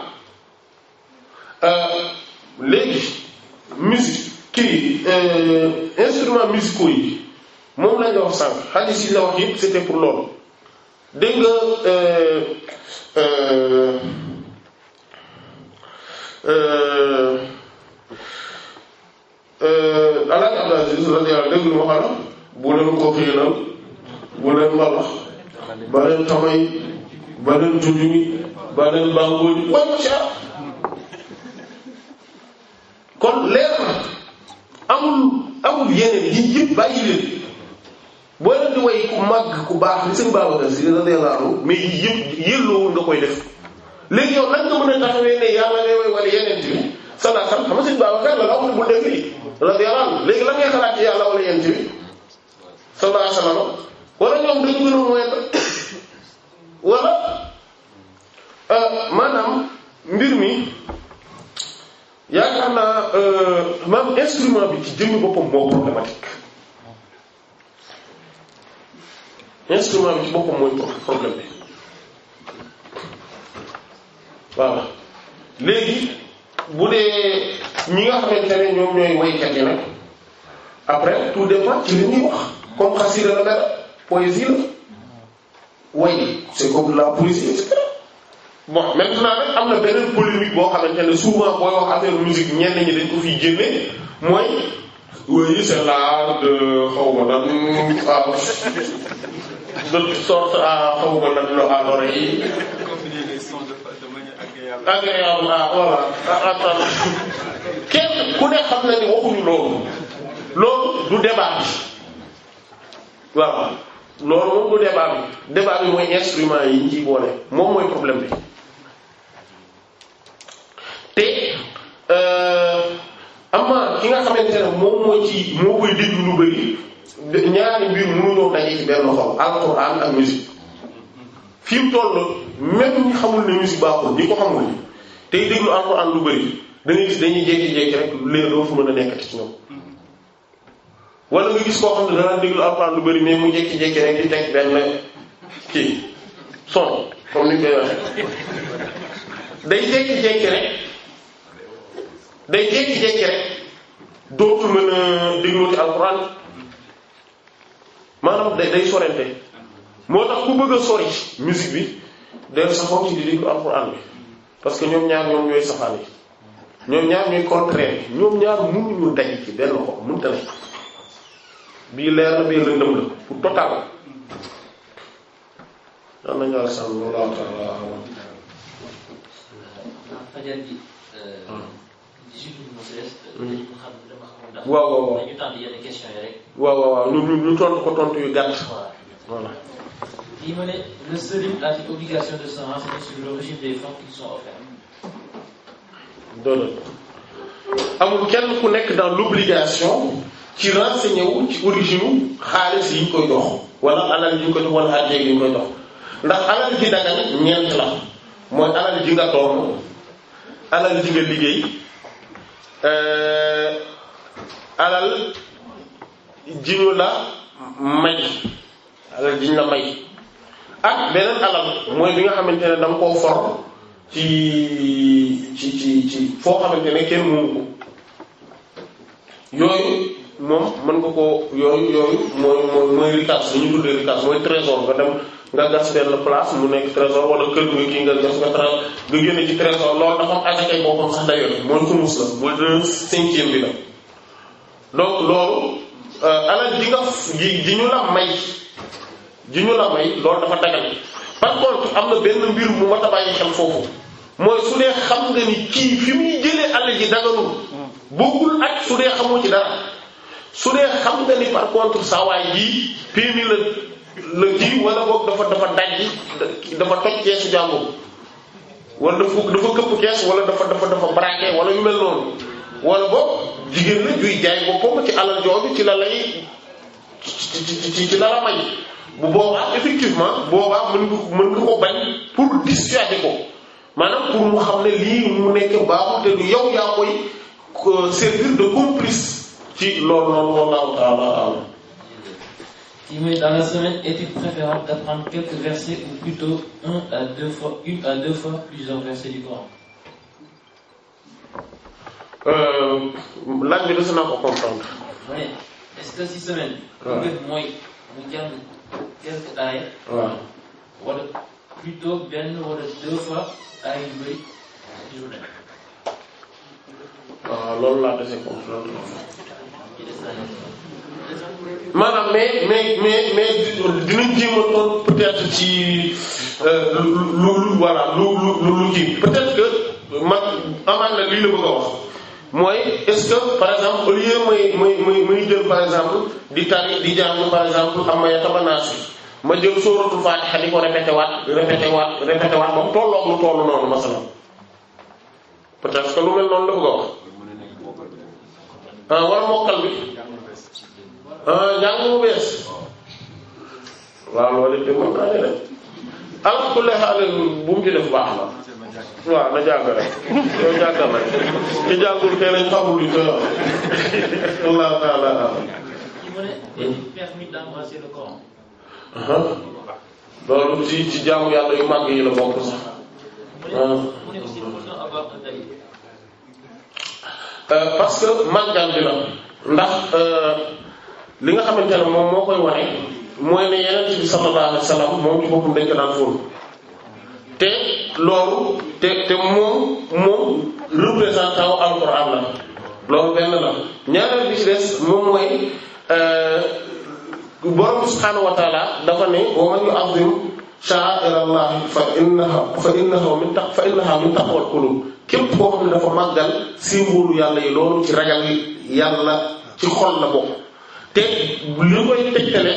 euh, léegi musique kii euh, instruments musicaux yi moom la nga wax sànq yi la wax yëpp c'était pour loolu dégg nga euh, euh, alaaj Abdul Aziz radiyallahu dégg lu ma xala bu leen ko xiinal bu leen mbalax ba leen tamay ba leen tujumi ba leen bàngooji koy ma cher kon leer na amul amul yeneen yi yëpp bàyyi leen boo leen di way ku màgg ku baax li seen Babacar Sy radiyallahu anhu mais yi yëpp yëlloowul nga koy def léegi yow nan nga mën a taxawee ne yàlla ngay way wala yeneen bi salaa xam xam nga seen Babacar la la wax bu def lii radiyallahu anhu léegi lan ngay xalaat ci yàlla wala yeneen bi sallallahu alayhi wasallam wala ñoom dañu gën a moyta euh, mbir mi yaakaar naa euh, maam instrument bi ci jëmmi boppam moo problématique instrument bi ci mooy problème bi waaw léegi bu dee ñi nga xamante ne ñoom ñooy waykat yi nag après tout dépend ci li ñuy wax comme xasida la dara poésie la way c'est comme la poésie et cetera bon maintenant nag am na beneen polémique boo xamante ne souvent booy wax affaire musique ñenn ñi dañ ko fiy génne mooy oui c'est de xaw ma nan ah, ah, ah, kenn ku ne xam na ni waxuñu loolu loolu du débat bi waaw loolu moom du débat bi débat bi mooy instrument yi ñu boole moom mooy problème bi. te euh, amma ki nga xamante ne moom moo ci moo koy déglu lu bëri ñaari mbir mënuñoo daje ci mu toll xamul lu bëri da ngay gis dañuy jékki-jékki rek léegi doo fa mën a nekkati ci ñoom. wala nga gis koo xam ne danaa déglu alxuraan lu bëri mais mu jékki-jékki rek di teg benn kii son comme ni ñu koy waxee day jékki rek. day jékki-jékki rek dootul mën a déglooti alquran maanaam day day moo tax ku bëgg a sori musique bi day saxoo ci di déglu alquran bi parce que ñoom ñaar ñoom ñooy safaan yi ñoom ñaar ñooy contraire ñoom ñaar mënuñu daj ci benn ko mënta ne bii leer na bii lëndëm la pour total daan nañu àll sàmm loolu laa taala waaw waaw waaw waaw waaw waaw lu lu tontu ko tontu yu gàtt voilà. kii ma ne le sëriñ a une obligation de se renseigner sur le régime des fonds qui lui sont offerts. amul kenn ku nekk dans l'obligation ci renseigner wu ci origine xaalis yi ñu koy jox wala alal yi ñu koy jox wala àjjee yi ñu koy jox ndax alal ji dagan ñeent la mooy alal ji nga doon alal ji nga liggéey. Eh, alal jiñu la may alal jiñ la may ak ah, beneen alal mooy li nga xamante ne da koo for ci ci ci ci foo xamante ne kenn moomu ko yooyu moom mën nga ko yooyu yooyu mooy mooy mooy ricaas mooy trésor nga dem nga gas benn place mu nekk trésor wala kër nga kii nga gas nga trésor nga génne ci trésor loolu dafa am asakay boppam sax dayoon mooy xumus la mooy le cinquième bi la donc loolu euh, alal ji nga ji ñu la may ji ñu la may loolu dafa dagal par contre am na benn mbir mu mat a xel foofu mooy su dee xam nga ni kii fi muy jëlee alal ji daganul bokkul ak su dee xamoo ci dara su dee xam nga ni par contre saa waay jii péemi la kii wala boog dafa dafa daj dafa toj keesu jàmbur wala dafa dafa këpp kees wala dafa dafa dafa braqué wala yu mel noonu wala boog jigéen la juy jaay boppam ci alal jooju ci la lay ci ci ci la la may bu boobaa effectivement boobaa mën nga mën ko bañ pour dissuader ko maanaam pour mu xam ne lii mu nekk baaxul te du yow yaa koy euh, servir de complice ci loolu noonu wallahu ta'ala Il met dans la semaine est-il préférable d'apprendre quelques versets ou plutôt un à deux fois, une à deux fois plusieurs versets du Coran laaj bi des comprendre. ma est-ce que si semaine. waaw li mooy mu jàng quelques aaya. wala plutôt benn wala deux fois aaya yu bëri yu bëri. waaw ah, loolu laa dese comprendre. maanaam mais mais mais mais dinañ jéem a toon peut ci euh, lu lu voilà lu lu lu kii peut que man amaan na lii la bëgg a wax mooy est-ce que par exemple au lieu may may may may par exemple di tari di jàng par exemple amaya tabanaas bi ma jël sóoratul Faatiha di ko répété waat répété waat répété waat moom tolloog lu tollu noonu masalan peut que lu mel noonu la bëgg a wax ah wala bi njàng mu bees waaw loolu it moom naa ne def ala kulli haal bu mu ci def baax la waaw na jàng rek yow jàngal rek ki jàngul tey lañ xamul luñ koy wax allah taala loolu ci ci jaamu yàlla yu màgg yi la bokk sax ah. euh, parce que màggal bi la euh, li nga xamante ne moom moo koy wane mooy ne yeneen bi sallallahu alayhi moom ci boppam dañ ko daan te loolu te te moom moom représentant wu alquran la loolu benn la ñaareel bi des moom mooy euh, borom subhaanahu wa taala dafa ne wa man yu'azzim sha'a'irallahi fa innaha fa innaha min taq fa innaha min taqwal qulub képp koo xam ne dafa màggal symbole yàlla yi loolu ci ragal yàlla ci xol la bokk te li koy tëkkale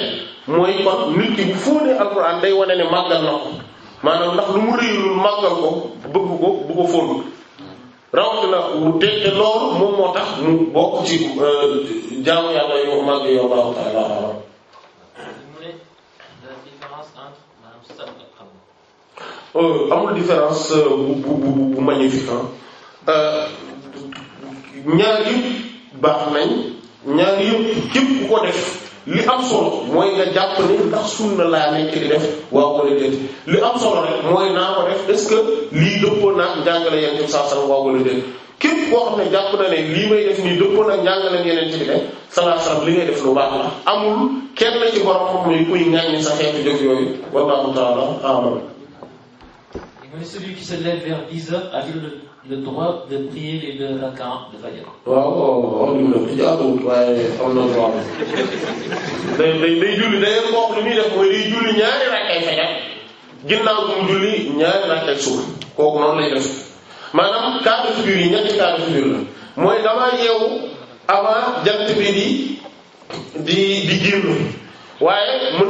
mooy kon nit ki bu fóonee alxuraan day wane ne màggal na ko maanaam ndax lu mu réyul màggal ko bëgg ko bu ko fóonul rawatina bu te te loolu moom moo tax mu bokk ci euh, jaamu yàlla yu màgg yow Allahu ta'ala amul différence euh, bu bu bu bu magnifique euh, baax nañ ñaar yëpp képp ko def li am solo mooy nga jàpp ni ndax sunna laa nekk di def waaw wala li am solo rek mooy naa ko def est lii dëppoo naak njàngale yeneen koo xam ne jàpp na ne lii may def nii dëppoo bi def salaa salaam li ngay def lu baax la amul kenn ci borom xam ne kuy ŋàññi sa xeetu jóg yooyu wallahu taala alam. Et celui le droit de prier les deux rak'at fajar. waaw waaw loolu ci jaatuwut waaye am julli day am kooku lu julli ñaari rakkay fajar ginnaaw bu mu julli ñaari rakkay suuf kooku noonu mën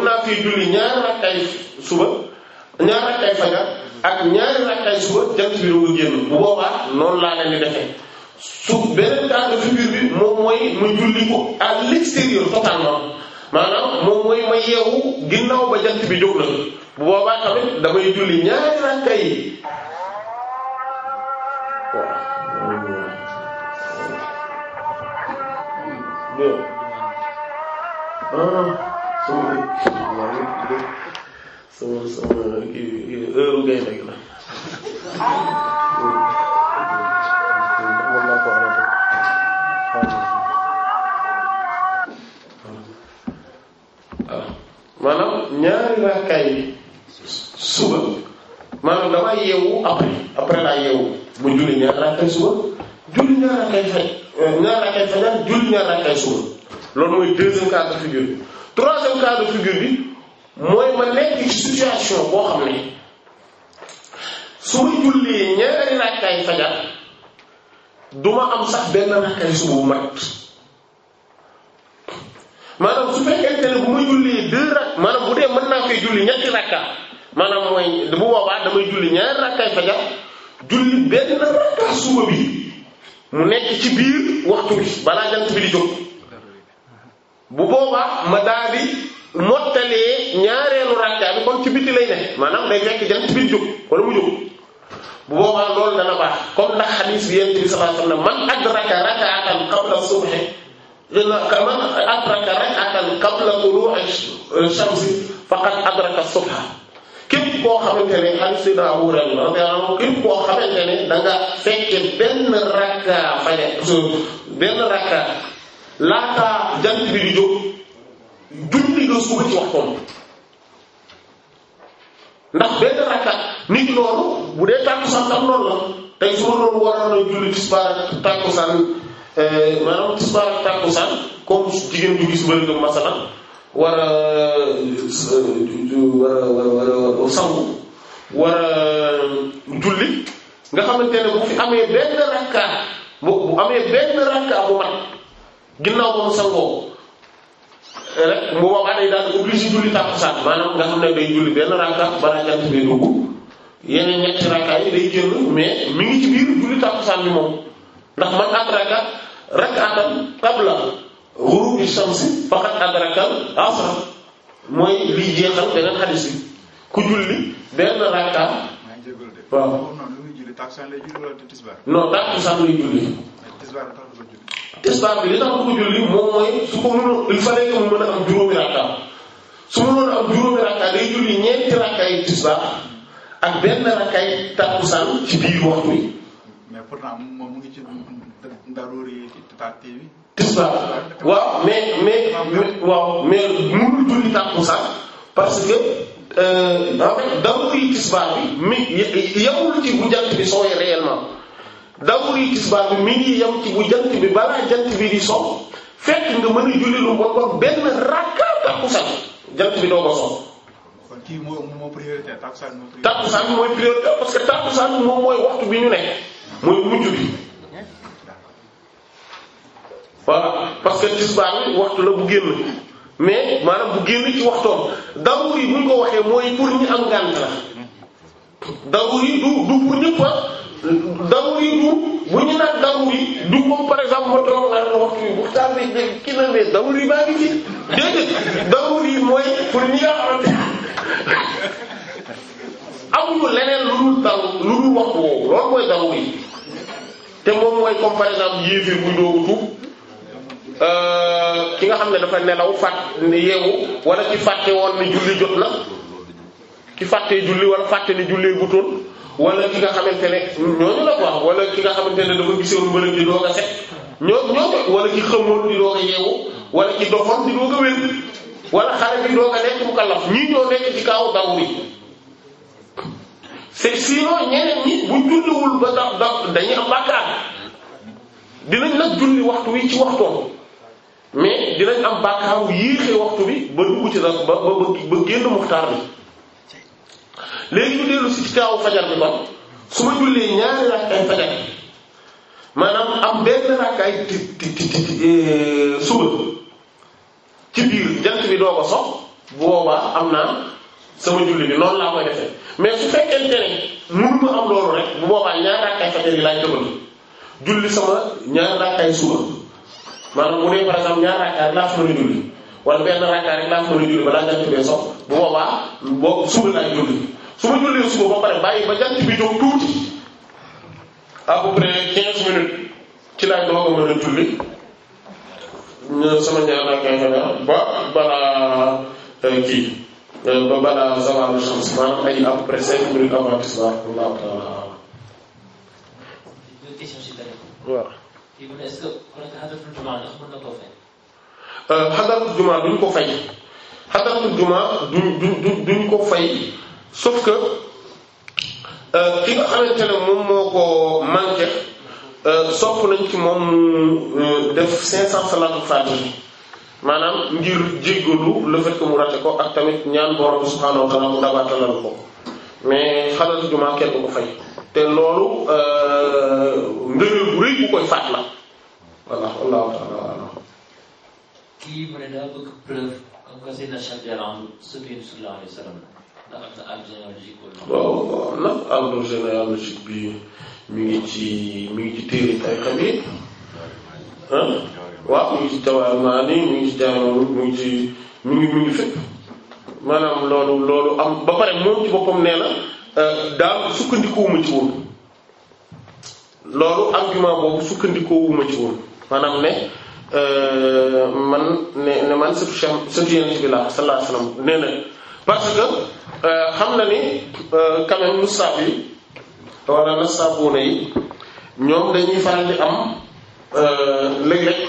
naa ñaari rakkay suba ñaari rakkay fajar. ak ñaari rakkaay suba jant bi doog a génn bu boobaa laa leen di defee su beneen cas de figure bi moom mooy ma julli ko à l'extérieur totalement maanaam moom mooy ma yeewu ginnaaw ba jant bi jóg na bu boobaa tamit damay julli ñaari rakkaay yi sama sama kii kii heure gay ndeg la maanaam ñaari raakaay yi suba maanaam damaa yeewu après après laa yeewu mu julli ñaari raakaay suba julli ñaari raakaay fay euh, ñaari raakaay fajar julli ñaari raakaay suba loolu mooy deuxième cas de figure troisième cas de figure bi mooy ma nekk ci situation boo xam ne su ma jullee ñaari rakkaay fajar duma am sax benn rakkaay suba bu mat maanaam su fekkente ne bu ma jullee deux dee mën naa koy julli ñetti rakka maanaam mooy bu boobaa damay julli ñaari rakkaay fajar julli benn rakka suba bi mu nekk ci biir waxtu bi balaa jant bi di jóg bu boobaa ma daal mottalee ñaareelu rakka bi kon ci biti lay ne maanaam day fekk jant bi jóg wala mu jóg bu boobaa loolu dana baax comme ndax xadiis bi yent bi sallallahu alayhi wasallam man adraka rak'atan qabla subhi man adraka rak'atan qabla tulu'i shamsi faqad adraka subha képp koo xamante ne xadiis bi daa wuural radiyallahu képp koo xamante ne da nga fekke benn rakka fajar benn rakka laataa jant bi di jóg julli la suba ci waxtoom ndax benn rakka nit loolu bu dee tàkkusaan tam noonu la tey su ma doon waroon a julli tisbaar tàkkusaan eh, maanaam tisbaar tàkkusaan comme jigéen ju gis bëri nga masalan war a sangu war a julli nga xamante ne bu fi amee benn rakka bu amee benn rakka bu mat ginnaaw moom sangoo rek bu boobaa day daal di julli takkusaan maanaam nga xam ne day julli benn rakka balaa jant bi dugg yeneen ñetti rakka yi day génn mais mi ngi ci biir julli takkusaan bi moom ndax man adraka rak'atan qabla ghurubi shamsi faqad adraka al-'asr mooy liy jeexal beneen xadis bi ku julli benn rakka. waaw non takkusaan lay julli. tisbaar bi li tax bu ko julli moom mooy su ko mënoon il fallait que mu mën a am juróomi rakka su julli ñeenti rakkaay tisbaar ak bi. tisbaar waaw mais mais waaw mais parce que euh, daruri tisbaar bi mi yemul ci bu jant bi sooy réellement. dawuri tisbaar bi mi ngi yem ci bu jant bi balaa jant bi di sox fekk nga ma a julli lu bon bon benn rakka takkusaan jant bi doo ko sox. kon kii parce que takkusaan bi moom mooy waxtu bi ñu ne mooy mujj bi. voilà parce que waxtu la bu génn mais maanaam bu génn ci waxtoom dawuri bu ñu ko waxee mooy pour ñu am ngànt la dawuri du du pour ñëpp ah. daruri du bu ñu naan daruri du comme par exemple ma toog naan waxtu bi bu tawee ba kii na mais daruri baa ngi ci déedéet daruri mooy pour ñi nga xamante amuñu leneen lu dul daw lu dul waxtu woowu loolu mooy daruri te moom mooy comme par exemple yéefir buy euh, ki nga xam ne dafa nelaw fàtt ne yeewu wala ci fàtte woon ne julli jot na ki fàttee julli wala fàtte ne jullee gutoon wala ki nga xamante ne ñooñu la quoi wala ki nga xamante ne dafa gisoon mbërëb di doog a set ñoo ñoo wala ki xamoon di doog a yeewu wala ki doxoon di doog a wér wala xale bi doog a ñoo nekk ci kaaw daw bi c'est sinon bu julliwul ba da dañuy am bàkkaar waxtu wi ci waxtoon mais dinañ am bàkkaaru yéexee waxtu bi ba dugg ci rab ba ba ba génn muxtaar bi léegi ñu dellu ma jullee ñaari am benn euh, jant bi doo ko sox bu boobaa am naa sama julli bi noonu laa koy defee mais su fekkente ne mun ma am suba maanaam mu ne par exemple ñaari rakkaay laa a laa fa mën julli balaa jant bee sox bu boobaa boo suba laay julli. su ma jullee suba ba pare bàyyi ba jant bi jóg tuuti à peu près 15 minutes ci laaj doo ko mën a julli sama ñaar naa koy xamee ba balaa euh, kii euh, ba balaa zawal shams maanaam ay à peu près 5 minutes avant tisbaar wallahu ta'ala. waaw. est-ce que xadatul jumaa ndax mën na koo fay. xadatul euh, jumaa duñ ko fay xadatul jumaa duñ duñ duñ ko fay. sauf que euh, ki nga xamante ne moom moo ko manqué euh, sopp nañ ci moom mu euh, def cinq cent salaatul faatiha maanaam ngir jéggalu le fait que mu raté ko ak tamit ñaan borom subhaanahu wa ta'ala te loolu ngëneel bu rëy bu kii mu ne daa bëgg preuve comme que Seydina Cheikh Diallo sëñ bi sallallahu alayhi wa sallam waaw waaw ndax arbre généalogique bi mi ngi ci mu ngi ci téere ay xam yi waaw mi ngi ci tawaar naa ni mi ngi ci jaaroo mi ngi ci mi ngi mi ngi fépp maanaam loolu loolu am ba pare moom ci boppam nee na euh, daal sukkandikoowuma ci woon loolu argument boobu sukkandikoowuma ci woon maanaam ne euh, man ne ne man sëtu sëtu yeneen bi laa sallallahu alayhi wasallam nee na parce que Euh, xam na ni euh, quand même nusaab yi wala nasaabuuna yi ñoom dañuy faral di am euh, léeg-léeg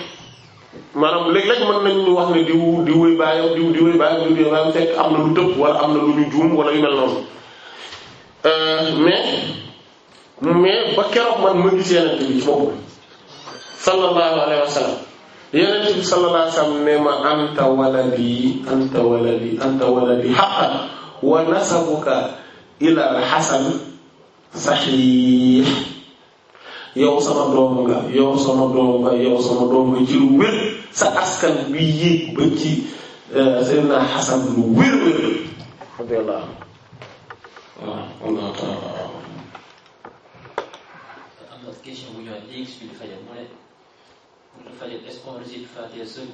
maanaam léeg-léeg mën nañu wax ne diw diw way bàyyam diw diw way bàyyam diw diw way bàyyam fekk am na lu tëb wala am na lu ñu juum wala yu mel noonu mais mais ba keroog man ma gis yeneen bi ci boppam sallallahu alayhi wa sallam yeneen bi sallallahu alayhi wa sallam ne ma anta waladi anta waladi anta waladi haqqan wa nasabuka ila alxasan saxiix yow sama doom nga yow sama doom nga yow sama doom nga ci lu sa askan bi yéeg ba ci euh, Seydina Xasan lu wér wér radiyallahu anhu waaw am na question bu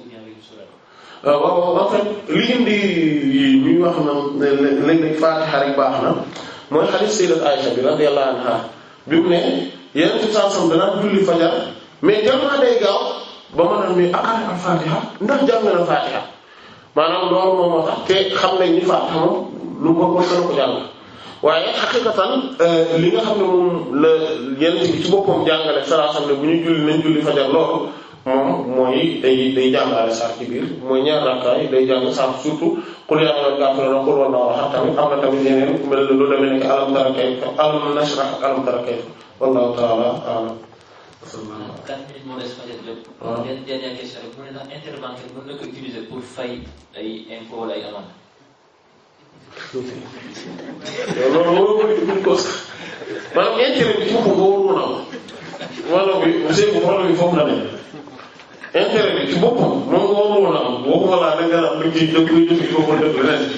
ñëwaat Euh, waaw en fait li indi ba ma naan mais aqara ah, al-Faatiha ah, ah, ndax jàng na Faatiha maanaam loolu xam nañ ni Faatiha moom lu ko mën na ko euh, nga xam ne moom la yeneen ci boppam jàngale saa soxna bu ñu julli nañ julli fajar loolu. moom mooy day day jàngale saar ci biir mooy ñaar rakkaay day jàng saar surtout xul yaa ayyuhal kaafiruun xul wallaahu ahad tamit am na tamit yeneen mel lu demee nekk alam tara kayfa alam nashrah ak alam tara kayfa wallaahu ta'ala a'lam. quatre minutes moo des peut-être lépp. waaw benn dernière question rek mu ne ndax interbancaire mën na ko utiliser pour fay ay impôts wala ay amendes. loolu loolu mooy dugg ko sax maanaam intérêt bi foofu nga waroon a am wala bi monsieur bi wala bi foofu la ne. intérêt bi ci moom nga warul a am waxuma laa da nga am luñ ciy dëkk luñ def ci boppam def leneen.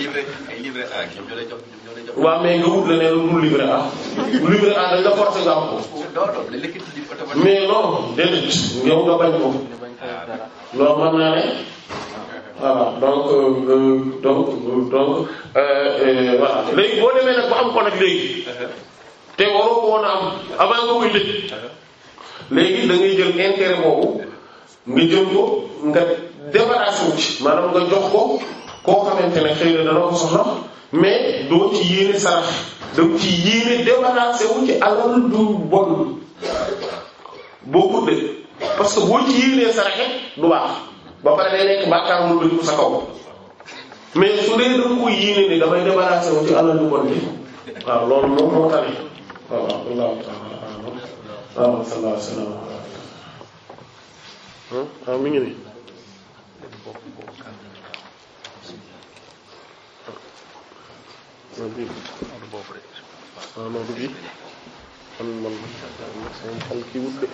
waaw nga wut leneen lu dul livret A. livret A dañ la forcer nga am ko. mais non déedéet nga bañ ko. loolu xam naa ne voilà donc euh, euh, donc euh, donc voilà léegi boo demee nag ba am ko nag léegi. te waroo ko woon a am nga koy lëj uh-huh. léegi da ngay jël intérêt boobu. nga jël ko nga débarrassé ci maanaam nga jox ko koo xamante ne xëy dana ko soxla mais doo ci yéene sarax doo ci yéene débarrassé ci alal du que boo ci yéenee baax ba pare day nekk bàkkaar mu bëgg ko sa kaw mais su ne damay débarrassé ci alal du bon bi waaw loolu moom moo tax waaw wallahu ta'ala a'lam wa sallallahu alayhi wa sallam waaw mi ngi nii non bii waaw non du bii man man seen xel kii wut de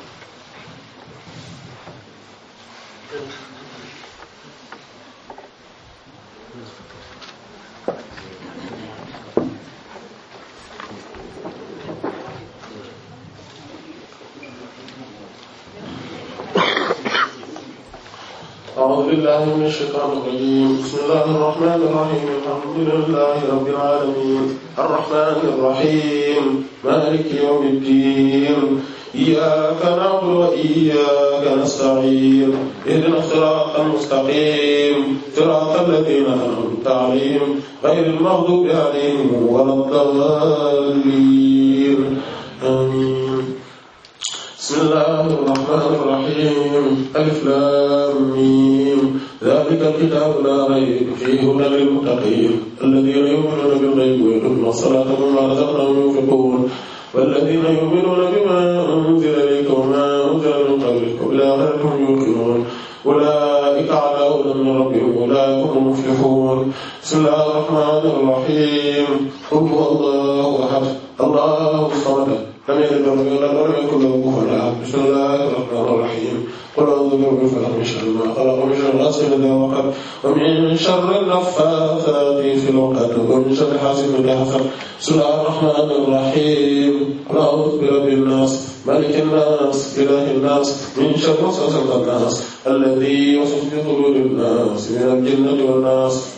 أعوذ بالله من الشيطان الرجيم بسم الله الرحمن الرحيم الحمد لله رب العالمين الرحمن الرحيم مالك يوم الدين إياك نعبد وإياك نستعين اهدنا الصراط المستقيم صراط الذين أنعمت عليهم غير المغضوب عليهم ولا الضالين آمين bismillaahi rahmaani rahiim alif laam miim zaalika al-kitaabu laa rayba fiihi hudan lil-muttaqiin allaziina yu'minuuna bil-ghaybi wa yuqiimuuna as-salaata wa mimmaa razaqnaahum yunfiquun wallaziina yu'minuuna bimaa unzila ilayka wa maa unzila min qablika wa bil-aaxirati hum yuuqinuun ulaa'ika 'alaa hudan min rabbihim wa ulaa'ika humu l-muflihuun bismillaahi rahmaani rahiim qul huwallaahu ahad allaahu samad لم يلد ولم يولد ولم يكن له كفوا احد بسم الله الرحمن الرحيم قل اعوذ برب الفلق من شر ما خلق ومن شر غاسق اذا وقب ومن شر النفاثات في العقد ومن شر حاسد اذا حسد بسم الله الرحمن الرحيم قل اعوذ برب الناس ملك الناس اله الناس من شر وسوس الناس الذي يوسوس في صدور الناس من الجنه والناس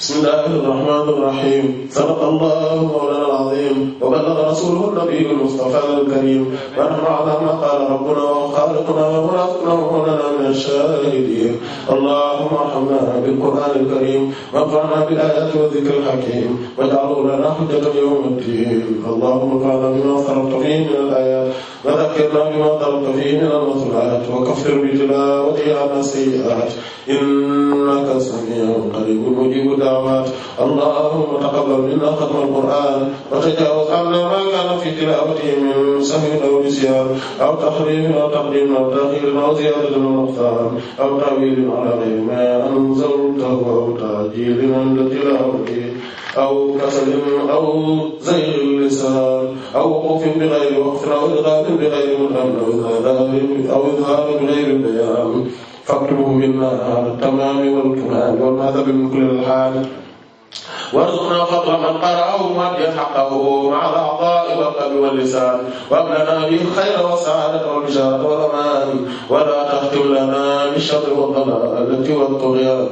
bismillahir rahmanir rahim sadaqallahu mawlana al-azim wa ballagha rasuluhu an-nabiyyul mustafa al-karim wa nahnu ala ma qala rabbuna wa khaliquna wa razzaqna wa mawlana min ash-shahidin allahumma arhamna bil-qur'an al-karim wanfa'na bil-ayati wa dhikr al-hakim waj'alhu lana hujjatan yawma ad-din allahumma fa'alna bima sarafta fihi min al-ayat wa dhakkirna bima darafta fihi min al-masulat wa kaffir bi tilawatihi 'anna sayyi'at innaka sami'un qaribun mujib والمقامات اللهم تقبل منا ختم القرآن وتجاوز عنا ما كان في تلاوته من سهو أو نسيان أو تحريف أو تقديم أو تأخير أو زيادة ونقصان أو تأويل على غير ما أنزلته أو تعجيل عند تلاوته أو كسل أو زيغ اللسان أو وقوف بغير وقف أو إلغاء بغير ملهم أو إظهار بغير بيان فاكتبه بالماء على التمام والكمال والمذهب من كل الحال وارزقنا فضل من قرأه ماديا حقه مع الأعضاء والقلب واللسان وابلنا به الخير والسعادة والبشارة والأمان ولا تختم لنا بالشر والضلالة والطغيان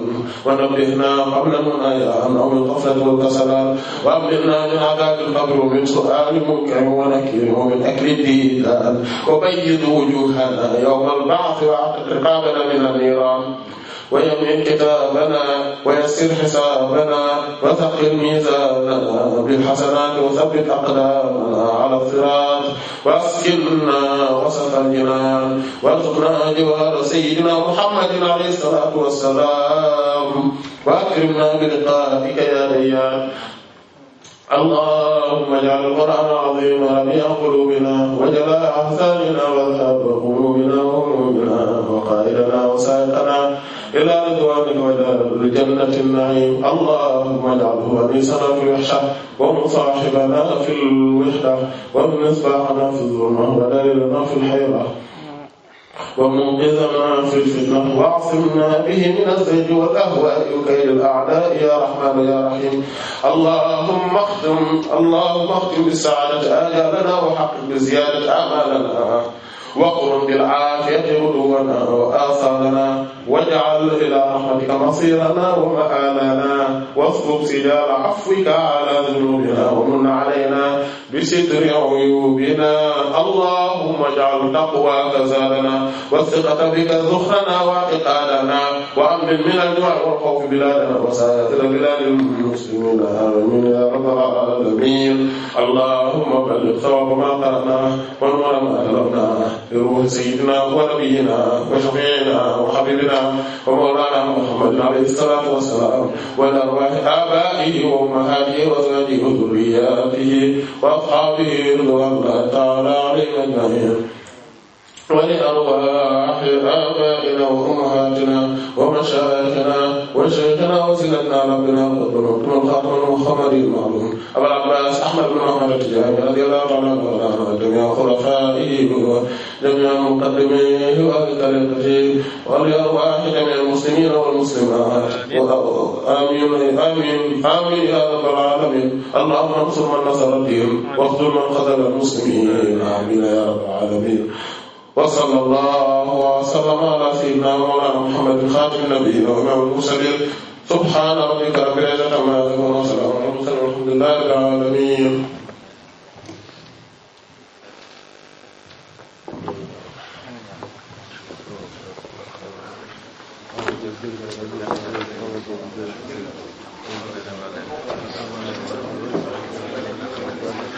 ونبهنا قبل من أيام أو من غفلة والكسلان وأبلغنا من عذاب القبر ومن سؤال منكر ونكير ومن أكل الديدان وبيض وجوهنا يوم البعث واعتق رقابنا من النيران ويمن كتابنا ويسر حسابنا وثقل ميزاننا بالحسنات وثبت أقدامنا على الصراط واسكننا وسط الجنان وارزقنا جوار سيدنا محمد عليه الصلاة والسلام وأكرمنا بلقائك يا ديان اللهم اجعل القرآن العظيم ربيع قلوبنا وجلاء أحزاننا وذهاب همومنا وغمومنا وقائدنا وسائقنا إلى رضوانك وإلى جنة النعيم اللهم اجعله أنيسنا في الوحشة ومصاحبنا في الوحدة ومصباحنا في الظلمة ودليلنا في الحيرة ومنقذنا في الفتنة واعصمنا به من الزيج والأهواء وكيد الأعداء يا رحمن يا رحيم اللهم اختم اللهم اختم بالسعادة آجالنا وحقق بزيادة آمالنا واقرن بالعافية غدونا وآثارنا واجعل إلى رحمتك مصيرنا ومآلنا واصلب سجال عفوك على ذنوبنا ومن علينا بستر عيوبنا اللهم اجعل تقواك زادنا والثقة بك ذخرنا واعتقادنا وأمن من الجوع والخوف بلادنا وسائر بلاد المسلمين آمين يا رب العالمين اللهم بلغ ثواب ما قرأناه ونور ما تلوناه بروح سيدنا ونبينا وشفيعنا وحبيبنا والسلام ومولانا محمد عليه الصلاة والسلام وعلى أرواح آبائه وأمهاته وأزواجه وذرياته وأصحابه رضوان الله تعالى عليهم أجمعين ولأرواح آبائنا وأمهاتنا ومشايخنا وشيخنا وسيدنا ربنا ربنا وكما الخاتم محمد المعلوم أبا عباس أحمد بن محمد التجاري رضي الله تعالى عنه وجميع خلفائه وجميع مقدميه وأهل طريقته ولأرواح جميع المسلمين والمسلمات آمين آمين آمين يا رب العالمين اللهم انصر من نصر الدين واخذل من خذل المسلمين آمين يا رب العالمين wa sallallahu wa sallama ala sayyidina wa mawlana muhammadin khatimin nabiyyin wa imamil mursalin subhana rabbika rabbil izzati amma yasifun wa salamun alal mursalin walhamdulillahi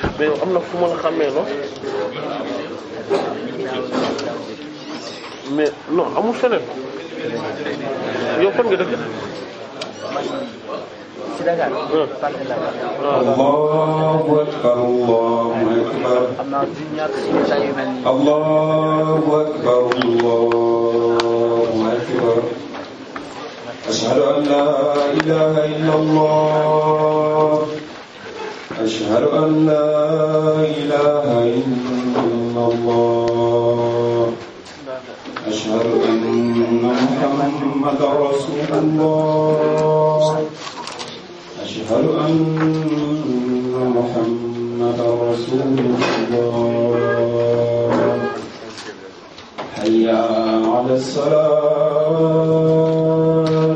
rabbil alamin mais am na fu ma la xàmmee mais non amul feneen yow fan nga dëkk. si Dakar. allahu akbar allahu akbar. allahu akbar allahu akbar. ashhadu an laa ilaaha illallaah. ashhadu an laa ilaaha illallaah. الله أشهد أن محمد رسول الله أشهد أن محمد رسول الله حي على الصلاة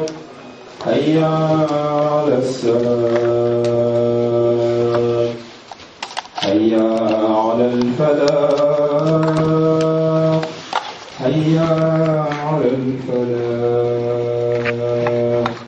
حي على الصلاة حي على الفلاح حي على الفلاح